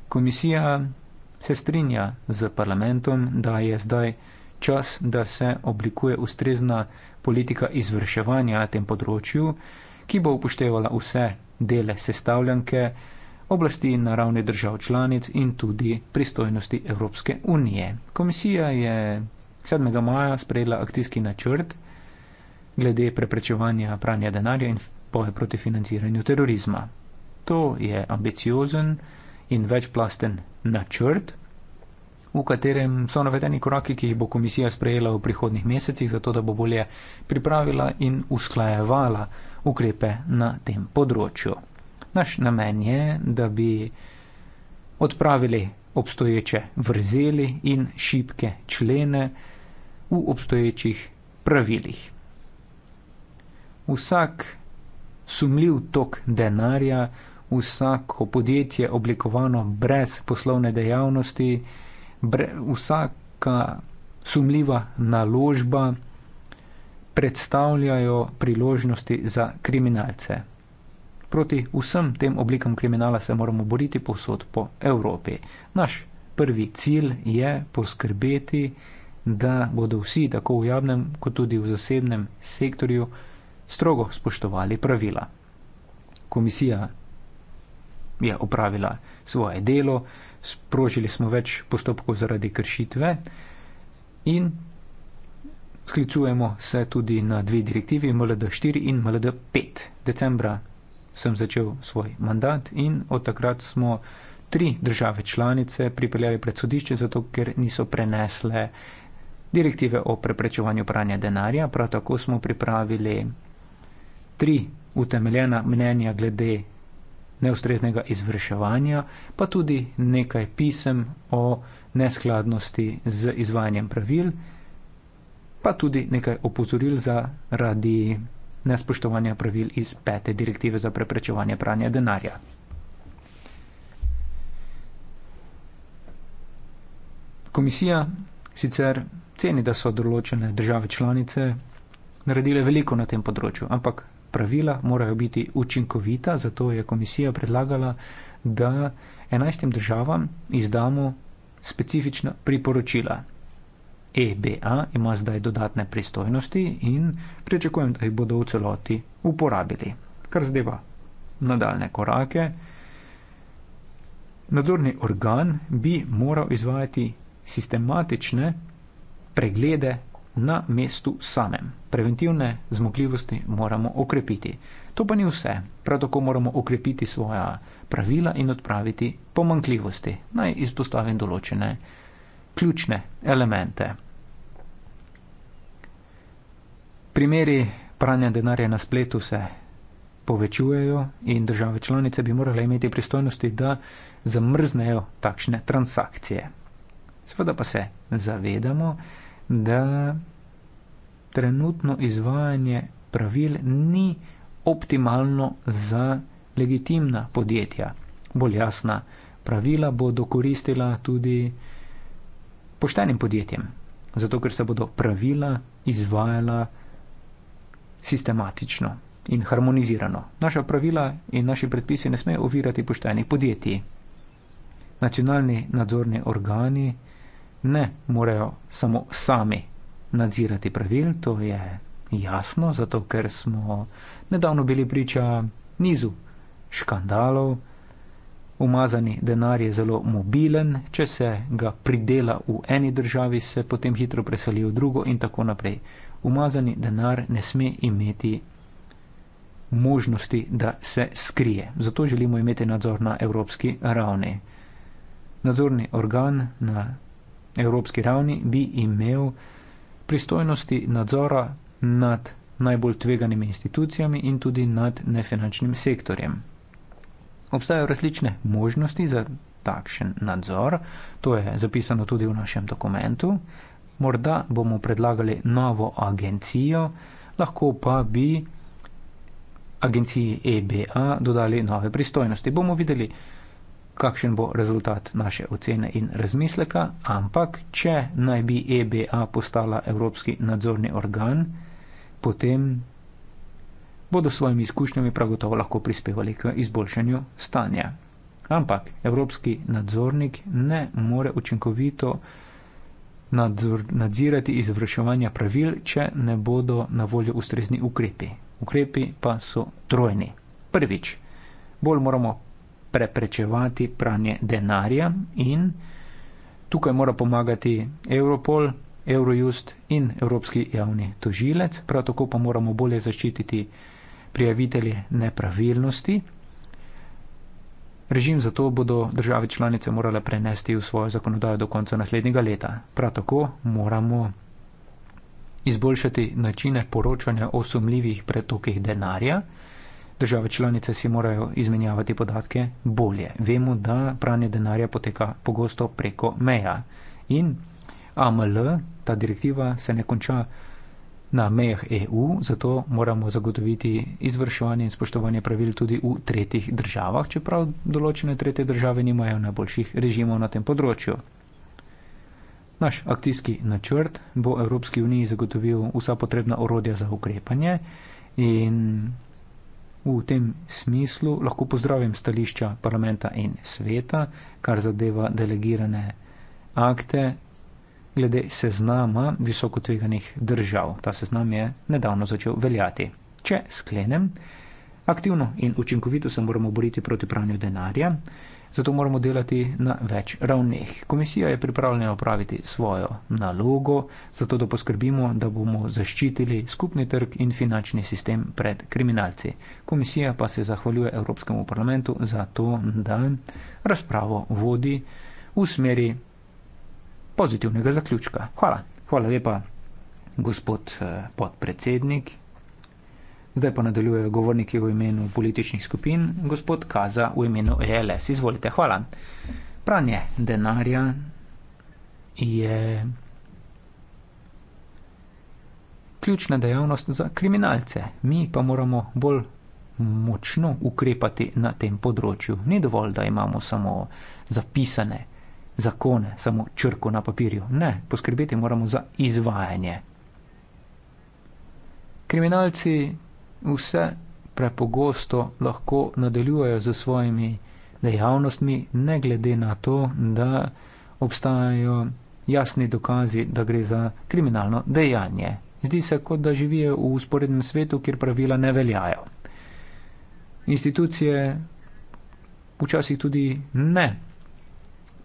Komisija se strinja z parlamentom, da je zdaj čas, da se oblikuje ustrezna politika izvrševanja na tem področju, ki bo upoštevala vse dele sestavljanke oblasti na ravni držav članic in tudi pristojnosti Evropske unije. Komisija je 7. maja sprejela akcijski načrt glede preprečevanja pranja denarja in boja proti financiranju terorizma. To je ambiciozen, in večplasten načrt, v katerem so navedeni koraki, ki jih bo komisija sprejela v prihodnih mesecih, zato da bo bolje pripravila in usklajevala ukrepe na tem področju. Naš namen je, da bi odpravili obstoječe vrzeli in šipke člene v obstoječih pravilih. Vsak sumljiv tok denarja vsako podjetje oblikovano brez poslovne dejavnosti, bre, vsaka sumljiva naložba predstavljajo priložnosti za kriminalce. Proti vsem tem oblikam kriminala se moramo boriti povsod po Evropi. Naš prvi cilj je poskrbeti, da bodo vsi, tako v javnem kot tudi v zasebnem sektorju, strogo spoštovali pravila. Komisija je opravila svoje delo, sprožili smo več postopkov zaradi kršitve in sklicujemo se tudi na dve direktivi, MLD 4 in MLD 5. Decembra sem začel svoj mandat in od takrat smo tri države članice pripeljali pred sodišče, zato ker niso prenesle direktive o preprečevanju pranja denarja. Prav tako smo pripravili tri utemeljena mnenja glede neustreznega izvrševanja, pa tudi nekaj pisem o neskladnosti z izvajanjem pravil, pa tudi nekaj opozoril zaradi nespoštovanja pravil iz pete direktive za preprečevanje pranja denarja. Komisija sicer ceni, da so določene države članice naredile veliko na tem področju, ampak pravila morajo biti učinkovita, zato je komisija predlagala, da 11 državam izdamo specifična priporočila. EBA ima zdaj dodatne pristojnosti in pričakujem, da jih bodo v celoti uporabili. Kar zdaj pa nadaljne korake. Nadzorni organ bi moral izvajati sistematične preglede na mestu samem preventivne zmogljivosti moramo okrepiti. To pa ni vse. Prav tako moramo okrepiti svoja pravila in odpraviti pomankljivosti. Naj izpostavim določene ključne elemente. Primeri pranja denarja na spletu se povečujejo in države članice bi morale imeti pristojnosti, da zamrznejo takšne transakcije. Sveda pa se zavedamo, da trenutno izvajanje pravil ni optimalno za legitimna podjetja. Bolj jasna pravila bodo koristila tudi poštenim podjetjem, zato ker se bodo pravila izvajala sistematično in harmonizirano. Naša pravila in naši predpisi ne smejo ovirati poštenih podjetij. Nacionalni nadzorni organi ne morejo samo sami nadzirati pravil, to je jasno, zato ker smo nedavno bili priča nizu škandalov. Umazani denar je zelo mobilen, če se ga pridela v eni državi, se potem hitro preseli v drugo in tako naprej. Umazani denar ne sme imeti možnosti, da se skrije. Zato želimo imeti nadzor na evropski ravni. Nadzorni organ na evropski ravni bi imel pristojnosti nadzora nad najbolj tveganimi institucijami in tudi nad nefinančnim sektorjem. Obstajajo različne možnosti za takšen nadzor, to je zapisano tudi v našem dokumentu. Morda bomo predlagali novo agencijo, lahko pa bi agenciji EBA dodali nove pristojnosti. Bomo videli, kakšen bo rezultat naše ocene in razmisleka, ampak če naj bi EBA postala Evropski nadzorni organ, potem bodo s svojimi izkušnjami prav gotovo lahko prispevali k izboljšanju stanja. Ampak Evropski nadzornik ne more učinkovito nadzor, nadzirati izvrševanja pravil, če ne bodo na voljo ustrezni ukrepi. Ukrepi pa so trojni. Prvič, bolj moramo preprečevati pranje denarja in tukaj mora pomagati Europol, Eurojust in Evropski javni tožilec, prav tako pa moramo bolje zaščititi prijavitelje nepravilnosti. Režim za to bodo države članice morale prenesti v svojo zakonodajo do konca naslednjega leta. Prav tako moramo izboljšati načine poročanja o sumljivih pretokih denarja, države članice si morajo izmenjavati podatke bolje. Vemo, da pranje denarja poteka pogosto preko meja. In AML, ta direktiva, se ne konča na mejah EU, zato moramo zagotoviti izvrševanje in spoštovanje pravil tudi v tretjih državah, čeprav določene tretje države nimajo najboljših režimov na tem področju. Naš akcijski načrt bo Evropski uniji zagotovil vsa potrebna orodja za ukrepanje in V tem smislu lahko pozdravim stališča parlamenta in sveta, kar zadeva delegirane akte glede seznama visoko tveganih držav. Ta seznam je nedavno začel veljati. Če sklenem, aktivno in učinkovito se moramo boriti proti pranju denarja. Zato moramo delati na več ravneh. Komisija je pripravljena opraviti svojo nalogo, zato da poskrbimo, da bomo zaščitili skupni trg in finančni sistem pred kriminalci. Komisija pa se zahvaljuje Evropskemu parlamentu za to, da razpravo vodi v smeri pozitivnega zaključka. Hvala. Hvala lepa, gospod eh, podpredsednik. Zdaj pa nadaljujejo govorniki v imenu političnih skupin, gospod Kaza v imenu ELS. Izvolite, hvala. Pranje denarja je ključna dejavnost za kriminalce. Mi pa moramo bolj močno ukrepati na tem področju. Ni dovolj, da imamo samo zapisane zakone, samo črko na papirju. Ne, poskrbeti moramo za izvajanje. Kriminalci vse prepogosto lahko nadaljujejo z svojimi dejavnostmi, ne glede na to, da obstajajo jasni dokazi, da gre za kriminalno dejanje. Zdi se, kot da živijo v usporednem svetu, kjer pravila ne veljajo. Institucije včasih tudi ne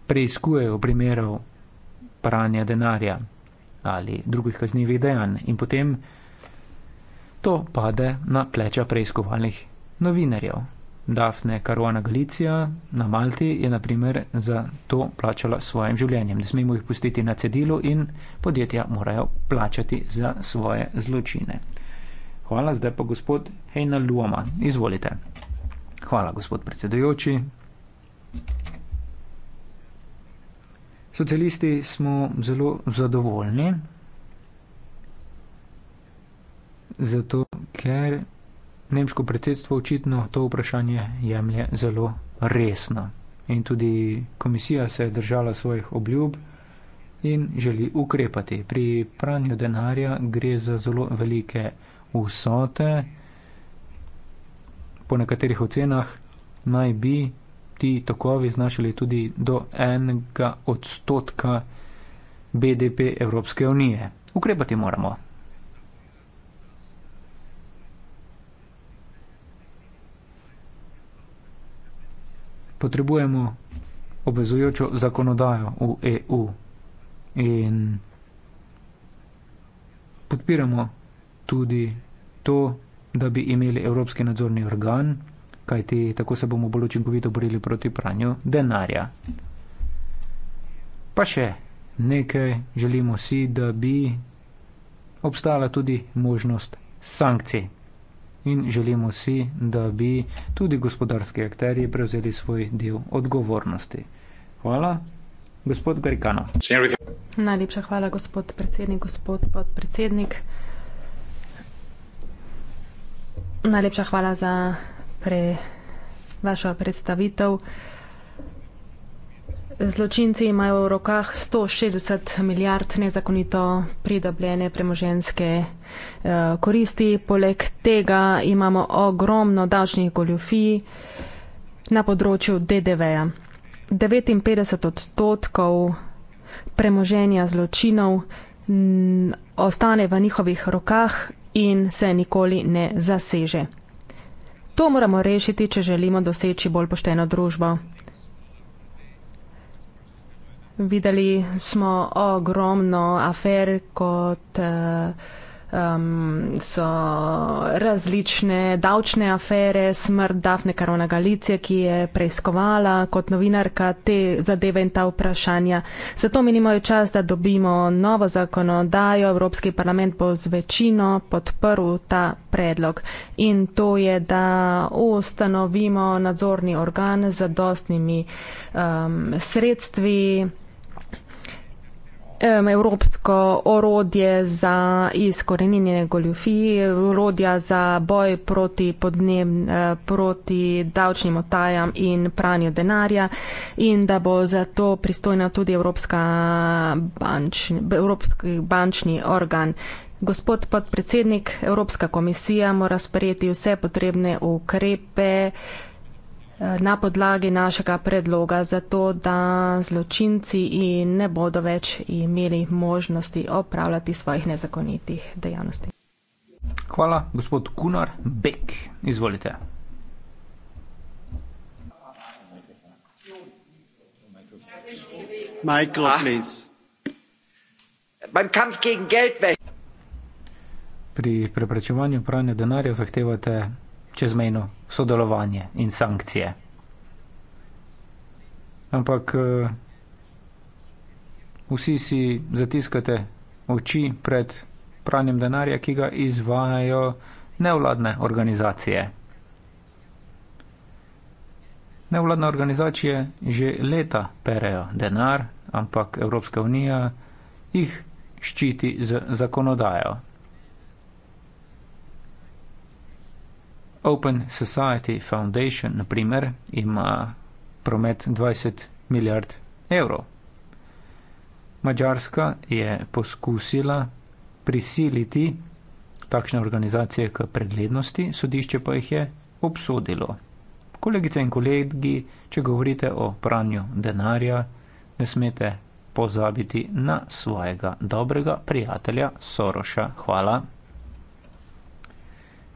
preizkujejo primerov pranja denarja ali drugih kaznjivih dejanj in potem To pade na pleča preiskovalnih novinarjev. Dafne Karuana Galicija na Malti je naprimer za to plačala svojim življenjem. Ne smemo jih pustiti na cedilu in podjetja morajo plačati za svoje zločine. Hvala, zdaj pa gospod Heina Luoma. Izvolite. Hvala, gospod predsedujoči. Socialisti smo zelo zadovoljni zato ker nemško predsedstvo očitno to vprašanje jemlje zelo resno. In tudi komisija se je držala svojih obljub in želi ukrepati. Pri pranju denarja gre za zelo velike vsote. Po nekaterih ocenah naj bi ti tokovi znašali tudi do enega odstotka BDP Evropske unije. Ukrepati moramo. potrebujemo obvezujočo zakonodajo v EU in podpiramo tudi to, da bi imeli Evropski nadzorni organ, kajti tako se bomo bolj učinkovito borili proti pranju denarja. Pa še nekaj želimo si, da bi obstala tudi možnost sankcij in želimo si, da bi tudi gospodarski akteri prevzeli svoj del odgovornosti. Hvala. Gospod Garikano. Najlepša hvala, gospod predsednik, gospod podpredsednik. Najlepša hvala za pre, vašo predstavitev. Zločinci imajo v rokah 160 milijard nezakonito pridobljene premoženske eh, koristi, poleg tega imamo ogromno davčnih goljufij na področju DDV-ja. 59 odstotkov premoženja zločinov mm, ostane v njihovih rokah in se nikoli ne zaseže. To moramo rešiti, če želimo doseči bolj pošteno družbo. Videli smo ogromno afer, kot um, so različne davčne afere, smrt Dafne Karona Galicije, ki je preiskovala kot novinarka te zadeve in ta vprašanja. Zato menimo je čas, da dobimo novo zakonodajo. Evropski parlament bo z večino podprl ta predlog. In to je, da ustanovimo nadzorni organ z dostnimi um, sredstvi um, evropsko orodje za izkoreninjenje goljufij, orodja za boj proti podnem, uh, proti davčnim otajam in pranju denarja in da bo za to pristojna tudi Evropska banč, Evropski bančni organ. Gospod podpredsednik, Evropska komisija mora sprejeti vse potrebne ukrepe na podlagi našega predloga za to, da zločinci ne bodo več imeli možnosti opravljati svojih nezakonitih dejavnosti. Hvala, gospod Kunar Bek. Izvolite. Michael, ah. Pri preprečevanju pranja denarja zahtevate čezmejno sodelovanje in sankcije. Ampak eh, vsi si zatiskate oči pred pranjem denarja, ki ga izvajajo nevladne organizacije. Nevladne organizacije že leta perejo denar, ampak Evropska unija jih ščiti z zakonodajo. Open Society Foundation, na primer, ima promet 20 milijard evrov. Mačarska je poskusila prisiliti takšne organizacije k preglednosti, sodišče pa jih je obsodilo. Kolegice in kolegi, če govorite o pranju denarja, ne smete pozabiti na svojega dobrega prijatelja Soroša. Hvala.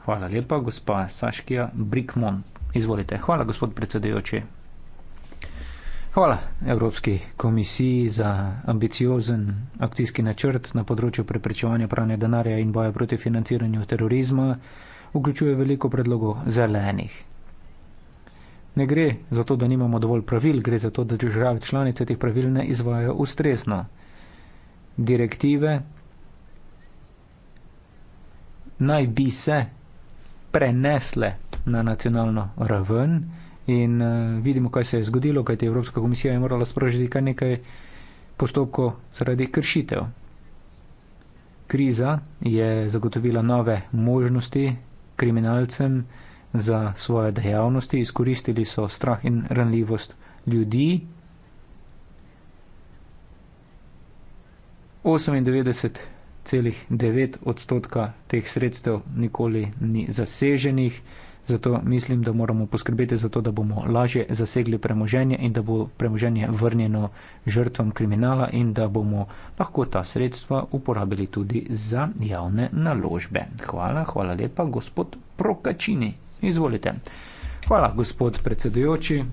Hvala lepa, gospa Saškija Brikmon. Izvolite. Hvala, gospod predsedujoči. Hvala Evropski komisiji za ambiciozen akcijski načrt na področju preprečevanja pranja denarja in boja proti financiranju terorizma, vključuje veliko predlogov zelenih. Ne gre za to, da nimamo dovolj pravil, gre za to, da države članice teh pravil ne izvajajo ustrezno. Direktive naj bi se prenesle na nacionalno raven in uh, vidimo, kaj se je zgodilo, kajti Evropska komisija je morala sprožiti kar nekaj postopkov zaradi kršitev. Kriza je zagotovila nove možnosti kriminalcem za svoje dejavnosti, izkoristili so strah in ranljivost ljudi. 98 2,9 odstotka teh sredstev nikoli ni zaseženih. Zato mislim, da moramo poskrbeti za to, da bomo lažje zasegli premoženje in da bo premoženje vrnjeno žrtvam kriminala in da bomo lahko ta sredstva uporabili tudi za javne naložbe. Hvala, hvala lepa, gospod Prokačini. Izvolite. Hvala, gospod predsedujoči.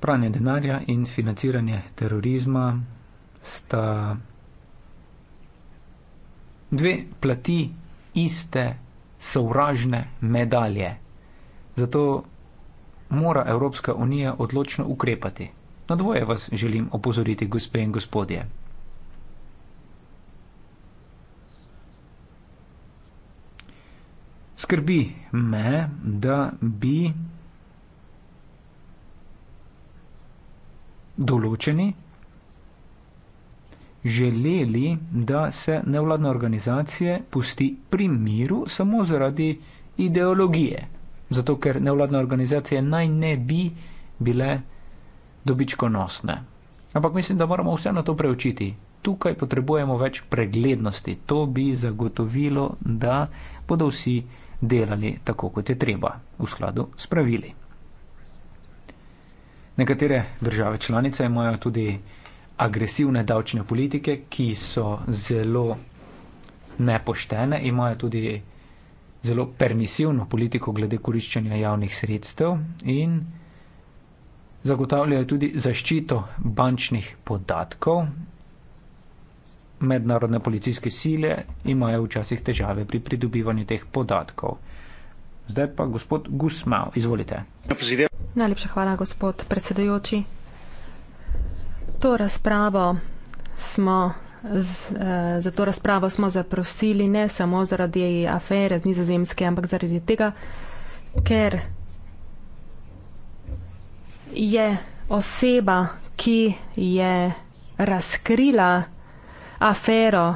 pranje denarja in financiranje terorizma sta dve plati iste sovražne medalje. Zato mora Evropska unija odločno ukrepati. Na dvoje vas želim opozoriti, gospe in gospodje. Skrbi me, da bi določeni želeli, da se nevladne organizacije pusti pri miru samo zaradi ideologije. Zato, ker nevladne organizacije naj ne bi bile dobičkonosne. Ampak mislim, da moramo vseeno to preučiti. Tukaj potrebujemo več preglednosti. To bi zagotovilo, da bodo vsi delali tako, kot je treba, v skladu s pravili. Nekatere države članice imajo tudi agresivne davčne politike, ki so zelo nepoštene, imajo tudi zelo permisivno politiko glede koriščenja javnih sredstev in zagotavljajo tudi zaščito bančnih podatkov. Mednarodne policijske sile imajo včasih težave pri pridobivanju teh podatkov. Zdaj pa gospod Gusmao, izvolite. Prezident. Najlepša hvala, gospod predsedujoči. To razpravo smo z, eh, za to razpravo smo zaprosili ne samo zaradi afere z nizozemske, ampak zaradi tega, ker je oseba, ki je razkrila afero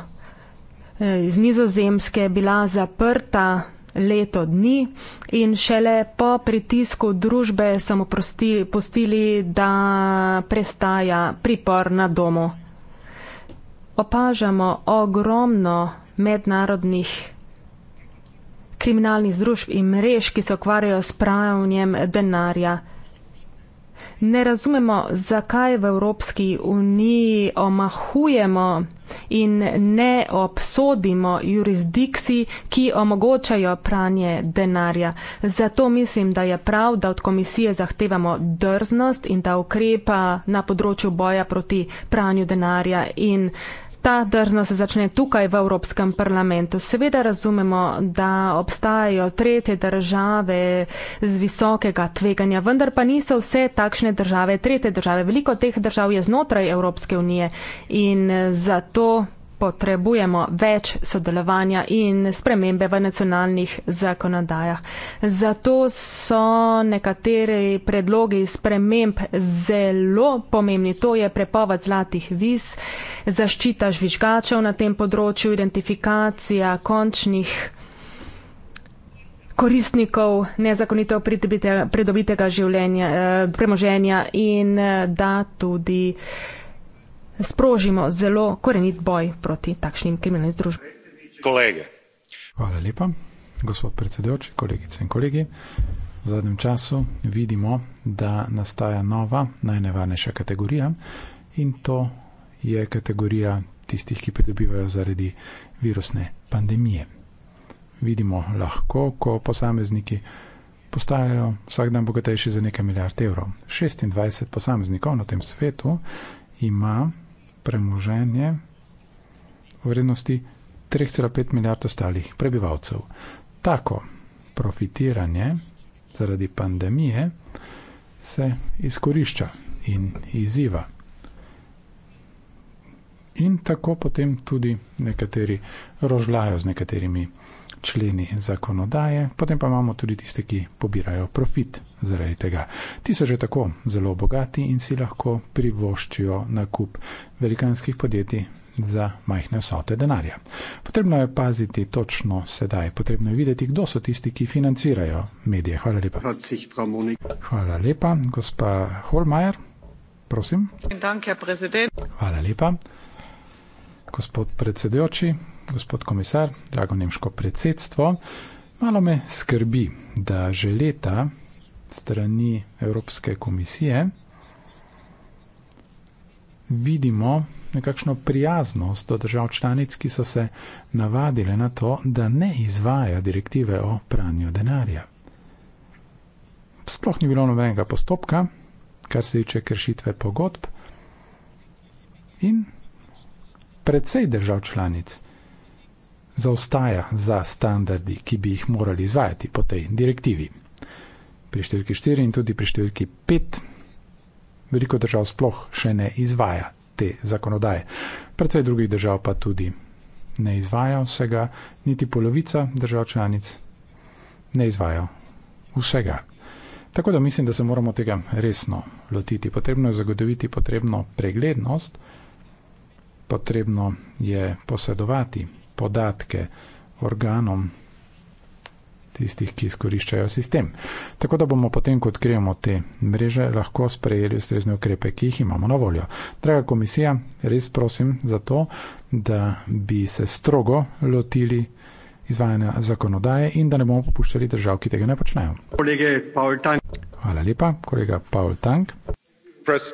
eh, z nizozemske, bila zaprta leto dni in šele po pritisku družbe so mu postili, da prestaja pripor na domu. Opažamo ogromno mednarodnih kriminalnih združb in mrež, ki se ukvarjajo s pravnjem denarja ne razumemo, zakaj v Evropski uniji omahujemo in ne obsodimo jurisdikcij, ki omogočajo pranje denarja. Zato mislim, da je prav, da od komisije zahtevamo drznost in da ukrepa na področju boja proti pranju denarja in denarja. Ta drzno se začne tukaj v Evropskem parlamentu. Seveda razumemo, da obstajajo tretje države z visokega tveganja, vendar pa niso vse takšne države tretje države. Veliko teh držav je znotraj Evropske unije in zato potrebujemo več sodelovanja in spremembe v nacionalnih zakonodajah. Zato so nekateri predlogi sprememb zelo pomembni. To je prepoved zlatih viz, zaščita žvižgačev na tem področju, identifikacija končnih koristnikov nezakonito pridobitega življenja, eh, premoženja in eh, da tudi sprožimo zelo korenit boj proti takšnim kriminalnim združbam. Kolege. Hvala lepa, gospod predsedujoči, kolegice in kolegi. V zadnjem času vidimo, da nastaja nova, najnevarnejša kategorija in to je kategorija tistih, ki pridobivajo zaradi virusne pandemije. Vidimo lahko, ko posamezniki postajajo vsak dan bogatejši za nekaj milijard evrov. 26 posameznikov na tem svetu ima premoženje v vrednosti 3,5 milijard ostalih prebivalcev. Tako profitiranje zaradi pandemije se izkorišča in izziva. In tako potem tudi nekateri rožljajo z nekaterimi členi zakonodaje, potem pa imamo tudi tiste, ki pobirajo profit zaradi tega. Ti so že tako zelo bogati in si lahko privoščijo nakup velikanskih podjetij za majhne vsote denarja. Potrebno je paziti točno sedaj, potrebno je videti, kdo so tisti, ki financirajo medije. Hvala lepa. Hvala lepa, gospa Holmajer, prosim. Hvala lepa. Gospod predsedujoči, gospod komisar, drago nemško predsedstvo, malo me skrbi, da že leta strani Evropske komisije vidimo nekakšno prijaznost do držav članic, ki so se navadile na to, da ne izvaja direktive o pranju denarja. Sploh ni bilo nobenega postopka, kar se tiče kršitve pogodb in predvsej držav članic zaostaja za standardi, ki bi jih morali izvajati po tej direktivi. Pri številki 4 in tudi pri številki 5 veliko držav sploh še ne izvaja te zakonodaje. Predvsej drugih držav pa tudi ne izvaja vsega, niti polovica držav članic ne izvaja vsega. Tako da mislim, da se moramo tega resno lotiti. Potrebno je zagotoviti potrebno preglednost, potrebno je posedovati podatke organom tistih, ki izkoriščajo sistem. Tako da bomo potem, ko odkrijemo te mreže, lahko sprejeli ustrezne ukrepe, ki jih imamo na voljo. Draga komisija, res prosim za to, da bi se strogo lotili izvajanja zakonodaje in da ne bomo popuščali držav, ki tega ne počnejo. Kolege Paul Tank. Hvala lepa, kolega Paul Tank. Pres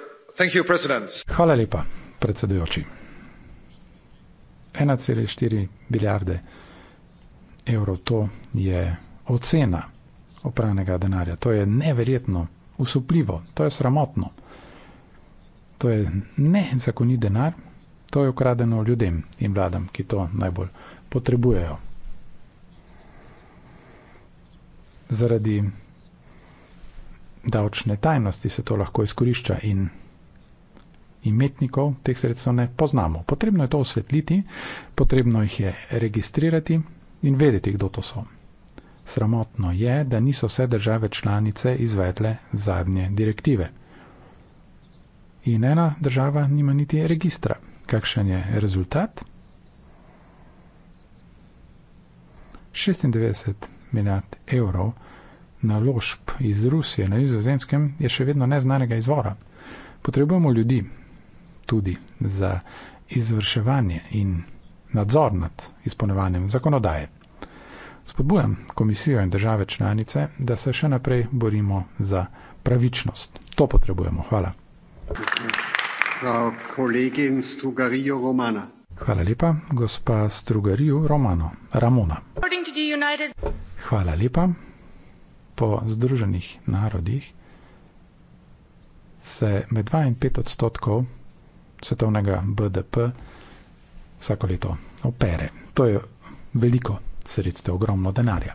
Hvala lepa, predsedujoči. 1,4 milijarde evrov, to je ocena opranega denarja. To je neverjetno, usupljivo, to je sramotno. To je nezakonit denar, to je ukradeno ljudem in vladam, ki to najbolj potrebujejo. Zaradi davčne tajnosti se to lahko izkorišča in imetnikov teh sredstev ne poznamo. Potrebno je to osvetliti, potrebno jih je registrirati in vedeti, kdo to so. Sramotno je, da niso vse države članice izvedle zadnje direktive. In ena država nima niti registra. Kakšen je rezultat? 96 milijard evrov naložb iz Rusije na nizozemskem je še vedno neznanega izvora. Potrebujemo ljudi, tudi za izvrševanje in nadzor nad izpolnevanjem zakonodaje. Spodbujam komisijo in države članice, da se še naprej borimo za pravičnost. To potrebujemo. Hvala. Hvala lepa, gospa Strugariju Romano, Ramona. Hvala lepa. Po Združenih narodih se med 2 in 5 odstotkov svetovnega BDP vsako leto opere. To je veliko sredstev, ogromno denarja.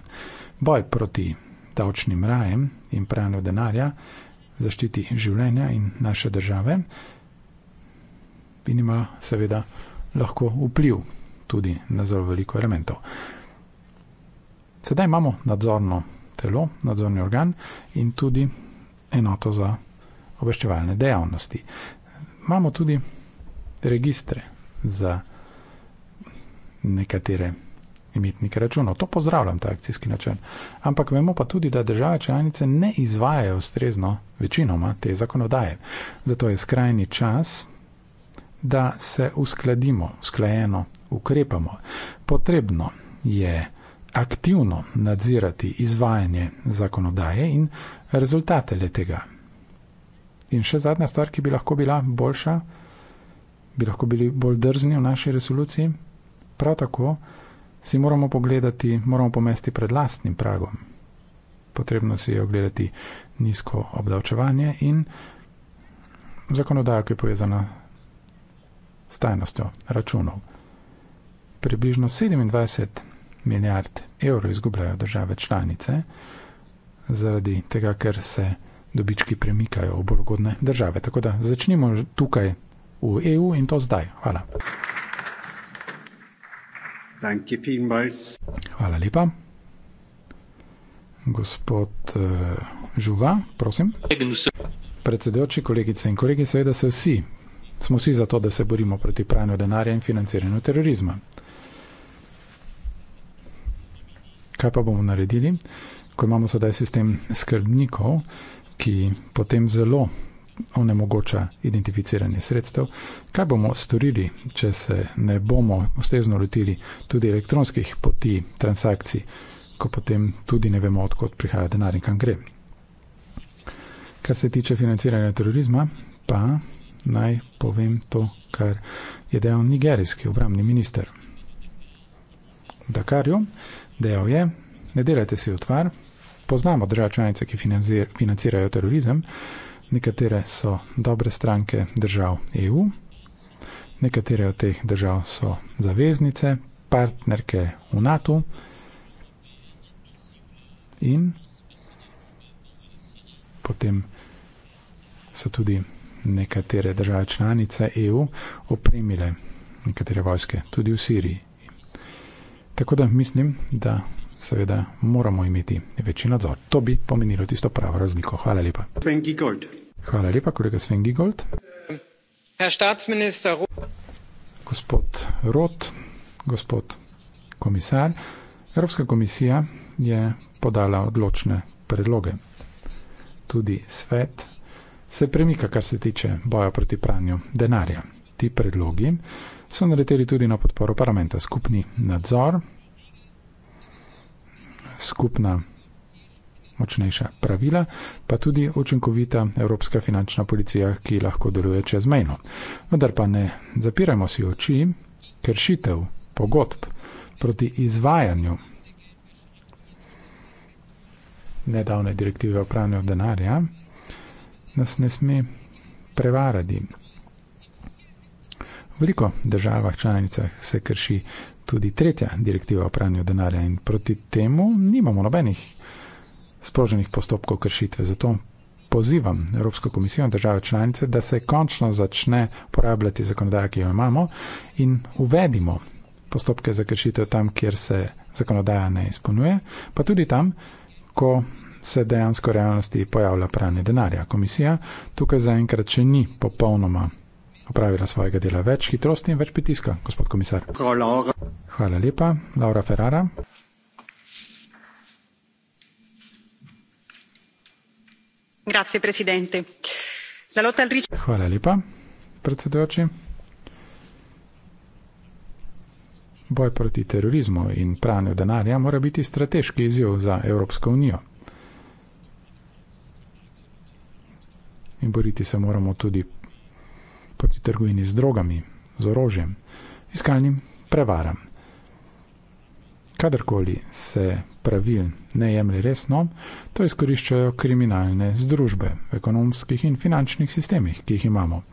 Boj proti davčnim rajem in pranju denarja zaščiti življenja in naše države in ima seveda lahko vpliv tudi na zelo veliko elementov. Sedaj imamo nadzorno telo, nadzorni organ in tudi enoto za obveščevalne dejavnosti imamo tudi registre za nekatere imetnike računov. To pozdravljam, ta akcijski način. Ampak vemo pa tudi, da države članice ne izvajajo ustrezno večinoma te zakonodaje. Zato je skrajni čas, da se uskladimo, usklajeno ukrepamo. Potrebno je aktivno nadzirati izvajanje zakonodaje in rezultate le tega. In še zadnja stvar, ki bi lahko bila boljša, bi lahko bili bolj drzni v naši resoluciji, prav tako si moramo pogledati, moramo pomesti pred lastnim pragom. Potrebno si je ogledati nizko obdavčevanje in zakonodajo, ki je povezana s tajnostjo računov. Približno 27 milijard evrov izgubljajo države članice zaradi tega, ker se dobički premikajo v bolj ugodne države. Tako da začnimo tukaj v EU in to zdaj. Hvala. Hvala lepa. Gospod uh, Žuva, prosim. Predsedujoči, kolegice in kolegi, seveda se vsi, smo vsi za to, da se borimo proti pranju denarja in financiranju terorizma. Kaj pa bomo naredili, ko imamo sedaj sistem skrbnikov, ki potem zelo onemogoča identificiranje sredstev. Kaj bomo storili, če se ne bomo ustrezno lotili tudi elektronskih poti transakcij, ko potem tudi ne vemo, odkot prihaja denar in kam gre? Kar se tiče financiranja terorizma, pa naj povem to, kar je dejal nigerijski obramni minister. Dakarjo, dejal je, ne delajte si otvar, poznamo države članice, ki financirajo terorizem. Nekatere so dobre stranke držav EU, nekatere od teh držav so zaveznice, partnerke v NATO in potem so tudi nekatere države članice EU opremile nekatere vojske, tudi v Siriji. Tako da mislim, da seveda moramo imeti večji nadzor. To bi pomenilo tisto pravo razliko. Hvala lepa. Hvala lepa, kolega Sven Gigold. Gospod Rot, gospod komisar, Evropska komisija je podala odločne predloge. Tudi svet se premika, kar se tiče boja proti pranju denarja. Ti predlogi so naleteli tudi na podporo parlamenta. Skupni nadzor skupna močnejša pravila, pa tudi učinkovita evropska finančna policija, ki lahko deluje čezmejno. Vendar pa ne zapiramo si oči, kršitev pogodb proti izvajanju nedavne direktive o pranju denarja nas ne sme prevarati. V veliko državah članicah se krši tudi tretja direktiva o pranju denarja in proti temu nimamo nobenih sproženih postopkov kršitve. Zato pozivam Evropsko komisijo in države članice, da se končno začne uporabljati zakonodajo, ki jo imamo in uvedimo postopke za kršitev tam, kjer se zakonodaja ne izpolnjuje, pa tudi tam, ko se dejansko v realnosti pojavlja pranje denarja. Komisija tukaj zaenkrat še ni popolnoma opravila svojega dela več hitrosti in več pritiska, gospod komisar. Hvala lepa, Laura Ferrara. Hvala lepa, predsedujoči. Boj proti terorizmu in pranju denarja mora biti strateški izziv za Evropsko unijo. In boriti se moramo tudi proti trgovini z drogami, z orožjem, iskalnim prevaram. Kadarkoli se pravil ne jemlje resno, to izkoriščajo kriminalne združbe v ekonomskih in finančnih sistemih, ki jih imamo.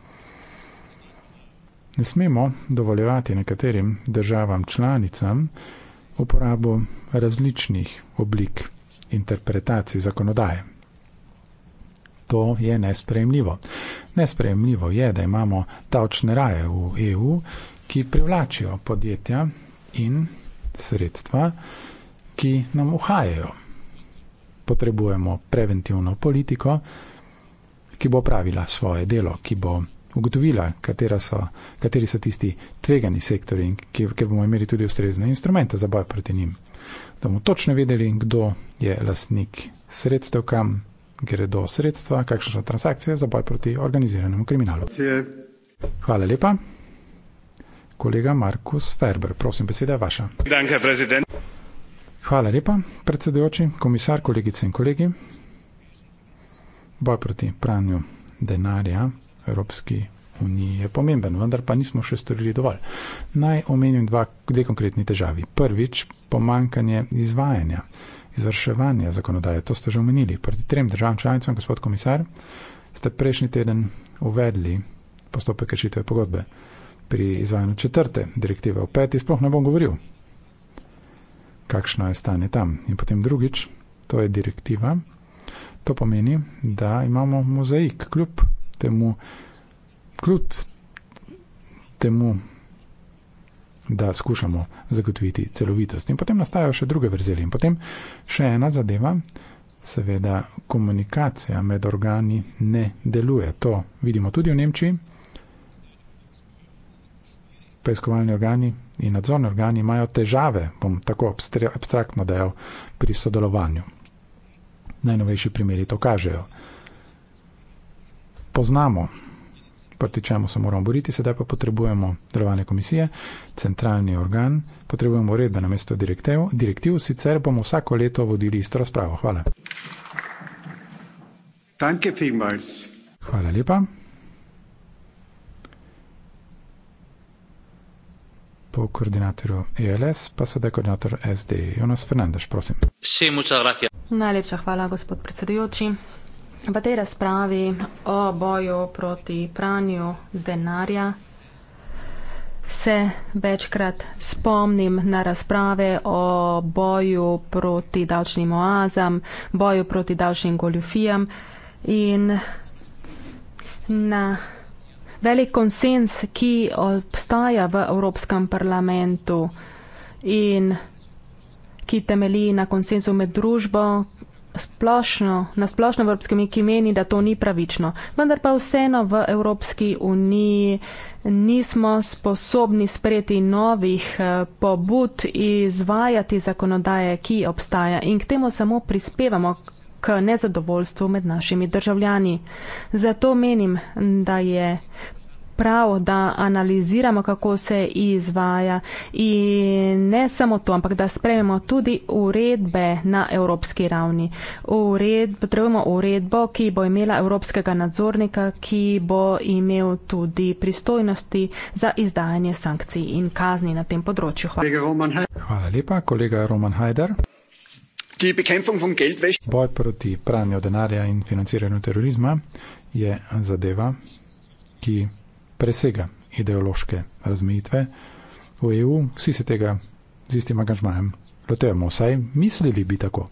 Ne smemo dovoljevati nekaterim državam članicam uporabo različnih oblik interpretacij zakonodaje. To je nespremljivo. Nespremljivo je, da imamo davčne raje v EU, ki privlačijo podjetja in sredstva, ki nam uhajajo. Potrebujemo preventivno politiko, ki bo pravila svoje delo, ki bo ugotovila, so, kateri so tisti tvegani sektori in kjer bomo imeli tudi ustrezne instrumente za boj proti njim. Da bomo točno vedeli, kdo je lastnik sredstev, kam gredo sredstva, kakšne so transakcije za boj proti organiziranemu kriminalu. Hvala lepa. Kolega Markus Ferber, prosim, beseda je vaša. Hvala lepa, predsedujoči, komisar, kolegice in kolegi. Boj proti pranju denarja Evropski uniji je pomemben, vendar pa nismo še storili dovolj. Naj omenim dva, dve konkretni težavi. Prvič, pomankanje izvajanja izvrševanja zakonodaje. To ste že omenili. Proti trem državam članicam, gospod komisar, ste prejšnji teden uvedli postopek rešitve pogodbe pri izvajanju četrte direktive. O peti sploh ne bom govoril, kakšno je stanje tam. In potem drugič, to je direktiva. To pomeni, da imamo mozaik kljub temu, kljub temu da skušamo zagotoviti celovitost. In potem nastajajo še druge vrzeli. In potem še ena zadeva, seveda komunikacija med organi ne deluje. To vidimo tudi v Nemčiji. Preiskovalni organi in nadzorni organi imajo težave, bom tako abstraktno dejal, pri sodelovanju. Najnovejši primeri to kažejo. Poznamo proti čemu se moramo boriti, sedaj pa potrebujemo delovanje komisije, centralni organ, potrebujemo uredbe na mesto direktiv, direktiv, sicer bomo vsako leto vodili isto razpravo. Hvala. Danke vielmals. Hvala lepa. Po koordinatorju ELS pa sedaj koordinator SD Jonas Fernandes, prosim. Najlepša hvala, gospod predsedujoči v tej razpravi o boju proti pranju denarja se večkrat spomnim na razprave o boju proti davčnim oazam, boju proti davčnim goljufijam in na velik konsens, ki obstaja v Evropskem parlamentu in ki temeli na konsensu med družbo, splošno, na splošno evropskem, ki meni, da to ni pravično. Vendar pa vseeno v Evropski uniji nismo sposobni sprejeti novih eh, pobud, izvajati zakonodaje, ki obstaja in k temu samo prispevamo k nezadovoljstvu med našimi državljani. Zato menim, da je prav, da analiziramo, kako se izvaja in ne samo to, ampak da sprememo tudi uredbe na evropski ravni. Ured, potrebujemo uredbo, ki bo imela evropskega nadzornika, ki bo imel tudi pristojnosti za izdajanje sankcij in kazni na tem področju. Hvala, Hvala lepa, kolega Roman Hajdar. Boj proti pranju denarja in financiranju terorizma je zadeva, ki presega ideološke razmejitve. V EU vsi se tega z istim angažmajem lotevamo, vsaj mislili bi tako.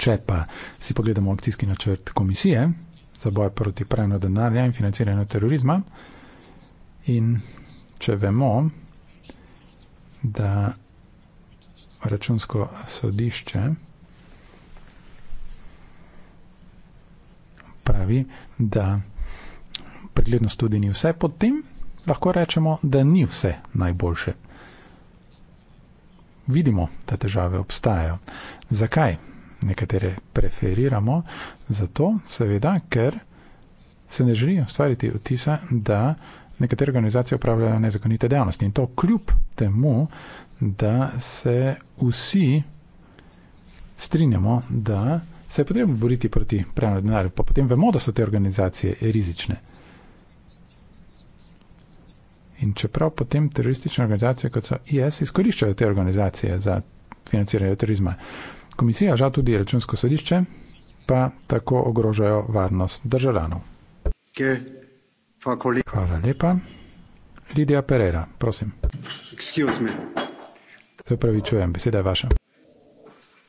Če pa si pogledamo akcijski načrt komisije za boj proti pranju denarja in financiranju terorizma, in če vemo, da računsko sodišče pravi, da preglednost tudi ni vse, potem lahko rečemo, da ni vse najboljše. Vidimo, da težave obstajajo. Zakaj nekatere preferiramo? Zato, seveda, ker se ne želijo ustvariti vtisa, da nekatere organizacije upravljajo nezakonite dejavnosti. In to kljub temu, da se vsi strinjamo, da se je potrebno boriti proti pranju denarja. Pa potem vemo, da so te organizacije rizične. In čeprav potem teroristične organizacije, kot so IS, izkoriščajo te organizacije za financiranje terorizma, komisija, žal tudi računsko sodišče, pa tako ogrožajo varnost državljanov. Hvala lepa. Lidija Pereira, prosim. Se pravi, čujem, beseda je vaša.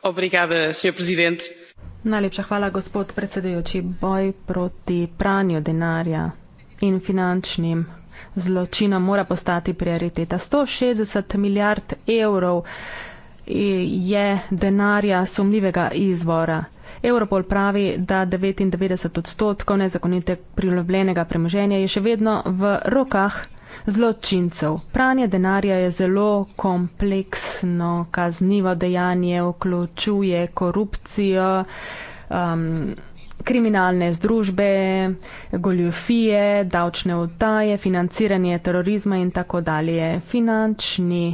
Obrigada, senjor prezident. Najlepša hvala, gospod predsedujoči. Boj proti pranju denarja in finančnim zločina mora postati prioriteta. 160 milijard evrov je denarja sumljivega izvora. Europol pravi, da 99 odstotkov nezakonite prilobljenega premoženja je še vedno v rokah zločincev. Pranje denarja je zelo kompleksno kaznivo dejanje, vključuje korupcijo. Um, kriminalne združbe, goljofije, davčne utaje, financiranje terorizma in tako dalje. Finančni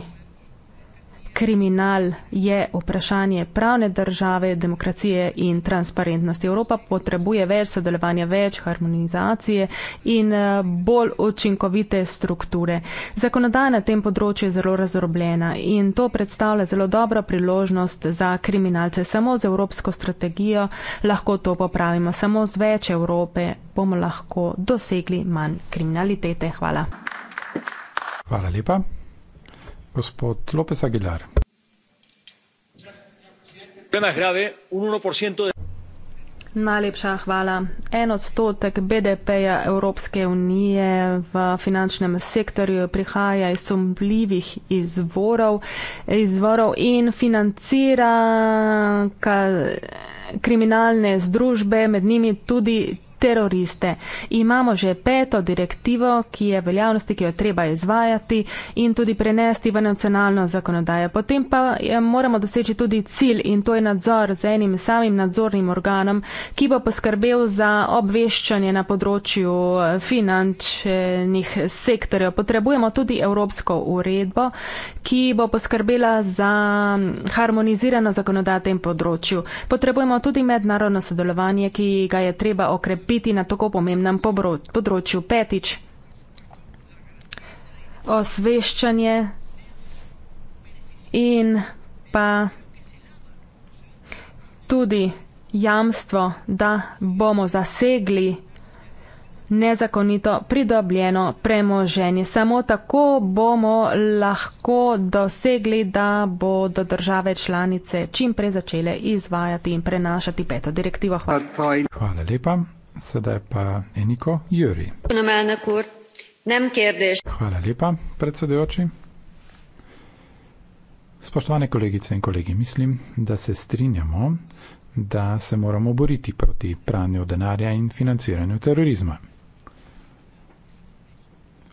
kriminal je vprašanje pravne države, demokracije in transparentnosti. Evropa potrebuje več sodelovanja, več harmonizacije in eh, bolj učinkovite strukture. Zakonodaja na tem področju je zelo razrobljena in to predstavlja zelo dobro priložnost za kriminalce. Samo z evropsko strategijo lahko to popravimo. Samo z več Evrope bomo lahko dosegli manj kriminalitete. Hvala. Hvala lepa. Gospod López Aguilar. Najlepša hvala. En odstotek BDP-ja Evropske unije v finančnem sektorju prihaja iz sumljivih izvorov, izvorov in financira kriminalne združbe, med njimi tudi teroriste. Imamo že peto direktivo, ki je veljavnosti, ki jo treba izvajati in tudi prenesti v nacionalno zakonodajo. Potem pa eh, moramo doseči tudi cilj in to je nadzor z enim samim nadzornim organom, ki bo poskrbel za obveščanje na področju eh, finančnih sektorjev. Potrebujemo tudi Evropsko uredbo, ki bo poskrbela za mm, harmonizirano zakonodajo na tem področju. Potrebujemo tudi mednarodno sodelovanje, ki ga je treba okrepiti okrepiti na tako pomembnem področju. Petič, osveščanje in pa tudi jamstvo, da bomo zasegli nezakonito pridobljeno premoženje. Samo tako bomo lahko dosegli, da bodo države članice čim prej začele izvajati in prenašati peto direktivo. Hvala, Hvala lepa. Sedaj pa Eniko Juri. Hvala lepa, predsedujoči. Spoštovane kolegice in kolegi, mislim, da se strinjamo, da se moramo boriti proti pranju denarja in financiranju terorizma.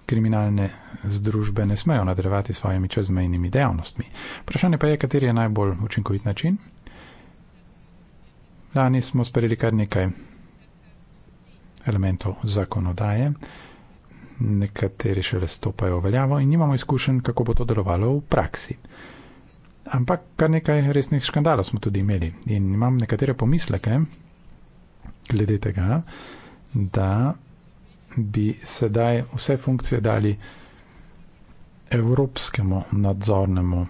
Kriminalne združbe ne smejo nadrevati svojimi čezmejnimi dejavnostmi. Vprašanje pa je, kateri je najbolj učinkovit način. Lani smo sprejeli kar nekaj elementov zakonodaje, nekateri šele stopajo v veljavo in nimamo izkušenj, kako bo to delovalo v praksi. Ampak kar nekaj resnih škandalov smo tudi imeli in imam nekatere pomisleke glede tega, da bi sedaj vse funkcije dali evropskemu nadzornemu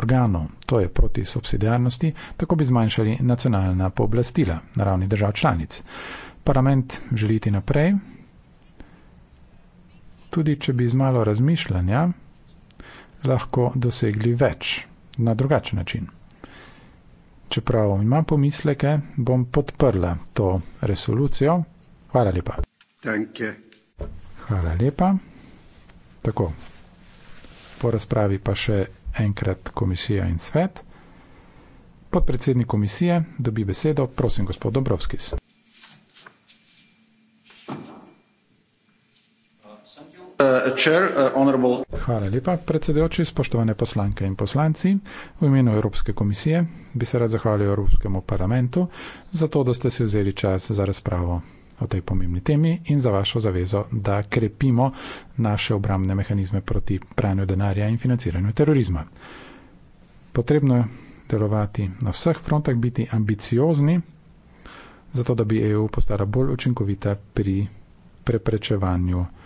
organu, to je proti subsidijarnosti, tako bi zmanjšali nacionalna pooblastila na ravni držav članic parlament želiti naprej, tudi če bi z malo razmišljanja lahko dosegli več na drugačen način. Čeprav imam pomisleke, bom podprla to resolucijo. Hvala lepa. Danke. Hvala lepa. Tako, po razpravi pa še enkrat komisija in svet. Podpredsednik komisije dobi besedo, prosim, gospod Dobrovskis. Uh, uh, Hvala lepa, predsedojoči, spoštovane poslanke in poslanci. V imenu Evropske komisije bi se rad zahvalil Evropskemu parlamentu za to, da ste si vzeli čas za razpravo o tej pomembni temi in za vašo zavezo, da krepimo naše obramne mehanizme proti pranju denarja in financiranju terorizma. Potrebno je delovati na vseh frontah, biti ambiciozni, zato da bi EU postala bolj učinkovita pri preprečevanju terorizma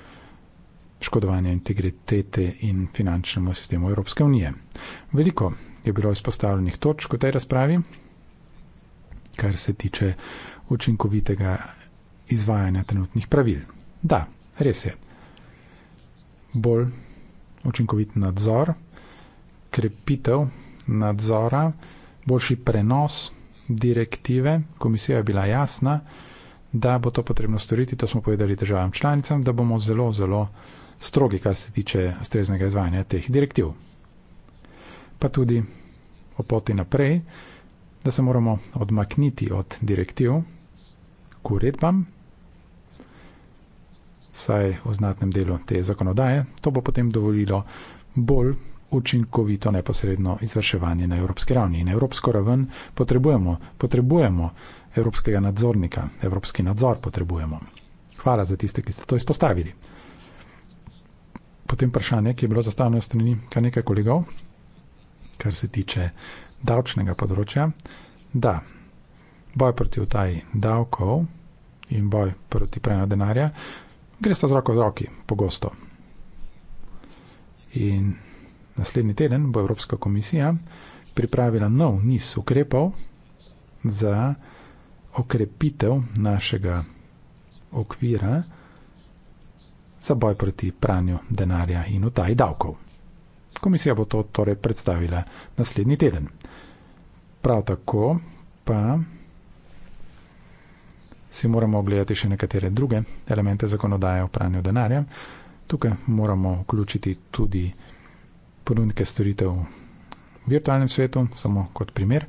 škodovanja integritete in finančnemu sistemu Evropske unije. Veliko je bilo izpostavljenih točk v tej razpravi, kar se tiče učinkovitega izvajanja trenutnih pravil. Da, res je. Bolj učinkovit nadzor, krepitev nadzora, boljši prenos direktive, komisija je bila jasna, da bo to potrebno storiti, to smo povedali državam članicam, da bomo zelo, zelo strogi, kar se tiče ustreznega izvajanja teh direktiv. Pa tudi o poti naprej, da se moramo odmakniti od direktiv k uredbam, saj v znatnem delu te zakonodaje, to bo potem dovolilo bolj učinkovito neposredno izvrševanje na evropski ravni. In evropsko raven potrebujemo, potrebujemo evropskega nadzornika, evropski nadzor potrebujemo. Hvala za tiste, ki ste to izpostavili potem vprašanje, ki je bilo zastavljeno strani kar nekaj kolegov, kar se tiče davčnega področja. Da, boj proti utaji davkov in boj proti pranju denarja gre sta z roko v roki, pogosto. In naslednji teden bo Evropska komisija pripravila nov niz ukrepov za okrepitev našega okvira za boj proti pranju denarja in utaji davkov. Komisija bo to torej predstavila naslednji teden. Prav tako pa si moramo ogledati še nekatere druge elemente zakonodaje o pranju denarja. Tukaj moramo vključiti tudi ponudnike storitev v virtualnem svetu, samo kot primer.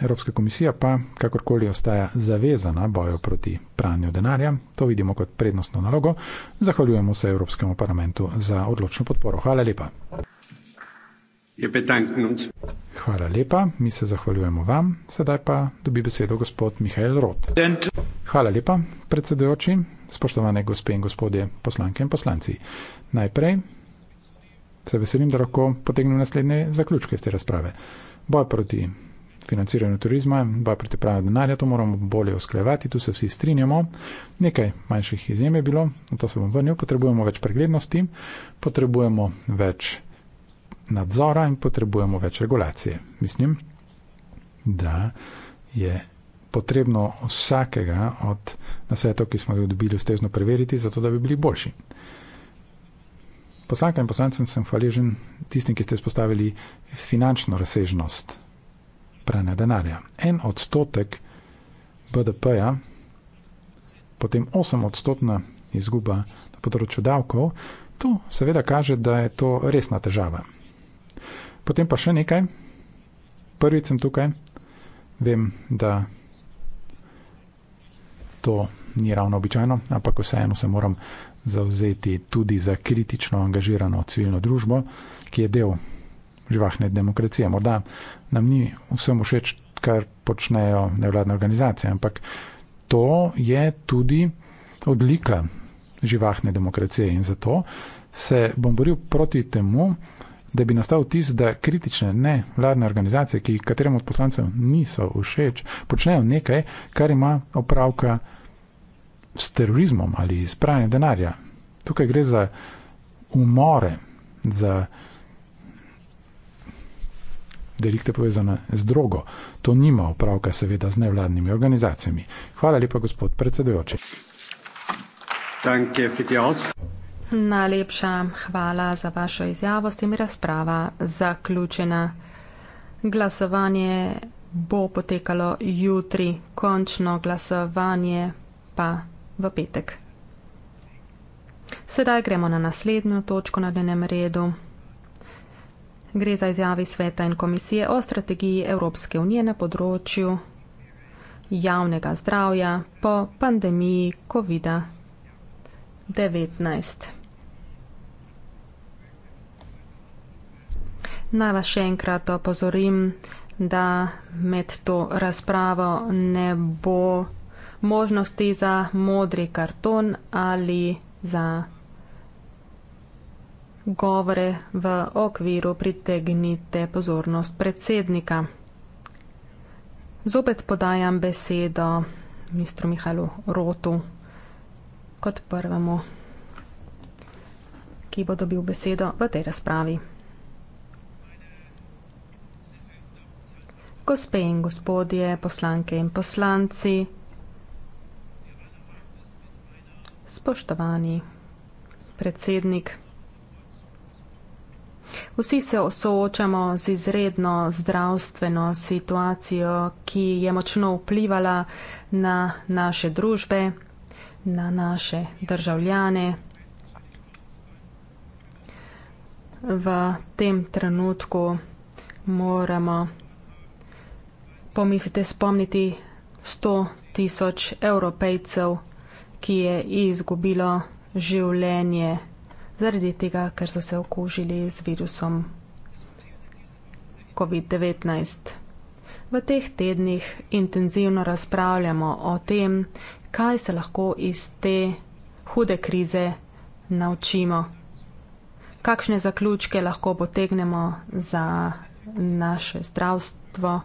Evropska komisija pa, kakorkoli ostaja zavezana boju proti pranju denarja, to vidimo kot prednostno nalogo. Zahvaljujemo se Evropskemu parlamentu za odločno podporo. Hvala lepa. Hvala lepa, mi se zahvaljujemo vam. Sedaj pa dobi besedo gospod Mihajl Roth. Hvala lepa, predsedujoči, spoštovane gospe in gospodje, poslanke in poslanci. Najprej se veselim, da lahko potegnem naslednje zaključke iz te razprave. Boj proti financiranju turizma, boja proti pravi denarja, to moramo bolje usklejevati, tu se vsi strinjamo. Nekaj manjših izjem je bilo, na to se bom vrnil, potrebujemo več preglednosti, potrebujemo več nadzora in potrebujemo več regulacije. Mislim, da je potrebno vsakega od nasvetov, ki smo jih dobili, ustrezno preveriti, zato da bi bili boljši. Poslankam in poslancem sem hvaležen tistim, ki ste spostavili finančno razsežnost pranja denarja. En odstotek BDP-ja, potem osemodstotna izguba na področju davkov, to seveda kaže, da je to resna težava. Potem pa še nekaj, prvič sem tukaj, vem, da to ni ravno običajno, ampak vseeno se moram zauzeti tudi za kritično angažirano civilno družbo, ki je del živahne demokracije. Morda nam ni vsem všeč, kar počnejo nevladne organizacije, ampak to je tudi odlika živahne demokracije in zato se bom boril proti temu, da bi nastal tis, da kritične nevladne organizacije, ki katerem od poslancev niso všeč, počnejo nekaj, kar ima opravka s terorizmom ali s pranjem denarja. Tukaj gre za umore, za delikte povezane z drogo. To nima opravka seveda z nevladnimi organizacijami. Hvala lepa, gospod predsedujoči. Najlepša hvala za vašo izjavo, s tem je razprava zaključena. Glasovanje bo potekalo jutri, končno glasovanje pa v petek. Sedaj gremo na naslednjo točko na dnevnem redu. Gre za izjavi sveta in komisije o strategiji Evropske unije na področju javnega zdravja po pandemiji COVID-19. Naj vas še enkrat opozorim, da med to razpravo ne bo možnosti za modri karton ali za govore v okviru pritegnite pozornost predsednika. Zopet podajam besedo ministru Mihajlu Rotu kot prvemu, ki bo dobil besedo v tej razpravi. Gospe in gospodje, poslanke in poslanci, spoštovani predsednik. Vsi se soočamo z izredno zdravstveno situacijo, ki je močno vplivala na naše družbe, na naše državljane. V tem trenutku moramo pomisliti, spomniti 100 tisoč evropejcev, ki je izgubilo življenje zaradi tega, ker so se okužili z virusom COVID-19. V teh tednih intenzivno razpravljamo o tem, kaj se lahko iz te hude krize naučimo, kakšne zaključke lahko potegnemo za naše zdravstvo,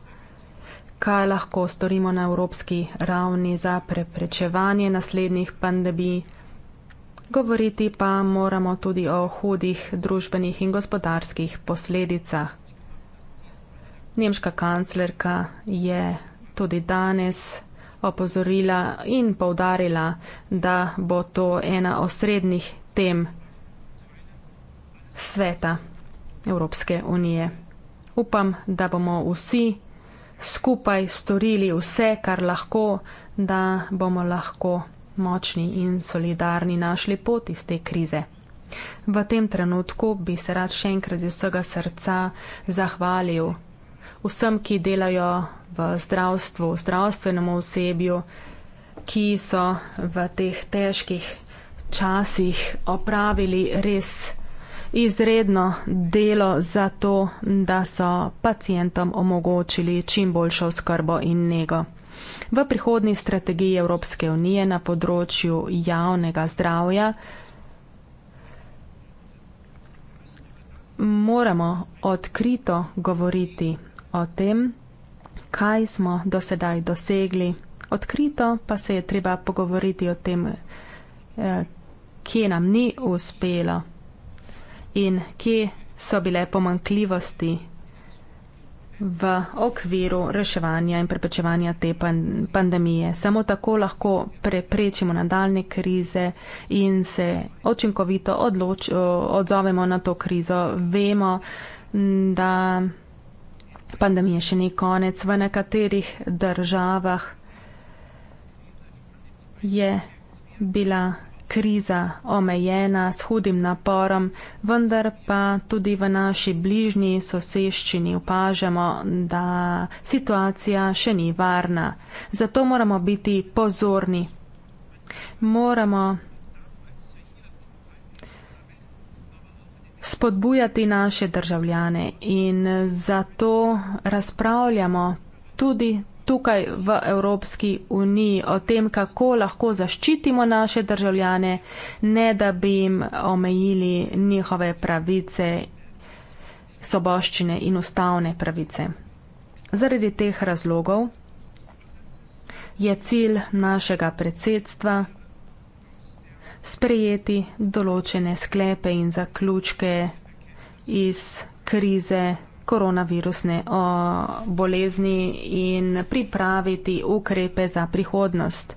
kaj lahko storimo na evropski ravni za preprečevanje naslednjih pandemij govoriti pa moramo tudi o hudih družbenih in gospodarskih posledicah. Nemška kanclerka je tudi danes opozorila in povdarila, da bo to ena osrednjih tem sveta Evropske unije. Upam, da bomo vsi skupaj storili vse, kar lahko, da bomo lahko močni in solidarni našli pot iz te krize. V tem trenutku bi se rad še enkrat iz vsega srca zahvalil vsem, ki delajo v zdravstvu, zdravstvenemu osebju, ki so v teh težkih časih opravili res izredno delo za to, da so pacijentom omogočili čim boljšo skrbo in nego v prihodni strategiji Evropske unije na področju javnega zdravja moramo odkrito govoriti o tem, kaj smo dosedaj dosegli. Odkrito pa se je treba pogovoriti o tem, eh, kje nam ni uspelo in kje so bile pomankljivosti v okviru reševanja in prepečevanja te pandemije. Samo tako lahko preprečimo nadaljne krize in se očinkovito odloč, odzovemo na to krizo. Vemo, da pandemije še ni konec. V nekaterih državah je bila kriza omejena s hudim naporom, vendar pa tudi v naši bližnji soseščini opažamo, da situacija še ni varna. Zato moramo biti pozorni. Moramo spodbujati naše državljane in zato razpravljamo tudi tukaj v Evropski uniji o tem, kako lahko zaščitimo naše državljane, ne da bi jim omejili njihove pravice, soboščine in ustavne pravice. Zaradi teh razlogov je cilj našega predsedstva sprejeti določene sklepe in zaključke iz krize koronavirusne o, bolezni in pripraviti ukrepe za prihodnost.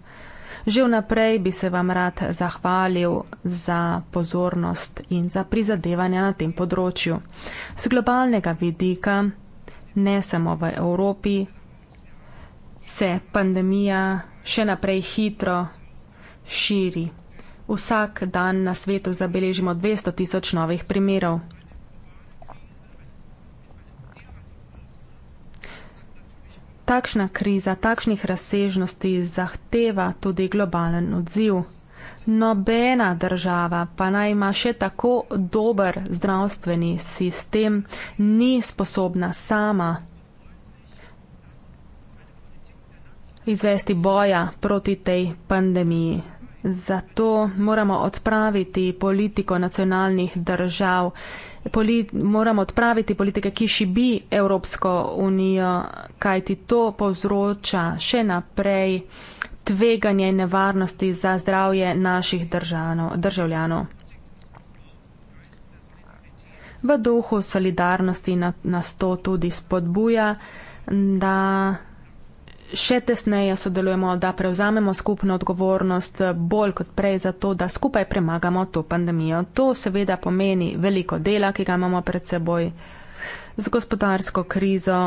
Že vnaprej bi se vam rad zahvalil za pozornost in za prizadevanja na tem področju. Z globalnega vidika, ne samo v Evropi, se pandemija še naprej hitro širi. Vsak dan na svetu zabeležimo 200 tisoč novih primerov. takšna kriza takšnih razsežnosti zahteva tudi globalen odziv. Nobena država, pa naj ima še tako dober zdravstveni sistem, ni sposobna sama izvesti boja proti tej pandemiji. Zato moramo odpraviti politiko nacionalnih držav, polit, moramo odpraviti politike, ki šibi Evropsko unijo, kajti to povzroča še naprej tveganje in nevarnosti za zdravje naših državno, državljanov. V duhu solidarnosti nas to tudi spodbuja, da še tesneje sodelujemo, da prevzamemo skupno odgovornost eh, bolj kot prej za to, da skupaj premagamo to pandemijo. To seveda pomeni veliko dela, ki ga imamo pred seboj. Z gospodarsko krizo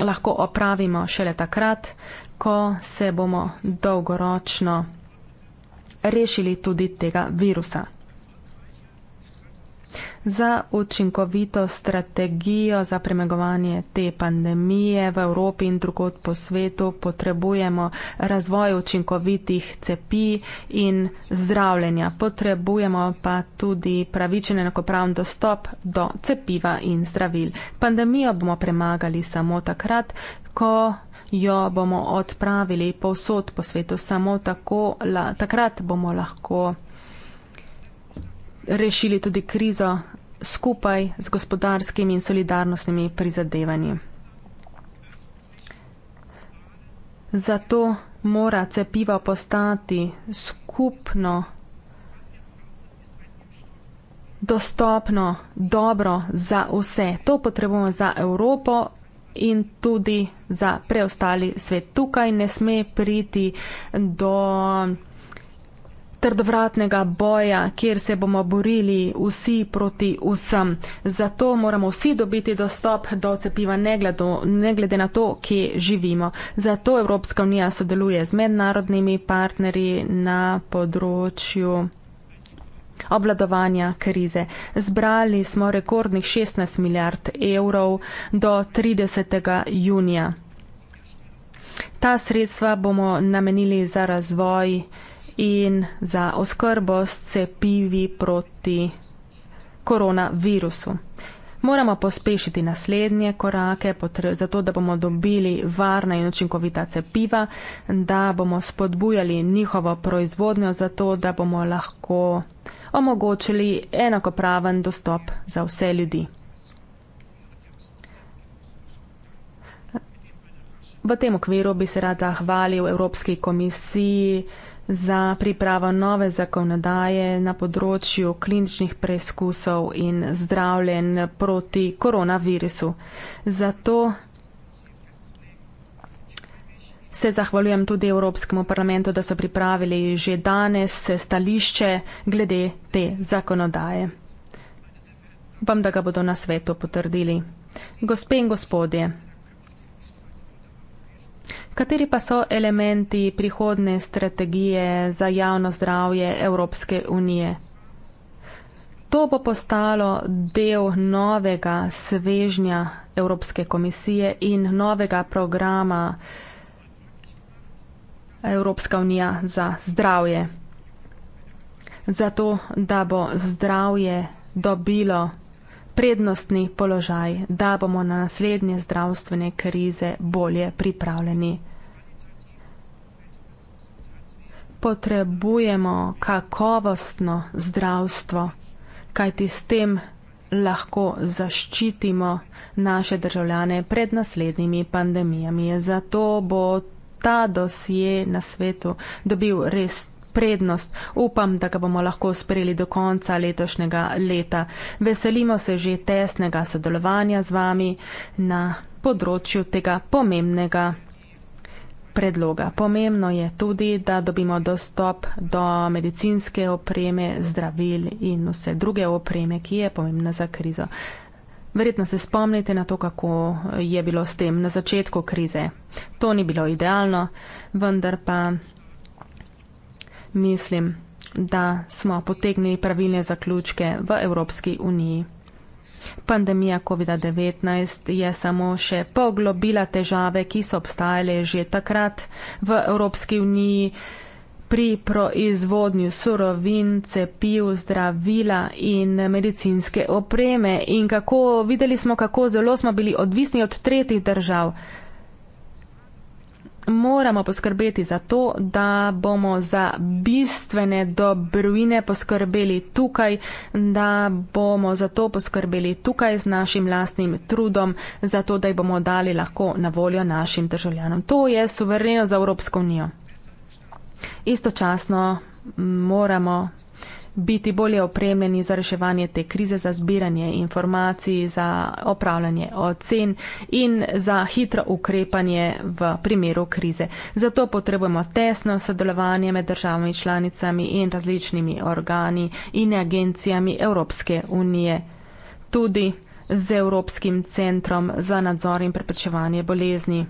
lahko opravimo šele takrat, ko se bomo dolgoročno rešili tudi tega virusa. Za učinkovito strategijo za premagovanje te pandemije v Evropi in drugod po svetu potrebujemo razvoj učinkovitih cepi in zdravljenja. Potrebujemo pa tudi pravičen enakopravn dostop do cepiva in zdravil. Pandemijo bomo premagali samo takrat, ko jo bomo odpravili povsod po svetu. Samo tako, la, takrat bomo lahko rešili tudi krizo skupaj z gospodarskimi in solidarnostnimi prizadevanji. Zato mora cepivo postati skupno, dostopno, dobro za vse. To potrebujemo za Evropo in tudi za preostali svet. Tukaj ne sme priti do trdovratnega boja, kjer se bomo borili vsi proti vsem. Zato moramo vsi dobiti dostop do cepiva, ne glede, ne glede na to, kje živimo. Zato Evropska unija sodeluje z mednarodnimi partnerji na področju obladovanja krize. Zbrali smo rekordnih 16 milijard evrov do 30. junija. Ta sredstva bomo namenili za razvoj in za oskrbo s cepivi proti koronavirusu. Moramo pospešiti naslednje korake, zato da bomo dobili varna in učinkovita cepiva, da bomo spodbujali njihovo proizvodnjo, zato da bomo lahko omogočili enakopraven dostop za vse ljudi. V tem okviru bi se rad zahvalil Evropski komisiji za pripravo nove zakonodaje na področju kliničnih preizkusov in zdravljen proti koronavirusu. Zato se zahvaljujem tudi Evropskemu parlamentu, da so pripravili že danes stališče glede te zakonodaje. Upam, da ga bodo na svetu potrdili. Gospe in gospodje, Kateri pa so elementi prihodne strategije za javno zdravje Evropske unije? To bo postalo del novega svežnja Evropske komisije in novega programa Evropska unija za zdravje. Zato, da bo zdravje dobilo prednostni položaj, da bomo na naslednje zdravstvene krize bolje pripravljeni. Potrebujemo kakovostno zdravstvo, kajti s tem lahko zaščitimo naše državljane pred naslednjimi pandemijami. Zato bo ta dosje na svetu dobil res prednost. Upam, da ga bomo lahko sprejeli do konca letošnjega leta. Veselimo se že tesnega sodelovanja z vami na področju tega pomembnega. Predloga. Pomembno je tudi, da dobimo dostop do medicinske opreme, zdravil in vse druge opreme, ki je pomembna za krizo. Verjetno se spomnite na to, kako je bilo s tem na začetku krize. To ni bilo idealno, vendar pa mislim, da smo potegnili pravilne zaključke v Evropski uniji. Pandemija COVID-19 je samo še poglobila težave, ki so obstajale že takrat v Evropski uniji pri proizvodnju surovin, cepiv, zdravila in medicinske opreme in kako videli smo, kako zelo smo bili odvisni od tretjih držav moramo poskrbeti za to, da bomo za bistvene dobrine poskrbeli tukaj, da bomo za to poskrbeli tukaj z našim lastnim trudom, zato da jih bomo dali lahko na voljo našim državljanom. To je suverenost za Evropsko unijo. Istočasno moramo biti bolje opremljeni za reševanje te krize, za zbiranje informacij, za opravljanje ocen in za hitro ukrepanje v primeru krize. Zato potrebujemo tesno sodelovanje med državami članicami in različnimi organi in agencijami Evropske unije. Tudi z Evropskim centrom za nadzor in preprečevanje bolezni.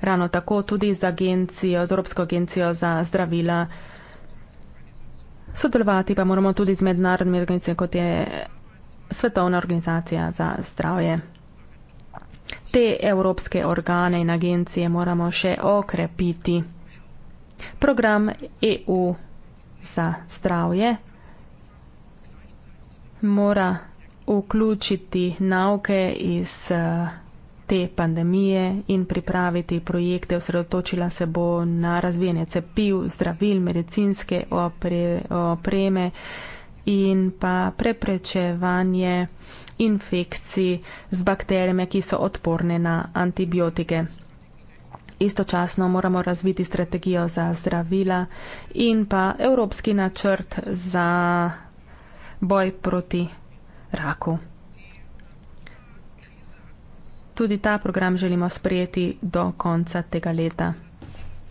Ravno tako tudi z agencijo, z Evropsko agencijo za zdravila Sodelovati pa moramo tudi z mednarodnimi organizacijami, kot je Svetovna organizacija za zdravje. Te evropske organe in agencije moramo še okrepiti. Program EU za zdravje mora vključiti nauke iz uh, te pandemije in pripraviti projekte. Osredotočila se bo na razvijanje cepiv, zdravil, medicinske opreme in pa preprečevanje infekcij z bakterijami, ki so odporne na antibiotike. Istočasno moramo razviti strategijo za zdravila in pa evropski načrt za boj proti raku tudi ta program želimo sprejeti do konca tega leta.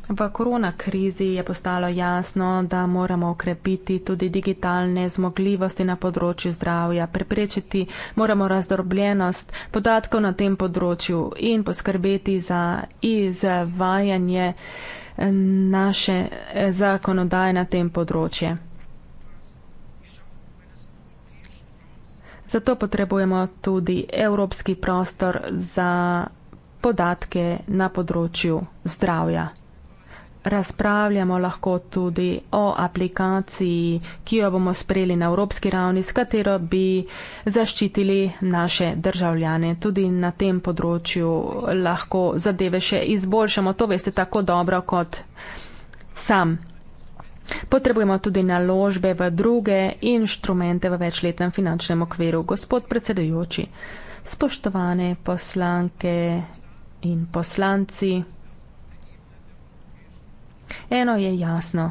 V korona krizi je postalo jasno, da moramo okrepiti tudi digitalne zmogljivosti na področju zdravja, preprečiti moramo razdrobljenost podatkov na tem področju in poskrbeti za izvajanje eh, naše eh, zakonodaje na tem področju. Zato potrebujemo tudi evropski prostor za podatke na področju zdravja. Razpravljamo lahko tudi o aplikaciji, ki jo bomo sprejeli na evropski ravni, s katero bi zaščitili naše državljane. Tudi na tem področju lahko zadeve še izboljšamo. To veste tako dobro kot sam. Potrebujemo tudi naložbe v druge inštrumente v večletnem finančnem okviru. Gospod predsedujoči, spoštovane poslanke in poslanci, eno je jasno.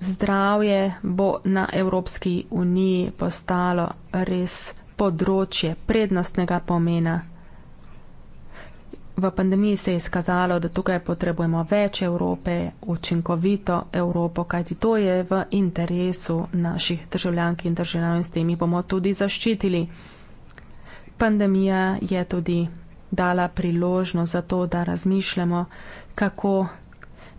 Zdravje bo na Evropski uniji postalo res področje prednostnega pomena. V pandemiji se je izkazalo, da tukaj potrebujemo več Evrope, učinkovito Evropo, kajti to je v interesu naših državljank in državljanov in s temi bomo tudi zaščitili. Pandemija je tudi dala priložnost za to, da razmišljamo, kako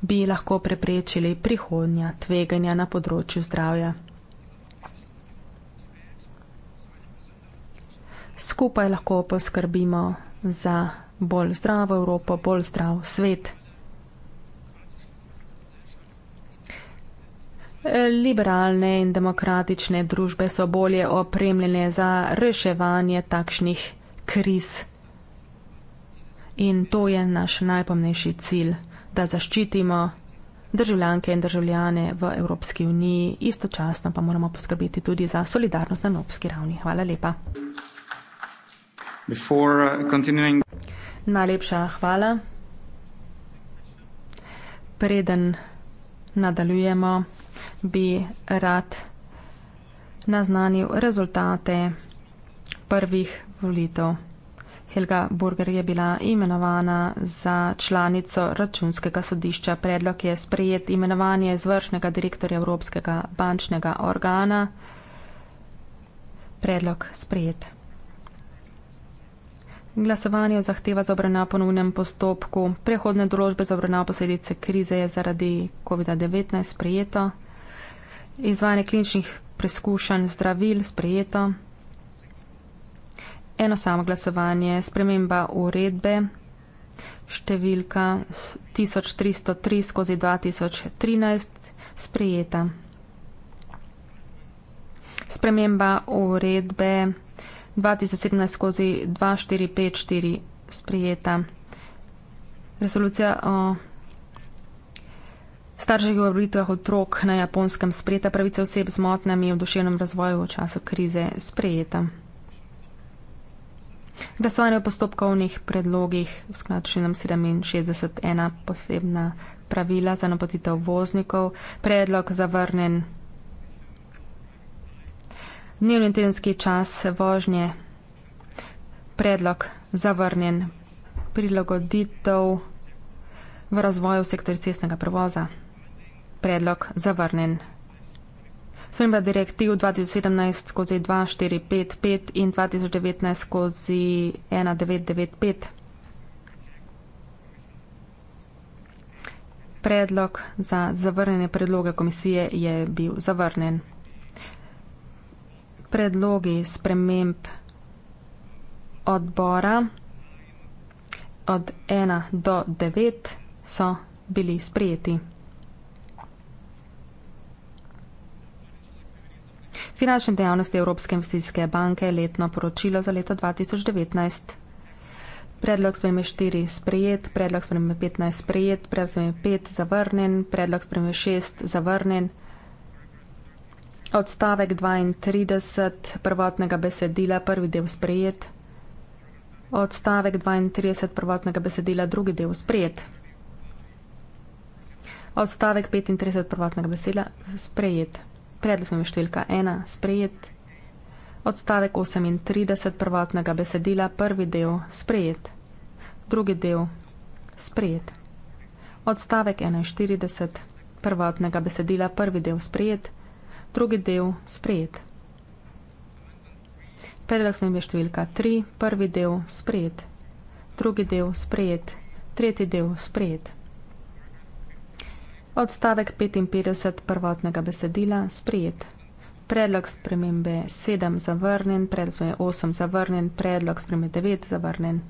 bi lahko preprečili prihodnja tveganja na področju zdravja. Skupaj lahko poskrbimo za bolj zdravo Evropo, bolj zdrav svet. Liberalne in demokratične družbe so bolje opremljene za reševanje takšnih kriz. In to je naš najpomnejši cilj, da zaščitimo državljanke in državljane v Evropski uniji, istočasno pa moramo poskrbeti tudi za solidarnost na evropski ravni. Hvala lepa. Before, uh, continuing... Najlepša hvala. Preden nadaljujemo, bi rad naznanil rezultate prvih volitev. Helga Burger je bila imenovana za članico računskega sodišča. Predlog je sprejet imenovanje izvršnega direktorja Evropskega bančnega organa. Predlog sprejet. Glasovanje o zahtevah za obravnavo po nujnem postopku prehodne določbe za obravnavo posledice krize je zaradi COVID-19 sprejeto, izvajanje kliničnih preskušanj zdravil sprejeto, eno samo glasovanje, sprememba uredbe številka 1303 skozi 2013 sprejeta. Sprememba uredbe 2017 skozi 2454 sprijeta. Resolucija o starših obritvah otrok na japonskem sprejeta pravice oseb z motnami v duševnem razvoju v času krize sprejeta. Glasovanje o postopkovnih predlogih v skladu s členom 67.1 posebna pravila za napotitev voznikov, predlog zavrnen dnevni in tedenski čas vožnje, predlog zavrnjen, prilagoditev v razvoju sektorja cestnega prevoza, predlog zavrnjen. Sprememba direktiv 2017-2455 in 2019-1995. Predlog za zavrnjene predloge komisije je bil zavrnen predlogi sprememb odbora od 1 do 9 so bili sprejeti. Finančne dejavnosti Evropske investicijske banke je letno poročilo za leto 2019. Predlog spremembe 4 sprejet, predlog spremembe 15 sprejet, predlog spremembe 5 zavrnen, predlog spremembe 6 zavrnen. Odstavek 32 prvotnega besedila, prvi del sprejet. Odstavek 32 prvotnega besedila, drugi del sprejet. Odstavek 35 prvotnega besedila sprejet. Predlog mi številka 1 sprejet. Odstavek 38 prvotnega besedila, prvi del sprejet. Drugi del sprejet. Odstavek 41 prvotnega besedila, prvi del sprejet drugi del sprejet. Predlog spremembe številka 3, prvi del sprejet, drugi del sprejet, tretji del sprejet. Odstavek 55 prvotnega besedila sprejet. Predlog spremembe 7 zavrnen, predlog spremembe 8 zavrnen, predlog spremembe 9 zavrnen.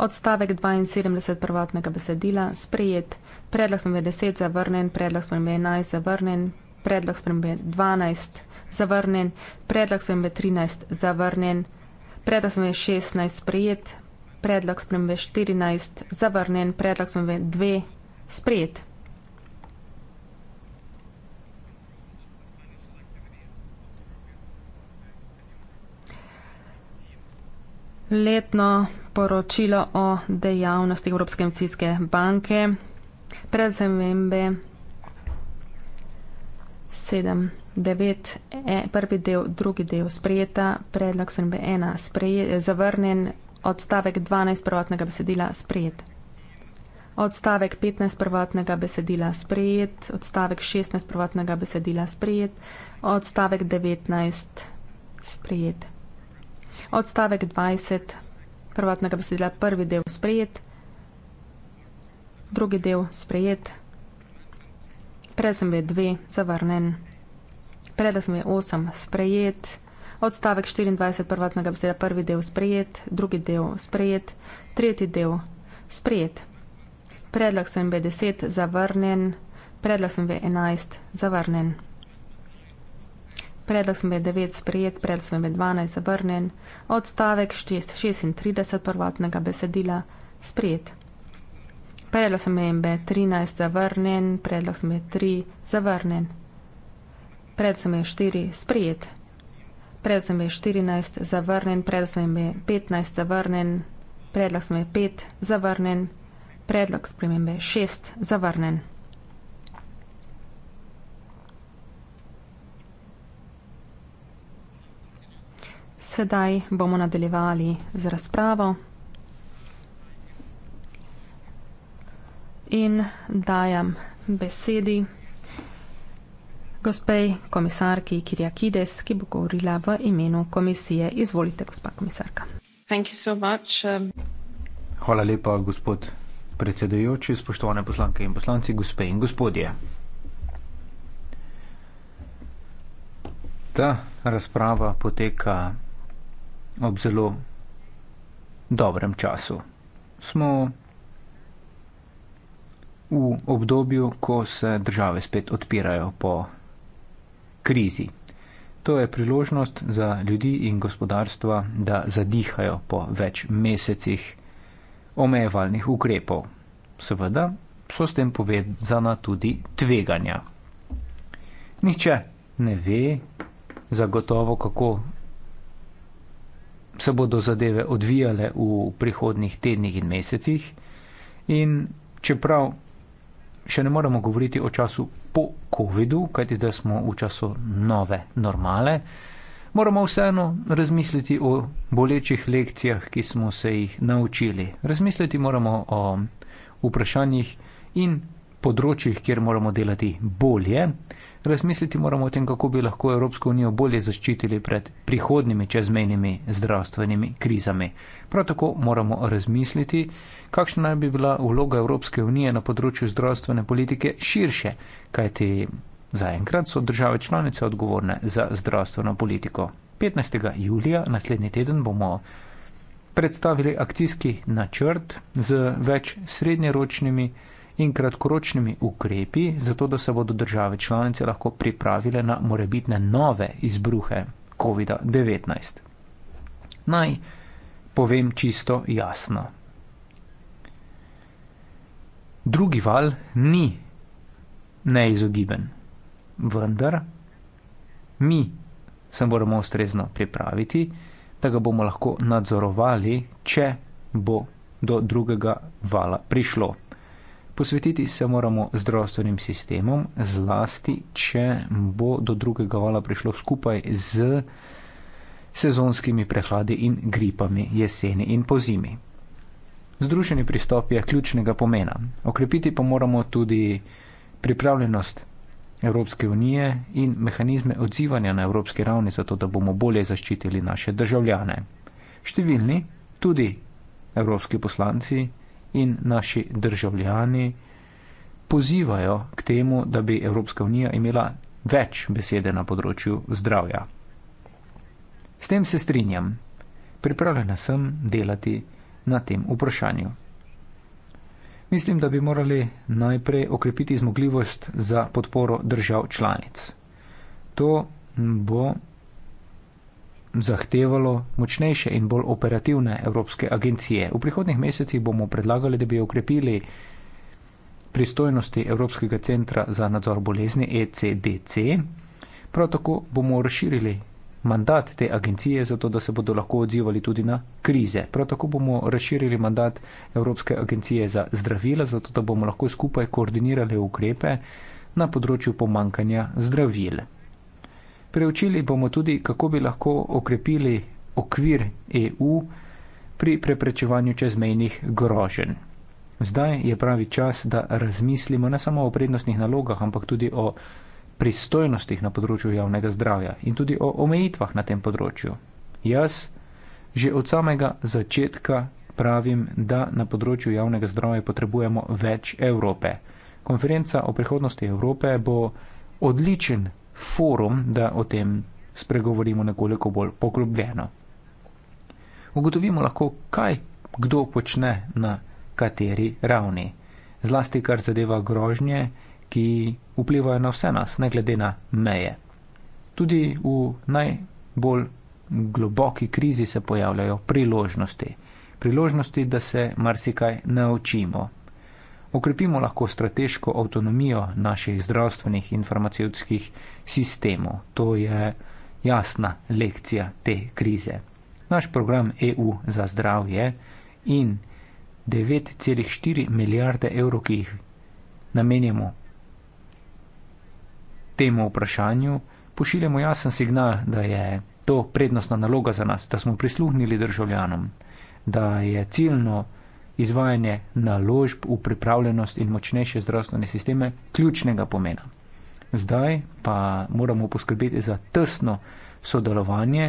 Odstavek 72 prvotnega besedila sprejet, predlog spremembe 10 zavrnen, predlog spremembe 11 zavrnen, predlog spremembe 12 zavrnen, predlog spremembe 13 zavrnen, predlog spremembe 16 sprejet, predlog spremembe 14 zavrnen, predlog spremembe 2 sprejet. Letno poročilo o dejavnosti Evropske investicijske banke, predvsem vembe 7, 9, e, prvi del, drugi del sprejeta, predlog sem be ena, zavrnen, odstavek 12 prvotnega besedila sprejet. Odstavek 15 prvotnega besedila sprejet, odstavek 16 prvotnega besedila sprejet, odstavek 19 sprejet. Odstavek 20 prvotnega besedila prvi del sprejet, drugi del sprejet prej sem bil dve, zavrnen. Prej sem bil osem, sprejet. Odstavek 24 prvotnega beseda, prvi del sprejet, drugi del sprejet, tretji del sprejet. Predlog sem bil deset, zavrnen. Predlog sem bil enajst, zavrnen. Predlog sem bil devet, sprejet. Predlog sem bil dvanajst, zavrnen. Odstavek 36 prvotnega besedila, sprejet. Predlog sem jim bil 13 zavrnen, predlog sem jim 3 zavrnen, predlog sem jim 4 sprijet, predlog sem jim 14 zavrnen, predlog sem jim 15 zavrnen, predlog sem jim 5 zavrnen, predlog spremembe 6 zavrnen. Sedaj bomo nadaljevali z razpravo. in dajam besedi gospej komisarki Kirjakides, ki bo govorila v imenu komisije. Izvolite, gospa komisarka. So much, um... Hvala lepa, gospod predsedujoči, spoštovane poslanke in poslanci, gospe in gospodje. Ta razprava poteka ob zelo dobrem času. Smo v obdobju, ko se države spet odpirajo po krizi. To je priložnost za ljudi in gospodarstva, da zadihajo po več mesecih omejevalnih ukrepov. Seveda so s tem povezana tudi tveganja. Nihče ne ve zagotovo, kako se bodo zadeve odvijale v prihodnih tednih in mesecih, in čeprav še ne moremo govoriti o času po COVID-u, kajti zdaj smo v času nove normale, moramo vseeno razmisliti o bolečih lekcijah, ki smo se jih naučili. Razmisliti moramo o vprašanjih in področjih, kjer moramo delati bolje. Razmisliti moramo o tem, kako bi lahko Evropsko unijo bolje zaščitili pred prihodnimi čezmejnimi zdravstvenimi krizami. Prav tako moramo razmisliti, kakšna naj bi bila vloga Evropske unije na področju zdravstvene politike širše, kajti zaenkrat so države članice odgovorne za zdravstveno politiko. 15. julija naslednji teden bomo predstavili akcijski načrt z več srednjeročnimi in kratkoročnimi ukrepi, zato da se bodo države članice lahko pripravile na morebitne nove izbruhe COVID-19. Naj povem čisto jasno. Drugi val ni neizogiben, vendar mi se moramo ustrezno pripraviti, da ga bomo lahko nadzorovali, če bo do drugega vala prišlo. Posvetiti se moramo zdravstvenim sistemom, zlasti, če bo do drugega vala prišlo skupaj z sezonskimi prehladi in gripami jeseni in po zimi. Združeni pristop je ključnega pomena. Okrepiti pa moramo tudi pripravljenost Evropske unije in mehanizme odzivanja na evropski ravni, zato da bomo bolje zaščitili naše državljane. Številni, tudi evropski poslanci, in naši državljani pozivajo k temu, da bi Evropska unija imela več besede na področju zdravja. S tem se strinjam. Pripravljena sem delati na tem vprašanju. Mislim, da bi morali najprej okrepiti zmogljivost za podporo držav članic. To bo zahtevalo močnejše in bolj operativne evropske agencije. V prihodnih mesecih bomo predlagali, da bi okrepili pristojnosti Evropskega centra za nadzor bolezni ECDC. Prav tako bomo razširili mandat te agencije, zato da se bodo lahko odzivali tudi na krize. Prav tako bomo razširili mandat Evropske agencije za zdravila, zato da bomo lahko skupaj koordinirali ukrepe na področju pomankanja zdravil. Preučili bomo tudi, kako bi lahko okrepili okvir EU pri preprečevanju čezmejnih groženj. Zdaj je pravi čas, da razmislimo ne samo o prednostnih nalogah, ampak tudi o pristojnostih na področju javnega zdravja in tudi o omejitvah na tem področju. Jaz že od samega začetka pravim, da na področju javnega zdravja potrebujemo več Evrope. Konferenca o prihodnosti Evrope bo odličen forum, da o tem spregovorimo nekoliko bolj poglobljeno. Ugotovimo lahko, kaj kdo počne na kateri ravni, zlasti kar zadeva grožnje, ki vplivajo na vse nas, ne glede na meje. Tudi v najbolj globoki krizi se pojavljajo priložnosti. Priložnosti, da se marsikaj naučimo, okrepimo lahko strateško avtonomijo naših zdravstvenih in farmacevtskih sistemov. To je jasna lekcija te krize. Naš program EU za zdravje in 9,4 milijarde evrov, ki jih namenjamo temu vprašanju, pošiljamo jasen signal, da je to prednostna naloga za nas, da smo prisluhnili državljanom, da je ciljno izvajanje naložb v pripravljenost in močnejše zdravstvene sisteme ključnega pomena. Zdaj pa moramo poskrbeti za tesno sodelovanje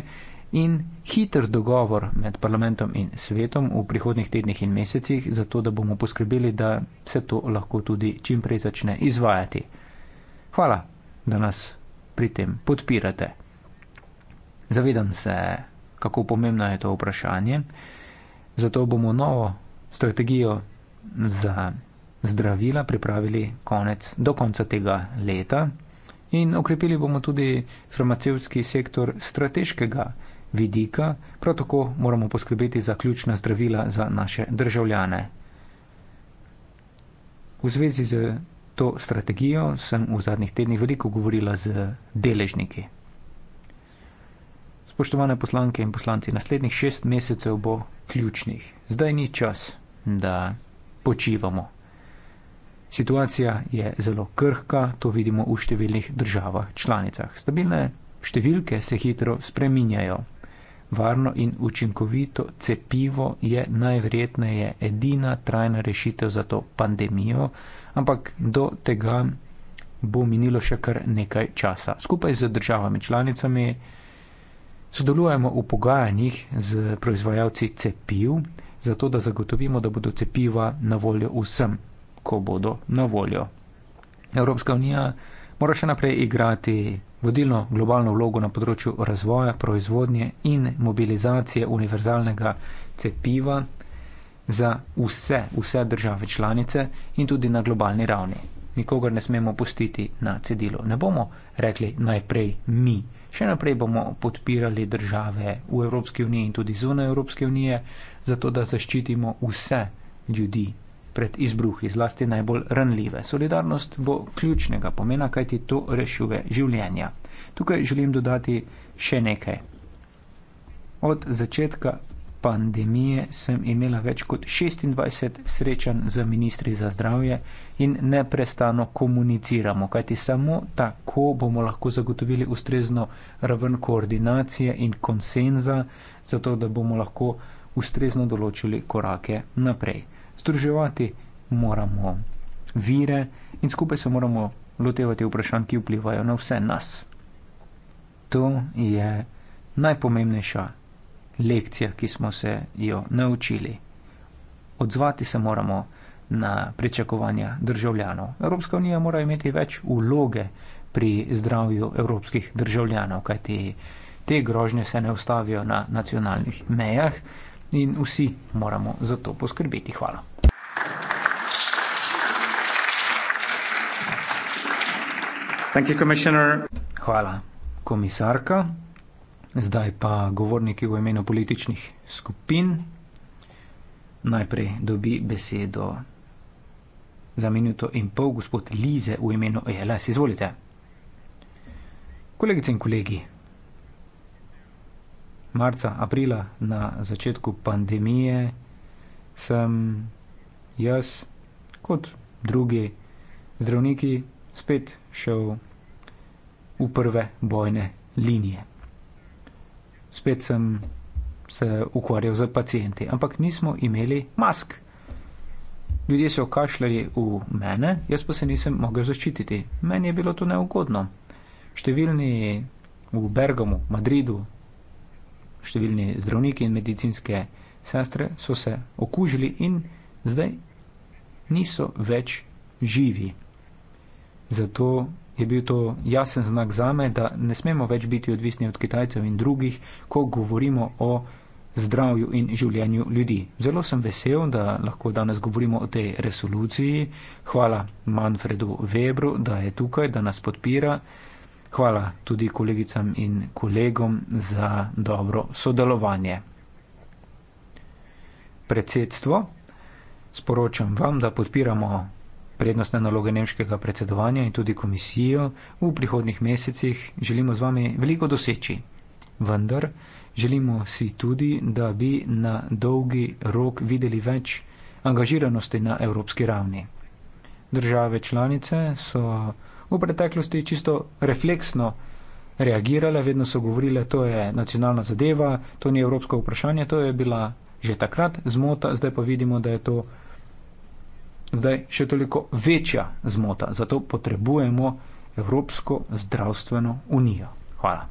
in hiter dogovor med parlamentom in svetom v prihodnih tednih in mesecih, zato da bomo poskrbeli, da se to lahko tudi čim prej začne izvajati. Hvala, da nas pri tem podpirate. Zavedam se, kako pomembno je to vprašanje, zato bomo novo strategijo za zdravila pripravili konec, do konca tega leta in okrepili bomo tudi farmacevski sektor strateškega vidika, prav tako moramo poskrbeti za ključna zdravila za naše državljane. V zvezi z to strategijo sem v zadnjih tednih veliko govorila z deležniki spoštovane poslanke in poslanci, naslednjih šest mesecev bo ključnih. Zdaj ni čas, da počivamo. Situacija je zelo krhka, to vidimo v številnih državah članicah. Stabilne številke se hitro spreminjajo. Varno in učinkovito cepivo je najverjetneje edina trajna rešitev za to pandemijo, ampak do tega bo minilo še kar nekaj časa. Skupaj z državami članicami Sodelujemo v pogajanjih z proizvajalci cepiv, zato da zagotovimo, da bodo cepiva na voljo vsem, ko bodo na voljo. Evropska unija mora še naprej igrati vodilno globalno vlogo na področju razvoja, proizvodnje in mobilizacije univerzalnega cepiva za vse, vse države članice in tudi na globalni ravni. Nikogar ne smemo pustiti na cedilu. Ne bomo rekli najprej mi. Še naprej bomo podpirali države v Evropski uniji in tudi zunaj Evropske unije, zato da zaščitimo vse ljudi pred izbruhi, zlasti najbolj ranljive. Solidarnost bo ključnega pomena, kajti to rešuje življenja. Tukaj želim dodati še nekaj. Od začetka pandemije sem imela več kot 26 srečanj z ministri za zdravje in neprestano komuniciramo, kajti samo tako bomo lahko zagotovili ustrezno raven koordinacije in konsenza, zato da bomo lahko ustrezno določili korake naprej. Združevati moramo vire in skupaj se moramo lotevati vprašanj, ki vplivajo na vse nas. To je najpomembnejša lekcija, ki smo se jo naučili. Odzvati se moramo na pričakovanja državljanov. Evropska unija mora imeti več uloge pri zdravju evropskih državljanov, kajti te grožnje se ne ustavijo na nacionalnih mejah in vsi moramo za to poskrbeti. Hvala. Thank you, Hvala, komisarka. Zdaj pa govorniki v imenu političnih skupin. Najprej dobi besedo za minuto in pol gospod Lize v imenu ELS. Izvolite. Kolegice in kolegi, marca, aprila na začetku pandemije sem jaz kot drugi zdravniki spet šel v prve bojne linije spet sem se ukvarjal z pacijenti, ampak nismo imeli mask. Ljudje so okašljali v mene, jaz pa se nisem mogel zaščititi. Meni je bilo to neugodno. Številni v Bergamu, Madridu, številni zdravniki in medicinske sestre so se okužili in zdaj niso več živi. Zato je bil to jasen znak za me, da ne smemo več biti odvisni od Kitajcev in drugih, ko govorimo o zdravju in življenju ljudi. Zelo sem vesel, da lahko danes govorimo o tej resoluciji. Hvala Manfredu Webru, da je tukaj, da nas podpira. Hvala tudi kolegicam in kolegom za dobro sodelovanje. Predsedstvo, sporočam vam, da podpiramo prednostne naloge nemškega predsedovanja in tudi komisijo v prihodnih mesecih želimo z vami veliko doseči. Vendar želimo si tudi, da bi na dolgi rok videli več angažiranosti na evropski ravni. Države članice so v preteklosti čisto refleksno reagirale, vedno so govorile, to je nacionalna zadeva, to ni evropsko vprašanje, to je bila že takrat zmota, zdaj pa vidimo, da je to zdaj še toliko večja zmota. Zato potrebujemo Evropsko zdravstveno unijo. Hvala.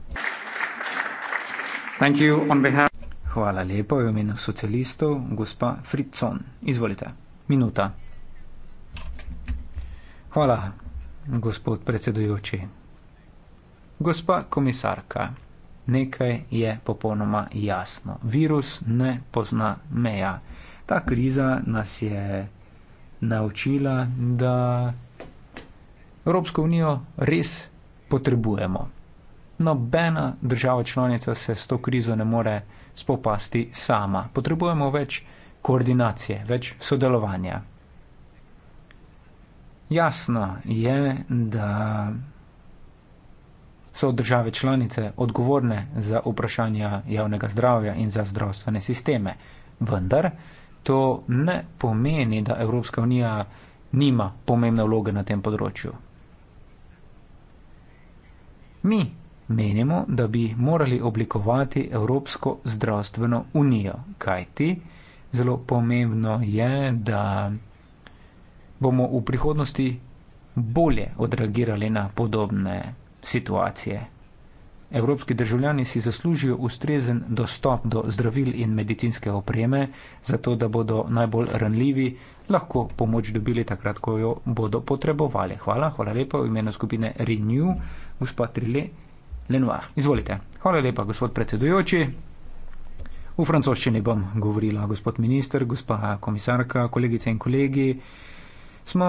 Hvala lepa v imenu socialistov, gospa Fritzon. Izvolite, minuta. Hvala, gospod predsedujoči. Gospa komisarka, nekaj je popolnoma jasno. Virus ne pozna meja. Ta kriza nas je naučila, da Evropsko unijo res potrebujemo. Nobena država članica se s to krizo ne more spopasti sama. Potrebujemo več koordinacije, več sodelovanja. Jasno je, da so države članice odgovorne za vprašanja javnega zdravja in za zdravstvene sisteme, vendar to ne pomeni, da Evropska unija nima pomembne vloge na tem področju. Mi menimo, da bi morali oblikovati Evropsko zdravstveno unijo, kajti zelo pomembno je, da bomo v prihodnosti bolje odreagirali na podobne situacije. Evropski državljani si zaslužijo ustrezen dostop do zdravil in medicinske opreme, zato da bodo najbolj ranljivi lahko pomoč dobili takrat, ko jo bodo potrebovali. Hvala, hvala lepa v imenu skupine Renew, gospod Trile Lenoir. Izvolite. Hvala lepa, gospod predsedujoči. V francoščini bom govorila, gospod minister, gospa komisarka, kolegice in kolegi. Smo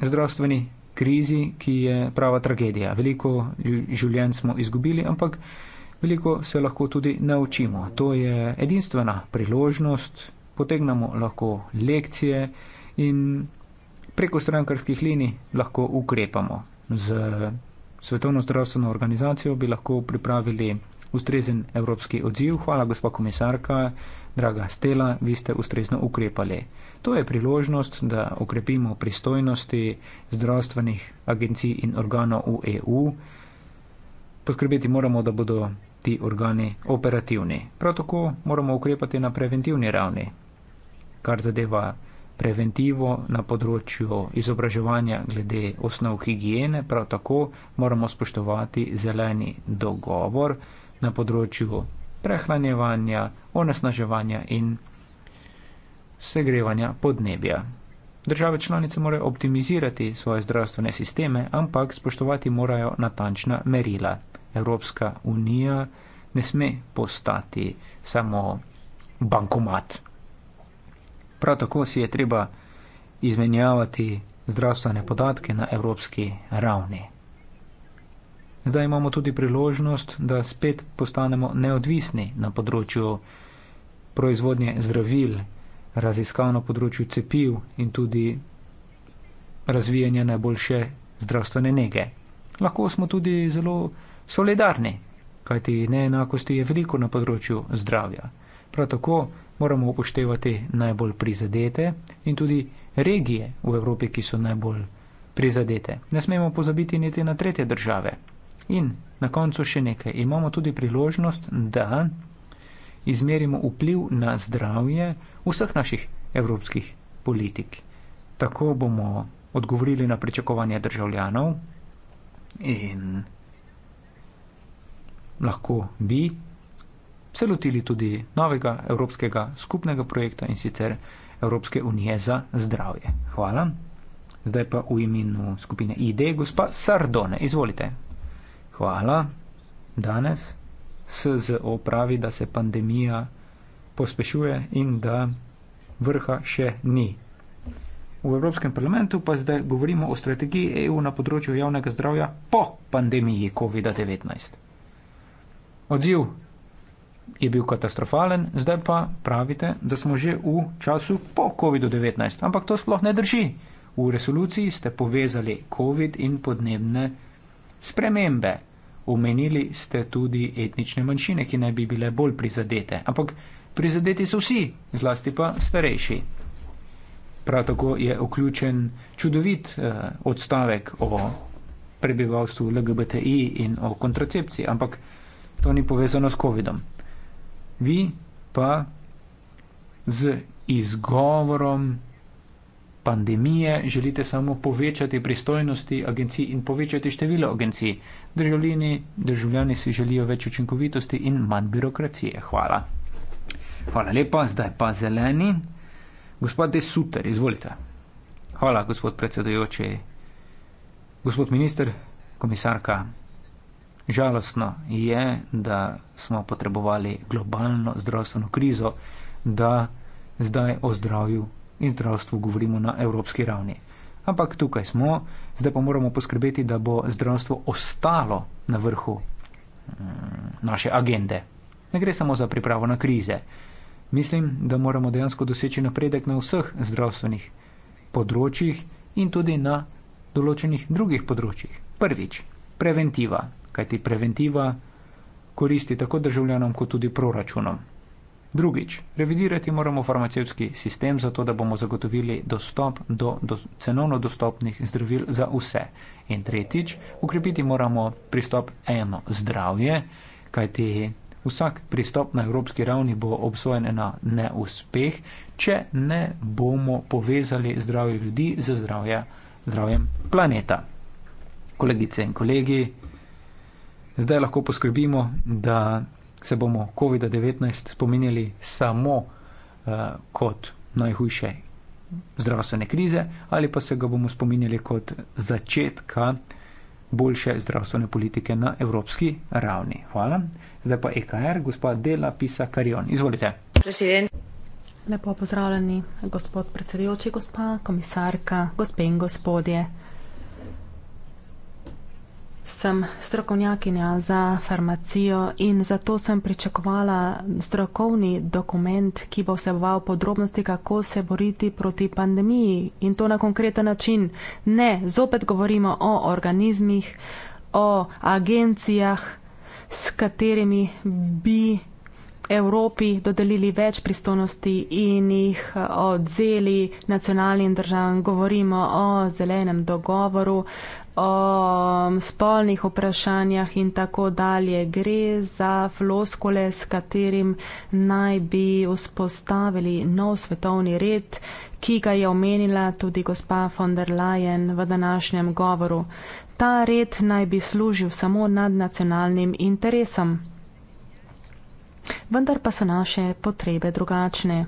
v zdravstveni krizi, ki je prava tragedija. Veliko življenj smo izgubili, ampak veliko se lahko tudi naučimo. To je edinstvena priložnost, potegnemo lahko lekcije in preko strankarskih linij lahko ukrepamo. Z Svetovno zdravstveno organizacijo bi lahko pripravili ustrezen evropski odziv. Hvala, gospod komisarka, draga Stela, vi ste ustrezno ukrepali. To je priložnost, da okrepimo pristojnosti zdravstvenih agencij in organov v EU. Poskrbeti moramo, da bodo ti organi operativni. Prav tako moramo ukrepati na preventivni ravni, kar zadeva preventivo na področju izobraževanja glede osnov higiene, prav tako moramo spoštovati zeleni dogovor na področju prehranjevanja, onesnaževanja in segrevanja podnebja. Države članice morajo optimizirati svoje zdravstvene sisteme, ampak spoštovati morajo natančna merila. Evropska unija ne sme postati samo bankomat. Prav tako si je treba izmenjavati zdravstvene podatke na evropski ravni. Zdaj imamo tudi priložnost, da spet postanemo neodvisni na področju proizvodnje zdravil, raziskav na področju cepiv in tudi razvijanja najboljše zdravstvene nege. Lahko smo tudi zelo solidarni, kajti neenakosti je veliko na področju zdravja. Prav tako moramo upoštevati najbolj prizadete in tudi regije v Evropi, ki so najbolj prizadete. Ne smemo pozabiti niti na tretje države. In na koncu še nekaj. Imamo tudi priložnost, da izmerimo vpliv na zdravje vseh naših evropskih politik. Tako bomo odgovorili na pričakovanje državljanov in lahko bi se lotili tudi novega evropskega skupnega projekta in sicer Evropske unije za zdravje. Hvala. Zdaj pa v imenu skupine ID, gospa Sardone, izvolite. Hvala. Danes SZO pravi, da se pandemija pospešuje in da vrha še ni. V Evropskem parlamentu pa zdaj govorimo o strategiji EU na področju javnega zdravja po pandemiji COVID-19. Odziv je bil katastrofalen, zdaj pa pravite, da smo že v času po COVID-19. Ampak to sploh ne drži. V resoluciji ste povezali COVID in podnebne spremembe. Omenili ste tudi etnične manjšine, ki naj bi bile bolj prizadete. Ampak prizadeti so vsi, zlasti pa starejši. Prav tako je vključen čudovit eh, odstavek o prebivalstvu LGBTI in o kontracepciji, ampak to ni povezano s COVID-om. Vi pa z izgovorom pandemije, želite samo povečati pristojnosti agencij in povečati število agencij. Državljani, državljani si želijo več učinkovitosti in manj birokracije. Hvala. Hvala lepa, zdaj pa zeleni. Gospod De Suter, izvolite. Hvala, gospod predsedojoči. Gospod minister, komisarka, žalostno je, da smo potrebovali globalno zdravstveno krizo, da zdaj o zdravju in zdravstvu govorimo na evropski ravni. Ampak tukaj smo, zdaj pa moramo poskrbeti, da bo zdravstvo ostalo na vrhu mm, naše agende. Ne gre samo za pripravo na krize. Mislim, da moramo dejansko doseči napredek na vseh zdravstvenih področjih in tudi na določenih drugih področjih. Prvič, preventiva, kajti preventiva koristi tako državljanom kot tudi proračunom. Drugič, revidirati moramo farmacevski sistem, zato da bomo zagotovili dostop do, do cenovno dostopnih zdravil za vse. In tretjič, ukrepiti moramo pristop eno zdravje, kajti vsak pristop na evropski ravni bo obsojen na neuspeh, če ne bomo povezali zdravje ljudi z zdravje, zdravjem planeta. Kolegice in kolegi, zdaj lahko poskrbimo, da se bomo COVID-19 spominjali samo uh, kot najhujše zdravstvene krize ali pa se ga bomo spominjali kot začetka boljše zdravstvene politike na evropski ravni. Hvala. Zdaj pa EKR, gospod Dela Pisa Karion. Izvolite. President. Lepo pozdravljeni, gospod predsedujoči, gospa komisarka, gospe in gospodje sem strokovnjakinja za farmacijo in zato sem pričakovala strokovni dokument, ki bo vseboval podrobnosti, kako se boriti proti pandemiji in to na konkreten način. Ne, zopet govorimo o organizmih, o agencijah, s katerimi bi Evropi dodelili več pristojnosti in jih eh, odzeli nacionalnim državam. Govorimo o zelenem dogovoru, o spolnih vprašanjah in tako dalje. Gre za floskole, s katerim naj bi vzpostavili nov svetovni red, ki ga je omenila tudi gospa von der Leyen v današnjem govoru. Ta red naj bi služil samo nadnacionalnim interesom. Vendar pa so naše potrebe drugačne.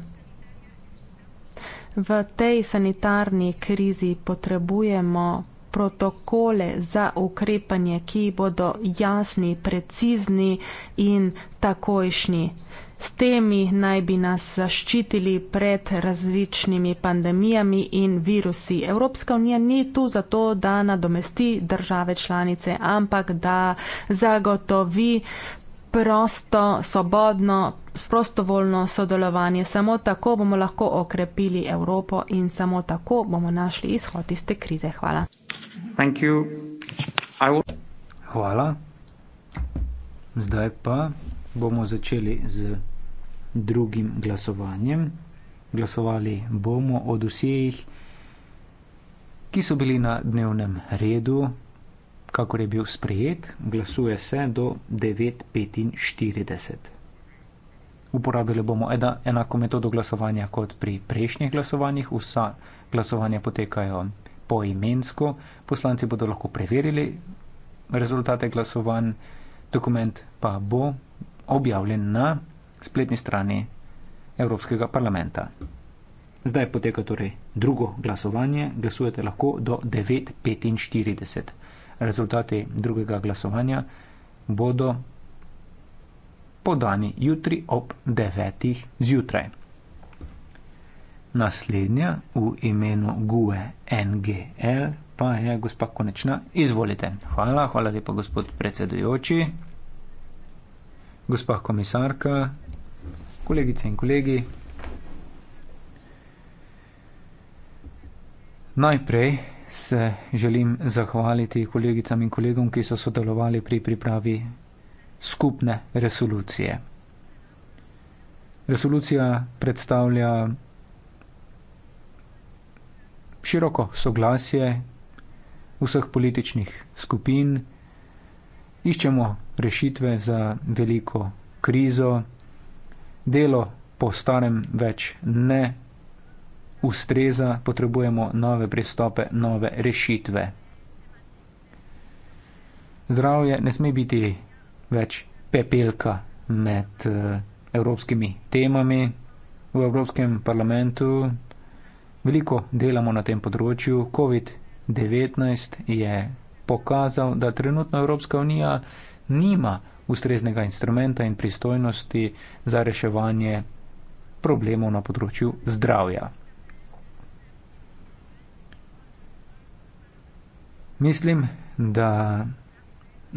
V tej sanitarni krizi potrebujemo protokole za ukrepanje, ki bodo jasni, precizni in takojšnji. S temi naj bi nas zaščitili pred različnimi pandemijami in virusi. Evropska unija ni tu zato, da nadomesti države članice, ampak da zagotovi prosto, svobodno, sprostovoljno sodelovanje. Samo tako bomo lahko okrepili Evropo in samo tako bomo našli izhod iz te krize. Hvala. Thank you. I will... Hvala. Zdaj pa bomo začeli z drugim glasovanjem. Glasovali bomo o dosijih, ki so bili na dnevnem redu, kakor je bil sprejet, glasuje se do 9.45. Uporabili bomo enako metodo glasovanja kot pri prejšnjih glasovanjih. Vsa glasovanja potekajo poimensko. Poslanci bodo lahko preverili rezultate glasovanj, dokument pa bo objavljen na spletni strani Evropskega parlamenta. Zdaj poteka torej drugo glasovanje, glasujete lahko do 9.45. Rezultati drugega glasovanja bodo podani jutri ob 9.00 zjutraj. Naslednja v imenu GUE NGL pa je gospa Konečna. Izvolite. Hvala, hvala lepa, gospod predsedujoči, gospa komisarka, kolegice in kolegi. Najprej se želim zahvaliti kolegicam in kolegom, ki so sodelovali pri pripravi skupne resolucije. Resolucija predstavlja široko soglasje vseh političnih skupin, iščemo rešitve za veliko krizo, delo po starem več ne ustreza, potrebujemo nove pristope, nove rešitve. Zdravje ne sme biti več pepelka med eh, evropskimi temami. V Evropskem parlamentu veliko delamo na tem področju. COVID-19 je pokazal, da trenutno Evropska unija nima ustreznega instrumenta in pristojnosti za reševanje problemov na področju zdravja. Mislim, da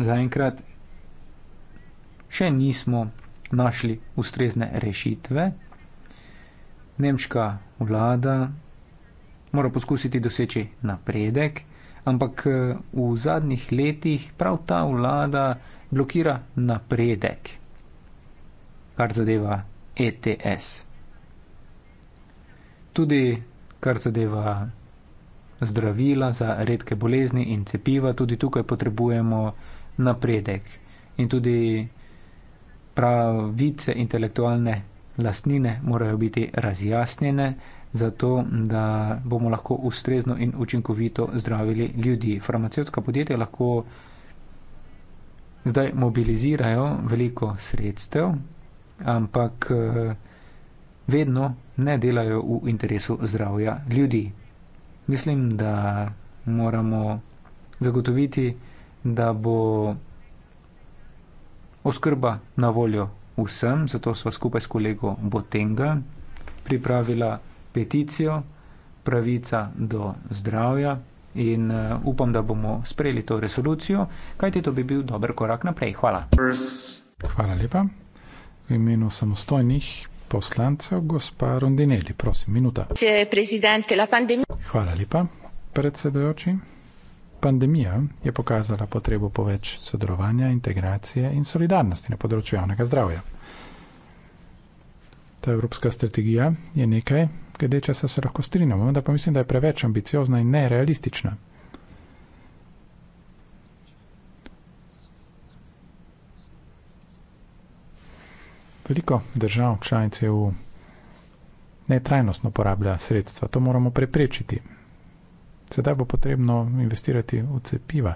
zaenkrat še nismo našli ustrezne rešitve. Nemška vlada mora poskusiti doseči napredek, ampak eh, v zadnjih letih prav ta vlada blokira napredek, kar zadeva ETS. Tudi kar zadeva zdravila za redke bolezni in cepiva, tudi tukaj potrebujemo napredek in tudi pravice intelektualne lastnine morajo biti razjasnjene zato da bomo lahko ustrezno in učinkovito zdravili ljudi. Farmacevtska podjetja lahko zdaj mobilizirajo veliko sredstev, ampak eh, vedno ne delajo v interesu zdravja ljudi. Mislim, da moramo zagotoviti, da bo oskrba na voljo vsem, zato sva skupaj s kolego Botenga pripravila peticijo Pravica do zdravja in uh, upam, da bomo sprejeli to resolucijo, kajti to bi bil dober korak naprej. Hvala. Hvala lepa. V imenu samostojnih poslancev, gospa Rondinelli, prosim, minuta. Hvala lepa, predsedojoči. Pandemija je pokazala potrebo po več sodelovanja, integracije in solidarnosti na področju javnega zdravja. Ta evropska strategija je nekaj, glede česa se lahko strinjamo, vendar pa mislim, da je preveč ambiciozna in nerealistična. Veliko držav članic EU netrajnostno porablja sredstva, to moramo preprečiti. Sedaj bo potrebno investirati v cepiva,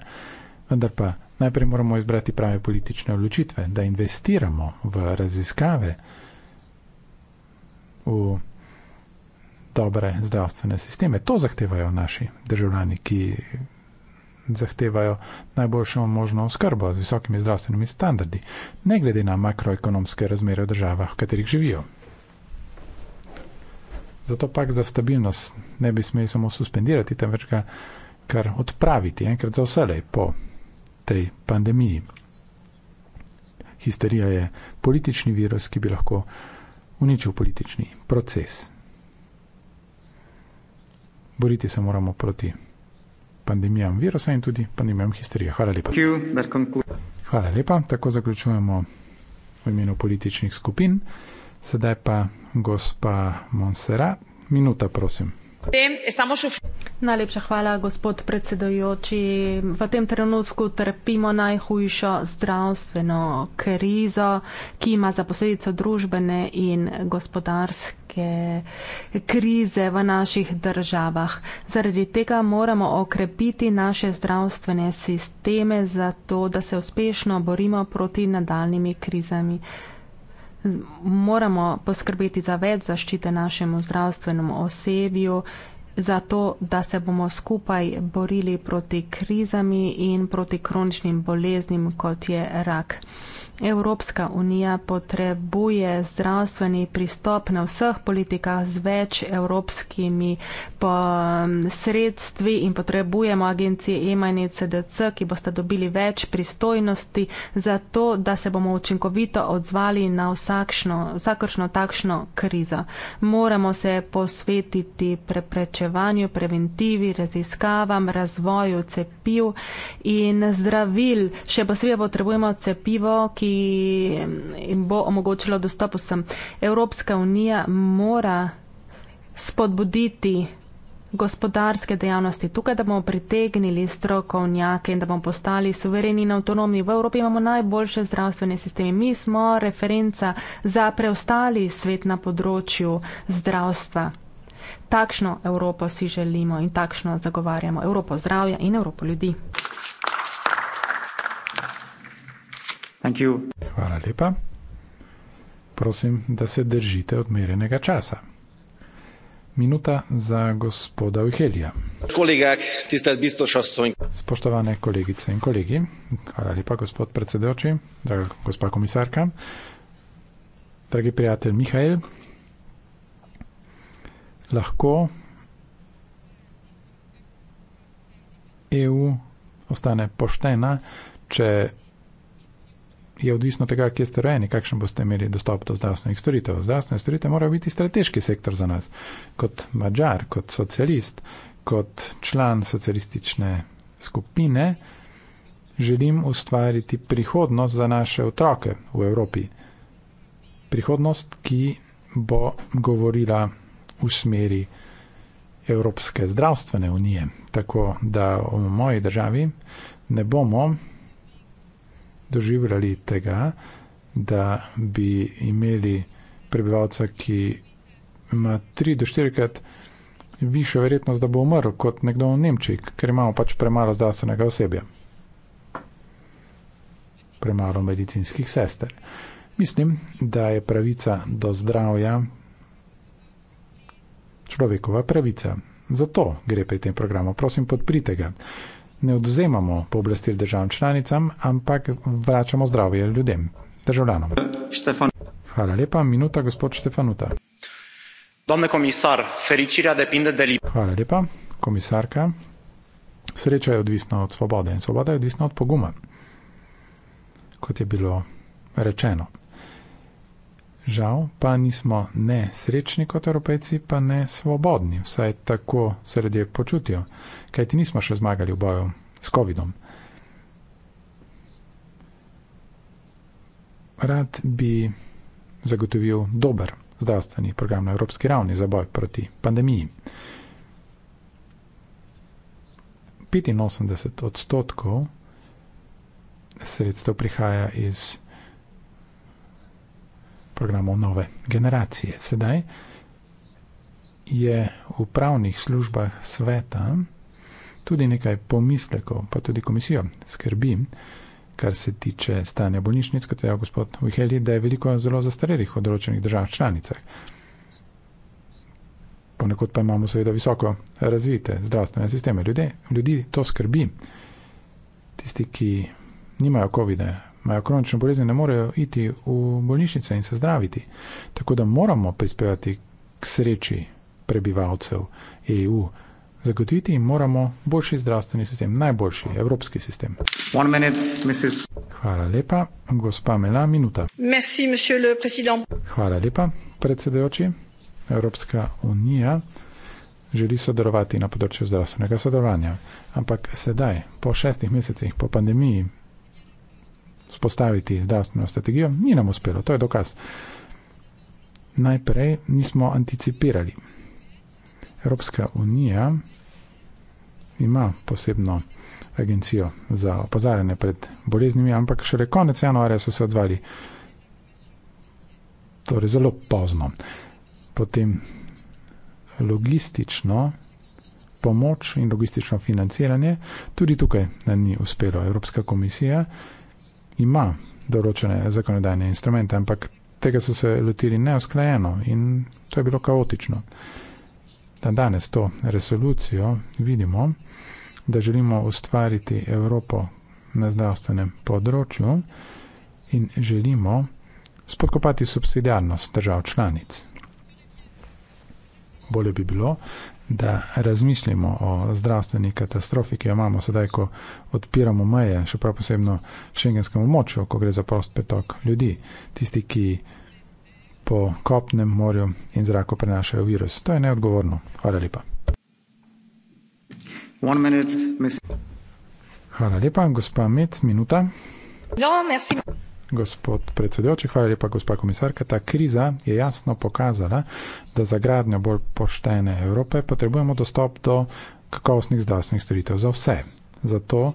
vendar pa najprej moramo izbrati prave politične odločitve, da investiramo v raziskave, v dobre zdravstvene sisteme. To zahtevajo naši državljani, ki zahtevajo najboljšo možno oskrbo z visokimi zdravstvenimi standardi, ne glede na makroekonomske razmere v državah, v katerih živijo. Zato pa za stabilnost ne bi smeli samo suspendirati, temveč ga kar odpraviti enkrat za vselej po tej pandemiji. Histerija je politični virus, ki bi lahko uničil politični proces boriti se moramo proti pandemijam virusa in tudi pandemijam histerije. Hvala lepa. Hvala lepa, tako zaključujemo v imenu političnih skupin. Sedaj pa gospa Monsera, minuta prosim. Najlepša hvala, gospod predsedojoči. V tem trenutku trpimo najhujšo zdravstveno krizo, ki ima za posledico družbene in gospodarske krize v naših državah. Zaradi tega moramo okrepiti naše zdravstvene sisteme, zato da se uspešno borimo proti nadaljnimi krizami moramo poskrbeti za več zaščite našemu zdravstvenemu osebju, zato da se bomo skupaj borili proti krizami in proti kroničnim boleznim, kot je rak. Evropska unija potrebuje zdravstveni pristop na vseh politikah z več evropskimi sredstvi in potrebujemo agencije EMA in ECDC, ki boste dobili več pristojnosti za to, da se bomo učinkovito odzvali na vsakšno, vsakršno takšno krizo. Moramo se posvetiti preprečevanju, preventivi, raziskavam, razvoju cepiv in zdravil. Še posebej potrebujemo cepivo, ki ki jim bo omogočilo dostop vsem. Evropska unija mora spodbuditi gospodarske dejavnosti tukaj, da bomo pritegnili strokovnjake in da bomo postali suvereni in avtonomni. V Evropi imamo najboljše zdravstvene sisteme. Mi smo referenca za preostali svet na področju zdravstva. Takšno Evropo si želimo in takšno zagovarjamo Evropo zdravja in Evropo ljudi. Thank you. Hvala lepa. Prosim, da se držite odmerenega časa. Minuta za gospoda Uhelija. Spoštovane kolegice in kolegi, hvala lepa gospod predsedoči, draga gospa komisarka, dragi prijatelj Mihajl. Lahko EU ostane poštena, če je odvisno od tega, kje ste rojeni, kakšen boste imeli dostop do zdravstvenih storitev. Zdravstvene storitev mora biti strateški sektor za nas, kot mačar, kot socialist, kot član socialistične skupine. Želim ustvariti prihodnost za naše otroke v Evropi. Prihodnost, ki bo govorila v smeri Evropske zdravstvene unije. Tako da v moji državi ne bomo doživljali tega, da bi imeli prebivalca, ki ima tri do štirikrat višjo verjetnost, da bo umrl kot nekdo v Nemčiji, ker imamo pač premalo zdravstvenega osebja, premalo medicinskih sester. Mislim, da je pravica do zdravja človekova pravica. Zato gre pri tem programu. Prosim, podprite ga ne odzemamo pooblastil državam članicam, ampak vračamo zdravje ljudem, državljanom. Štefan. Hvala lepa, minuta, gospod Štefanuta. Komisar, Hvala lepa, komisarka. Sreča je odvisna od svobode in svoboda je odvisna od poguma, kot je bilo rečeno. Žal pa nismo ne srečni kot evropejci, pa ne svobodni, vsaj tako se ljudje počutijo kaj ti nismo še zmagali v boju s COVID-om. Rad bi zagotovil dober zdravstveni program na evropski ravni za boj proti pandemiji. 85 odstotkov sredstev prihaja iz programov nove generacije. Sedaj je v pravnih službah sveta tudi nekaj pomislekov, pa tudi komisijo skrbi, kar se tiče stanja bolnišnic, kot je gospod Vihelji, da je veliko zelo zastarelih v določenih državah članicah. Ponekod pa imamo seveda visoko razvite zdravstvene sisteme. Ljudje, ljudi to skrbi. Tisti, ki nimajo COVID-19, imajo kronično bolezen, ne morejo iti v bolnišnice in se zdraviti. Tako da moramo prispevati k sreči prebivalcev EU. Zagotoviti jim moramo boljši zdravstveni sistem, najboljši evropski sistem. Minute, Hvala lepa, gospa Mela, minuta. Merci, Hvala lepa, predsedujoči. Evropska unija želi sodelovati na področju zdravstvenega sodelovanja, ampak sedaj, po šestih mesecih, po pandemiji, spostaviti zdravstveno strategijo ni nam uspelo. To je dokaz. Najprej nismo anticipirali. Evropska unija ima posebno agencijo za opozarjanje pred boleznimi, ampak šele konec januarja so se odvali, torej zelo pozno. Potem logistično pomoč in logistično financiranje, tudi tukaj ni uspelo. Evropska komisija ima določene zakonodajne instrumente, ampak tega so se lotili neusklajeno in to je bilo kaotično na danes to resolucijo vidimo, da želimo ustvariti Evropo na zdravstvenem področju in želimo spodkopati subsidijarnost držav članic. Bolje bi bilo, da razmislimo o zdravstveni katastrofi, ki jo imamo sedaj, ko odpiramo meje, še prav posebno šengenskemu moču, ko gre za prost petok ljudi. Tisti, ki po kopnem morju in zraku prenašajo virus. To je neodgovorno. Hvala lepa. Hvala lepa, gospa Metz, minuta. No, Gospod predsedujoči, hvala lepa, gospa komisarka. Ta kriza je jasno pokazala, da za gradnjo bolj poštene Evrope potrebujemo dostop do kakovostnih zdravstvenih storitev za vse. Zato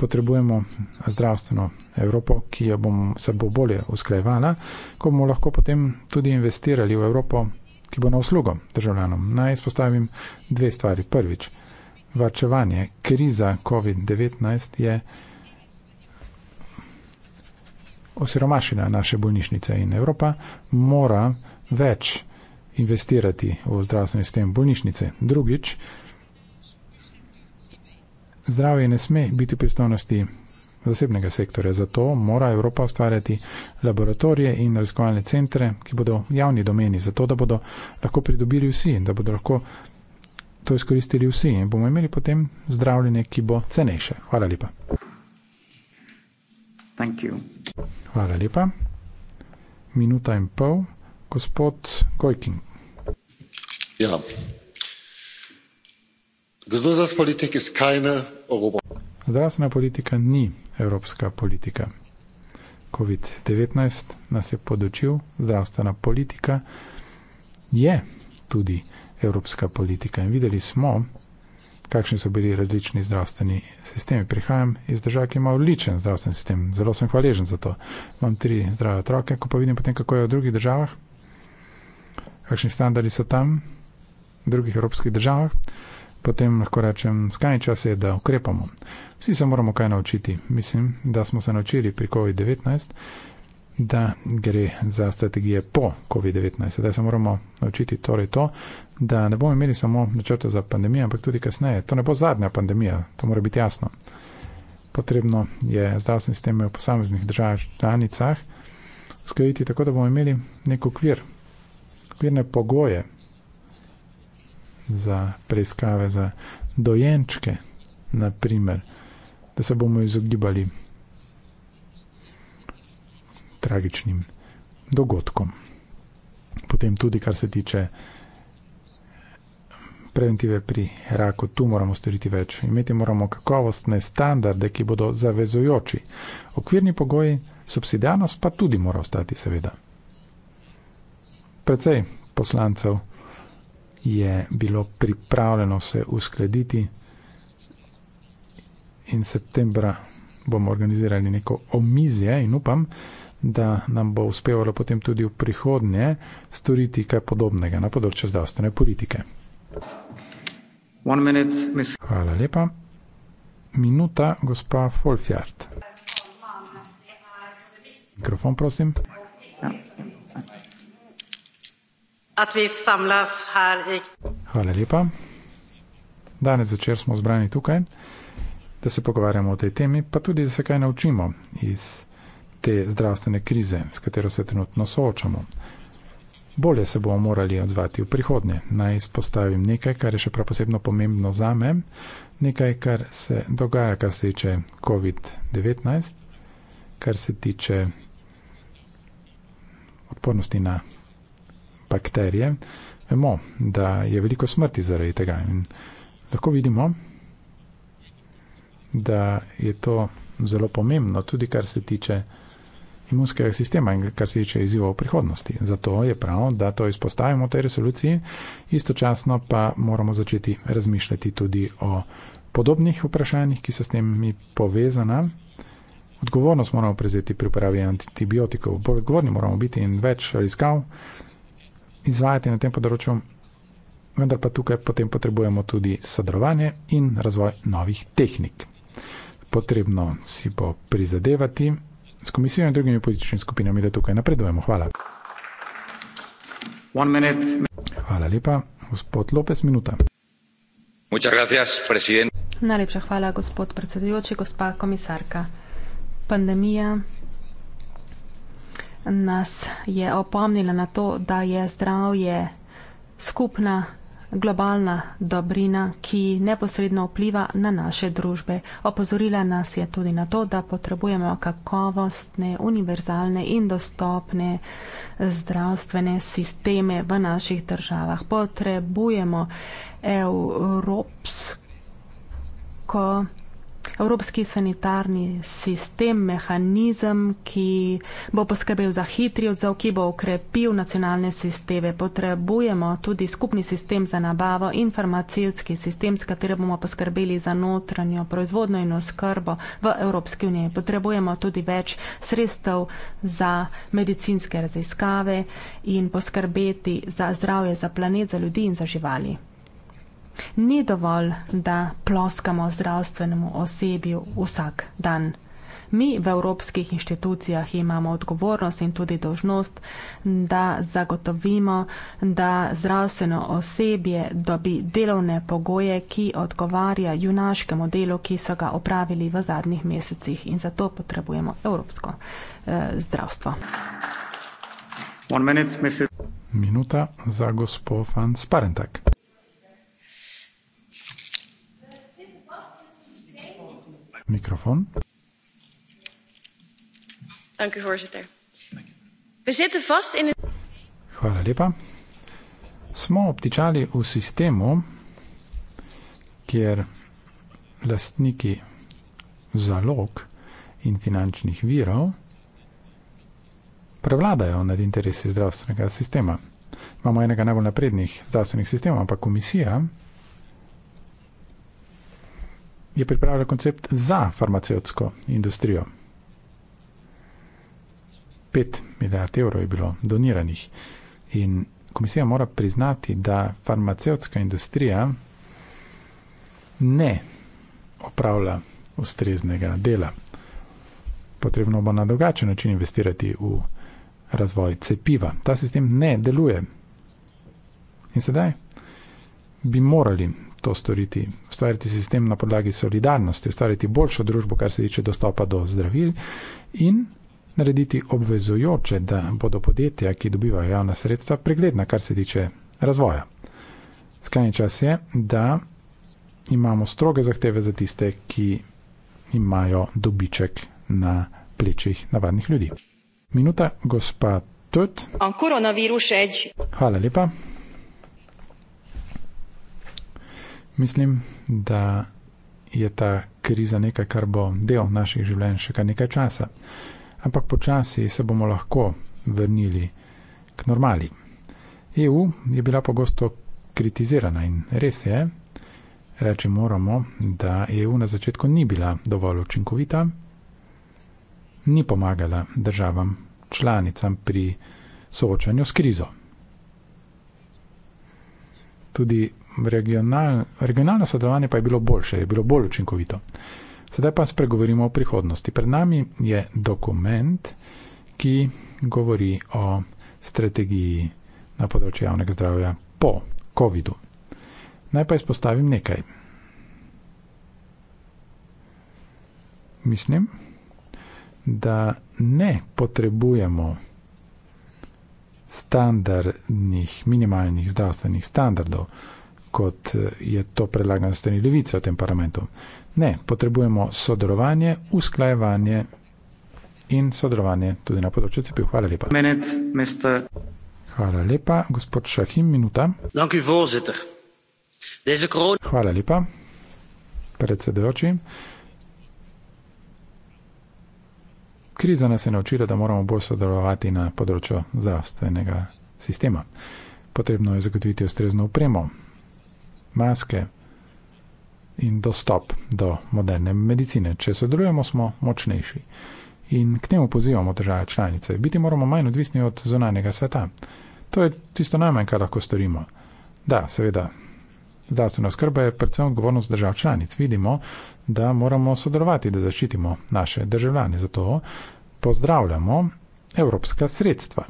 potrebujemo zdravstveno Evropo, ki jo bom, se bo bolje usklajevala, ko bomo lahko potem tudi investirali v Evropo, ki bo na uslugo državljanom. Naj izpostavim dve stvari. Prvič, varčevanje, kriza COVID-19 je osiromašila naše bolnišnice in Evropa mora več investirati v zdravstveni sistem bolnišnice. Drugič, Zdravje ne sme biti v pristojnosti zasebnega sektorja, zato mora Evropa ustvarjati laboratorije in raziskovalne centre, ki bodo javni domeni, zato da bodo lahko pridobili vsi in da bodo lahko to izkoristili vsi in bomo imeli potem zdravljenje, ki bo cenejše. Hvala lepa. Hvala lepa. Minuta in pol. Gospod Gojkin. Ja. Gesundheitspolitik ist keine Europa. Zdravstvena politika ni evropska politika. COVID-19 nas je podočil, zdravstvena politika je tudi evropska politika. In videli smo, kakšni so bili različni zdravstveni sistemi. Prihajam iz države, ki ima odličen zdravstveni sistem. Zelo sem hvaležen za to. Imam tri zdrave otroke, ko pa vidim potem, kako je v drugih državah, kakšni standardi so tam, v drugih evropskih državah potem lahko rečem, skrajni čas je, da ukrepamo. Vsi se moramo kaj naučiti. Mislim, da smo se naučili pri COVID-19, da gre za strategije po COVID-19. Zdaj se moramo naučiti torej to, da ne bomo imeli samo načrta za pandemijo, ampak tudi kasneje. To ne bo zadnja pandemija, to mora biti jasno. Potrebno je zdravstveni sistem v posameznih državah članicah uskladiti tako, da bomo imeli nek okvir, okvirne pogoje za preiskave za dojenčke, naprimer, da se bomo izogibali tragičnim dogodkom. Potem tudi, kar se tiče preventive pri raku, tu moramo storiti več. Imeti moramo kakovostne standarde, ki bodo zavezujoči. Okvirni pogoji, subsidijanost pa tudi mora ostati, seveda. Predvsej poslancev je bilo pripravljeno se uskladiti in septembra bomo organizirali neko omizje in upam, da nam bo uspevalo potem tudi v prihodnje storiti kaj podobnega na področju zdravstvene politike. Minute, Hvala lepa. Minuta, gospa Folfjard. Mikrofon, prosim. Ja at vi samlas här i... Hvala lepa. Danes večer smo zbrani tukaj, da se pogovarjamo o tej temi, pa tudi da se kaj naučimo iz te zdravstvene krize, s katero se trenutno soočamo. Bolje se bomo morali odzvati v prihodnje. Naj izpostavim nekaj, kar je še prav posebno pomembno za me, nekaj, kar se dogaja, kar se tiče COVID-19, kar se tiče odpornosti na bakterije, vemo, da je veliko smrti zaradi tega. In lahko vidimo, da je to zelo pomembno, tudi kar se tiče imunskega sistema in kar se tiče izzivov v prihodnosti. Zato je prav, da to izpostavimo v tej resoluciji, istočasno pa moramo začeti razmišljati tudi o podobnih vprašanjih, ki so s temi povezana. Odgovornost moramo prevzeti pri upravi antibiotikov, bolj odgovorni moramo biti in več raziskav izvajati na tem področju, vendar pa tukaj potem potrebujemo tudi sodelovanje in razvoj novih tehnik. Potrebno si bo prizadevati s komisijo in drugimi političnimi skupinami, da tukaj napredujemo. Hvala. Hvala lepa, gospod Lopes, minuta. Najlepša hvala, gospod predsedujoči, gospa komisarka. Pandemija, nas je opomnila na to, da je zdravje skupna globalna dobrina, ki neposredno vpliva na naše družbe. Opozorila nas je tudi na to, da potrebujemo kakovostne, univerzalne in dostopne zdravstvene sisteme v naših državah. Potrebujemo evropsko Evropski sanitarni sistem, mehanizem, ki bo poskrbel za hitri odzov, ki bo okrepil nacionalne sisteme. Potrebujemo tudi skupni sistem za nabavo in farmacijski sistem, s katerim bomo poskrbeli za notranjo proizvodno in oskrbo v Evropski uniji. Potrebujemo tudi več sredstev za medicinske raziskave in poskrbeti za zdravje, za planet, za ljudi in za živali. Ni dovolj, da ploskamo zdravstvenemu osebju vsak dan. Mi v evropskih inštitucijah imamo odgovornost in tudi dožnost, da zagotovimo, da zdravstveno osebje dobi delovne pogoje, ki odgovarja junaškemu delu, ki so ga opravili v zadnjih mesecih in zato potrebujemo evropsko eh, zdravstvo. Minuta za gospod Van Sparentak. Microfoon. Dank u, voorzitter. We zitten vast in het. Hvala lepa. Smo obtičali v sistemu, kjer lastniki zalog in finančnih virov prevladajo nad interesi zdravstvenega sistema. Imamo enega najbolj naprednih zdravstvenih sistemov, ampak komisija, je pripravila koncept za farmacevtsko industrijo. 5 milijard evrov je bilo doniranih in komisija mora priznati, da farmacevtska industrija ne opravlja ustreznega dela. Potrebno bo na drugačen način investirati v razvoj cepiva. Ta sistem ne deluje. In sedaj bi morali to storiti, ustvariti sistem na podlagi solidarnosti, ustvariti boljšo družbo, kar se tiče dostopa do zdravil in narediti obvezujoče, da bodo podjetja, ki dobivajo javna sredstva, pregledna, kar se tiče razvoja. Skrajni čas je, da imamo stroge zahteve za tiste, ki imajo dobiček na plečih navadnih ljudi. Minuta, gospa Tud. Hvala lepa. mislim, da je ta kriza nekaj, kar bo del naših življenj še kar nekaj časa. Ampak počasi se bomo lahko vrnili k normali. EU je bila pogosto kritizirana in res je, reči moramo, da EU na začetku ni bila dovolj učinkovita, ni pomagala državam članicam pri soočanju s krizo. Tudi Regional, regionalno sodelovanje pa je bilo boljše, je bilo bolj učinkovito. Sedaj pa spregovorimo o prihodnosti. Pred nami je dokument, ki govori o strategiji na področju javnega zdravja po COVID-u. Naj pa izpostavim nekaj. Mislim, da ne potrebujemo standardnih, minimalnih zdravstvenih standardov kot eh, je to predlagano strani levice v tem parlamentu. Ne, potrebujemo sodelovanje, usklajevanje in sodelovanje tudi na področju cepiv. Hvala lepa. Hvala lepa, gospod Šahim, minuta. Hvala lepa, predsedujoči. Kriza nas je naučila, da moramo bolj sodelovati na področju zdravstvenega sistema. Potrebno je zagotoviti ustrezno upremo maske in dostop do moderne medicine. Če sodelujemo, smo močnejši. In k temu pozivamo države članice. Biti moramo manj odvisni od zunanjega sveta. To je tisto najmanj, kar lahko storimo. Da, seveda, zdravstvena skrba je predvsem odgovornost držav članic. Vidimo, da moramo sodelovati, da zaščitimo naše državljane. Zato pozdravljamo evropska sredstva.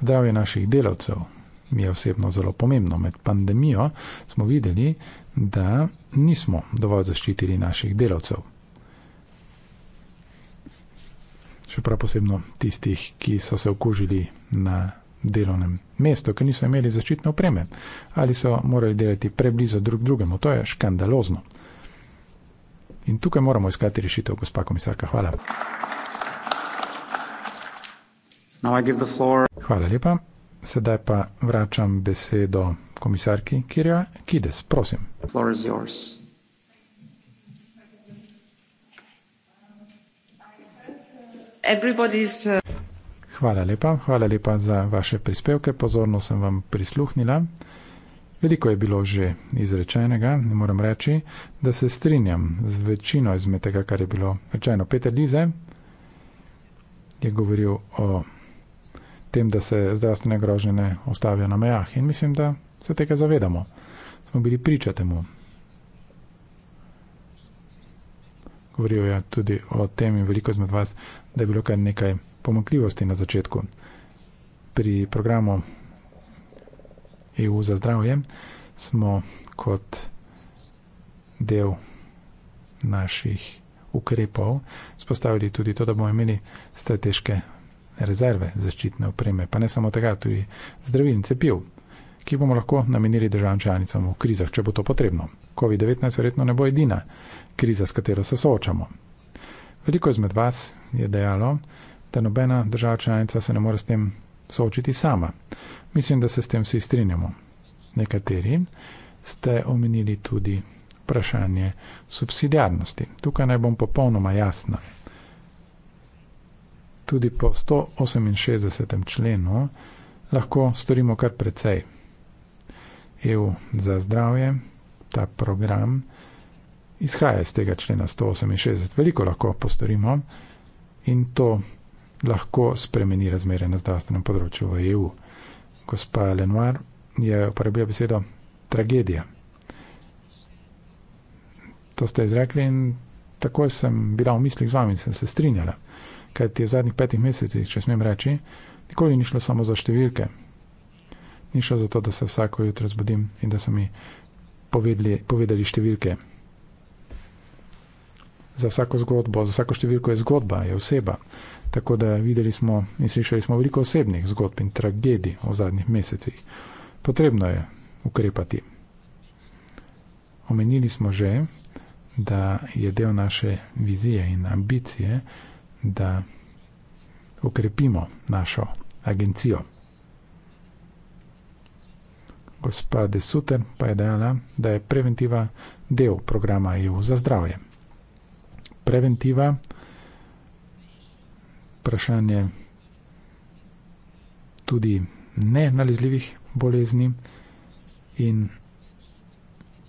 Zdravje naših delavcev, mi je osebno zelo pomembno. Med pandemijo smo videli, da nismo dovolj zaščitili naših delavcev. Še prav posebno tistih, ki so se okužili na delovnem mestu, ki niso imeli zaščitne opreme ali so morali delati preblizu drug drugemu. To je škandalozno. In tukaj moramo iskati rešitev, gospa komisarka. Hvala. Hvala lepa. Sedaj pa vračam besedo komisarki Kirja Kides, prosim. Uh, hvala lepa, hvala lepa za vaše prispevke, pozorno sem vam prisluhnila. Veliko je bilo že izrečenega, ne moram reči, da se strinjam z večino izmed tega, kar je bilo rečeno. Peter Lize je govoril o tem, da se zdravstvene grožnje ne ostavijo na mejah. In mislim, da se tega zavedamo. Smo bili priča temu. Govoril je tudi o tem in veliko izmed vas, da je bilo kar nekaj pomakljivosti na začetku pri programu EU za zdravje. Smo kot del naših ukrepov spostavili tudi to, da bomo imeli strateške rezerve zaščitne opreme, pa ne samo tega, tudi zdravil in cepiv, ki bomo lahko namenili državam članicam v krizah, če bo to potrebno. COVID-19 verjetno ne bo edina kriza, s katero se soočamo. Veliko izmed vas je dejalo, da nobena država članica se ne more s tem soočiti sama. Mislim, da se s tem vsi strinjamo. Nekateri ste omenili tudi vprašanje subsidiarnosti. Tukaj naj bom popolnoma jasna tudi po 168. členu lahko storimo kar precej. EU za zdravje, ta program, izhaja iz tega člena 168. Veliko lahko postorimo in to lahko spremeni razmere na zdravstvenem področju v EU. Gospa Lenoir je uporabila besedo tragedija. To ste izrekli in takoj sem bila v mislih z vami in sem se strinjala kaj ti v zadnjih petih mesecih, če smem reči, nikoli ni šlo samo za številke. Ni šlo za to, da se vsako jutro zbudim in da so mi povedli, povedali številke. Za vsako zgodbo, za vsako številko je zgodba, je oseba. Tako da videli smo in slišali smo veliko osebnih zgodb in tragedij v zadnjih mesecih. Potrebno je ukrepati. Omenili smo že, da je del naše vizije in ambicije, da ukrepimo našo agencijo. Gospa Desute pa je dejala, da je preventiva del programa EU za zdravje. Preventiva, vprašanje tudi nenalizljivih bolezni in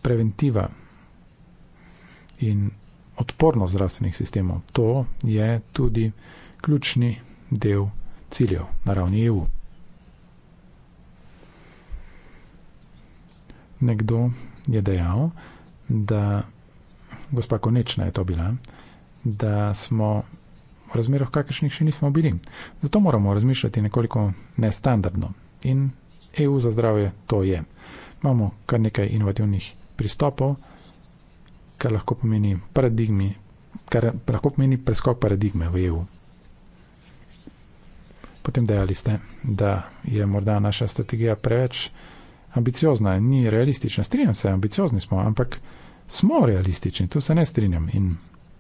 preventiva in odpornost zdravstvenih sistemov. To je tudi ključni del ciljev na ravni EU. Nekdo je dejal, da, gospa Konečna je to bila, da smo v razmerah, kakršnih še nismo bili. Zato moramo razmišljati nekoliko nestandardno. In EU za zdravje to je. Imamo kar nekaj inovativnih pristopov, kar lahko pomeni paradigmi, kar lahko pomeni preskok paradigme v EU. Potem dejali ste, da je morda naša strategija preveč ambiciozna in ni realistična. Strinjam se, ambiciozni smo, ampak smo realistični, tu se ne strinjam in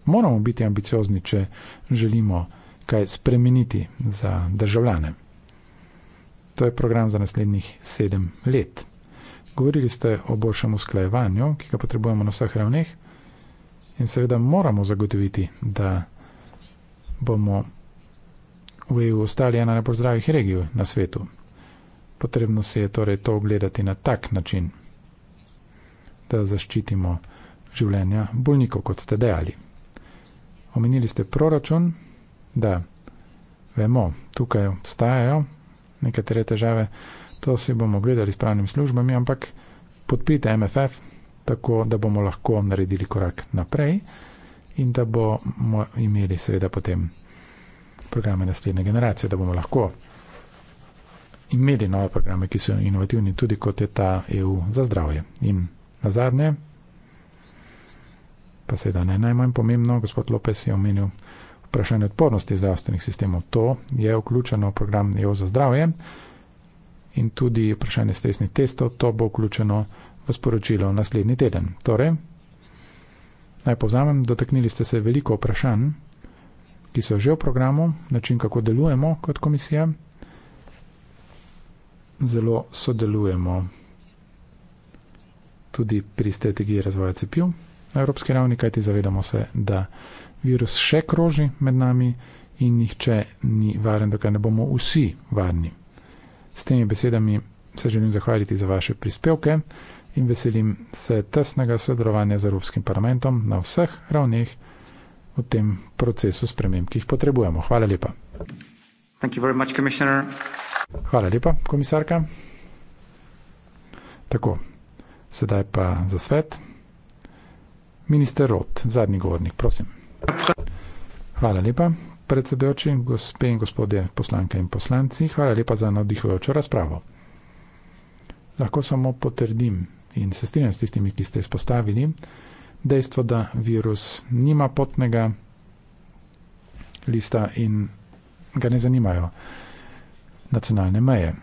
moramo biti ambiciozni, če želimo kaj spremeniti za državljane. To je program za naslednjih sedem let. Govorili ste o boljšem usklajevanju, ki ga potrebujemo na vseh ravneh. In seveda moramo zagotoviti, da bomo v EU ostali ena najbolj zdravih regij na svetu. Potrebno se je torej to ogledati na tak način, da zaščitimo življenja bolnikov, kot ste dejali. Omenili ste proračun, da vemo, tukaj obstajajo nekatere težave, to si bomo ogledali s pravnimi službami, ampak podprite MFF, tako da bomo lahko naredili korak naprej in da bomo imeli seveda potem programe naslednje generacije, da bomo lahko imeli nove programe, ki so inovativni, tudi kot je ta EU za zdravje. In na zadnje, pa seveda ne najmanj pomembno, gospod Lopes je omenil vprašanje odpornosti zdravstvenih sistemov. To je vključeno v program EU za zdravje in tudi vprašanje stresnih testov, to bo vključeno v v sporočilo naslednji teden. Torej, naj povzamem, dotaknili ste se veliko vprašanj, ki so že v programu, način, kako delujemo kot komisija. Zelo sodelujemo tudi pri strategiji razvoja cepiv na evropski ravni, kajti zavedamo se, da virus še kroži med nami in nihče ni varen, dokaj ne bomo vsi varni. S temi besedami se želim zahvaliti za vaše prispevke in veselim se tesnega sodelovanja z Evropskim parlamentom na vseh ravneh v tem procesu sprememb, ki jih potrebujemo. Hvala lepa. Much, Hvala lepa, komisarka. Tako, sedaj pa za svet. Minister Rot, zadnji govornik, prosim. Hvala lepa, predsedujoči, gospe in gospodje poslanke in poslanci. Hvala lepa za navdihujočo razpravo. Lahko samo potrdim in se strinjam s tistimi, ki ste izpostavili, dejstvo, da virus nima potnega lista in ga ne zanimajo nacionalne meje.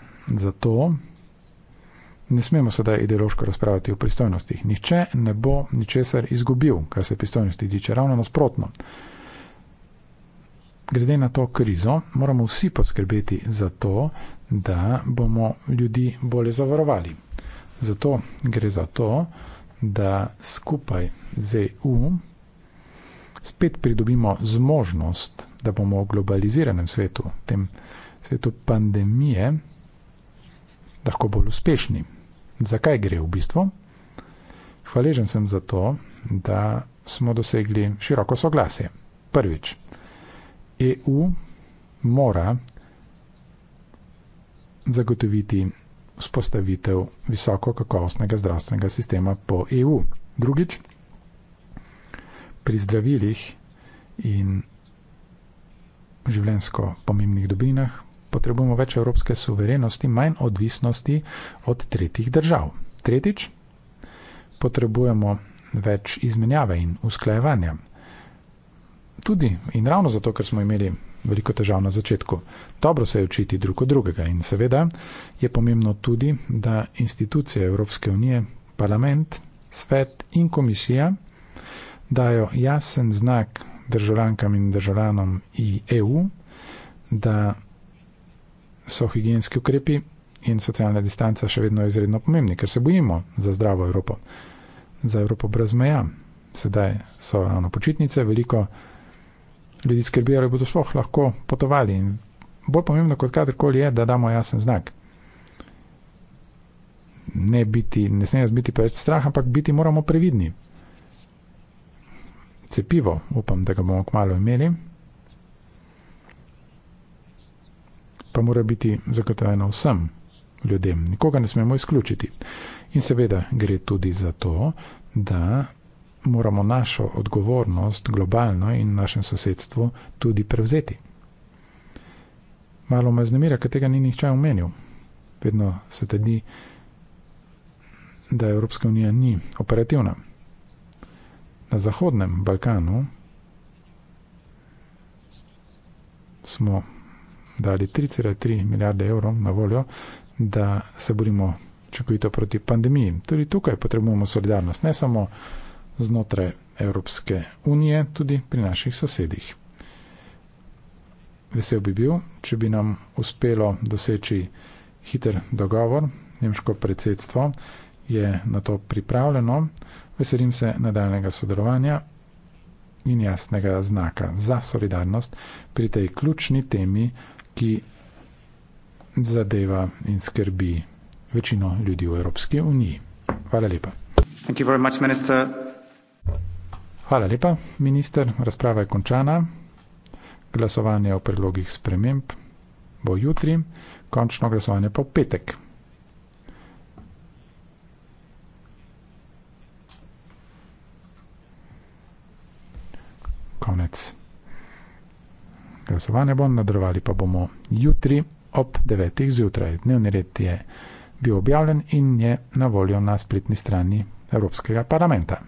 Zato ne smemo sedaj ideološko razpravljati o pristojnostih. Nihče ne bo ničesar izgubil, kar se pristojnosti tiče, ravno nasprotno. Glede na to krizo, moramo vsi poskrbeti za to, da bomo ljudi bolje zavarovali. Zato gre za to, da skupaj z EU spet pridobimo zmožnost, da bomo v globaliziranem svetu, tem svetu pandemije, lahko bolj uspešni. Zakaj gre v bistvu? Hvaležen sem za to, da smo dosegli široko soglasje. Prvič, EU mora zagotoviti vzpostavitev visoko kakovostnega zdravstvenega sistema po EU. Drugič, pri zdravilih in življensko pomembnih dobrinah potrebujemo več evropske suverenosti, manj odvisnosti od tretjih držav. Tretjič, potrebujemo več izmenjave in usklajevanja. Tudi in ravno zato, ker smo imeli veliko težav na začetku, dobro se je učiti drug od drugega in seveda je pomembno tudi, da institucije Evropske unije, parlament, svet in komisija dajo jasen znak državljankam in državljanom in EU, da so higijenski ukrepi in socialna distanca še vedno izredno pomembni, ker se bojimo za zdravo Evropo, za Evropo brez meja. Sedaj so ravno počitnice, veliko ljudi skrbijo, ali bodo sploh lahko potovali in bolj pomembno kot kadarkoli je, da damo jasen znak. Ne, biti, ne sme nas biti preveč strah, ampak biti moramo previdni. Cepivo, upam, da ga bomo kmalo imeli, pa mora biti zagotovljeno vsem ljudem. Nikoga ne smemo izključiti. In seveda gre tudi za to, da moramo našo odgovornost globalno in našem sosedstvu tudi prevzeti malo me znamira, ker tega ni nihče omenil. Vedno se tedi, da Evropska unija ni operativna. Na Zahodnem Balkanu smo dali 3,3 milijarde evrov na voljo, da se borimo čakovito proti pandemiji. Tudi tukaj potrebujemo solidarnost, ne samo znotraj Evropske unije, tudi pri naših sosedih vesel bi bil, če bi nam uspelo doseči hiter dogovor. Nemško predsedstvo je na to pripravljeno. Veselim se nadaljnega sodelovanja in jasnega znaka za solidarnost pri tej ključni temi, ki zadeva in skrbi večino ljudi v Evropski uniji. Hvala lepa. Hvala lepa, minister. Razprava je končana glasovanje o predlogih sprememb bo jutri, končno glasovanje pa v petek. Konec. Glasovanje bomo nadaljevali, pa bomo jutri ob 9. zjutraj. Dnevni red je bil objavljen in je na voljo na spletni strani Evropskega parlamenta.